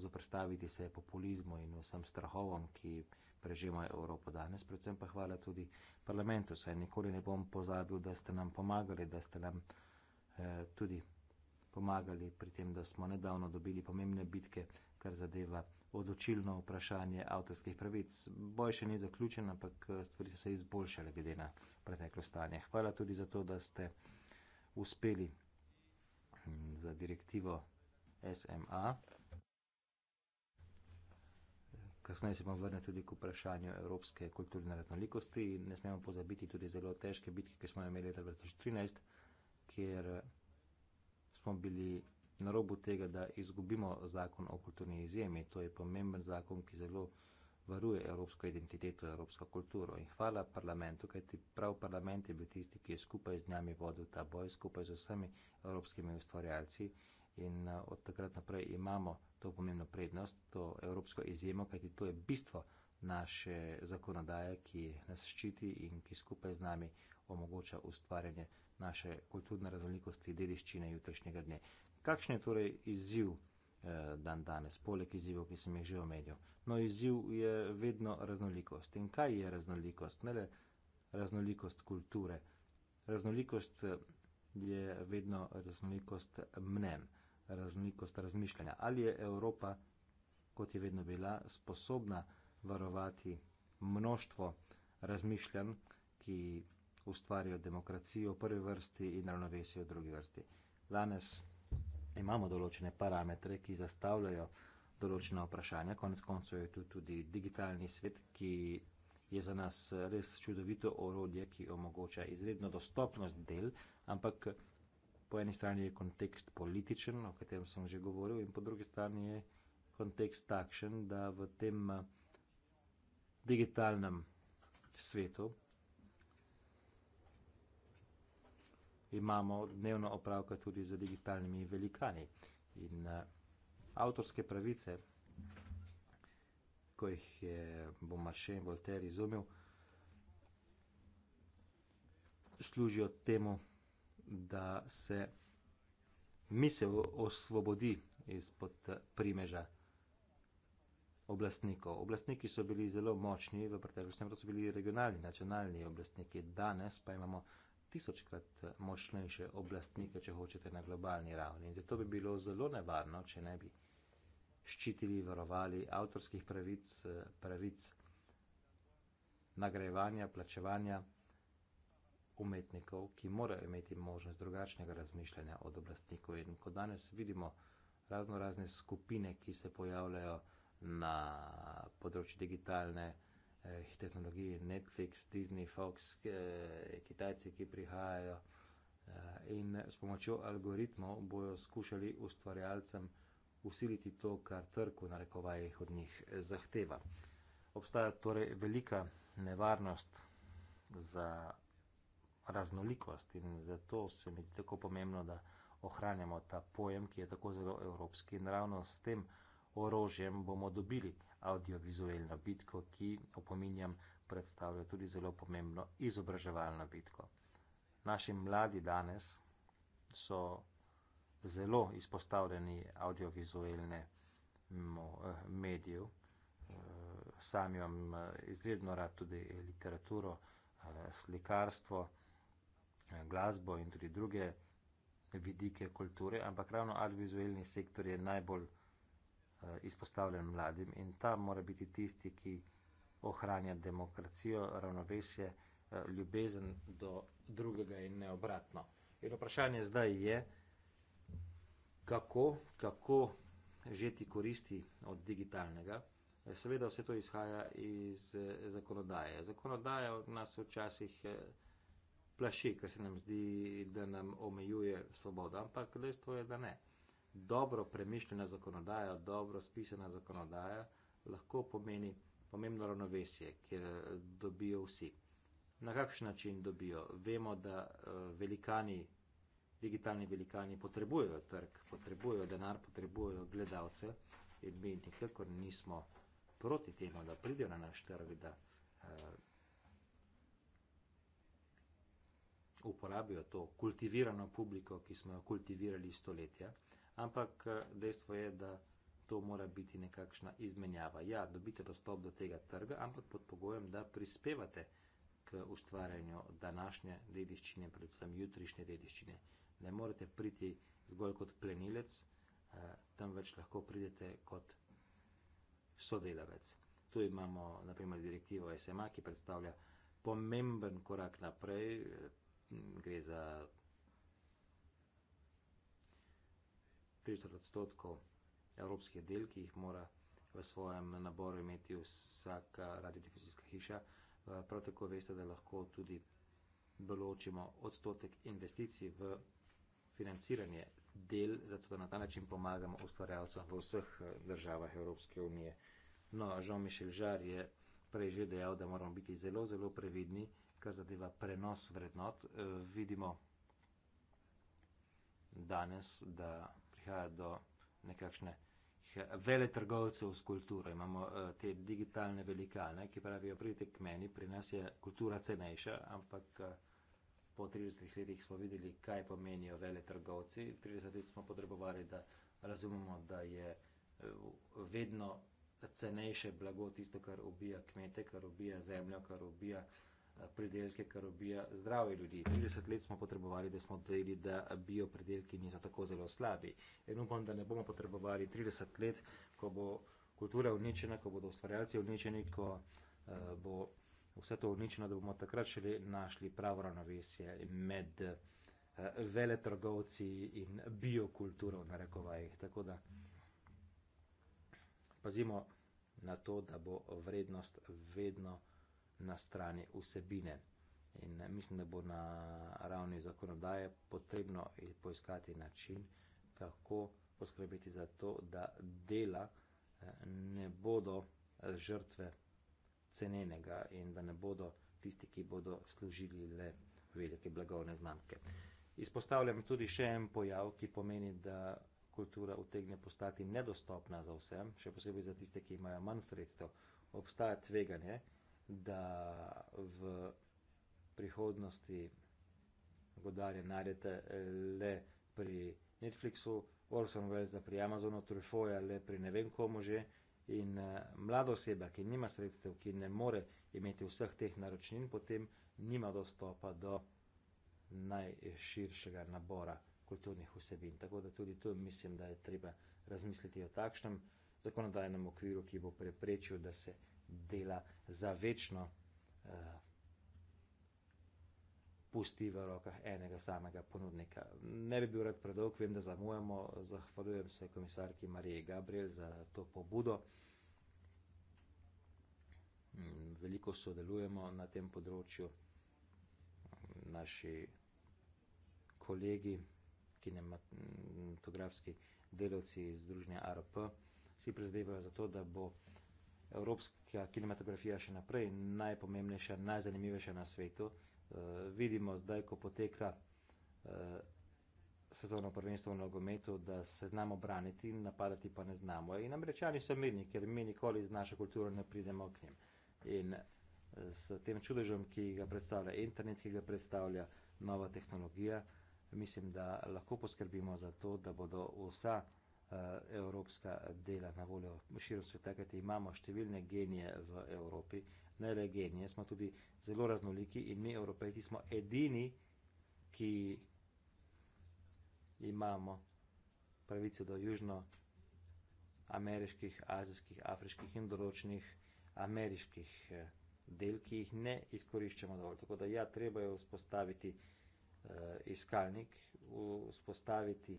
zoprstaviti se populizmu in vsem strahovom, ki prežemajo Evropo danes. Predvsem pa hvala tudi parlamentu, saj nikoli ne bom pozabil, da ste nam pomagali, da ste nam eh, tudi pomagali pri tem, da smo nedavno dobili pomembne bitke, kar zadeva odločilno vprašanje avtorskih pravic. Boj še ni zaključen, ampak eh, stvari so se izboljšale glede na preteklo stanje. Hvala tudi za to, da ste uspeli Mm, za direktivo SMA. Kasneje se bom vrnil tudi k vprašanju evropske kulturne raznolikosti. Ne smemo pozabiti tudi zelo težke bitke, ki smo imeli leta 2013, kjer smo bili na robu tega, da izgubimo zakon o kulturni izjemi. To je pomemben zakon, ki zelo varuje evropsko identiteto, evropsko kulturo. In hvala parlamentu, kajti prav parlament je bil tisti, ki je skupaj z njami vodil ta boj, skupaj z vsemi evropskimi ustvarjalci. In eh, od takrat naprej imamo to pomembno prednost, to evropsko izjemo, kajti to je bistvo naše zakonodaje, ki nas ščiti in ki skupaj z nami omogoča ustvarjanje naše kulturne raznolikosti, dediščine jutrišnjega dne. Kakšen je torej izziv Eh, dan danes, poleg izzivov, ki sem jih že omenil. No, izziv je vedno raznolikost. In kaj je raznolikost? Ne le raznolikost kulture. Raznolikost eh, je vedno raznolikost mnen, raznolikost razmišljanja. Ali je Evropa, kot je vedno bila, sposobna varovati množstvo razmišljanj, ki ustvarjajo demokracijo v prvi vrsti in ravnovesje v drugi vrsti. Danes imamo določene parametre, ki zastavljajo določena vprašanja. Konec koncev je tu tudi digitalni svet, ki je za nas res čudovito orodje, ki omogoča izredno dostopnost del, ampak po eni strani je kontekst političen, o katerem sem že govoril, in po drugi strani je kontekst takšen, da v tem digitalnem svetu imamo dnevno opravka tudi z digitalnimi velikani. In uh, avtorske pravice, ko jih je Bomarše in Voltaire izumil, služijo temu, da se misel osvobodi izpod eh, primeža oblastnikov. Oblastniki so bili zelo močni v preteklosti, to so bili regionalni, nacionalni oblastniki. Danes pa imamo tisočkrat eh, močnejše oblastnike, če hočete, na globalni ravni. In zato bi bilo zelo nevarno, če ne bi ščitili, varovali avtorskih pravic, eh, pravic nagrajevanja, plačevanja umetnikov, ki morajo imeti možnost drugačnega razmišljanja od oblastnikov. In ko danes vidimo razno razne skupine, ki se pojavljajo na področju digitalne, eh, tehnologiji Netflix, Disney, Fox, eh, Kitajci, ki prihajajo eh, in s pomočjo algoritmov bojo skušali ustvarjalcem usiliti to, kar trg v narekovajih od njih zahteva. Obstaja torej velika nevarnost za raznolikost in zato se mi zdi tako pomembno, da ohranjamo ta pojem, ki je tako zelo evropski in ravno s tem orožjem bomo dobili audiovizualno bitko, ki, opominjam, predstavlja tudi zelo pomembno izobraževalno bitko. Naši mladi danes so zelo izpostavljeni audiovizualnemu eh, mediju. Eh, sam imam eh, izredno rad tudi literaturo, slikarstvo, glasbo in tudi druge vidike kulture, ampak ravno audiovizualni sektor je najbolj Eh, izpostavljen mladim in ta mora biti tisti, ki ohranja demokracijo, ravnovesje, eh, ljubezen do drugega in ne obratno. In vprašanje zdaj je, kako, kako žeti koristi od digitalnega. Eh, seveda vse to izhaja iz zakonodaje. Zakonodaja od nas včasih plaši, ker se nam zdi, da nam omejuje svoboda, ampak dejstvo je, da ne dobro premišljena zakonodaja, dobro spisana zakonodaja lahko pomeni pomembno ravnovesje, kjer eh, dobijo vsi. Na kakšen način dobijo? Vemo, da eh, velikani, digitalni velikani potrebujejo trg, potrebujejo denar, potrebujejo gledalce in mi nikakor nismo proti temu, da pridejo na naš trg, da eh, uporabijo to kultivirano publiko, ki smo jo kultivirali stoletja ampak eh, dejstvo je, da to mora biti nekakšna izmenjava. Ja, dobite dostop do tega trga, ampak pod pogojem, da prispevate k ustvarjanju današnje dediščine, predvsem jutrišnje dediščine. Ne morete priti zgolj kot plenilec, eh, temveč lahko pridete kot sodelavec. Tu imamo, naprimer, direktivo SMA, ki predstavlja pomemben korak naprej. Eh, gre za 30 odstotkov evropskih del, ki jih mora v svojem naboru imeti vsaka eh, radiodifuzijska hiša. Eh, prav tako veste, da lahko tudi določimo odstotek investicij v financiranje del, zato da na ta način pomagamo ustvarjalcem v vseh eh, državah Evropske unije. No, Jean-Michel Jarre je prej že dejal, da moramo biti zelo, zelo previdni, kar zadeva prenos vrednot. Vidimo danes, da prihaja do nekakšne veletrgovcev s kulturo. Imamo eh, te digitalne velikane, ki pravijo, pridite k meni, pri nas je kultura cenejša, ampak eh, po 30 letih smo videli, kaj pomenijo veletrgovci. 30 let smo potrebovali, da razumemo, da je eh, vedno cenejše blago tisto, kar ubija kmete, kar ubija zemljo, kar ubija uh, pridelke, kar ubija zdrave ljudi. 30 let smo potrebovali, da smo dojeli, da bio pridelki niso tako zelo slabi. In upam, da ne bomo potrebovali 30 let, ko bo kultura uničena, ko bodo ustvarjalci uničeni, ko eh, bo vse to uničeno, da bomo takrat šele našli pravo ravnovesje med eh, veletrgovci in biokulturo, na rekovajih. Tako da pazimo na to, da bo vrednost vedno na strani vsebine. In eh, mislim, da bo na ravni zakonodaje potrebno poiskati način, kako poskrbeti za to, da dela eh, ne bodo eh, žrtve cenenega in da ne bodo tisti, ki bodo služili le velike blagovne znamke. Izpostavljam tudi še en pojav, ki pomeni, da kultura utegne postati nedostopna za vse, še posebej za tiste, ki imajo manj sredstev. Obstaja tveganje, da v prihodnosti godarje najdete le pri Netflixu, Orson Welles pri Amazonu, Trifoja le pri ne vem komu že. In eh, mlada oseba, ki nima sredstev, ki ne more imeti vseh teh naročnin, potem nima dostopa do najširšega nabora kulturnih vsebin. Tako da tudi tu mislim, da je treba razmisliti o takšnem zakonodajnem okviru, ki bo preprečil, da se dela za večno, eh, pusti v rokah enega samega ponudnika. Ne bi bil rad predolg, vem, da zamujamo. Zahvaljujem se komisarki Mariji Gabriel za to pobudo. Veliko sodelujemo na tem področju. Naši kolegi, kinematografski delavci iz družnja ARP, si prizadevajo za to, da bo evropska kinematografija še naprej najpomembnejša, najzanimivejša na svetu. Uh, vidimo zdaj, ko poteka uh, svetovno prvenstvo v nogometu, da se znamo braniti in napadati pa ne znamo. In američani so mirni, ker mi nikoli z našo kulturo ne pridemo k njim. In eh, s tem čudežem, ki ga predstavlja internet, ki ga predstavlja nova tehnologija, mislim, da lahko poskrbimo za to, da bodo vsa Eh, evropska dela na voljo širom sveta, kajti imamo številne genije v Evropi, ne le genije, smo tudi zelo raznoliki in mi, evropejci, smo edini, ki imamo pravico do južnoameriških, azijskih, afriških in določenih ameriških eh, del, ki jih ne izkoriščamo dovolj. Tako da ja, treba je vzpostaviti uh, iskalnik, vzpostaviti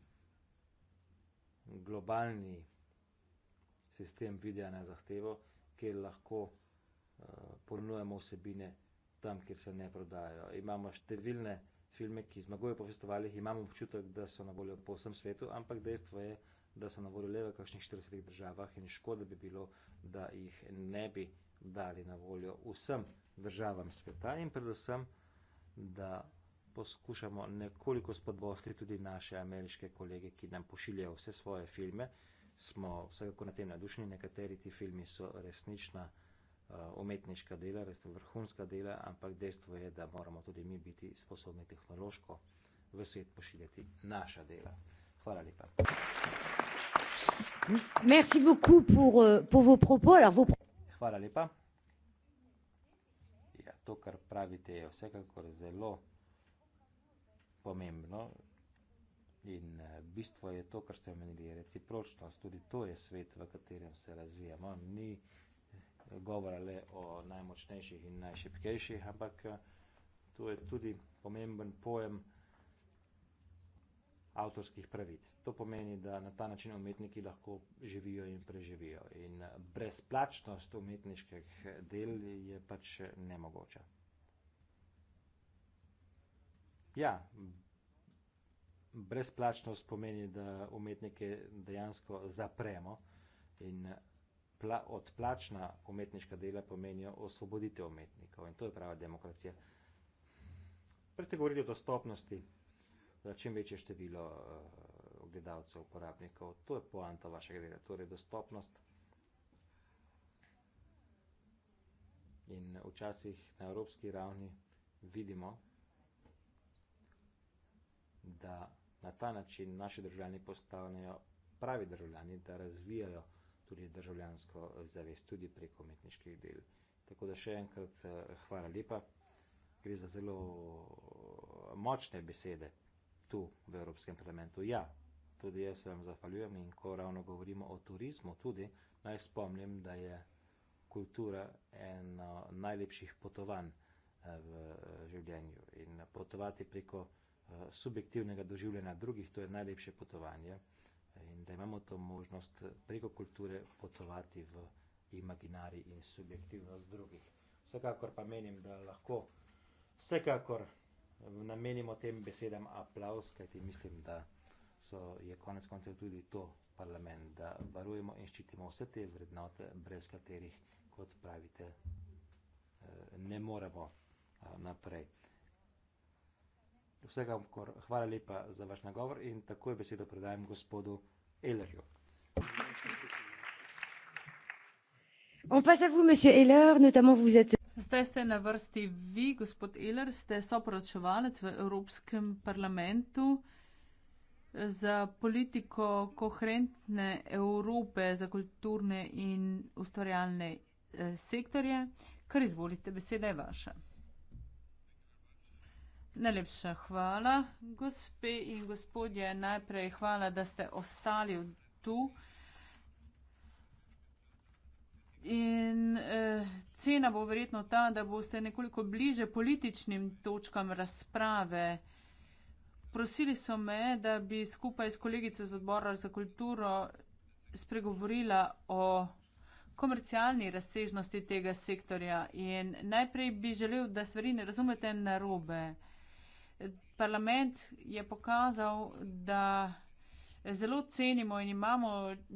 globalni sistem videa na zahtevo, kjer lahko uh, eh, ponujemo vsebine tam, kjer se ne prodajo. Imamo številne filme, ki zmagujejo po festivalih, imamo občutek, da so na voljo po vsem svetu, ampak dejstvo je, da so na voljo le v kakšnih 40 državah in škoda bi bilo, da jih ne bi dali na voljo vsem državam sveta in predvsem, da poskušamo nekoliko spodbosti tudi naše ameriške kolege, ki nam pošiljajo vse svoje filme. Smo vsekako na tem nadušeni, nekateri ti filmi so resnična uh, umetniška dela, res vrhunska dela, ampak dejstvo je, da moramo tudi mi biti sposobni tehnološko v svet pošiljati naša dela. Hvala lepa. Merci beaucoup pour, euh, pour vos propos. Alors, vos... Hvala lepa. Ja, to, kar pravite, je vsekakor zelo pomembno. In eh, bistvo je to, kar ste omenili, recipročnost. Tudi to je svet, v katerem se razvijamo. Ni eh, govora le o najmočnejših in najšipkejših, ampak eh, to je tudi pomemben pojem avtorskih pravic. To pomeni, da na ta način umetniki lahko živijo in preživijo. In brezplačnost umetniških del je pač nemogoča. Ja, brezplačnost pomeni, da umetnike dejansko zapremo in pla, odplačna umetniška dela pomenijo osvoboditev umetnikov in to je prava demokracija. Prej ste govorili o dostopnosti za čim večje število uh, gledalcev, uporabnikov. To je poanta vašega dela, torej dostopnost. In včasih na evropski ravni vidimo, da na ta način naši državljani postanejo pravi državljani, da razvijajo tudi državljansko zavest, tudi preko umetniških del. Tako da še enkrat eh, hvala lepa. Gre za zelo eh, močne besede tu v Evropskem parlamentu. Ja, tudi jaz se vam zahvaljujem in ko ravno govorimo o turizmu, tudi naj spomnim, da je kultura eno najlepših potovanj eh, v življenju. In potovati preko Eh, subjektivnega doživljanja drugih, to je najlepše potovanje in da imamo to možnost preko kulture potovati v imaginari in subjektivnost drugih. Vsekakor pa menim, da lahko vsekakor namenimo tem besedam aplavz, kajti mislim, da so, je konec koncev tudi to parlament, da varujemo in ščitimo vse te vrednote, brez katerih, kot pravite, eh, ne moremo eh, naprej. Vsega, kar hvala lepa za vaš nagovor in takoj besedo predajam gospodu Ellerju. On passe à vous, monsieur Heller, notamment vous êtes. Zdaj ste na vrsti vi, gospod Heller, ste soporočevalec v Evropskem parlamentu za politiko koherentne Evrope za kulturne in ustvarjalne eh, sektorje. Kar izvolite, beseda je vaša. Najlepša hvala, gospe in gospodje. Najprej hvala, da ste ostali tu. In eh, cena bo verjetno ta, da boste nekoliko bliže političnim točkam razprave. Prosili so me, da bi skupaj s kolegico z odbora za kulturo spregovorila o komercialni razsežnosti tega sektorja. In najprej bi želel, da stvari ne razumete narobe parlament je pokazal, da zelo cenimo in imamo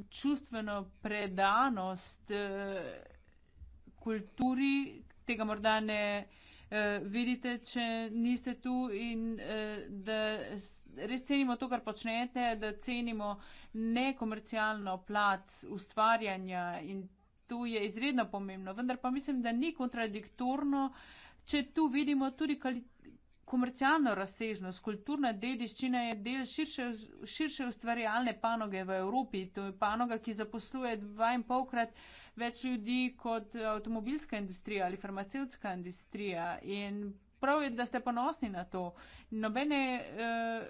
čustveno predanost eh, kulturi, tega morda ne eh, vidite, če niste tu in eh, da res cenimo to, kar počnete, da cenimo nekomercialno plat ustvarjanja in to je izredno pomembno, vendar pa mislim, da ni kontradiktorno, če tu vidimo tudi kvalitete komercialno razsežnost, kulturna dediščina je del širše, širše ustvarjalne panoge v Evropi. To je panoga, ki zaposluje dva in polkrat več ljudi kot avtomobilska industrija ali farmacevtska industrija. In prav je, da ste ponosni na to. Nobene, eh,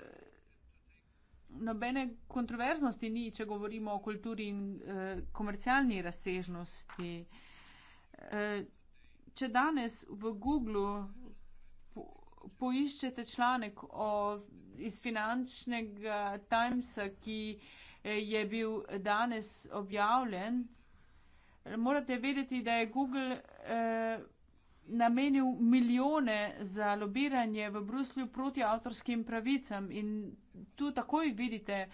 nobene kontroverznosti ni, če govorimo o kulturi in eh, komercialni razsežnosti. Eh, Če danes v Googlu poiščete članek o, iz finančnega Timesa, ki eh, je bil danes objavljen, morate vedeti, da je Google eh, namenil milijone za lobiranje v Bruslju proti avtorskim pravicam in tu takoj vidite eh,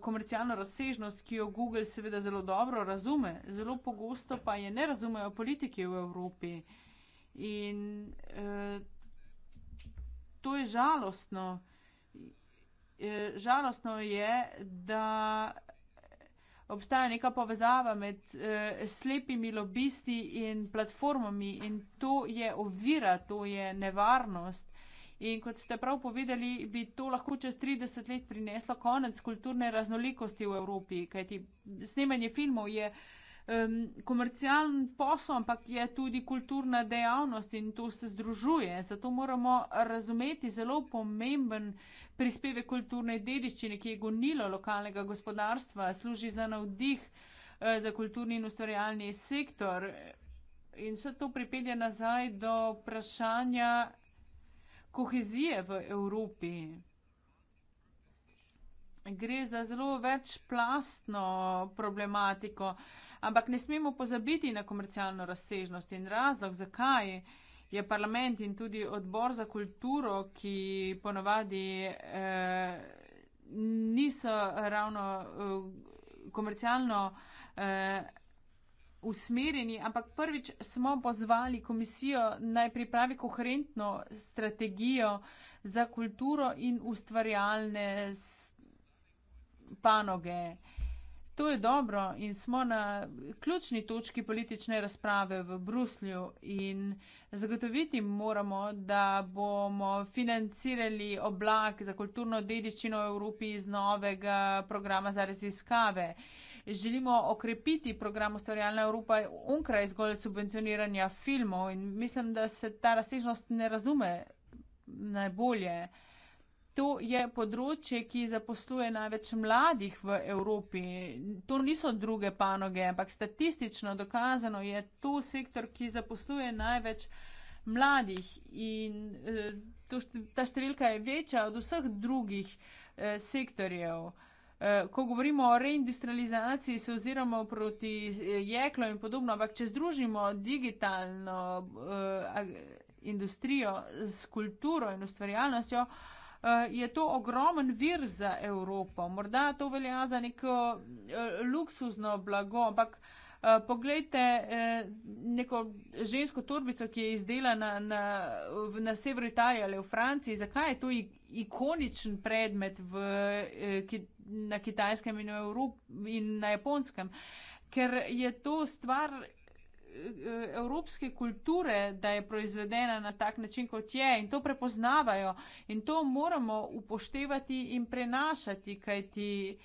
komercialno razsežnost, ki jo Google seveda zelo dobro razume, zelo pogosto pa je ne razumejo politike v Evropi. In eh, to je žalostno. E, žalostno je, da obstaja neka povezava med e, slepimi lobisti in platformami in to je ovira, to je nevarnost. In kot ste prav povedali, bi to lahko čez 30 let prineslo konec kulturne raznolikosti v Evropi, kajti snemanje filmov je um, komercialen posel, ampak je tudi kulturna dejavnost in to se združuje. Zato moramo razumeti zelo pomemben prispevek kulturne dediščine, ki je gonilo lokalnega gospodarstva, služi za navdih e, za kulturni in ustvarjalni sektor. In vse to pripelje nazaj do vprašanja kohezije v Evropi. Gre za zelo večplastno problematiko. Uh, ampak ne smemo pozabiti na komercialno razsežnost in razlog, zakaj je parlament in tudi odbor za kulturo, ki ponovadi eh, niso ravno eh, komercialno. Eh, Usmerjeni, ampak prvič smo pozvali komisijo naj pripravi koherentno strategijo za kulturo in ustvarjalne panoge. Eh, To je dobro in smo na ključni točki politične razprave v Bruslju in zagotoviti moramo, da bomo financirali oblak za kulturno dediščino v Evropi iz novega programa za raziskave. Želimo okrepiti program Ustvarjalna Evropa onkraj zgolj subvencioniranja filmov in mislim, da se ta razsežnost ne razume najbolje. To je področje, ki zaposluje največ mladih v Evropi. To niso druge panoge, ampak statistično dokazano je to sektor, ki zaposluje največ mladih. In eh, to, ta številka je večja od vseh drugih eh, sektorjev. Eh, ko govorimo o reindustrializaciji, se oziramo proti eh, jeklo in podobno, ampak če združimo digitalno uh, industrijo s kulturo in ustvarjalnostjo, uh, Eh, je to ogromen vir za Evropo. Morda to velja za neko uh, luksuzno blago, ampak uh, eh, pogledajte uh, neko žensko turbico, ki je izdelana na, na, na severu Italije ali v Franciji. Zakaj je to ikoničen predmet v, uh, ki, na kitajskem in, Evrop, in na japonskem? Ker je to stvar evropske kulture, da je proizvedena na tak način, kot je in to prepoznavajo in to moramo upoštevati in prenašati, kajti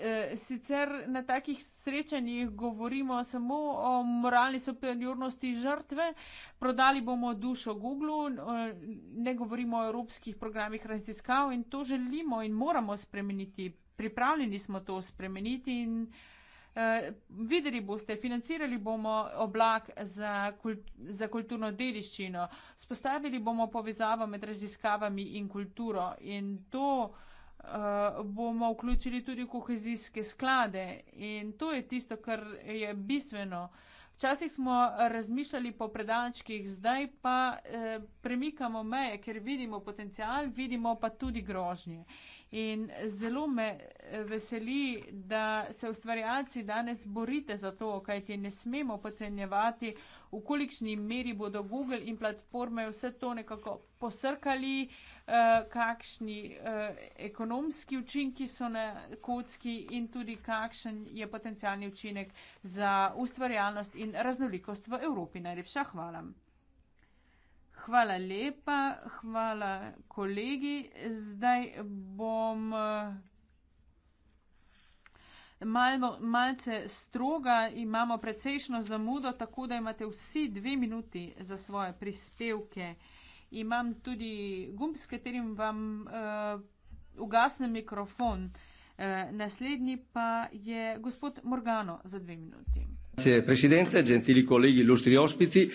eh, sicer na takih srečanjih govorimo samo o moralni superiornosti žrtve, prodali bomo dušo Google, eh, ne govorimo o evropskih programih raziskav in to želimo in moramo spremeniti. Pripravljeni smo to spremeniti in Uh, videli boste, financirali bomo oblak za, kult, za kulturno dediščino, spostavili bomo povezavo med raziskavami in kulturo in to uh, bomo vključili tudi v kohezijske sklade in to je tisto, kar je bistveno. Včasih smo razmišljali po predalčkih, zdaj pa eh, premikamo meje, ker vidimo potencial, vidimo pa tudi grožnje. Eh, In zelo me eh, veseli, da se ustvarjalci danes borite za to, kajti ne smemo pocenjevati, v kolikšni meri bodo Google in platforme vse to nekako posrkali, eh, kakšni eh, ekonomski učinki so na kocki in tudi kakšen je potencialni učinek za ustvarjalnost in raznolikost v Evropi. Najlepša hvala hvala lepa, hvala kolegi. Zdaj bom eh, malo, malce stroga, imamo precejšno zamudo, tako da imate vsi dve minuti za svoje prispevke. Imam tudi gumb, s katerim vam uh, ugasnem mikrofon. Eh, naslednji pa je gospod Morgano za dve minuti. Predsednik, gentili kolegi, ilustri ospiti. Eh,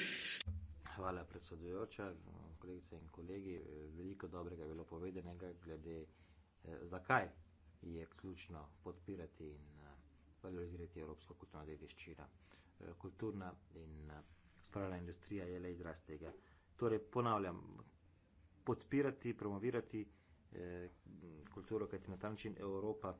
Hvala, predsedujoča, kolegice in kolegi. Veliko dobrega je bilo povedenega glede, eh, zakaj je ključno podpirati in eh, valorizirati evropsko kulturno dediščino. Eh, kulturna in stvarna industrija je le izraz tega. Torej, ponavljam, podpirati, promovirati kulturo, kajti na ta način Evropa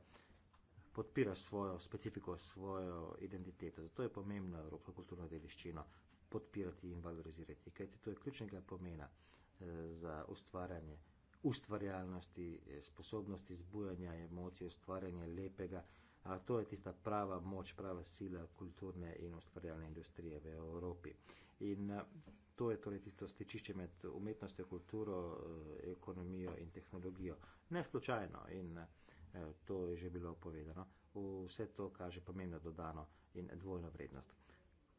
podpira svojo specifiko, svojo identiteto. Zato je pomembno evropsko kulturno dediščino podpirati in valorizirati. Kaj ti to je ključnega pomena eh, za ustvarjanje ustvarjalnosti, eh, sposobnosti zbujanja emocij, ustvarjanja lepega. A to je tista prava moč, prava sila kulturne in ustvarjalne industrije v Evropi. In eh, to je torej tisto stičišče med umetnostjo, kulturo, ekonomijo in tehnologijo. Ne slučajno in to je že bilo povedano. Vse to kaže pomembno dodano in dvojno vrednost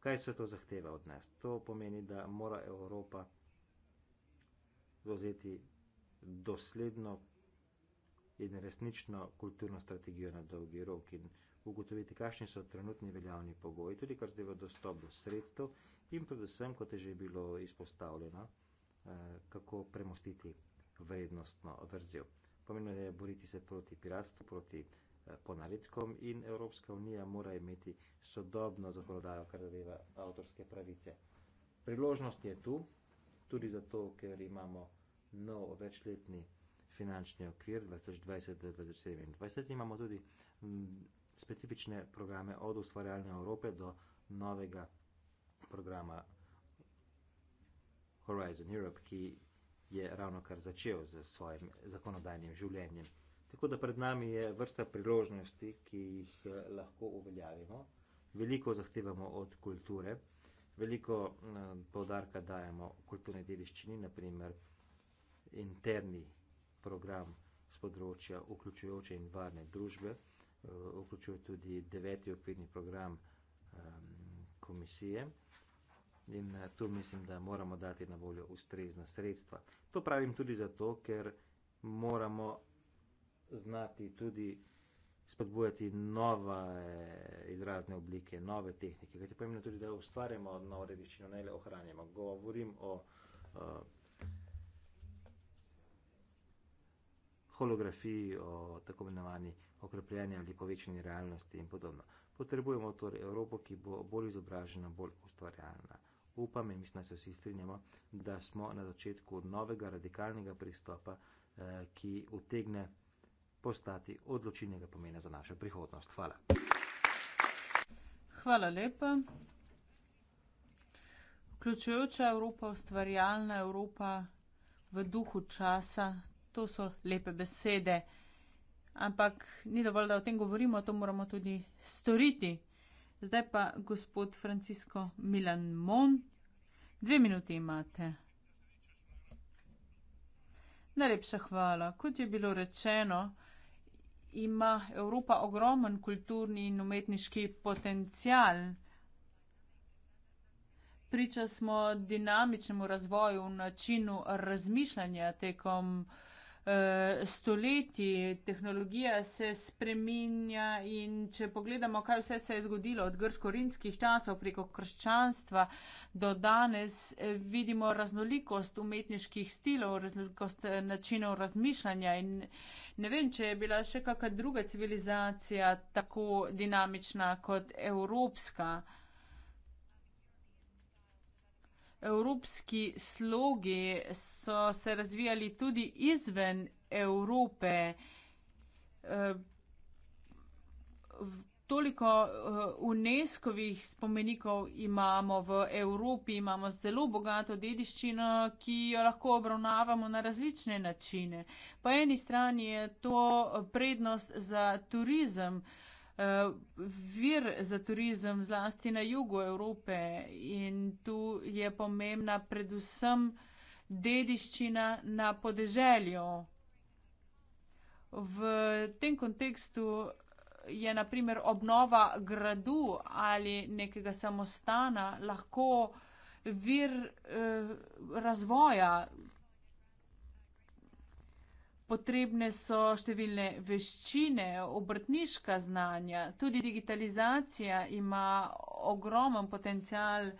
kaj se to zahteva od nas. To pomeni, da mora Evropa zauzeti dosledno in resnično kulturno strategijo na dolgi rok in ugotoviti, kakšni so trenutni veljavni pogoji, tudi kar zdaj v dostop do sredstev in predvsem, kot je že bilo izpostavljeno, eh, kako premostiti vrednostno vrzel. Pomembno je boriti se proti piratstvu, proti piratstvu, Eh, ponaredkom in Evropska unija mora imeti sodobno zakonodajo, kar zadeva avtorske pravice. Priložnost je tu, tudi zato, ker imamo nov večletni finančni okvir 2020-2027. Imamo tudi specifične programe od ustvarjalne Evrope do novega programa Horizon Europe, ki je ravno kar začel z svojim zakonodajnim življenjem. Tako da pred nami je vrsta priložnosti, ki jih eh, lahko uveljavimo. Veliko zahtevamo od kulture, veliko eh, povdarka dajemo kulturni dediščini, naprimer interni program z področja vključujoče in varne družbe, eh, vključuje tudi deveti okvirni program ehm, komisije. In tu mislim, da moramo dati na voljo ustrezna sredstva. To pravim tudi zato, ker moramo znati tudi spodbujati nove izrazne oblike, nove tehnike. Kaj je pomembno tudi, da ustvarjamo novo rediščino, ne le ohranjamo. Govorim o uh, holografiji, o tako imenovani okrepljeni ali povečeni realnosti in podobno. Potrebujemo torej Evropo, ki bo bolj izobražena, bolj ustvarjalna. Upam in mislim, da se vsi strinjamo, da smo na začetku novega radikalnega pristopa, eh, ki utegne postati odločilnega pomena za našo prihodnost. Hvala. Hvala lepa. Vključujoča Evropa, ustvarjalna Evropa v duhu časa, to so lepe besede. Ampak ni dovolj, da o tem govorimo, to moramo tudi storiti. Zdaj pa gospod Francisco Milan Mon, dve minuti imate. Najlepša hvala. Kot je bilo rečeno, ima Evropa ogromen kulturni in umetniški potencial. Priča smo dinamičnemu razvoju, načinu razmišljanja tekom Eh, stoletji, tehnologija se spreminja in če pogledamo, kaj vse se je zgodilo od grško-rimskih časov preko krščanstva do danes, eh, vidimo raznolikost umetniških stilov, raznolikost eh, načinov razmišljanja in ne vem, če je bila še kakšna druga civilizacija tako dinamična kot evropska evropski slogi so se razvijali tudi izven Evrope. Eh, toliko eh, UNESCO-vih spomenikov imamo v Evropi, imamo zelo bogato dediščino, ki jo lahko obravnavamo na različne načine. Po eni strani je to prednost za turizem. Eh, vir za turizem, zlasti na jugu Evrope in tu je pomembna predvsem dediščina na podeželju. V tem kontekstu je naprimer obnova gradu ali nekega samostana lahko vir eh, razvoja, Potrebne so številne veščine, obrtniška znanja, tudi digitalizacija ima ogromen potencial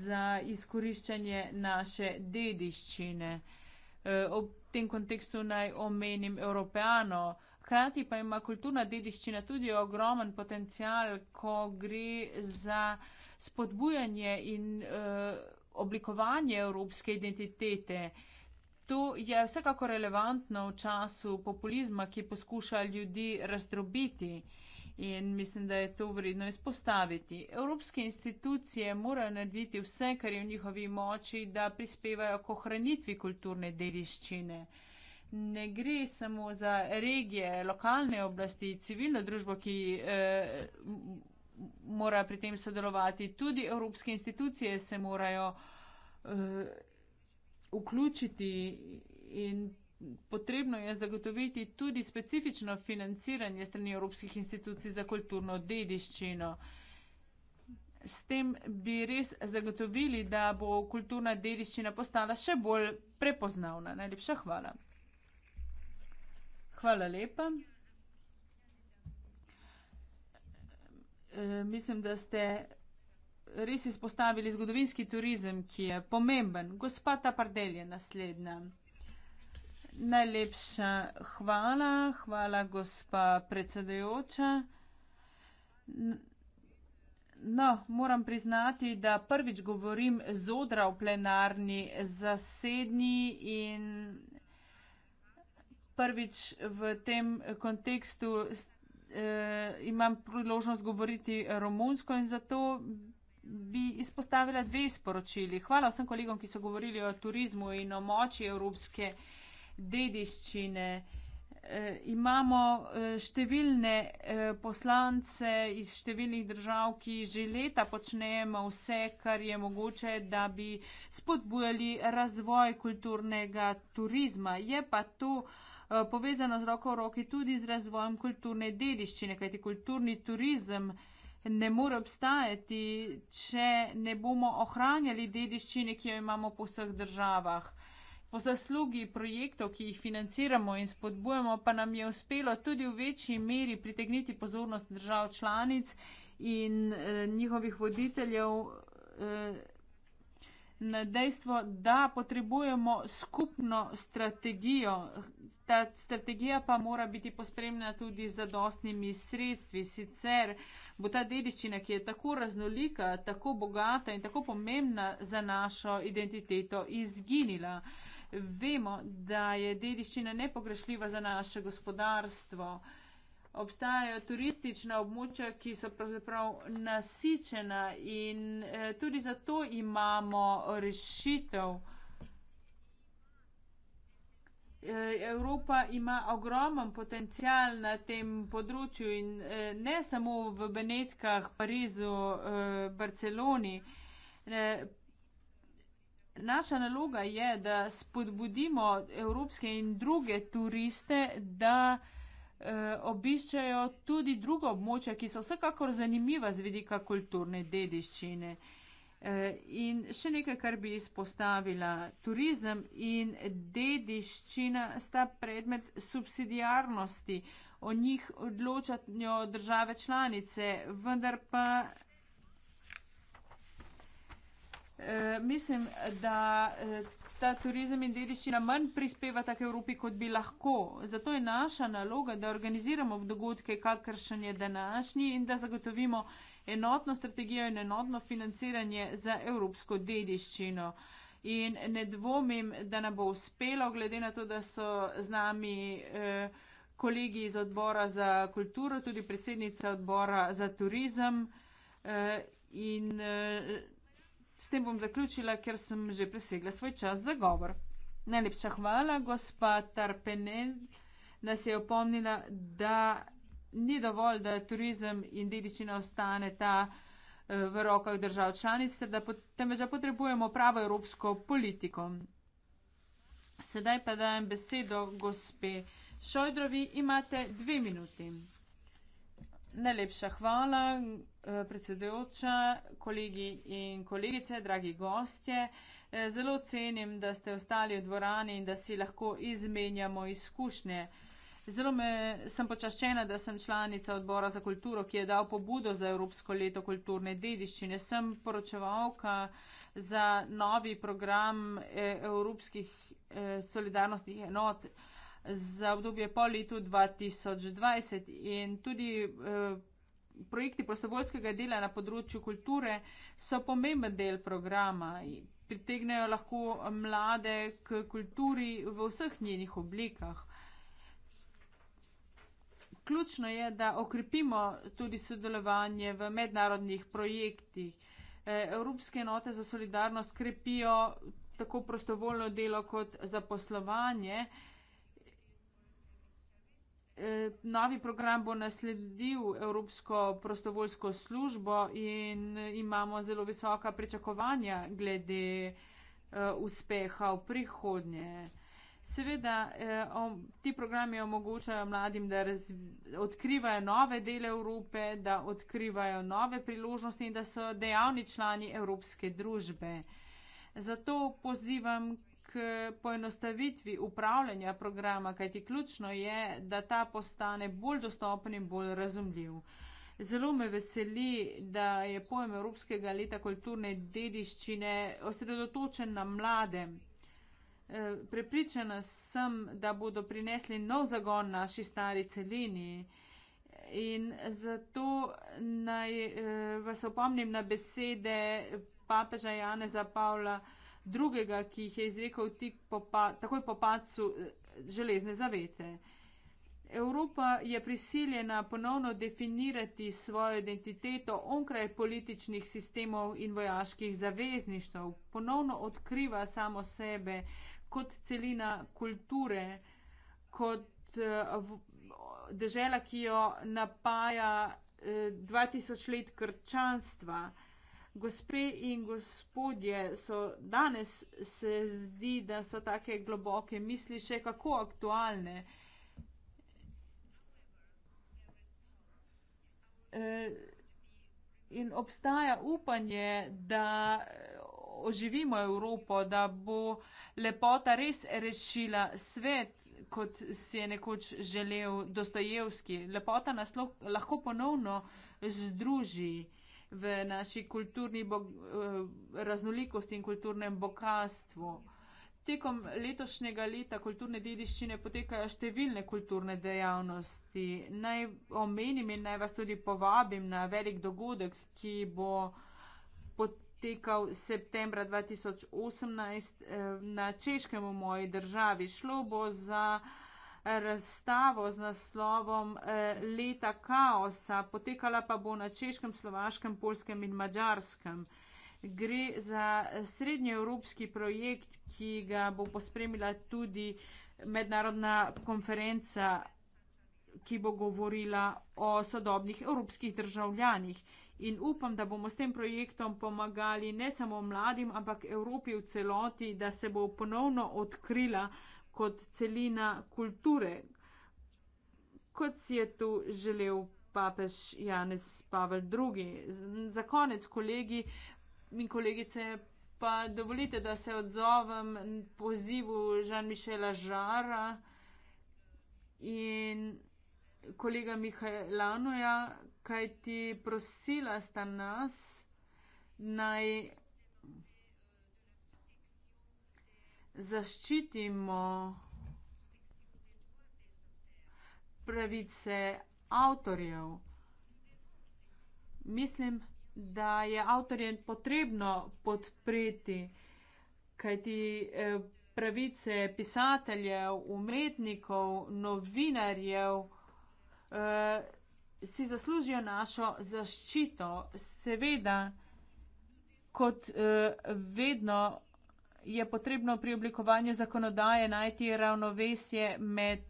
za izkoriščanje naše dediščine. E, ob tem kontekstu naj omenim Evropejano. Hkrati pa ima kulturna dediščina tudi ogromen potencial, ko gre za spodbujanje in uh, oblikovanje evropske identitete. Uh, To je vsekako relevantno v času populizma, ki poskuša ljudi razdrobiti in mislim, da je to vredno izpostaviti. Evropske institucije morajo narediti vse, kar je v njihovi moči, da prispevajo k ohranitvi kulturne dediščine. Ne gre samo za regije, lokalne oblasti, civilno družbo, ki eh, mora pri tem sodelovati. Tudi evropske institucije se morajo. Eh, vključiti in potrebno je zagotoviti tudi specifično financiranje strani Evropskih institucij za kulturno dediščino. S tem bi res zagotovili, da bo kulturna dediščina postala še bolj prepoznavna. Najlepša hvala. Hvala lepa. E, mislim, da ste res izpostavili zgodovinski turizem, ki je pomemben. Gospa Tapardel je naslednja. Najlepša hvala, hvala gospa predsedajoča. No, moram priznati, da prvič govorim z odra v plenarni zasedni in prvič v tem kontekstu eh, imam priložnost govoriti romunsko in zato bi izpostavila dve sporočili. Hvala vsem kolegom, ki so govorili o turizmu in o moči evropske dediščine. E, imamo e, številne e, poslance iz številnih držav, ki že leta počnemo vse, kar je mogoče, da bi spodbujali razvoj kulturnega turizma. Je pa to povezano z roko v roki tudi z razvojem kulturne dediščine, kajti kulturni turizem ne more obstajati, če ne bomo ohranjali dediščine, ki jo imamo po vseh državah. Po zaslugi projektov, ki jih financiramo in spodbujamo, pa nam je uspelo tudi v večji meri pritegniti pozornost držav članic in eh, njihovih voditeljev. Eh, na dejstvo, da potrebujemo skupno strategijo. Ta strategija pa mora biti pospremljena tudi z dostnimi sredstvi, sicer bo ta dediščina, ki je tako raznolika, tako bogata in tako pomembna za našo identiteto, izginila. Vemo, da je dediščina nepogrešljiva za naše gospodarstvo obstajajo turistična območja, ki so pravzaprav nasičena in eh, tudi zato imamo rešitev. Eh, Evropa ima ogromen potencial na tem področju in eh, ne samo v Benetkah, Parizu, Barceloni. Naša naloga je, da spodbudimo evropske in druge turiste, da Eh, obiščajo tudi druga območja, ki so vsekakor zanimiva z vidika kulturne dediščine. Eh, in še nekaj, kar bi izpostavila. Turizem in dediščina sta predmet subsidijarnosti, o njih odločajo države članice, vendar pa eh, mislim, da ta turizem in dediščina manj prispevata k Evropi, kot bi lahko. Zato je naša naloga, da organiziramo dogodke, kakršen je današnji, in da zagotovimo enotno strategijo in enotno financiranje za evropsko dediščino. In ne dvomim, da nam bo uspelo, glede na to, da so z nami eh, kolegi iz odbora za kulturo, tudi predsednica odbora za turizem. Eh, in, eh, S tem bom zaključila, ker sem že presegla svoj čas za govor. Najlepša hvala, gospa Tarpenel, nas je opomnila, da ni dovolj, da turizem in dediščina ostane ta eh, v rokah držav članic, da temveč potrebujemo pravo evropsko politiko. Sedaj pa dajem besedo gospe Šojdrovi, imate dve minuti. Najlepša hvala, Eh, predsedujoča, kolegi in kolegice, dragi gostje. Eh, zelo cenim, da ste ostali v dvorani in da si lahko izmenjamo izkušnje. Zelo me, sem počaščena, da sem članica odbora za kulturo, ki je dal pobudo za Evropsko leto kulturne dediščine. Sem poročevalka za novi program eh, Evropskih solidarnostnih enot za obdobje po letu 2020 in tudi projekti prostovoljskega dela na področju kulture so pomemben del programa. Pritegnejo lahko mlade k kulturi v vseh njenih oblikah. Ključno je, da okrepimo tudi sodelovanje v mednarodnih projektih. E, evropske enote za solidarnost krepijo tako prostovoljno delo kot zaposlovanje. Eh, novi program bo nasledil Evropsko prostovoljsko službo in imamo zelo visoka pričakovanja glede eh, uspeha v prihodnje. Seveda, eh, ti programi omogočajo mladim, da odkrivajo nove dele Evrope, da odkrivajo nove priložnosti in da so dejavni člani evropske družbe. Zato pozivam poenostavitvi upravljanja programa, kajti ključno je, da ta postane bolj dostopen in bolj razumljiv. Zelo me veseli, da je pojem Evropskega leta kulturne dediščine osredotočen na mlade. E, prepričana sem, da bodo prinesli nov zagon naši stari celini. In zato naj e, vas opomnim na besede papeža Janeza Pavla drugega, ki jih je izrekel po pa, takoj po padcu eh, železne zavete. Evropa je prisiljena ponovno definirati svojo identiteto onkraj političnih sistemov in vojaških zavezništv, ponovno odkriva samo sebe kot celina kulture, kot eh, država, ki jo napaja 2000 eh, let krčanstva. Gospe in gospodje, so danes se zdi, da so take globoke misli še kako aktualne. E, in obstaja upanje, da oživimo Evropo, da bo lepota res rešila svet, kot si je nekoč želel Dostojevski. Lepota nas lahko ponovno združi v naši kulturni eh, raznolikosti in kulturnem bogatstvu. Tekom letošnjega leta kulturne dediščine potekajo številne kulturne dejavnosti. Naj omenim in naj vas tudi povabim na velik dogodek, ki bo potekal septembra 2018 eh, na Češkem v moji državi. Šlo bo za razstavo z naslovom eh, Leta kaosa, potekala pa bo na češkem, slovaškem, polskem in mačarskem. Gre za srednjeevropski projekt, ki ga bo pospremila tudi mednarodna konferenca, ki bo govorila o sodobnih evropskih državljanih. In upam, da bomo s tem projektom pomagali ne samo mladim, ampak Evropi v celoti, da se bo ponovno odkrila kot celina kulture, kot si je tu želel papež Janez Pavel II. Za konec, kolegi in kolegice, pa dovolite, da se odzovem pozivu Žan-Mišela Žara in kolega Mihajlanoja, kaj ti prosila sta nas naj zaščitimo pravice avtorjev. Mislim, da je avtorje potrebno podpreti, kajti eh, pravice pisateljev, umetnikov, novinarjev eh, si zaslužijo našo zaščito. Seveda, kot eh, vedno je potrebno pri oblikovanju zakonodaje najti ravnovesje med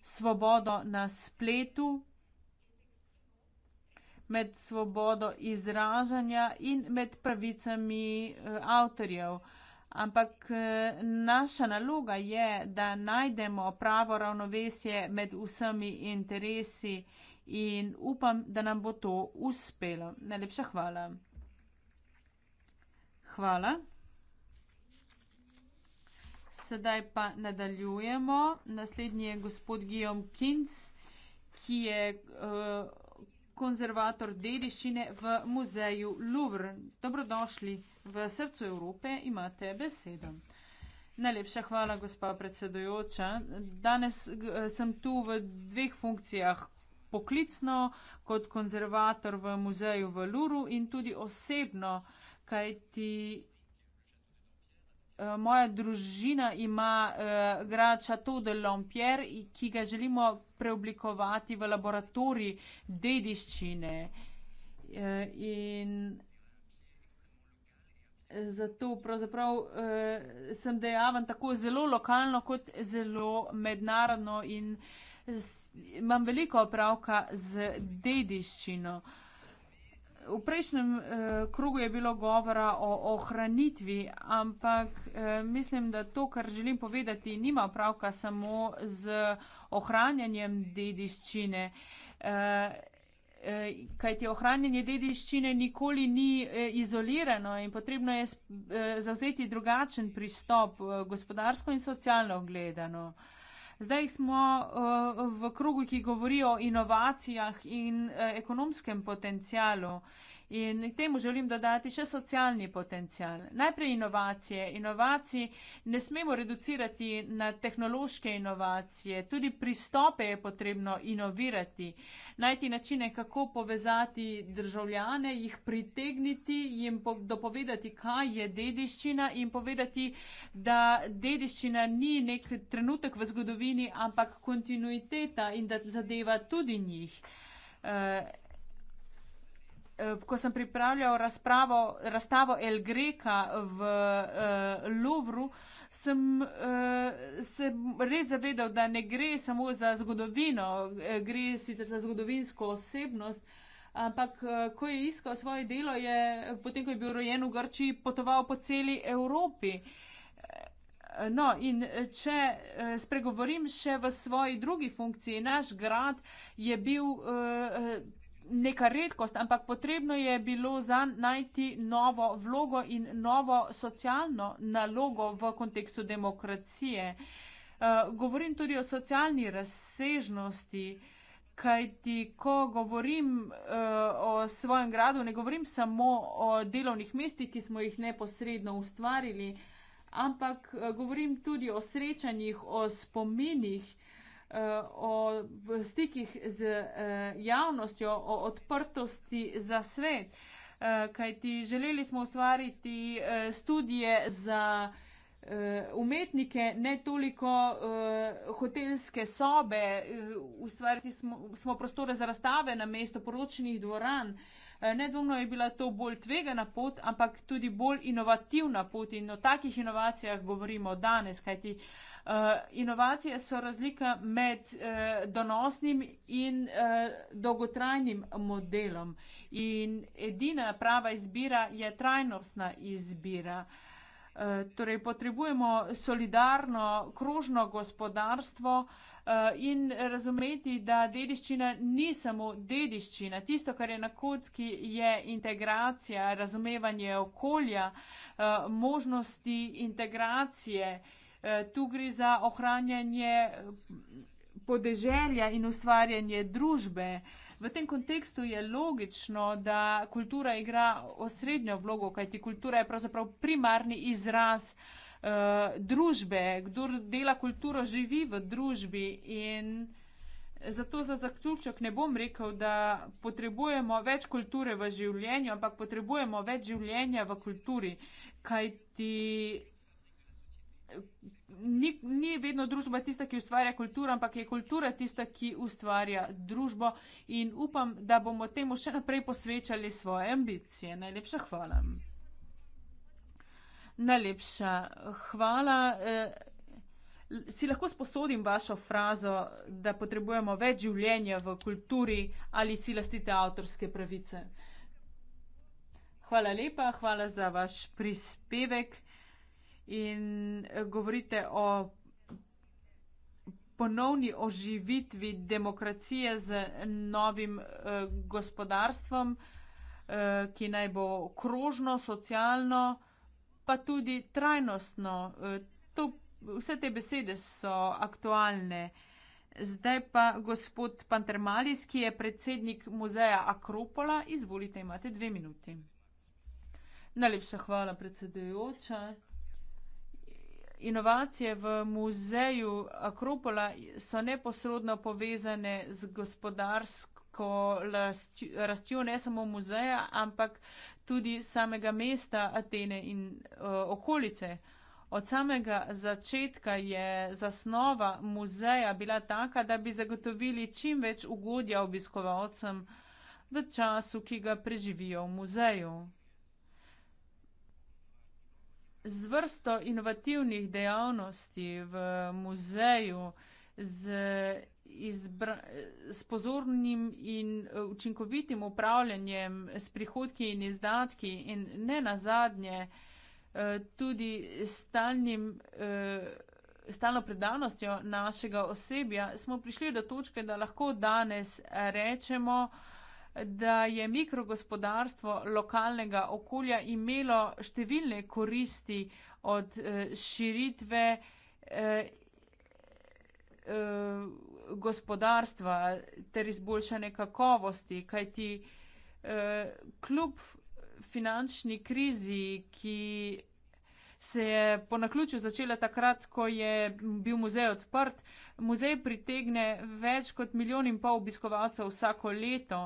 svobodo na spletu, med svobodo izražanja in med pravicami eh, avtorjev. Ampak eh, naša naloga je, da najdemo pravo ravnovesje med vsemi interesi in upam, da nam bo to uspelo. Najlepša hvala. Hvala. Sedaj pa nadaljujemo. Naslednji je gospod Guillaume Kinz, ki je uh, konzervator dediščine v muzeju Louvre. Dobrodošli v srcu Evrope, imate besedo. Najlepša hvala, gospa predsedojoča. Danes eh, sem tu v dveh funkcijah. Poklicno kot konzervator v muzeju v Luru in tudi osebno uh, kaj ti eh, Moja družina ima eh, grad Château de Lompierre, ki ga želimo preoblikovati v laboratorij dediščine. Eh, in zato pravzaprav sem dejaven tako zelo lokalno kot zelo mednarodno in imam veliko opravka z dediščino. V prejšnjem eh, krugu je bilo govora o ohranitvi, ampak eh, mislim, da to, kar želim povedati, nima opravka samo z ohranjanjem dediščine. Eh, eh Kaj ti ohranjanje dediščine nikoli ni eh, izolirano in potrebno je eh, zauzeti drugačen pristop, gospodarsko in socialno gledano. Uh, Zdaj smo eh, v krogu, ki govori o inovacijah in eh, ekonomskem potencialu. In temu želim dodati še socialni potencial. Najprej inovacije. Inovacij ne smemo reducirati na tehnološke inovacije. Tudi pristope je potrebno inovirati. Najti načine, kako povezati državljane, jih pritegniti, jim dopovedati, kaj je dediščina in povedati, da dediščina ni nek trenutek v zgodovini, ampak kontinuiteta in da zadeva tudi njih. Eh, Eh, ko sem pripravljal razpravo, razstavo El Greka v uh, Louvru, sem uh, se res zavedal, da ne gre samo za zgodovino, gre sicer za zgodovinsko osebnost, ampak uh, ko je iskal svoje delo, je potem, ko je bil rojen v Grčiji, potoval po celi Evropi. No, in če spregovorim še v svoji drugi funkciji, naš grad je bil eh, neka redkost, ampak potrebno je bilo za najti novo vlogo in novo socialno nalogo v kontekstu demokracije. Eh, govorim tudi o socialni razsežnosti, kajti ko govorim eh, o svojem gradu, ne govorim samo o delovnih mestih, ki smo jih neposredno ustvarili, ampak eh, govorim tudi o srečanjih, o spominih. Eh, o stikih z eh, javnostjo, o odprtosti za svet. Eh, kajti želeli smo ustvariti študije za umetnike, ne toliko hotelske sobe, ustvariti smo, smo prostore za razstave na mesto poročnih dvoran. Nedvomno je bila to bolj tvegana pot, ampak tudi bolj inovativna pot in o takih inovacijah govorimo danes, kajti uh, Eh, inovacije so razlika med uh, donosnim in uh, dolgotrajnim modelom. In edina prava izbira je trajnostna izbira. Torej, potrebujemo solidarno, krožno gospodarstvo in razumeti, da dediščina ni samo dediščina. Tisto, kar je na kocki, je integracija, razumevanje okolja, možnosti integracije. Eh, tu gre za ohranjanje eh, podeželja in ustvarjanje družbe. V tem kontekstu je logično, da kultura igra osrednjo vlogo, kajti kultura je pravzaprav primarni izraz uh, družbe, kdo dela kulturo, živi v družbi in zato za zaključek ne bom rekel, da potrebujemo več kulture v življenju, ampak potrebujemo več življenja v kulturi, kajti ni, ni vedno družba tista, ki ustvarja kulturo, ampak je kultura tista, ki ustvarja družbo. In upam, da bomo temu še naprej posvečali svoje ambicije. Najlepša hvala. Najlepša hvala. Eh, si lahko sposodim vašo frazo, da potrebujemo več življenja v kulturi ali si lastite avtorske pravice? Hvala lepa, hvala za vaš prispevek in eh, govorite o ponovni oživitvi demokracije z novim eh, gospodarstvom, eh, ki naj bo krožno, socialno, pa tudi trajnostno. To, vse te besede so aktualne. Zdaj pa gospod Pantermalis, ki je predsednik muzeja Akropola, izvolite, imate dve minuti. Najlepša hvala, predsedujoča. Inovacije v muzeju Akropola so neposredno povezane z gospodarsko rastjo ne samo muzeja, ampak tudi samega mesta Atene in uh, okolice. Od samega začetka je zasnova muzeja bila taka, da bi zagotovili čim več ugodja obiskovalcem v času, ki ga preživijo v muzeju z vrsto inovativnih dejavnosti v muzeju, z, izbra, z pozornim in eh, učinkovitim upravljanjem s prihodki in izdatki in ne nazadnje eh, tudi stalnim, eh, stalno predanostjo našega osebja, smo prišli do točke, da lahko danes rečemo, da je mikrogospodarstvo lokalnega okolja imelo številne koristi od eh, širitve eh, eh, gospodarstva ter izboljšanje kakovosti, kajti kljub finančni krizi, ki se je po naključju začela takrat, ko je bil muzej odprt, muzej pritegne več kot milijon in pol obiskovalcev vsako leto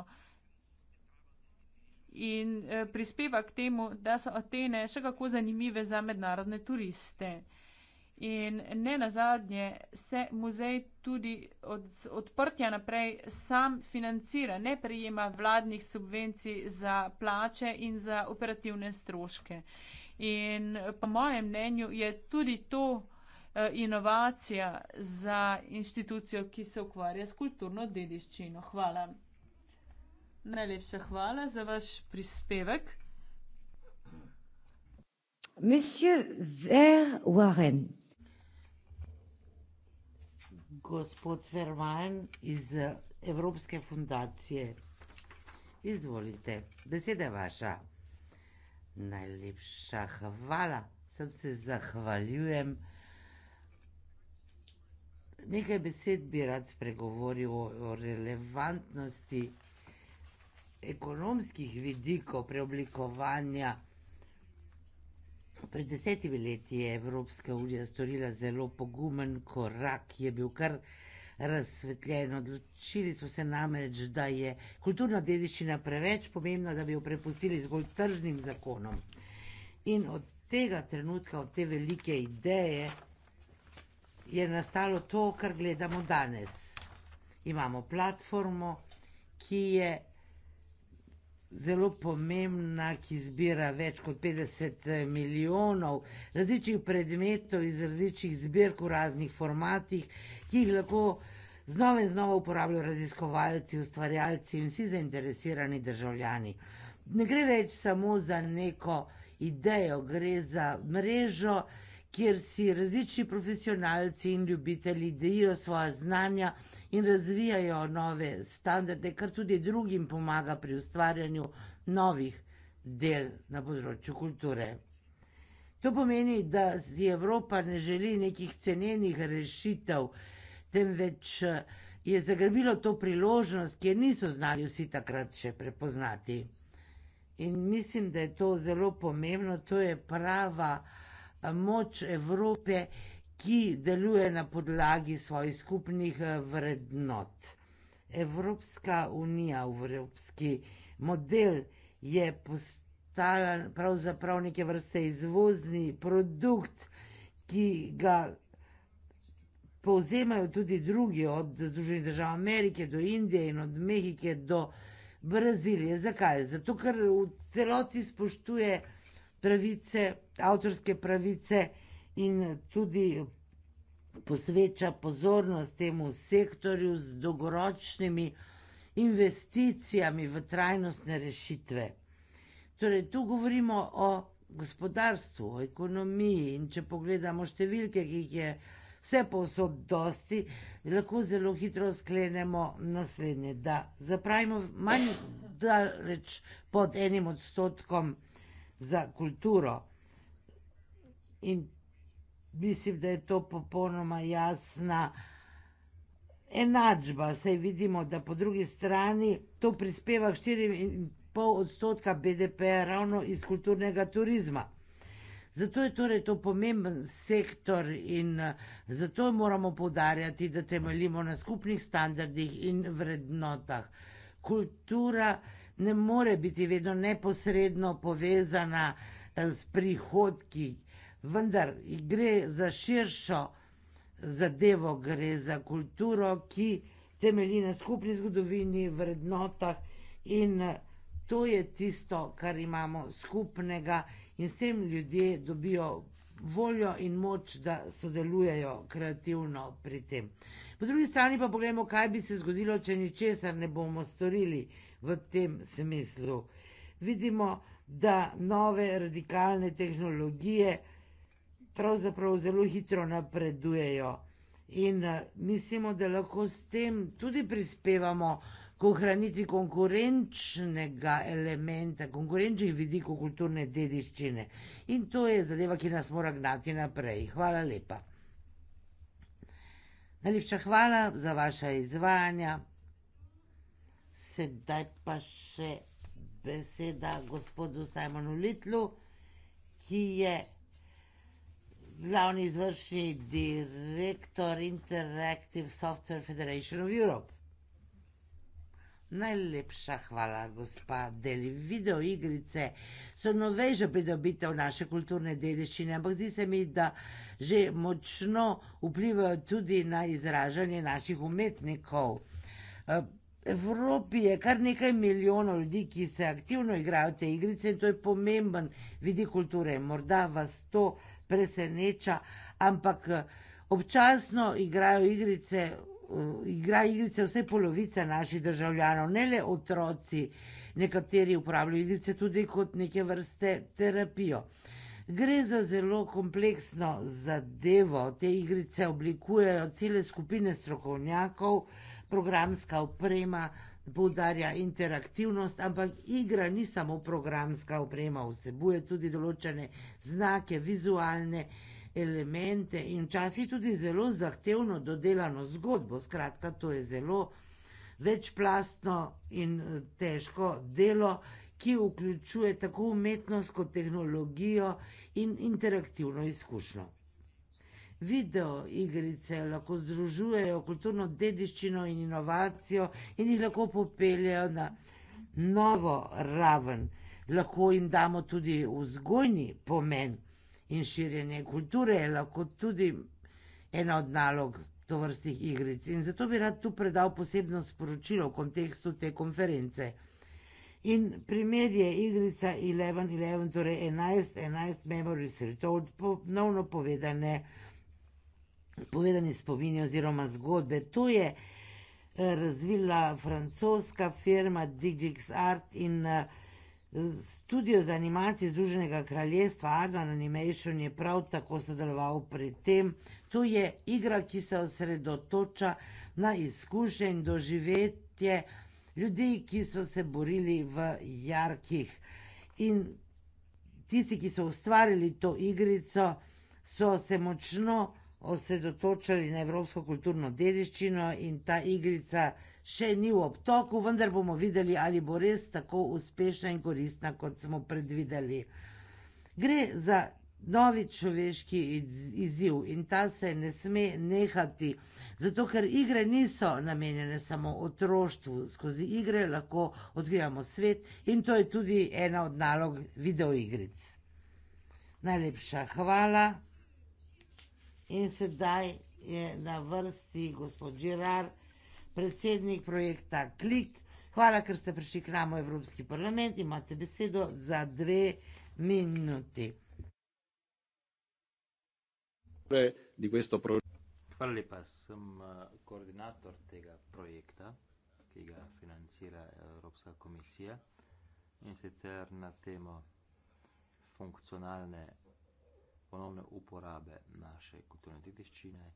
in eh, prispeva k temu, da so Atene še kako zanimive za mednarodne turiste. In ne nazadnje se muzej tudi od odprtja naprej sam financira, ne prejema vladnih subvencij za plače in za operativne stroške. In po mojem mnenju je tudi to eh, inovacija za inštitucijo, ki se ukvarja s kulturno dediščino. Hvala. Najlepša hvala za vaš prispevek. Monsieur Ver Warren. Gospod Vermajn iz Evropske fundacije. Izvolite, beseda je vaša. Najlepša hvala, sem se zahvaljujem. Nekaj besed bi rad spregovoril o relevantnosti ekonomskih vidikov preoblikovanja. Pred desetimi leti je Evropska unija storila zelo pogumen korak, je bil kar razsvetljen. Odločili smo se namreč, da je kulturna dediščina preveč pomembna, da bi jo prepustili zgolj tržnim zakonom. In od tega trenutka, od te velike ideje, je nastalo to, kar gledamo danes. Imamo platformo, ki je zelo pomembna, ki zbira več kot 50 eh, milijonov različnih predmetov iz različnih zbirk v raznih formatih, ki jih lahko znova in znova uporabljajo raziskovalci, ustvarjalci in vsi zainteresirani državljani. Ne gre več samo za neko idejo, gre za mrežo, kjer si različni profesionalci in ljubitelji delijo svoje znanja in razvijajo nove standarde, kar tudi drugim pomaga pri ustvarjanju novih del na področju kulture. To pomeni, da si Evropa ne želi nekih cenenih rešitev, temveč je zagrabilo to priložnost, ki je niso znali vsi takrat še prepoznati. In mislim, da je to zelo pomembno, to je prava moč Evrope, ki deluje na podlagi svojih skupnih eh, vrednot. Evropska unija, evropski model je postala pravzaprav neke vrste izvozni produkt, ki ga povzemajo tudi drugi, od Združenih držav Amerike do Indije in od Mehike do Brazilije. Zakaj? Zato, ker v celoti spoštuje pravice, avtorske pravice, in tudi posveča pozornost temu sektorju z dolgoročnimi investicijami v trajnostne rešitve. Torej, tu govorimo o gospodarstvu, o ekonomiji in če pogledamo številke, ki jih je vse povsod dosti, lahko zelo hitro sklenemo naslednje, da zapravimo manj daleč pod enim odstotkom za kulturo. In mislim, da je to popolnoma jasna enačba. Sej vidimo, da po drugi strani to prispeva 4,5 odstotka BDP-ja ravno iz kulturnega turizma. Zato je torej to pomemben sektor in eh, zato moramo povdarjati, da temeljimo na skupnih standardih in vrednotah. Kultura ne more biti vedno neposredno povezana eh, s prihodki, vendar gre za širšo zadevo, gre za kulturo, ki temelji na skupni zgodovini, vrednotah in eh, to je tisto, kar imamo skupnega in s tem ljudje dobijo voljo in moč, da sodelujejo kreativno pri tem. Po drugi strani pa pogledamo, kaj bi se zgodilo, če ničesar ne bomo storili v tem smislu. Vidimo, da nove radikalne tehnologije, pravzaprav zelo hitro napredujejo. In eh, mislimo, da lahko s tem tudi prispevamo k ohranitvi konkurenčnega elementa, konkurenčnih vidikov kulturne dediščine. In to je zadeva, ki nas mora gnati naprej. Hvala lepa. Najlepša hvala za vaše izvajanja. Sedaj pa še beseda gospodu Simonu Litlu, ki je glavni izvršni direktor Interactive Software Federation of Europe. Najlepša hvala, gospa Deli. Videoigrice so novejša pridobitev naše kulturne dediščine, ampak zdi se mi, da že močno vplivajo tudi na izražanje naših umetnikov. Eh, Evropi je kar nekaj milijonov ljudi, ki se aktivno igrajo te igrice in to je pomemben vidik kulture. Morda vas to preseneča, ampak eh, občasno igrajo igrice, eh, igrajo igrice vse polovice naših državljanov, ne le otroci, nekateri uporabljajo igrice tudi kot neke vrste terapijo. Gre za zelo kompleksno zadevo, te igrice oblikujejo cele skupine strokovnjakov, programska oprema, poudarja interaktivnost, ampak igra ni samo programska oprema, vsebuje tudi določene znake, vizualne elemente in včasih tudi zelo zahtevno dodelano zgodbo. Skratka, to je zelo večplastno in eh, težko delo, ki vključuje tako umetnost kot tehnologijo in interaktivno izkušnjo. Video igrice lahko združujejo kulturno dediščino in inovacijo in jih lahko popeljejo na novo raven. Lahko jim damo tudi vzgojni pomen in širjenje kulture je lahko tudi ena od nalog tovrstnih igric. In zato bi rad tu predal posebno sporočilo v kontekstu te konference. In primer je igrica 11.11, 11, torej 11.11 11 Memories Retold, ponovno povedane povedani spomini oziroma zgodbe. Tu je eh, razvila francoska firma Digix Art in eh, studio za animacije Združenega kraljestva Adlan Animation je prav tako sodeloval pri tem. Tu je igra, ki se osredotoča na izkušnje in doživetje ljudi, ki so se borili v jarkih. In tisti, ki so ustvarili to igrico, so se močno osredotočali na evropsko kulturno dediščino in ta igrica še ni v obtoku, vendar bomo videli, ali bo res tako uspešna in koristna, kot smo predvideli. Gre za novi človeški izziv in ta se ne sme nehati, zato ker igre niso namenjene samo otroštvu. Skozi igre lahko odkrivamo svet in to je tudi ena od nalog videoigric. Najlepša hvala. In sedaj je na vrsti gospod Žirar, predsednik projekta Klik. Hvala, ker ste prišli k nam v Evropski parlament. Imate besedo za dve minuti. Hvala lepa. Sem eh, koordinator tega projekta, ki ga financira Evropska komisija in sicer na temo funkcionalne ponovne uporabe naše kulturne dediščine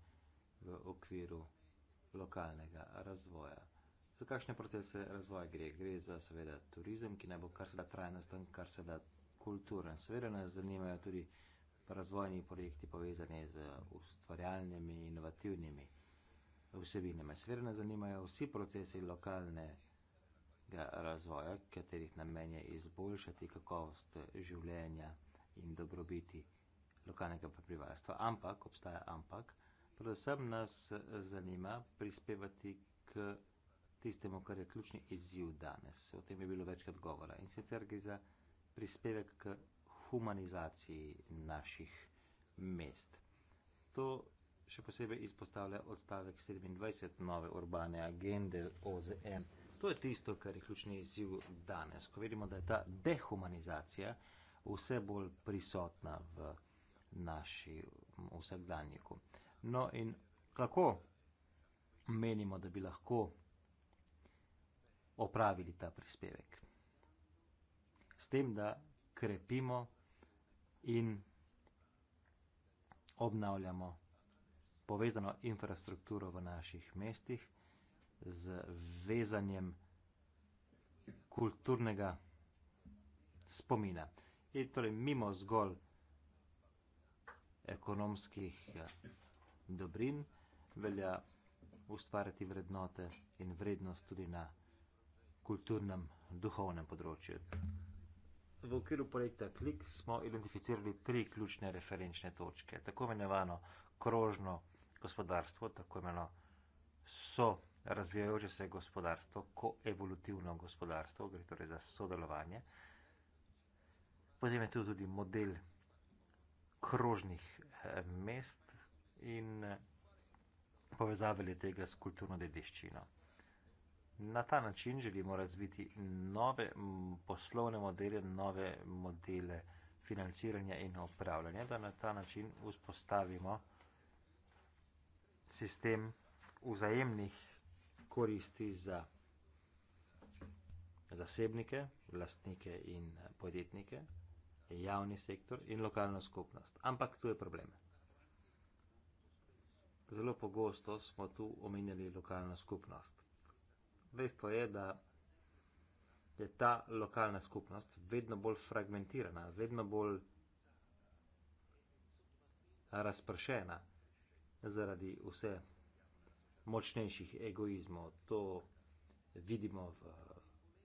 v okviru lokalnega razvoja. Za kakšne procese razvoja gre? Gre za seveda turizem, ki naj bo kar se da trajnosten, kar se da kulturen. Seveda nas zanimajo tudi razvojni projekti povezani z ustvarjalnimi, inovativnimi vsebinami. Seveda nas zanimajo vsi procesi lokalnega razvoja, katerih namen je izboljšati kakovost življenja in dobrobiti lokalnega prebivalstva. Ampak, obstaja ampak, predvsem nas eh, zanima prispevati k tistemu, kar je ključni izziv danes. O tem je bilo večkrat govora in sicer gre za prispevek k humanizaciji naših mest. To še posebej izpostavlja odstavek 27 nove urbane agende OZN. To je tisto, kar je ključni izziv danes, ko vidimo, da je ta dehumanizacija vse bolj prisotna v naši vsakdanjiku. No in kako menimo, da bi lahko opravili ta prispevek? S tem, da krepimo in obnavljamo povezano infrastrukturo v naših mestih z vezanjem kulturnega spomina. In torej mimo zgolj ekonomskih ja, dobrin, velja ustvarjati vrednote in vrednost tudi na kulturnem, duhovnem področju. V okviru projekta Klik smo identificirali tri ključne referenčne točke, tako imenovano krožno gospodarstvo, tako imenovano so razvijajoče se gospodarstvo, koevolutivno gospodarstvo, gre torej za sodelovanje. Potem je tu tudi model krožnih eh, mest in eh, povezave le tega s kulturno dediščino. Na ta način želimo razviti nove poslovne modele, nove modele financiranja in upravljanja, da na ta način vzpostavimo sistem vzajemnih koristi za zasebnike, lastnike in eh, podjetnike je javni sektor in lokalna skupnost. Ampak tu je problem. Zelo pogosto smo tu omenjali lokalno skupnost. Dejstvo je, da je ta lokalna skupnost vedno bolj fragmentirana, vedno bolj razpršena zaradi vse močnejših egoizmov. To vidimo v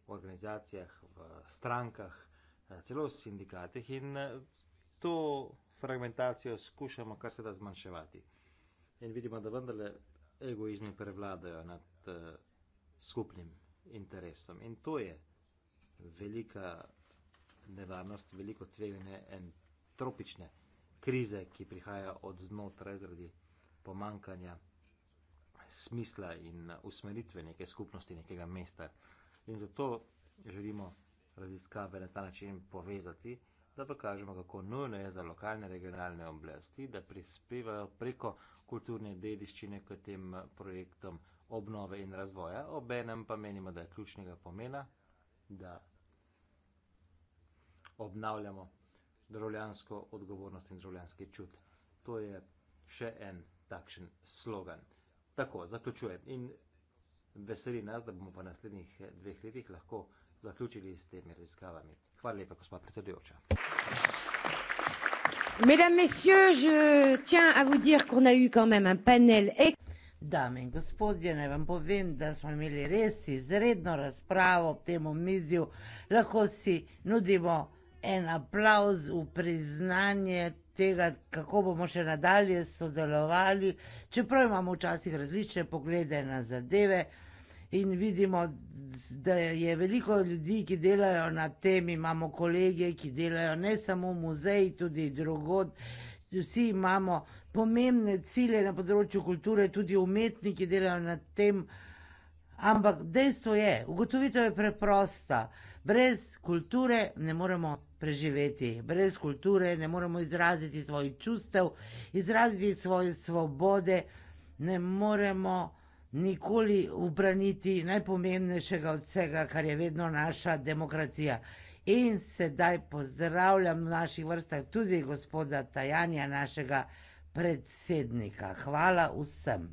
organizacijah, v strankah, Eh, celo v sindikatih in eh, to fragmentacijo skušamo kar se da zmanjševati. In vidimo, da vendarle egoizmi prevladajo nad uh, skupnim interesom. In to je velika nevarnost, veliko tveganje entropične krize, ki prihaja od znotraj zaradi pomankanja smisla in usmeritve neke skupnosti, nekega mesta. In zato želimo raziskave na ta način povezati, da pokažemo, kako nujno je za lokalne regionalne oblasti, da prispevajo preko kulturne dediščine k tem projektom obnove in razvoja. Obenem pa menimo, da je ključnega pomena, da obnavljamo državljansko odgovornost in državljanski čut. To je še en takšen slogan. Tako, zaključujem. In veseli nas, da bomo v naslednjih dveh letih lahko zaključili s temi raziskavami. Hvala lepa, gospod predsedujoča. Mesdames, messieurs, je tiens à vous dire qu'on a eu quand même un panel. Dame in gospodje, naj vam povem, da smo imeli res izredno razpravo ob tem omizju. Lahko si nudimo en aplauz v priznanje tega, kako bomo še nadalje sodelovali, čeprav imamo včasih različne poglede na zadeve in vidimo, da je veliko ljudi, ki delajo na tem, imamo kolege, ki delajo ne samo v muzeji, tudi drugod. Vsi imamo pomembne cilje na področju kulture, tudi umetniki delajo na tem. Ampak dejstvo je, ugotovitev je preprosta. Brez kulture ne moremo preživeti, brez kulture ne moremo izraziti svojih čustev, izraziti svoje svobode, ne moremo nikoli ubraniti najpomembnejšega od vsega, kar je vedno naša demokracija. In sedaj pozdravljam v naših vrstah tudi gospoda Tajanja, našega predsednika. Hvala vsem.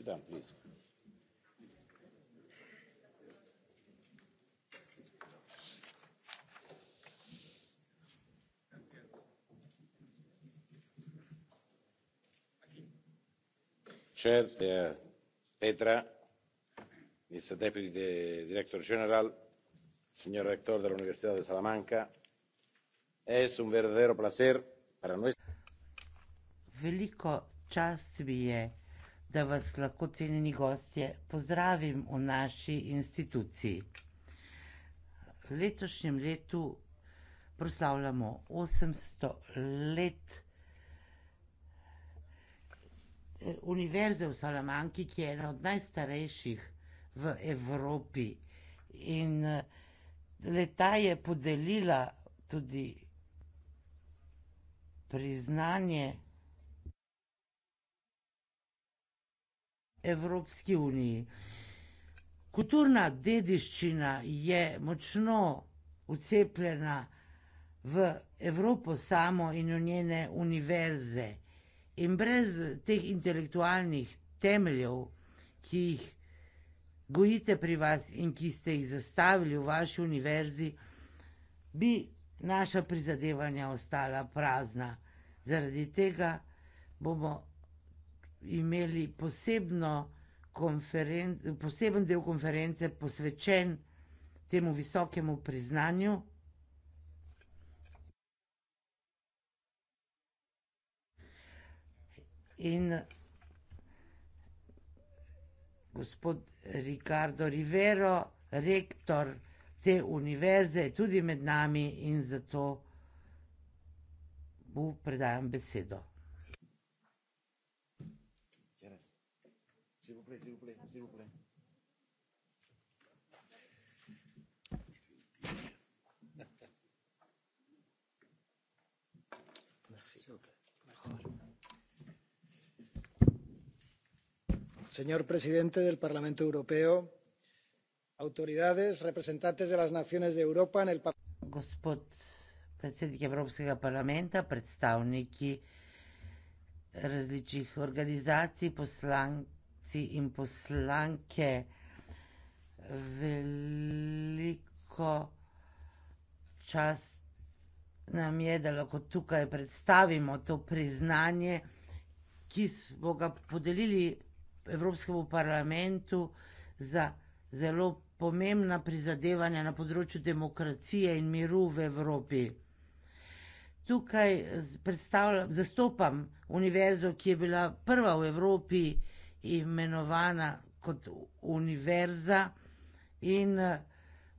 Sit down, please. Chair uh, Petra Mr. Deputy the Director General, Señor Rector de la Universidad de Salamanca, es un verdadero placer para nuestro... Veliko čast mi je, uh, da vas lahko cenjeni gostje pozdravim v naši instituciji. V letošnjem letu proslavljamo 800 let eh, Univerze v Salamanki, ki je ena od najstarejših v Evropi. In eh, leta je podelila tudi priznanje Evropski uniji. Kulturna dediščina je močno ucepljena v Evropo samo in v njene univerze. In brez teh intelektualnih temeljev, ki jih gojite pri vas in ki ste jih zastavili v vaši univerzi, bi naša prizadevanja ostala prazna. Zaradi tega bomo imeli posebno konferenco, poseben del konference posvečen temu visokemu priznanju. In gospod Ricardo Rivero, rektor te univerze, je tudi med nami in zato mu predajam besedo. S'il vous plaît, s'il vous plaît, s'il vous plaît. Merci. Señor presidente del Parlamento Europeo, autoridades, representantes de las naciones de Europa en el Gospod predsednik Evropskega parlamenta, predstavniki različnih organizacij, poslanki, poslanci in poslanke veliko čast nam je, da lahko tukaj predstavimo to priznanje, ki smo ga podelili Evropskemu parlamentu za zelo pomembna prizadevanja na področju demokracije in miru v Evropi. Tukaj predstavljam, zastopam univerzo, ki je bila prva v Evropi, imenovana kot univerza in eh,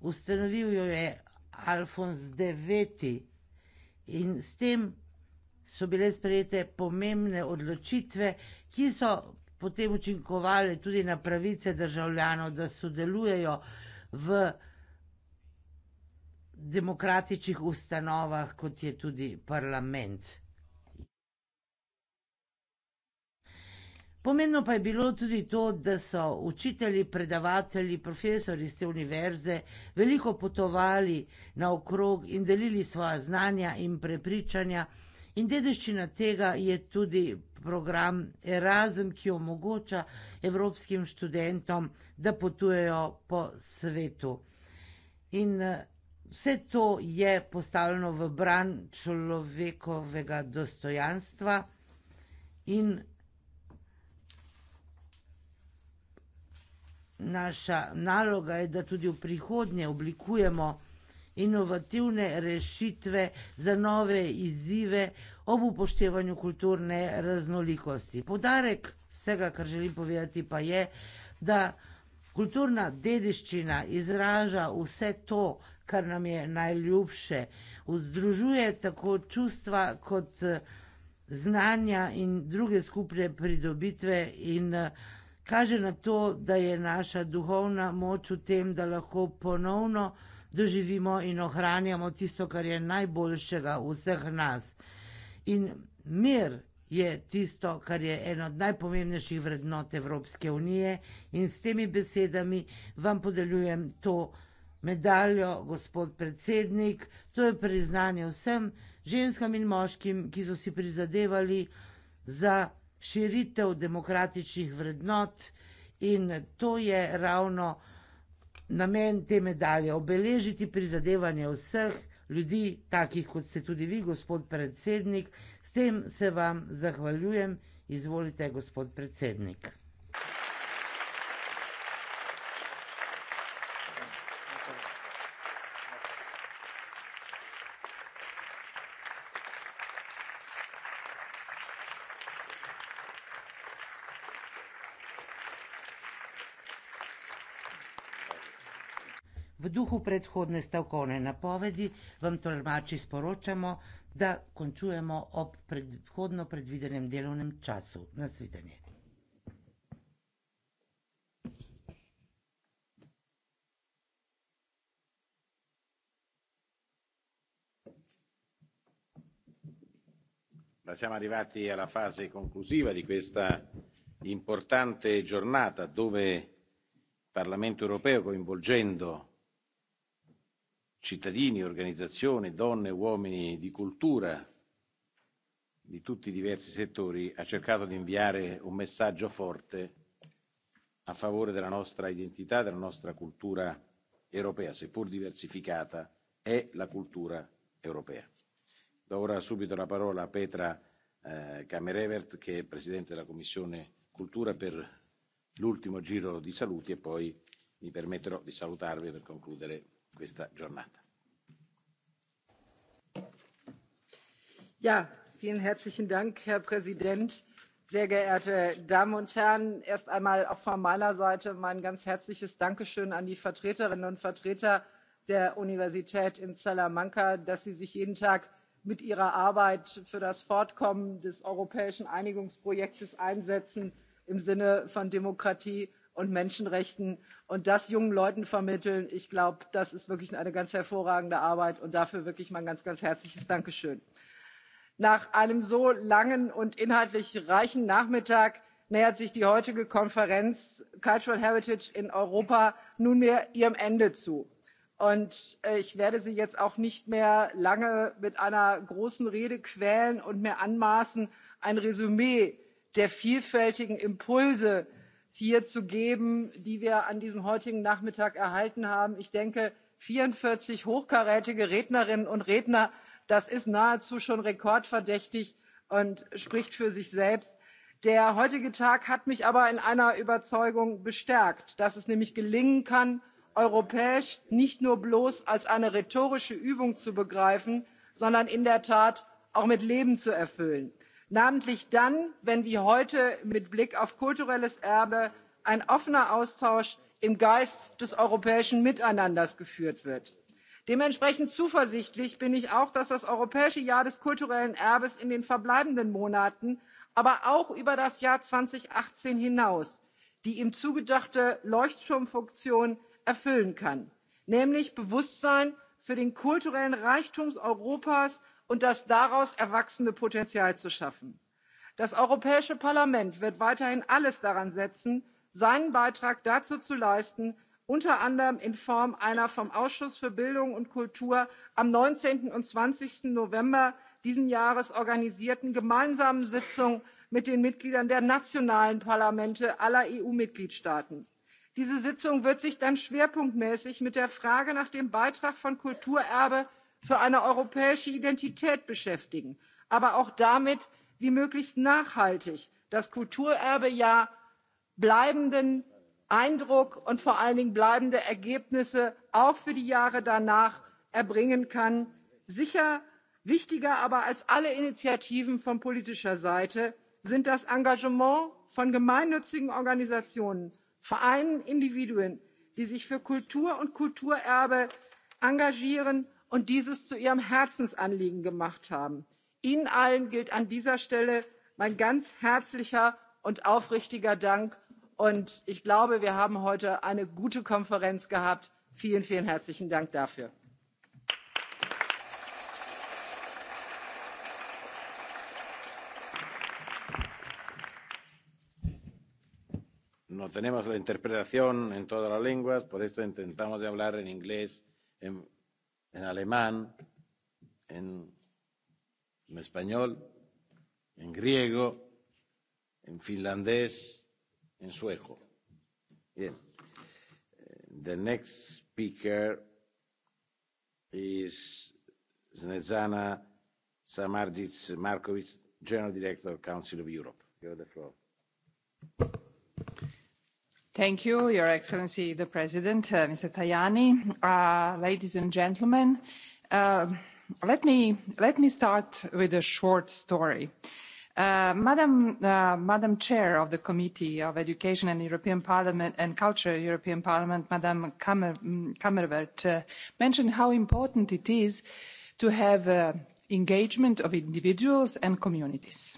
ustanovil jo je Alfons IX. In s tem so bile sprejete pomembne odločitve, ki so potem učinkovali tudi na pravice državljanov, da sodelujejo v demokratičnih ustanovah, kot je tudi parlament. Pomembno pa je bilo tudi to, da so učitelji, predavatelji, profesori iz te univerze veliko potovali naokrog in delili svoje znanja in prepričanja, in dediščina tega je tudi program Erasmus, ki omogoča evropskim študentom, da potujejo po svetu. In eh, vse to je postavljeno v bran človekovega dostojanstva in naša naloga je, da tudi v prihodnje oblikujemo inovativne rešitve za nove izzive ob upoštevanju kulturne raznolikosti. Podarek vsega, kar želim povedati, pa je, da kulturna dediščina izraža vse to, kar nam je najljubše. Vzdružuje tako čustva kot eh, znanja in druge skupne pridobitve in uh, kaže na to, da je naša duhovna moč v tem, da lahko ponovno doživimo in ohranjamo tisto, kar je najboljšega vseh nas. In mir je tisto, kar je eno od najpomembnejših vrednot Evropske unije in s temi besedami vam podeljujem to medaljo, gospod predsednik, to je priznanje vsem ženskam in moškim, ki so si prizadevali za širitev demokratičnih vrednot in to je ravno namen te medalje, obeležiti prizadevanje vseh ljudi, takih kot ste tudi vi, gospod predsednik. S tem se vam zahvaljujem. Izvolite, gospod predsednik. duhu predhodne stavkovne napovedi vam tolmači sporočamo, da končujemo ob predhodno predvidenem delovnem času. Nasvidenje. Siamo arrivati alla fase conclusiva di questa importante giornata dove il Parlamento europeo, coinvolgendo cittadini, organizzazioni, donne e uomini di cultura di tutti i diversi settori ha cercato di inviare un messaggio forte a favore della nostra identità, della nostra cultura europea, seppur diversificata, è la cultura europea. Do ora subito la parola a Petra Camerevert, eh, che è Presidente della Commissione Cultura, per l'ultimo giro di saluti e poi mi permetterò di salutarvi per concludere questa giornata. Ja, vielen herzlichen Dank, Herr Präsident. Sehr geehrte Damen und Herren, erst einmal auch von meiner Seite mein ganz herzliches Dankeschön an die Vertreterinnen und Vertreter der Universität in Salamanca, dass sie sich jeden Tag mit ihrer Arbeit für das Fortkommen des europäischen Einigungsprojektes einsetzen im Sinne von Demokratie und menschenrechten und das jungen leuten vermitteln ich glaube das ist wirklich eine ganz hervorragende arbeit und dafür wirklich mein ganz ganz herzliches dankeschön. nach einem so langen und inhaltlich reichen nachmittag nähert sich die heutige konferenz cultural heritage in europa nunmehr ihrem ende zu. Und äh, ich werde Sie jetzt auch nicht mehr lange mit einer großen Rede quälen und mir anmaßen, ein Resümee der vielfältigen Impulse hier zu geben, die wir an diesem heutigen Nachmittag erhalten haben. Ich denke, 44 hochkarätige Rednerinnen und Redner, das ist nahezu schon rekordverdächtig und spricht für sich selbst. Der heutige Tag hat mich aber in einer Überzeugung bestärkt, dass es nämlich gelingen kann, europäisch nicht nur bloß als eine rhetorische Übung zu begreifen, sondern in der Tat auch mit Leben zu erfüllen namentlich dann wenn wie heute mit blick auf kulturelles erbe ein offener austausch im geist des europäischen miteinanders geführt wird. dementsprechend zuversichtlich bin ich auch dass das europäische jahr des kulturellen erbes in den verbleibenden monaten aber auch über das jahr zweitausendachtzehn hinaus die ihm zugedachte leuchtturmfunktion erfüllen kann nämlich bewusstsein für den kulturellen reichtum europas und das daraus erwachsene potenzial zu schaffen. das europäische parlament wird weiterhin alles daran setzen seinen beitrag dazu zu leisten unter anderem in form einer vom ausschuss für bildung und kultur am. neunzehn und zwanzig november dieses jahres organisierten gemeinsamen sitzung mit den mitgliedern der nationalen parlamente aller eu mitgliedstaaten. diese sitzung wird sich dann schwerpunktmäßig mit der frage nach dem beitrag von kulturerbe für eine europäische identität beschäftigen aber auch damit wie möglichst nachhaltig das kulturerbe ja bleibenden eindruck und vor allen dingen bleibende ergebnisse auch für die jahre danach erbringen kann. sicher wichtiger aber als alle initiativen von politischer seite sind das engagement von gemeinnützigen organisationen vereinen individuen die sich für kultur und kulturerbe engagieren und dieses zu ihrem Herzensanliegen gemacht haben. Ihnen allen gilt an dieser Stelle mein ganz herzlicher und aufrichtiger Dank. Und ich glaube, wir haben heute eine gute Konferenz gehabt. Vielen, vielen herzlichen Dank dafür. No tenemos la interpretación en todas las lenguas, por eso intentamos de hablar en inglés, en en alemán, en, en español, en griego, en finlandés, en sueco. Bien. Eh, the next speaker is Snezana Samarjic Markovic, General Director, Council of Europe. You have the floor. Thank you. Thank you, Your Excellency the President, uh, Mr. Tajani, uh, ladies and gentlemen. Uh, let me let me start with a short story. Uh, Madam, uh, Madam Chair of the Committee of Education and European Parliament and Culture European Parliament, Madam Kammerwert, mm, uh, mentioned how important it is to have uh, engagement of individuals and communities.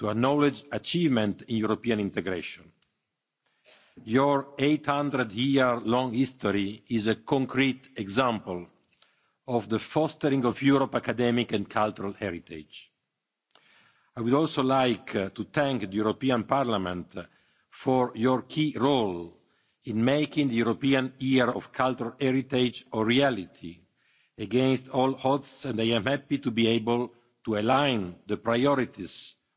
to acknowledge achievement in european integration. your eight hundred year long history is a concrete example of the fostering of europe's academic and cultural heritage. i would also like uh, to thank the european parliament for your key role in making the european year of cultural heritage a reality against all odds and i am happy to be able to align the priorities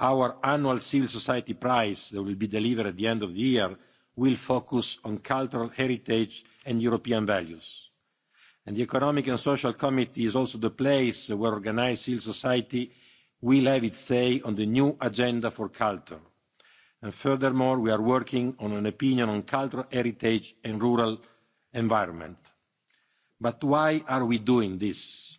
Our annual civil society prize that will be delivered at the end of the year will focus on cultural heritage and European values. The Economic and Social Committee is also the place where organized civil society will have its say on the new agenda for culture. Furthermore, we are working on an opinion on cultural heritage and rural environment. Why are we doing this?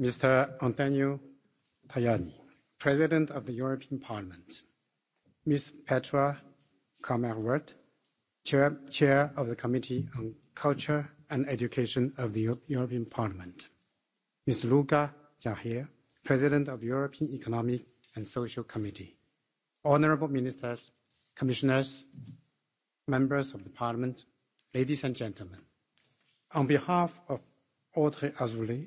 Mr. Antonio Tajani, President of the European Parliament, Ms. Petra Kammerwirth, Chair of the Committee on Culture and Education of the European Parliament, Ms. Luca Jahia, President of the European Economic and Social Committee, honorable ministers, commissioners, members of the Parliament, ladies and gentlemen, on behalf of Audrey Azoulay,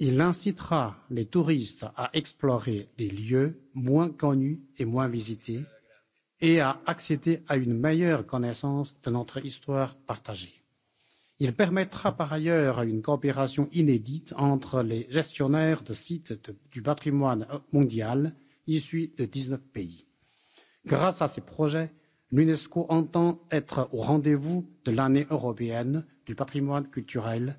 Il incitera les touristes à explorer des lieux moins connus et moins visités et à accéder à une meilleure connaissance de notre histoire partagée. Il permettra par ailleurs une coopération inédite entre les gestionnaires de sites de, du patrimoine mondial issus de 19 pays. Grâce à ces projets, l'UNESCO entend être au rendez-vous de l'année européenne du patrimoine culturel 2021-2022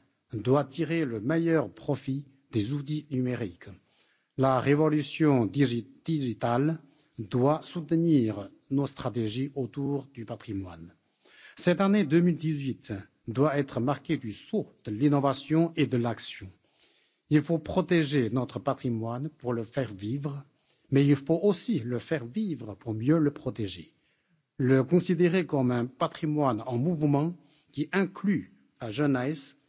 doit tirer le meilleur profit des outils numériques. La révolution digi digitale doit soutenir nos stratégies autour du patrimoine. Cette année 2018 doit être marquée du saut de l'innovation et de l'action. Il faut protéger notre patrimoine pour le faire vivre, mais il faut aussi le faire vivre pour mieux le protéger. Le considérer comme un patrimoine en mouvement qui inclut la jeunesse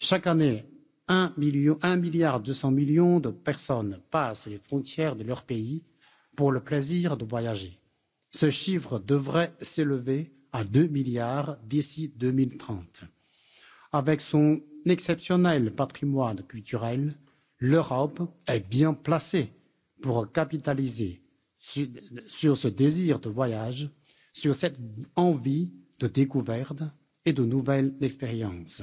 Chaque année, 1, million, 1 milliard 200 millions de personnes passent les frontières de leur pays pour le plaisir de voyager. Ce chiffre devrait s'élever à 2 milliards d'ici 2030. Avec son exceptionnel patrimoine culturel, l'Europe est bien placée pour capitaliser sur, sur ce désir de voyage, sur cette envie de découverte et de nouvelles expériences.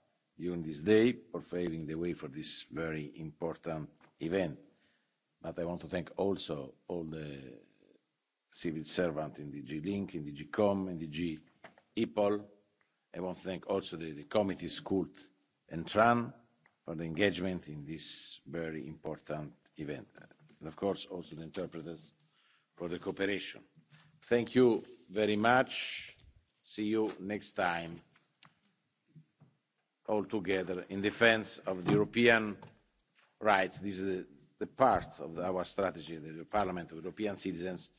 during this day for paving the way for this very important event. But I want to thank also all the civil servants in the G Link, in the G Com, in the G EPOL. I want to thank also the, the committees Kult and Tran for the engagement in this very important event. And of course also the interpreters for the cooperation. Thank you very much. See you next time all together in defence of the european rights. this is the part of our strategy the parliament of european citizens.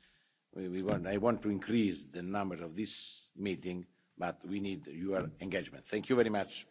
i want to increase the number of this meeting but we need your engagement. thank you very much.